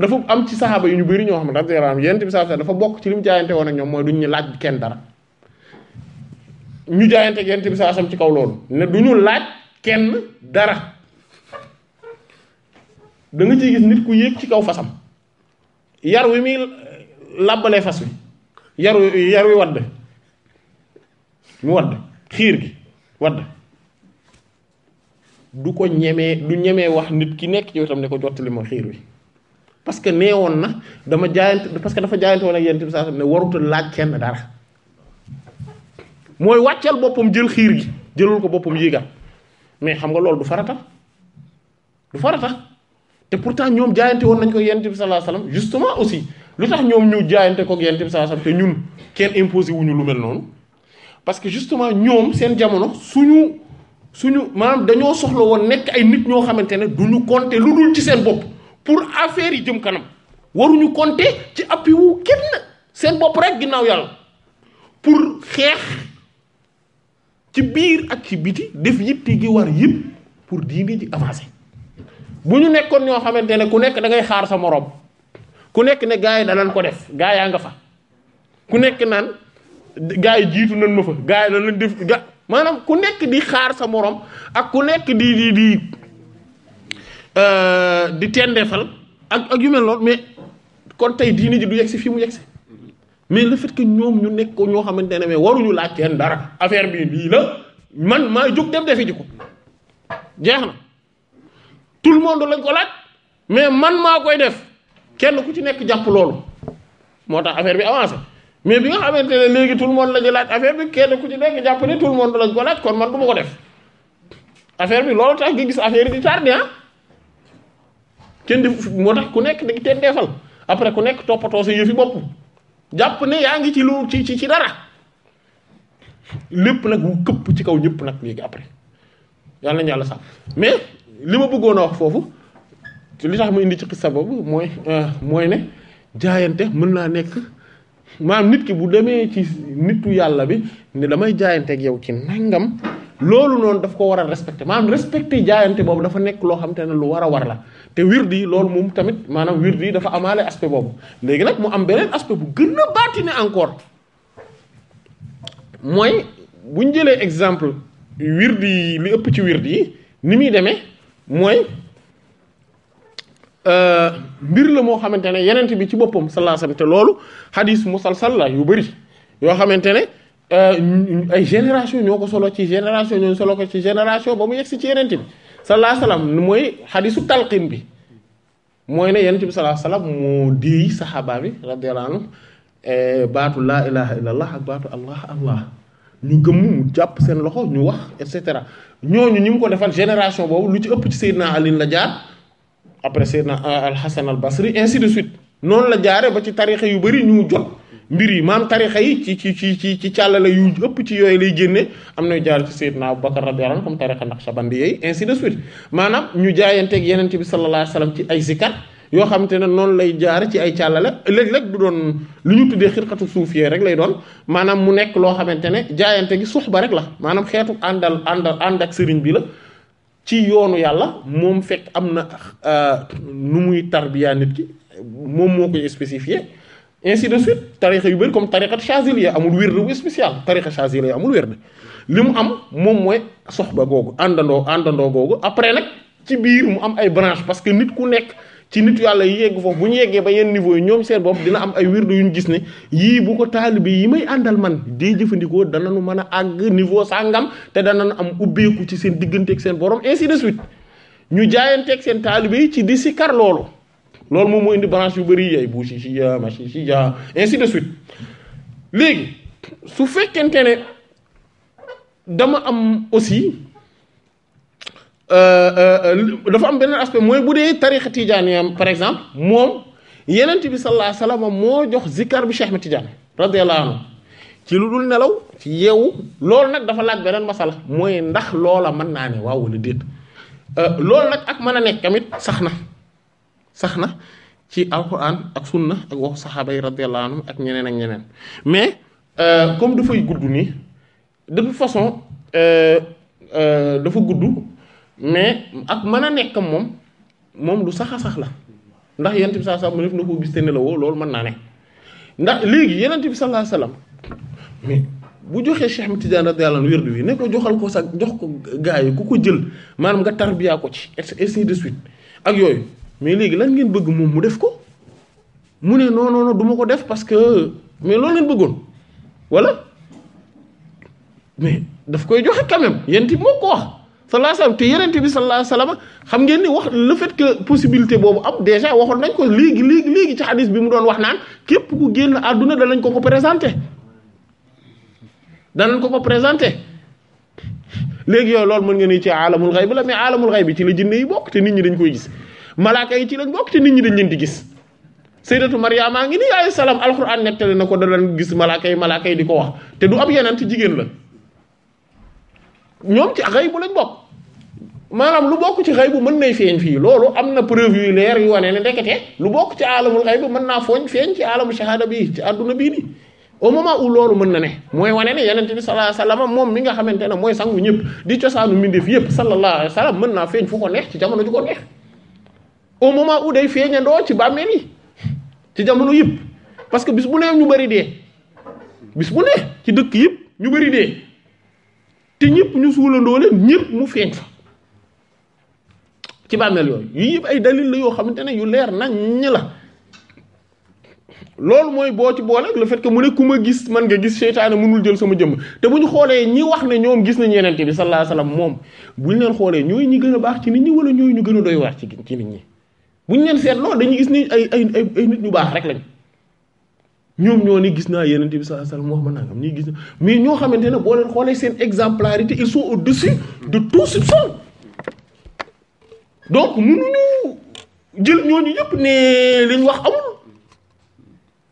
C: dafa am ci saxaaba yu ñu bëri ñoo xam ne radiyallahu anhum yenente bi sallallahu alayhi wasallam dafa bokk ci li mu jaayante woon ak ñoom mooy duñ ñu laaj kenn dara ñu jaayante yonent bi saa sam ci kaw loolu ne du ñu laaj kenn dara danga nga ciy gis nit ku yéeg ci kaw fasam yar wi muy làbbalee fas wi yar wi yar wi wadd mu wadd xiir gi wadd du ko ñemee du ñemee wax nit ki nekk ci wetam ne ko jottali ma xiir wi parce que nee woon na dama jaayante parce que dafa jaayante woon ak yonent bi saa sam ne waruta laaj kenn dara mooy wàcceel boppam jël xiir gi jëlal ko boppam yéegal mais xam nga loolu du farata du farata te pourtant ñoom jaayante woon nañ ko yonent bi sallallahu alayhi wasallam justement aussi lu tax ñoom ñu jaayante ko yonent bi sallallahu alayhi wasallam te ñun kenn imposé wuñu lu mel noonu parce que justement ñoom seen jamono suñu suñu maam dañoo soxla woon nekk ay nit ñoo xamante ne du ñu compter lu dul ci seen bopp pour affaire yi jëm kanam waruñu compter ci appui wu kenn seen bopp rek ginnaaw yàlla pour xeex. ci biir ak ci biti def yitte gi war yëpp pour diine ji avancer bu ñu nekkoon ñoo xamante ne ku nekk da ngay xaar sa moroom ku nekk ne gaa yi danañ ko def gaa yaa nga fa ku nekk naan gaa yi jiitu nañ ma fa gaa yi danañ def ga maanaam ku nekk di xaar sa moroom ak ku nekk di di di euh, di tendeefal ak ak yu mel noonu mais kon tey diine ji du yegsi fii mu yegsi mais le fait que ñoom ñu nekk ñoo xamante ne mais waruñu laaj kenn dara affaire bi lii la man maa jóg dem defi ji ko jeex na tout le monde lañ ko laaj mais man maa koy def kenn ku ci nekk jàpp loolu moo tax affaire bi avancé mais bi nga xamante ne léegi tout le monde lañu laaj kenn ku ci nekk jàpp ne tout le monde lañ ko laaj kon man du ma ko def affaire bi loolu tax nga gis affaire yi di tardé ah kenn di moo tax ku nekk di teen defal après ku nekk toppatoo sa yëfi bopp jàpp ne yaa ngi ci lu ci ci ci dara lépp nag wu këpp ci kaw ñëpp nag léegi après yàlla nañu yàlla sax mais li ma bëggoon a wax foofu li tax ma indi ci xissa boobu mooy euh, mooy ne jaayante mën naa nekk maanaam nit ki bu demee ci nitu yàlla bi ne damay jaayante ak yow ci nangam loolu noonu daf ko war a respecté maanaam respecté jaayante boobu dafa nekk loo xam te ne lu war a war la te wird yi loolu moom tamit maanaam wird yi dafa amaale aspect boobu léegi nag mu am beneen aspect bu gën a baatine encore mooy bu ñu jëlee exemple wird yi li ëpp ci wird yi ni muy demee mooy euh, mbir la moo xamante ne yenent bi ci boppam sallallahu alayhi wasallam te loolu hadis musalsal la yu bëri yoo xamante ne euh, ay génération ñoo ko solo ci génération ñoo solo ko ci génération ba mu yegg si ci yenent bi sallallahu alayhi mooy xadisu talqin bi mooy ne yonent bi sallallahu alayhi wasallam moo déey saxaaba bi radiyallahu eh, baatu laa ilaha illallah ak baatu allah allah ñu gëmm mu jàpp seen loxo ñu wax et cetera ñooñu ñu mu ko defal génération boobu lu ci ëpp ci Seydina Ali la jaar après Seydina euh, Al Hasan Al Basri ainsi de suite noonu la jaare ba ci tarixe yu bari ñu jot mbir yi maam tarixa yi ci ci ci ci ci càllale yu ëpp ci yooyu lay génne am nay jaar ci Seydina Abu Bakar radiyallahu anhu comme tarixa Naqshbandi yooyu ainsi de suite maanaam ñu jaayanteeg yenente bi sallallahu alayhi wasallam ci ay zikar yoo xamante ne noonu lay jaar ci ay càllale léeg-léeg du doon lu ñu tuddee xirqatu suufiyee rek lay doon maanaam mu nekk loo xamante ne jaayante gi suxba rek la maanaam xeetu àndal àndal ànd ak sëriñ bi la ci yoonu yàlla moom fekk am na euh, nu muy tarbiya nit ki moom moo koy spécifié ainsi de suite tarixa yu bëri comme tarixa chaziliya amul wérd bu spécial tarixa chaziliya amul wérd li mu am moom mooy soxba googu àndandoo àndandoo googu après nag ci biir mu am ay branche parce que nit ku nekk ci nit yàlla yi yegg foofu bu ñu yeggee ba yenn niveau yi ñoom seen bopp dina am ay wirdu yu ñu gis ne yii bu ko taalibe yi may àndal man dee jëfandikoo danañu mën a àgg niveau sàngam te danañ am ubbeeku ci seen digganteeg seen borom ainsi de suite ñu jaayanteeg seen taalibe yi ci di si kar loolu loolu moom moo indi branche yu bëri ay Bouchichia Machichia ainsi de suite léegi su fekkente ne dama am aussi euh, euh, dafa am beneen aspect mooy bu dee tariqa tijaaniyam par exemple moom yenent bi sallallahu alayhi wasallam moo jox zikkar bi Cheikh Ahmed Tidiane radiyallahu anhu ci lu dul nelaw ci yeewu loolu nag dafa laaj beneen masala mooy ndax loola mën naa ne waaw wala déet euh, loolu nag ak mën a nekk tamit sax na sax na ci alquran ak na ak waxu saxaaba yi radiyallahu anhum ak ñeneen ak ñeneen mais euh, comme dafay gudd nii de toute façon euh, euh, dafa gudd mais ak mën a nekk moom moom lu sax sax la ndax yonent bi sallallahu alayhi wasallam def na ko gis te ne la loolu mën naa ne ndax léegi yonent bi sallallahu alayhi wasallam mais bu joxee Cheikh Ahmed Tidiane radiyallahu anhu wérdu wi ne ko joxal ko sax jox ko gaa yi ku ko jël maanaam nga tarbiyaa ko ci et ainsi de suite ak yooyu mais léegi lan ngeen bëgg moom mu def ko mu ne non non non ko def parce que mais loolu ngeen bëggoon wala mais daf koy joxe quand même yent bi moo ko wax sallallahu alayhi wasallam te bi sallallahu alayhi wasallam xam ngeen ni wax le fait que possibilité boobu am déjà waxoon nañ ko léegi léegi léegi ci xadis bi mu doon wax naan képp ku génn àdduna danañ ko ko présenté danañ ko ko présenté léegi yooyu loolu mën nga ni ci aalamul xay bi la mais aalamul xay bi ci la jinne yi bokk te nit ñi dañ koy gis malaaka yi ci lañ bokk te nit ñi dañ leen di gis sayyidatu Maryaama ngi nii alayhi salaam alxuraan nettali na ko da gis malaaka yi malaaka yi di ko wax te du ab yeneen jigéen la ñoom ci xëy bu lañ bokk maanaam lu bokk ci xëy bu mën nay feeñ fii loolu am na preuve yu leer yu wane ne ndekete lu bokk ci aalamul xëy bu mën naa fooñ feeñ ci aalamu shahada bi ci àdduna bii nii au moment loolu mën na ne mooy wane ne yenente bi sallallahu alayhi wasallam moom mi nga xamante ne mooy sangu ñëpp di cosaanu mbindeef yëpp sallallahu alayhi mën naa feeñ fu ko ci jamono ju ko neex au moment où day feeñandoo ci bàmmeel yi ci jamono yëpp parce que bis bu ne ñu bari dee bis bu ne ci dëkk yëpp ñu bari dee te ñëpp ñu suulandoo leen ñëpp mu feeñ fa ci bàmmeel yoon yii yëpp ay dalil la yoo xamante ne yu leer naññ la loolu mooy boo ci boole le fait que mu ne ku ma gis man nga gis seytaane mënul jël sama jëmm te bu ñu xoolee ñi wax ne ñoom gis nañ yenente bi sallallahu alayhi wasallam moom bu ñu leen xoolee ñooy ñi gën a baax ci nit ñi wala ñooy ñu gën doy waar ci ci nit ñi bu ñu leen seetloo dañuy gis nii ay ay nit ñu baax rek lañ ñoom ñoo ni gis naa yeneen bi sallallahu alayhi wasallam wax ma nangam ñii gis na mais ñoo xamante ne boo leen xoolee seen exemplarité ils sont au-dessus de tout soupçon donc mënuñu jël ñooñu yëpp ne liñ wax amul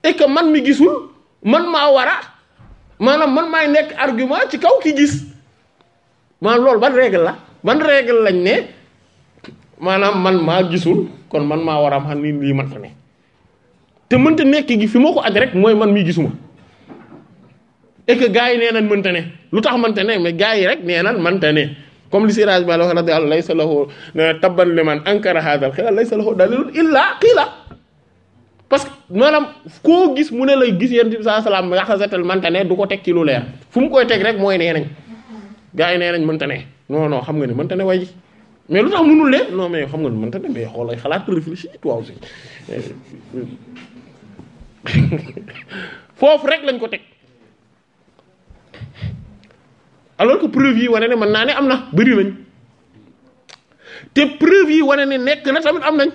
C: et man mi gisul man maa war a maanaam man maay nekk argument ci kaw ki gis maanaam loolu ban règle la ban règle lañ ne maanaam man maa gisul kon man maa war a xam ni lii man ta ne te mënta nekk gi fi moo ko aj rek mooy man mii gisuma et que gars yi nee nañ mënta ne lu tax mënta ne mais gars yi rek nee nañ mënta ne comme li sirage bi wax radi àllah laysa lahu tabban liman ankara hadal xilal laysa parce que maanaam koo gis mu ne lay gis yéen bi saa salaam yaxasatal mënta ne du ko teg ci lu leer fu mu koy teg rek mooy nee nañ gars yi nee nañ mënta ne non non xam nga ne mënta ne way ji mais lu tax mënul ne non mais xam nga mën ta ne mais xool ay xalaat réfléchir toi aussi foofu rek lañ ko teg alors que preuve yi wane ne mën naa ne am na bëri nañ te preuve wane ne nekk na tamit am nañ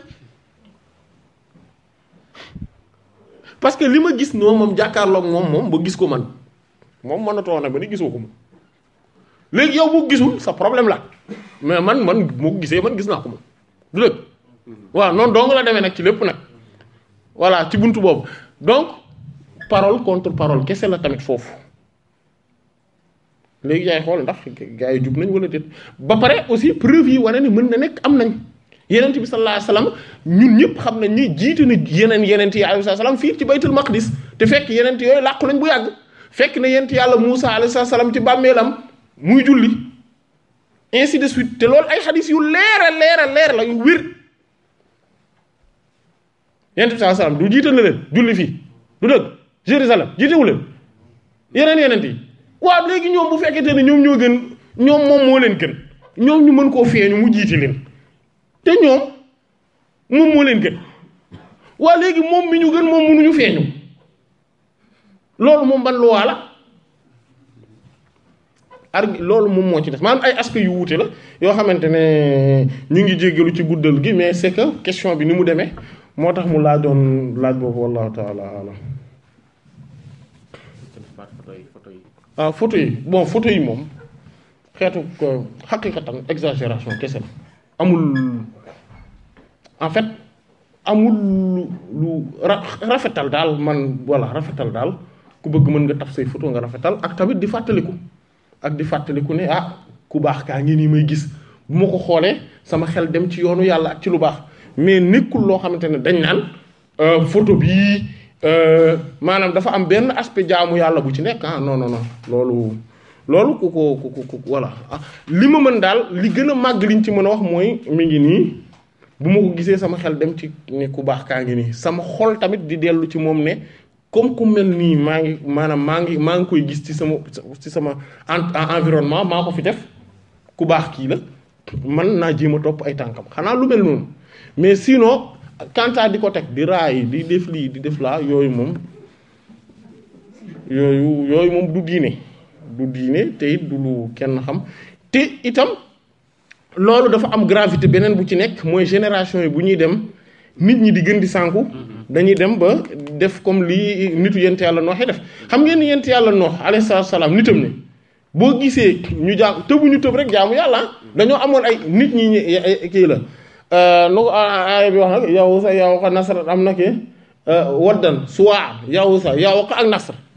C: parce que li ma gis noonu moom jàkkaarloog moom moom ba gis ko man moom mënatoo na ba ni gisoo ko moom léegi yow boo gisul sa problème la mais man man moo gisee man gis naa ko moom du dëgg waaw noonu dong la demee nag ci lépp nag voilà ci buntu boobu donc parole contre parole kese la tamit foofu léegi yaay xool ndax gars yi jub nañ walla déet ba pare aussi preuve yi wane ni mën na nekk am nañ yenent bi sallallahu alayhi wasallam ñun ñëpp xam nañ ni jiite na yeneen yenent yi alayhi wasallam fii ci baytul maqdis te fekk yenent yooyu làqu nañ bu yàgg fekk na yenent yàlla Muusa alayhi wasallam ci bàmmeelam muy julli ainsi de suite te loolu ay xadis yu leer a leer la yu wér yonent bi sallallahu du jiite na leen julli fii du dëgg Jérusalem jiitewu yeneen yeneen yi waa léegi ñoom bu fekkente ne ñoom ñoo gën ñoom moom moo leen gën ñoom ñu mën koo feeñu mu jiite leen te ñoom moom moo leen gën waaw léegi moom mi ñu gën moom mënuñu feeñu loolu moom ban luwaa la ar loolu moom moo ci des maanaam ay aspects yu wuute la yoo xamante ne ñu ngi jéggalu ci guddal gi mais c'est que question bi ni mu demee moo tax mu laajoon laaj boobu wallahu taala alam ah photo yi bon photo yi moom xeetu ko xaqiqatan exagération kese la amul en fait amul lu rafetal daal man voilà rafetal daal ku bëgg mën nga taf say photo nga rafetal ak tamit di fàttaliku ak di fàttaliku ne ah ku baax kaa ngi nii may gis bu ma ko xoolee sama xel dem ci yoonu yàlla ak ci lu baax mais nekkul loo xamante ne dañ naan euh, photo bii euh, maanaam dafa am benn aspect jaamu yàlla bu ci nekk ah non non loolu loolu ku ko ku ku voilà ah li ma mën daal li gën a màgg liñ ci mën a wax mooy mi ngi nii bu ma ko gisee sama xel dem ci ne ku baax kaa ngi nii sama xol tamit di dellu ci moom ne comme ku mel nii maa ngi maanaam maa ngi maa ngi koy gis ci sama ci sama environnement maa ko fi def ku baax kii la man naa jéem a topp ay tànkam xanaa lu mel noonu mais sinon quant à di ko teg di yi di def lii di def laa yooyu moom yooyu yooyu moom du diine du diine te it du lu kenn xam te itam loolu dafa am gravité beneen bu ci nekk mooy génération yi bu ñuy dem nit ñi di gën di sànku mhm. dañuy dem ba def comme li nitu yent yàlla nooxee def xam ngeen ni yent yàlla noox alayhi salaatu salaam nitam ne boo gisee ñu jaam ñu tëb rek jaamu yàlla dañoo amoon ay nit ñi kii la euh, nu ko aaya bi wax nag yow sa yow ko na kii euh, waddan suwaa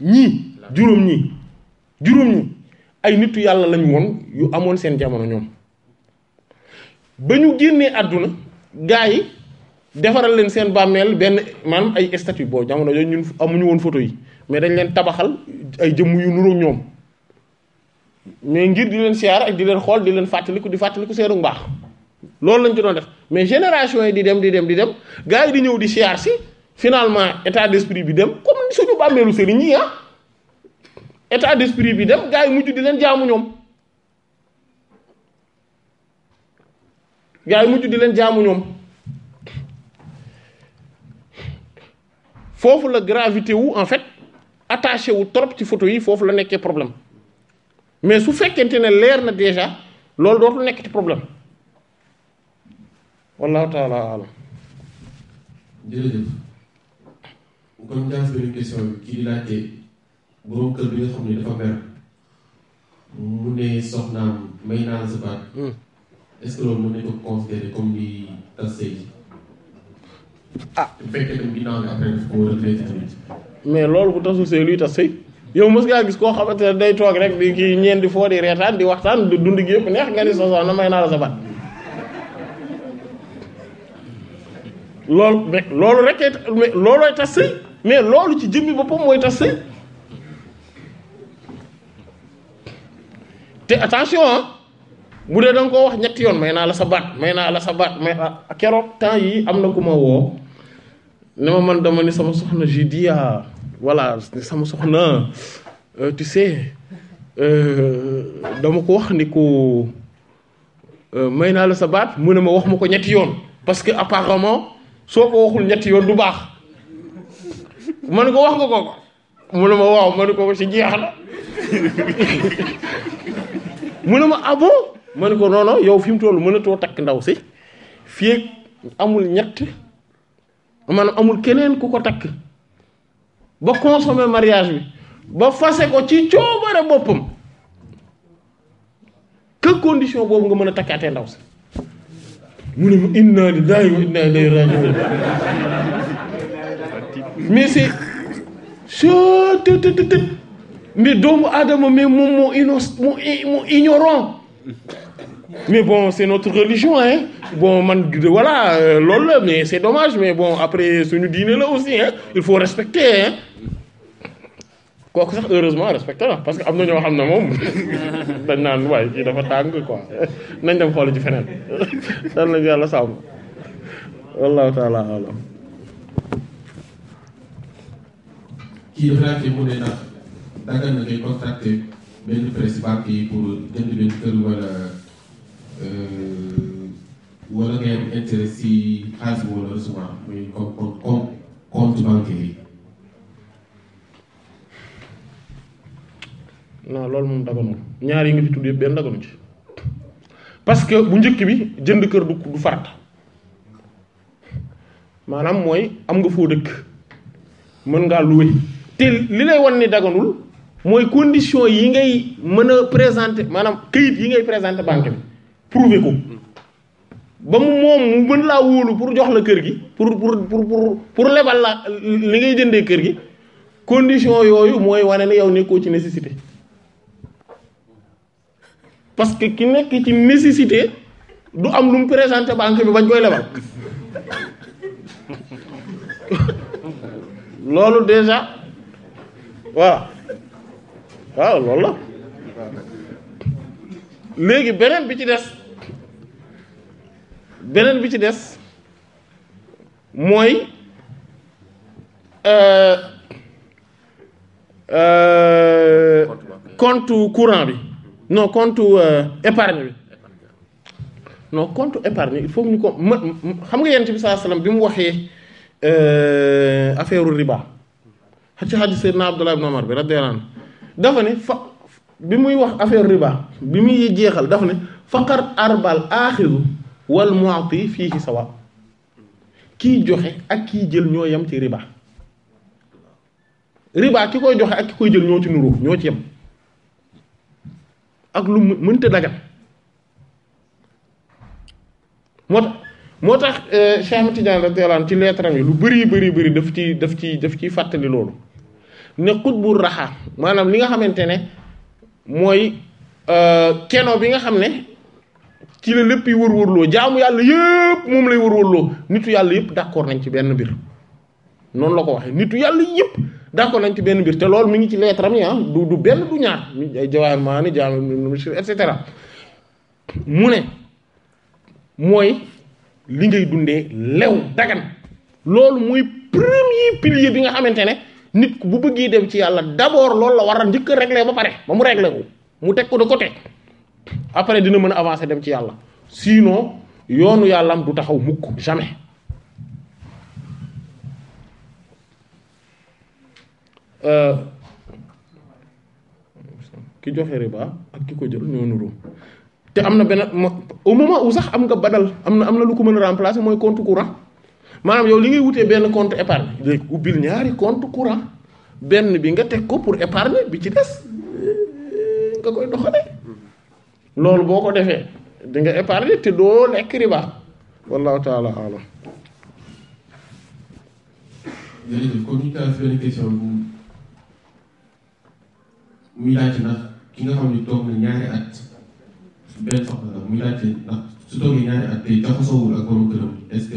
C: ñii juróom ñii juróom ñi ay nitu yàlla lañ woon yu amoon seen jamono ñoom ba ñu génnee àdduna gaa yi defaral leen seen bàmmeel benn man ay statue boobu jamono yooyu ñun amuñu woon photo yi mais dañ leen tabaxal ay jëmm yu nuru ñoom mais ngir di leen siyaar ak di leen xool di leen fàttaliku di fàttaliku seeru mbaax loolu lañ ci doon def mais génération yi di dem di dem di dem gars yi di ñëw di siyaar si finalement état d'esprit bi dem comme suñu bàmmeelu sëriñ yi ah état d'esprit bi dem gars yi mujj di leen jaamu ñoom gars yi mujj di leen jaamu ñoom foofu la gravité wu en fait attaché wu trop ci photo yi foofu la nekkee problème mais su fekkente ne leer na déjà loolu dootul nekkati problème wallahu taala alam
F: jërëjëf kon jàpp nañu question bi kii may naan sa baat est-ce que loolu mën nañu ko considérer comme li tas sëy ah
C: mais loolu bu tasul sëy luy tas sëy yow mës ngaa gis koo xamante ne day toog rek di kii ñeen di foo di reetaan di waxtaan du dund gi yëpp neex nga ni soxna na may naa la sa baat loolu mais mais loolu ci jëmmi boppam mooy tas sëy te attention ah, bu dee da nga wax ñetti yoon may naa la sa baat may naa la sa baat may ah, keroog temps yi am na ku ma woo ne ma man dama ne sama soxna j'ai dit ah voilà sama soxna euh, tu sais euh, dama ko wax ni ko euh, may naa la sa baat mu ne ma wax ma ko ñetti yoon parce que apparemment soo ko waxul ñetti yoon du baax ne ko wax nga ko mu ne ma waaw ma ne ko ci jeex na mu ne ma ah ma ne ko non non yow fi mu toll mënatoo takk ndaw si fii amul ñett. maanaam amul keneen ku ko takk ba consommer mariage bi ba fase ko ci coobare boppam que condition boobu nga mën a takkaatee ndaw si mu ne mu inna lillahi wa inna ilayhi raji'un mais c'est chttëtëtët mais doomu aadama mais moom moo inos moo ignorant mais bon c'est notre religion bon man voilà euh, loolu la mais c'est dommage mais bon après suñu diine la aussi il faut respecter hein kooku sax heureusement respecté la parce que am na ñoo xam na moom dañ naan waaye kii dafa tàng quoi nañ dem xool ci feneen dan lañu yàlla sàmm wallahu taala alam
F: kii Euh, wala si xaalis bi wala recevoir
C: loolu moom daganul ñaar nga fi tudd yëpp benn daganu ci parce que bu njëkk bi jënd kër du du farata maanaam mooy am nga foo dëkk mën ngaa louer te li lay wan ni daganul mooy condition yi ngay mën a présenter maanaam kayit yi ngay présenter banque bi. prouver ko ba mu moom mu mën laa wóolu pour jox la kër gi pour pour pour pour lebal la li ngay jëndee kër gi condition yooyu mooy wane ne yow nekkoo ci nécessité parce que ki nekk ci nécessité du am lu mu présenté banque bi bañ koy lebal loolu déjà voilà waaw loolu la. léegi beneen bi ci des beneen bi ci des mooy euh, euh, compte courant bi non compte euh, épargne bi non compte épargne il faut ñu ko ma xam nga yent bi saa salaam bi mu waxee affaire riba ci hadith Seydina Abdullah ibn Umar bi radiyallahu anhu dafa ne fa bi muy wax affaire riba bi muy jeexal daf ne faqar arbal aaxiru wal mu'ti fiihi sawa kiy joxe ak kiy jël ñoo yem ci riba riba ki koy joxe ak ki koy jël ñoo ci nuroo ñoo ci yem ak lu mënta dagat moo tax moo tax euh, Cheikh Tidiane radiyallahu anhu ci leetaram yi lu bari bari bari daf ci daf ci daf ciy fàttali loolu ne xutbu raxa maanaam li nga xamante ne mooy euh, keno bi nga xam ne ci la lépp yi wër-wërloo jaamu yàlla yëpp moom lay wër-wërloo yàlla yëpp d'accord nañ ci benn mbir noonu la ko waxee nitu yàlla yëpp d'accord nañ ci benn mbir te loolu mi ngi ci lettre am ah du du benn du ñaar ay jawaar maani jaam et cetera mu ne mooy li ngay dundee lew dagan loolu mooy premier pilier bi nga xamante ne nit bu bëggee dem ci yàlla d'abord loolu la war a njëkk régler ba pare ba mu régler ko mu teg ko da de côté après dina mën a avancer dem ci yàlla sinon yoonu yàlla yàllaam du taxaw mukk jamais euh, ki joxe riba ak ki ko jël ñoo nuru te am na benn au moment où sax am nga badal am na am na lu ko mën a remplacer mooy compte courant maanaam yow li ngay wutee benn compte épargne léegi ubbil ñaari compte courant benn bi nga teg ko pour épargne bi ci des eh, nga koy doxale loolu boo ko defee di nga épargne te doo lekk riba wallahu taala alam
F: muy laajte ndax ki nga xam ne toog na ñaari at benn soxna la muy laajte ndax su toogee ñaari ak borom këram est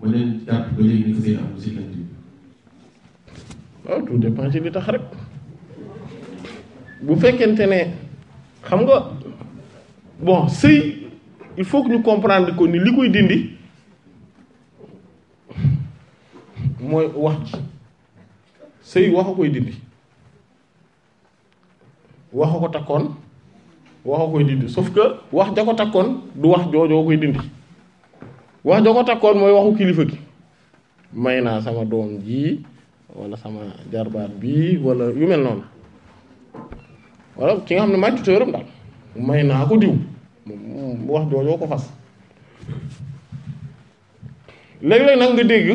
F: wala jàpp ba waaw tout dépend ci li rek
C: bu fekkente ne xam nga bon sëy il faut ñu comprendre ko ni li koy dindi mooy wax ji sëy wax koy dindi wax ko takkoon wax a koy dindi sauf que wax ja ko takkoon du wax joojoo koy dindi wax ja ko takkoon mooy waxu kilifa gi may naa sama doom ji wala sama jarbaat bi wala yu mel noonu wala ki nga xam ne may tuteuram daal may naa ko diw wax joojoo ko fas léeg-léeg nag nga dégg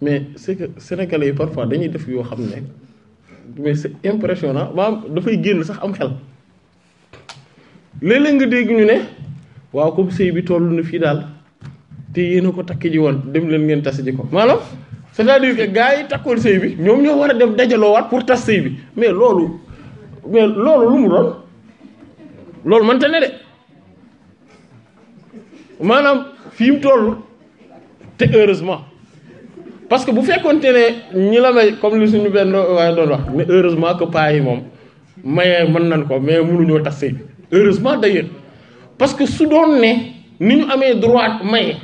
C: mais c'est que sénégalais yi parfois dañuy def yoo xam ne mais c'est impressionnant maanaam dafay génn sax am xel léeg-léeg nga dégg ñu ne waaw comme sëy bi toll na fii daal te yéen ko takki ji woon dem leen ngeen tas ji ko maanaam c'est-à-dire que gars yi takkoon sëy bi ñoom ñoo war a dem dajaloowaat pour tas sëy bi mais loolu mais loolu lu mu doon loolu mënta ne de maanaam fii mu toll te heureusement parce que bu fekkoonte ne ñi la may comme li suñu benn waaye doon wax mais heureusement que paa yi moom maye mën nañ ko mais munuñoo tas sëy bi heureusement d'ailleurs parce que su doon ne ni ñu amee droit maye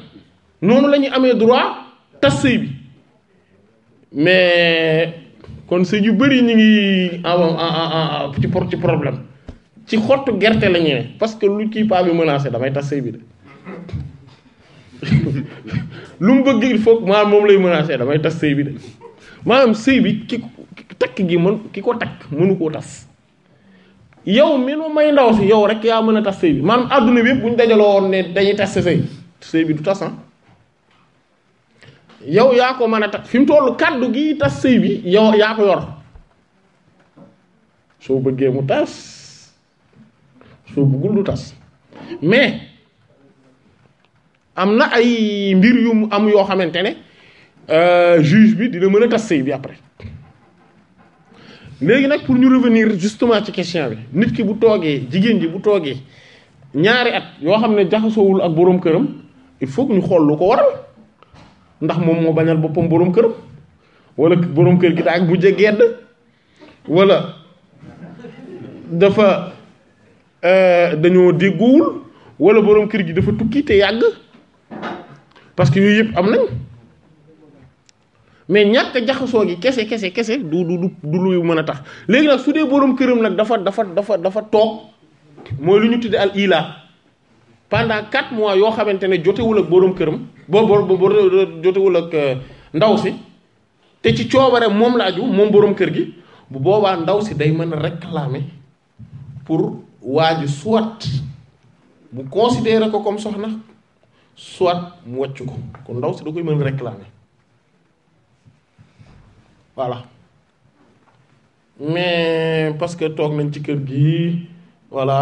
C: noonu la amee droit tas sëy bi mais kon sëy yu bëri ñu ngi en ci ci problème ci xottu gerte lañu ne parce que lu kii paa bi menacé damay tas sëy bi de lu mu bëgg il faut moom lay menacé damay tas sëy bi de maanaam sëy bi ki takk gi mën ki ko takk mënu koo tas yow mi may ndaw si yow rek yaa mën a tas sëy bi maanaam adduna bi yëpp buñ ñu dajaloo woon ne dañuy tas sëy sëy bi du tas ah yow yaa ko mën a tas fi mu toll kaddu gi tas sëy bi yow yaa ko yor soo bëggee mu tas soo bëggul du tas mais am na ay mbir yu mu am yoo xamante ne euh, juge bi dina mën a tas sëy bi après. léegi nag pour ñu revenir justement ci question bi nit ki bu toogee jigéen ji bu toogee ñaari at yoo xam ne jaxasoowul ak boroom këram il faut ñu xool lu ko waral ndax moom moo bañal boppam boroom këram wala boroom kër gi daa ak bu jegedd wala dafa euh, dañoo déggoowul wala boroom kër gi dafa tukki te yàgg parce que yooyu yëpp am nañ mais ñàkk a jaxasoo gi kese kese kese du du du luy mën a tax léegi nag su dee boroom këram nag dafa dafa dafa dafa toog mooy lu ñu tuddee al ila pendant quatre mois yoo xamante ne jotewul ak boroom këram bo bo jotewul ak euh, ndaw si te ci coobare moom la aju moom boroom kër gi bu boobaa ndaw si day mën a réclamer pour waa ji soit bu considérer ko comme soxna soit mu wàcc ko kon ndaw si da koy mën a réclamer voilà mais parce que toog nañ ci kër gi voilà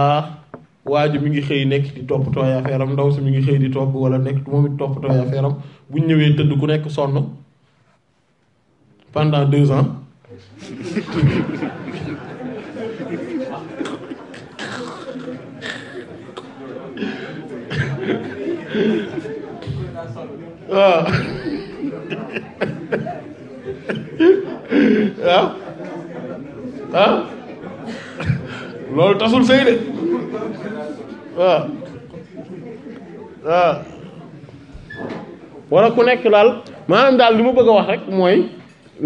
C: waa ji mi ngi xëy nekk di toppatoo ay affaire ndaw si mi ngi xëy di togg wala nekk moom it toppatoo ay affaire bu ñu ñëwee tëdd ku nekk sonn pendant deux ans
E: waaw waaw
C: loolu tasul sëy de waaw waaw wala ku nekk daal maanaam daal li ma bëgg a wax rek mooy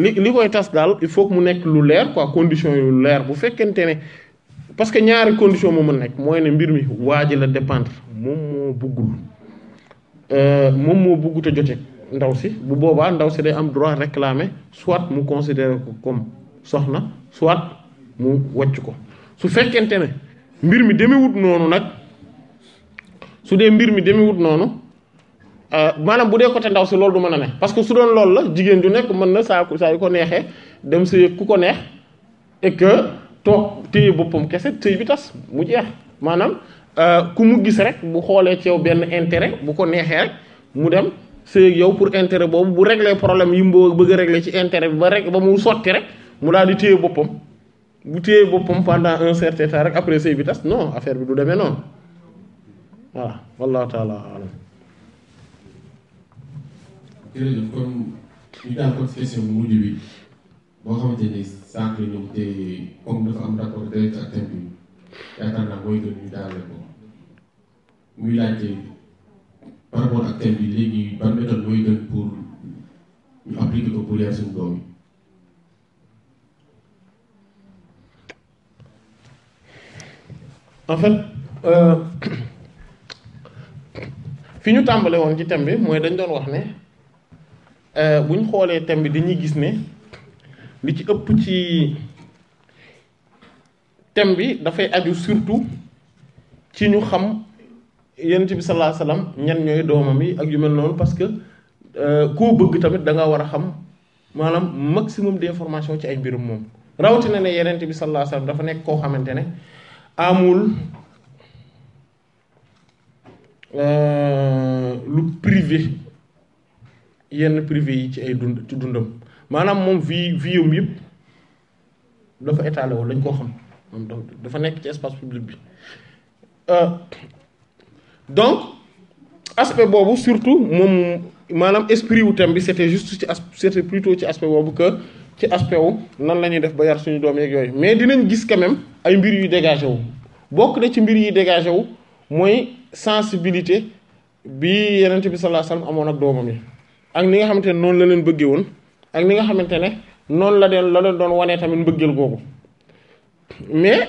C: li li koy tas daal il faut mu nekk lu leer quoi condition yu leer bu fekkente ne parce que ñaari condition moo mën nekk mooy ne mbir mi waa ji la dépendre moom moo buggul euh, moom moo bugg te jote ndaw si bu boobaa ndaw si day am droit réclamer soit mu considérer ko comme soxna soit mu wàcc ko su fekkente ne mbir mi demewut noonu nag su dee mbir mi demewut noonu euh, maanaam bu dee côté ndaw si loolu du mën a ne parce que su doon loolu la jigéen ju nekk mën na saa saa yu ko neexee dem sëy ku ko neex et que toog téye boppam kese sëy bi tas mu jeex maanaam euh, ku mu gis rek bu xoolee ci benn intérêt bu ko neexee rek mu dem sëyeeg yow pour intérêt boobu bu régler problème yi mu bëgg a régler ci intérêt bi ba rek ba mu sotti rek mu daal di téye boppam bu téye boppam pendant un certain temps rek affaire bi bu
F: mujj bi boo xamante ni sànq la te comme dafa am rapport direct ak thème bi yaakaar naa mooy gën ñu daal ko muy laajte par rapport ñu
C: euh, fi ñu tàmbale woon ci thème bi mooy dañ doon wax ne euh, buñ xoolee thème bi dañuy gis ne li ci ëpp ci thème bi dafay aju surtout ci ñu xam. yonent bi sallallahu ñan ñooy doomam yi ak yu mel noonu parce que euh, koo bëgg tamit da war a xam maanaam maximum d'information ci ay mbirum moom rawatina ne yonent bi sallallahu alayhi dafa nekk koo xamante ne amul euh, lu privé yenn privé yi ci ay dund ci dundam maanaam moom vie vie am yëpp dafa étalé woon lañ koo xam dafa nekk ci espace public bi. Euh, donc aspect boobu surtout moom maanaam esprit wu tam bi c'était juste ci as c'était plutôt ci aspe boobu que ci aspect wu nan la ñuy def ba yar suñu doom yeeg yooyu mais dinañ gis quand ay mbir yu dégagé wu bokk na ci mbir yi dégagé wu mooy sensibilité bi yenente bi sallallahu alayhi amoon ak doomam yi ak ni nga xamante ne noonu la leen bëggee woon ak ni nga xamante ne noonu la leen la doon wanee tamit mbëggeel googu mais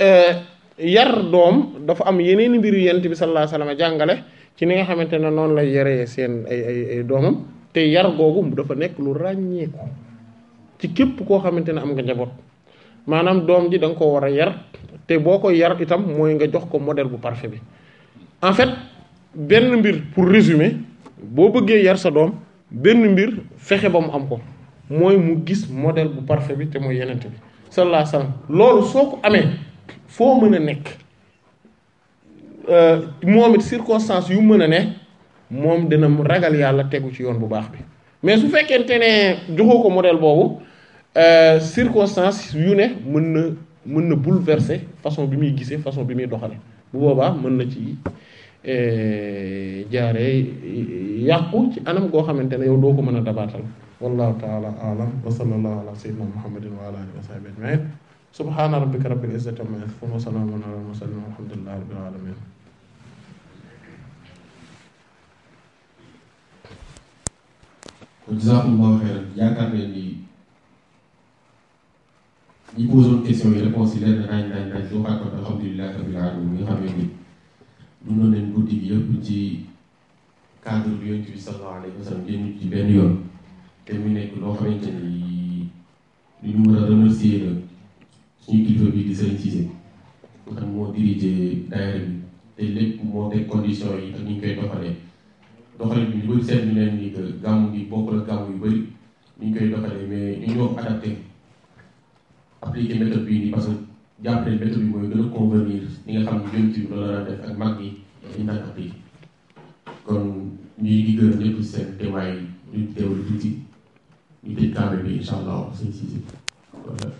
C: euh, yar doom dafa am yeneen i mbir yu yent bi sallallahu alayhi wasallam jàngale ci ni nga xamante ne noonu lay yaree seen ay te yar googu dafa nekk lu ràññeeku ci képp koo xamante ne am nga njaboot maanaam doom ji da nga ko war a yar te boo koy yar itam mooy nga jox ko modèle bu parfait bi en fait benn mbir pour résumer boo bëggee yar sa doom benn mbir fexe ba mu am ko mooy mu gis modèle bu parfait bi te mooy yenent bi sallallahu loolu soo ko amee foo mën a nekk euh, moom it circonstance yu mën a ne moom dina ragal yàlla tegu ci yoon bu baax bi mais su fekkee fekkente ne joxoo ko modèle boobu euh, circonstance yu ne mën na mën na bouleverser façon bi muy gisee façon bi muy doxale bu boobaa mën na ci euh, jaaree yàqu ci anam goo xamante ne yow doo ko mën a dabaatal wallahu taala alam wa sallallahu ala sayyidina muhammadin wa ala alihi wa sahbihi ajma'in subhaana rabbika rabbil izzati amma yasifun wa salaamun alal mursalin walhamdulillahi rabbil alamin
F: kon jazakumullahu xeyran yaakaar ne ni ñi question yi réponse yi leer na nañ nañ nañ doo kon alhamdulillahi rabbil alamin mi xamee ni dundoon nañ guddi gi yëpp ci cadre bi yonent bi sallallahu alayhi wa sallam génn ci benn yoon te mu nekk loo xamante ni lu ñu mën a remercier suñu kilifa bi di Serigne Cissé moo dirigé daayira te lépp moo teg condition yi ak ni ñu koy doxalee doxalin bi ñu bëri seetlu leen ni que gàmmu gi bokkul ak gàmmu yu bëri ni ñu koy doxalee mais ñu ngi wax adapté appliqué méthode bii nii parce que jàpp nañ méthode bi mooy gën a convenir ñi nga xam ne jëm ci def ak mag yi ñu daan appliqué kon ñuy di gërëm ñëpp seen teewaay ñu teewlu tuuti ñu tëj kàmb bi incha allah suñu
E: Cissé voilà.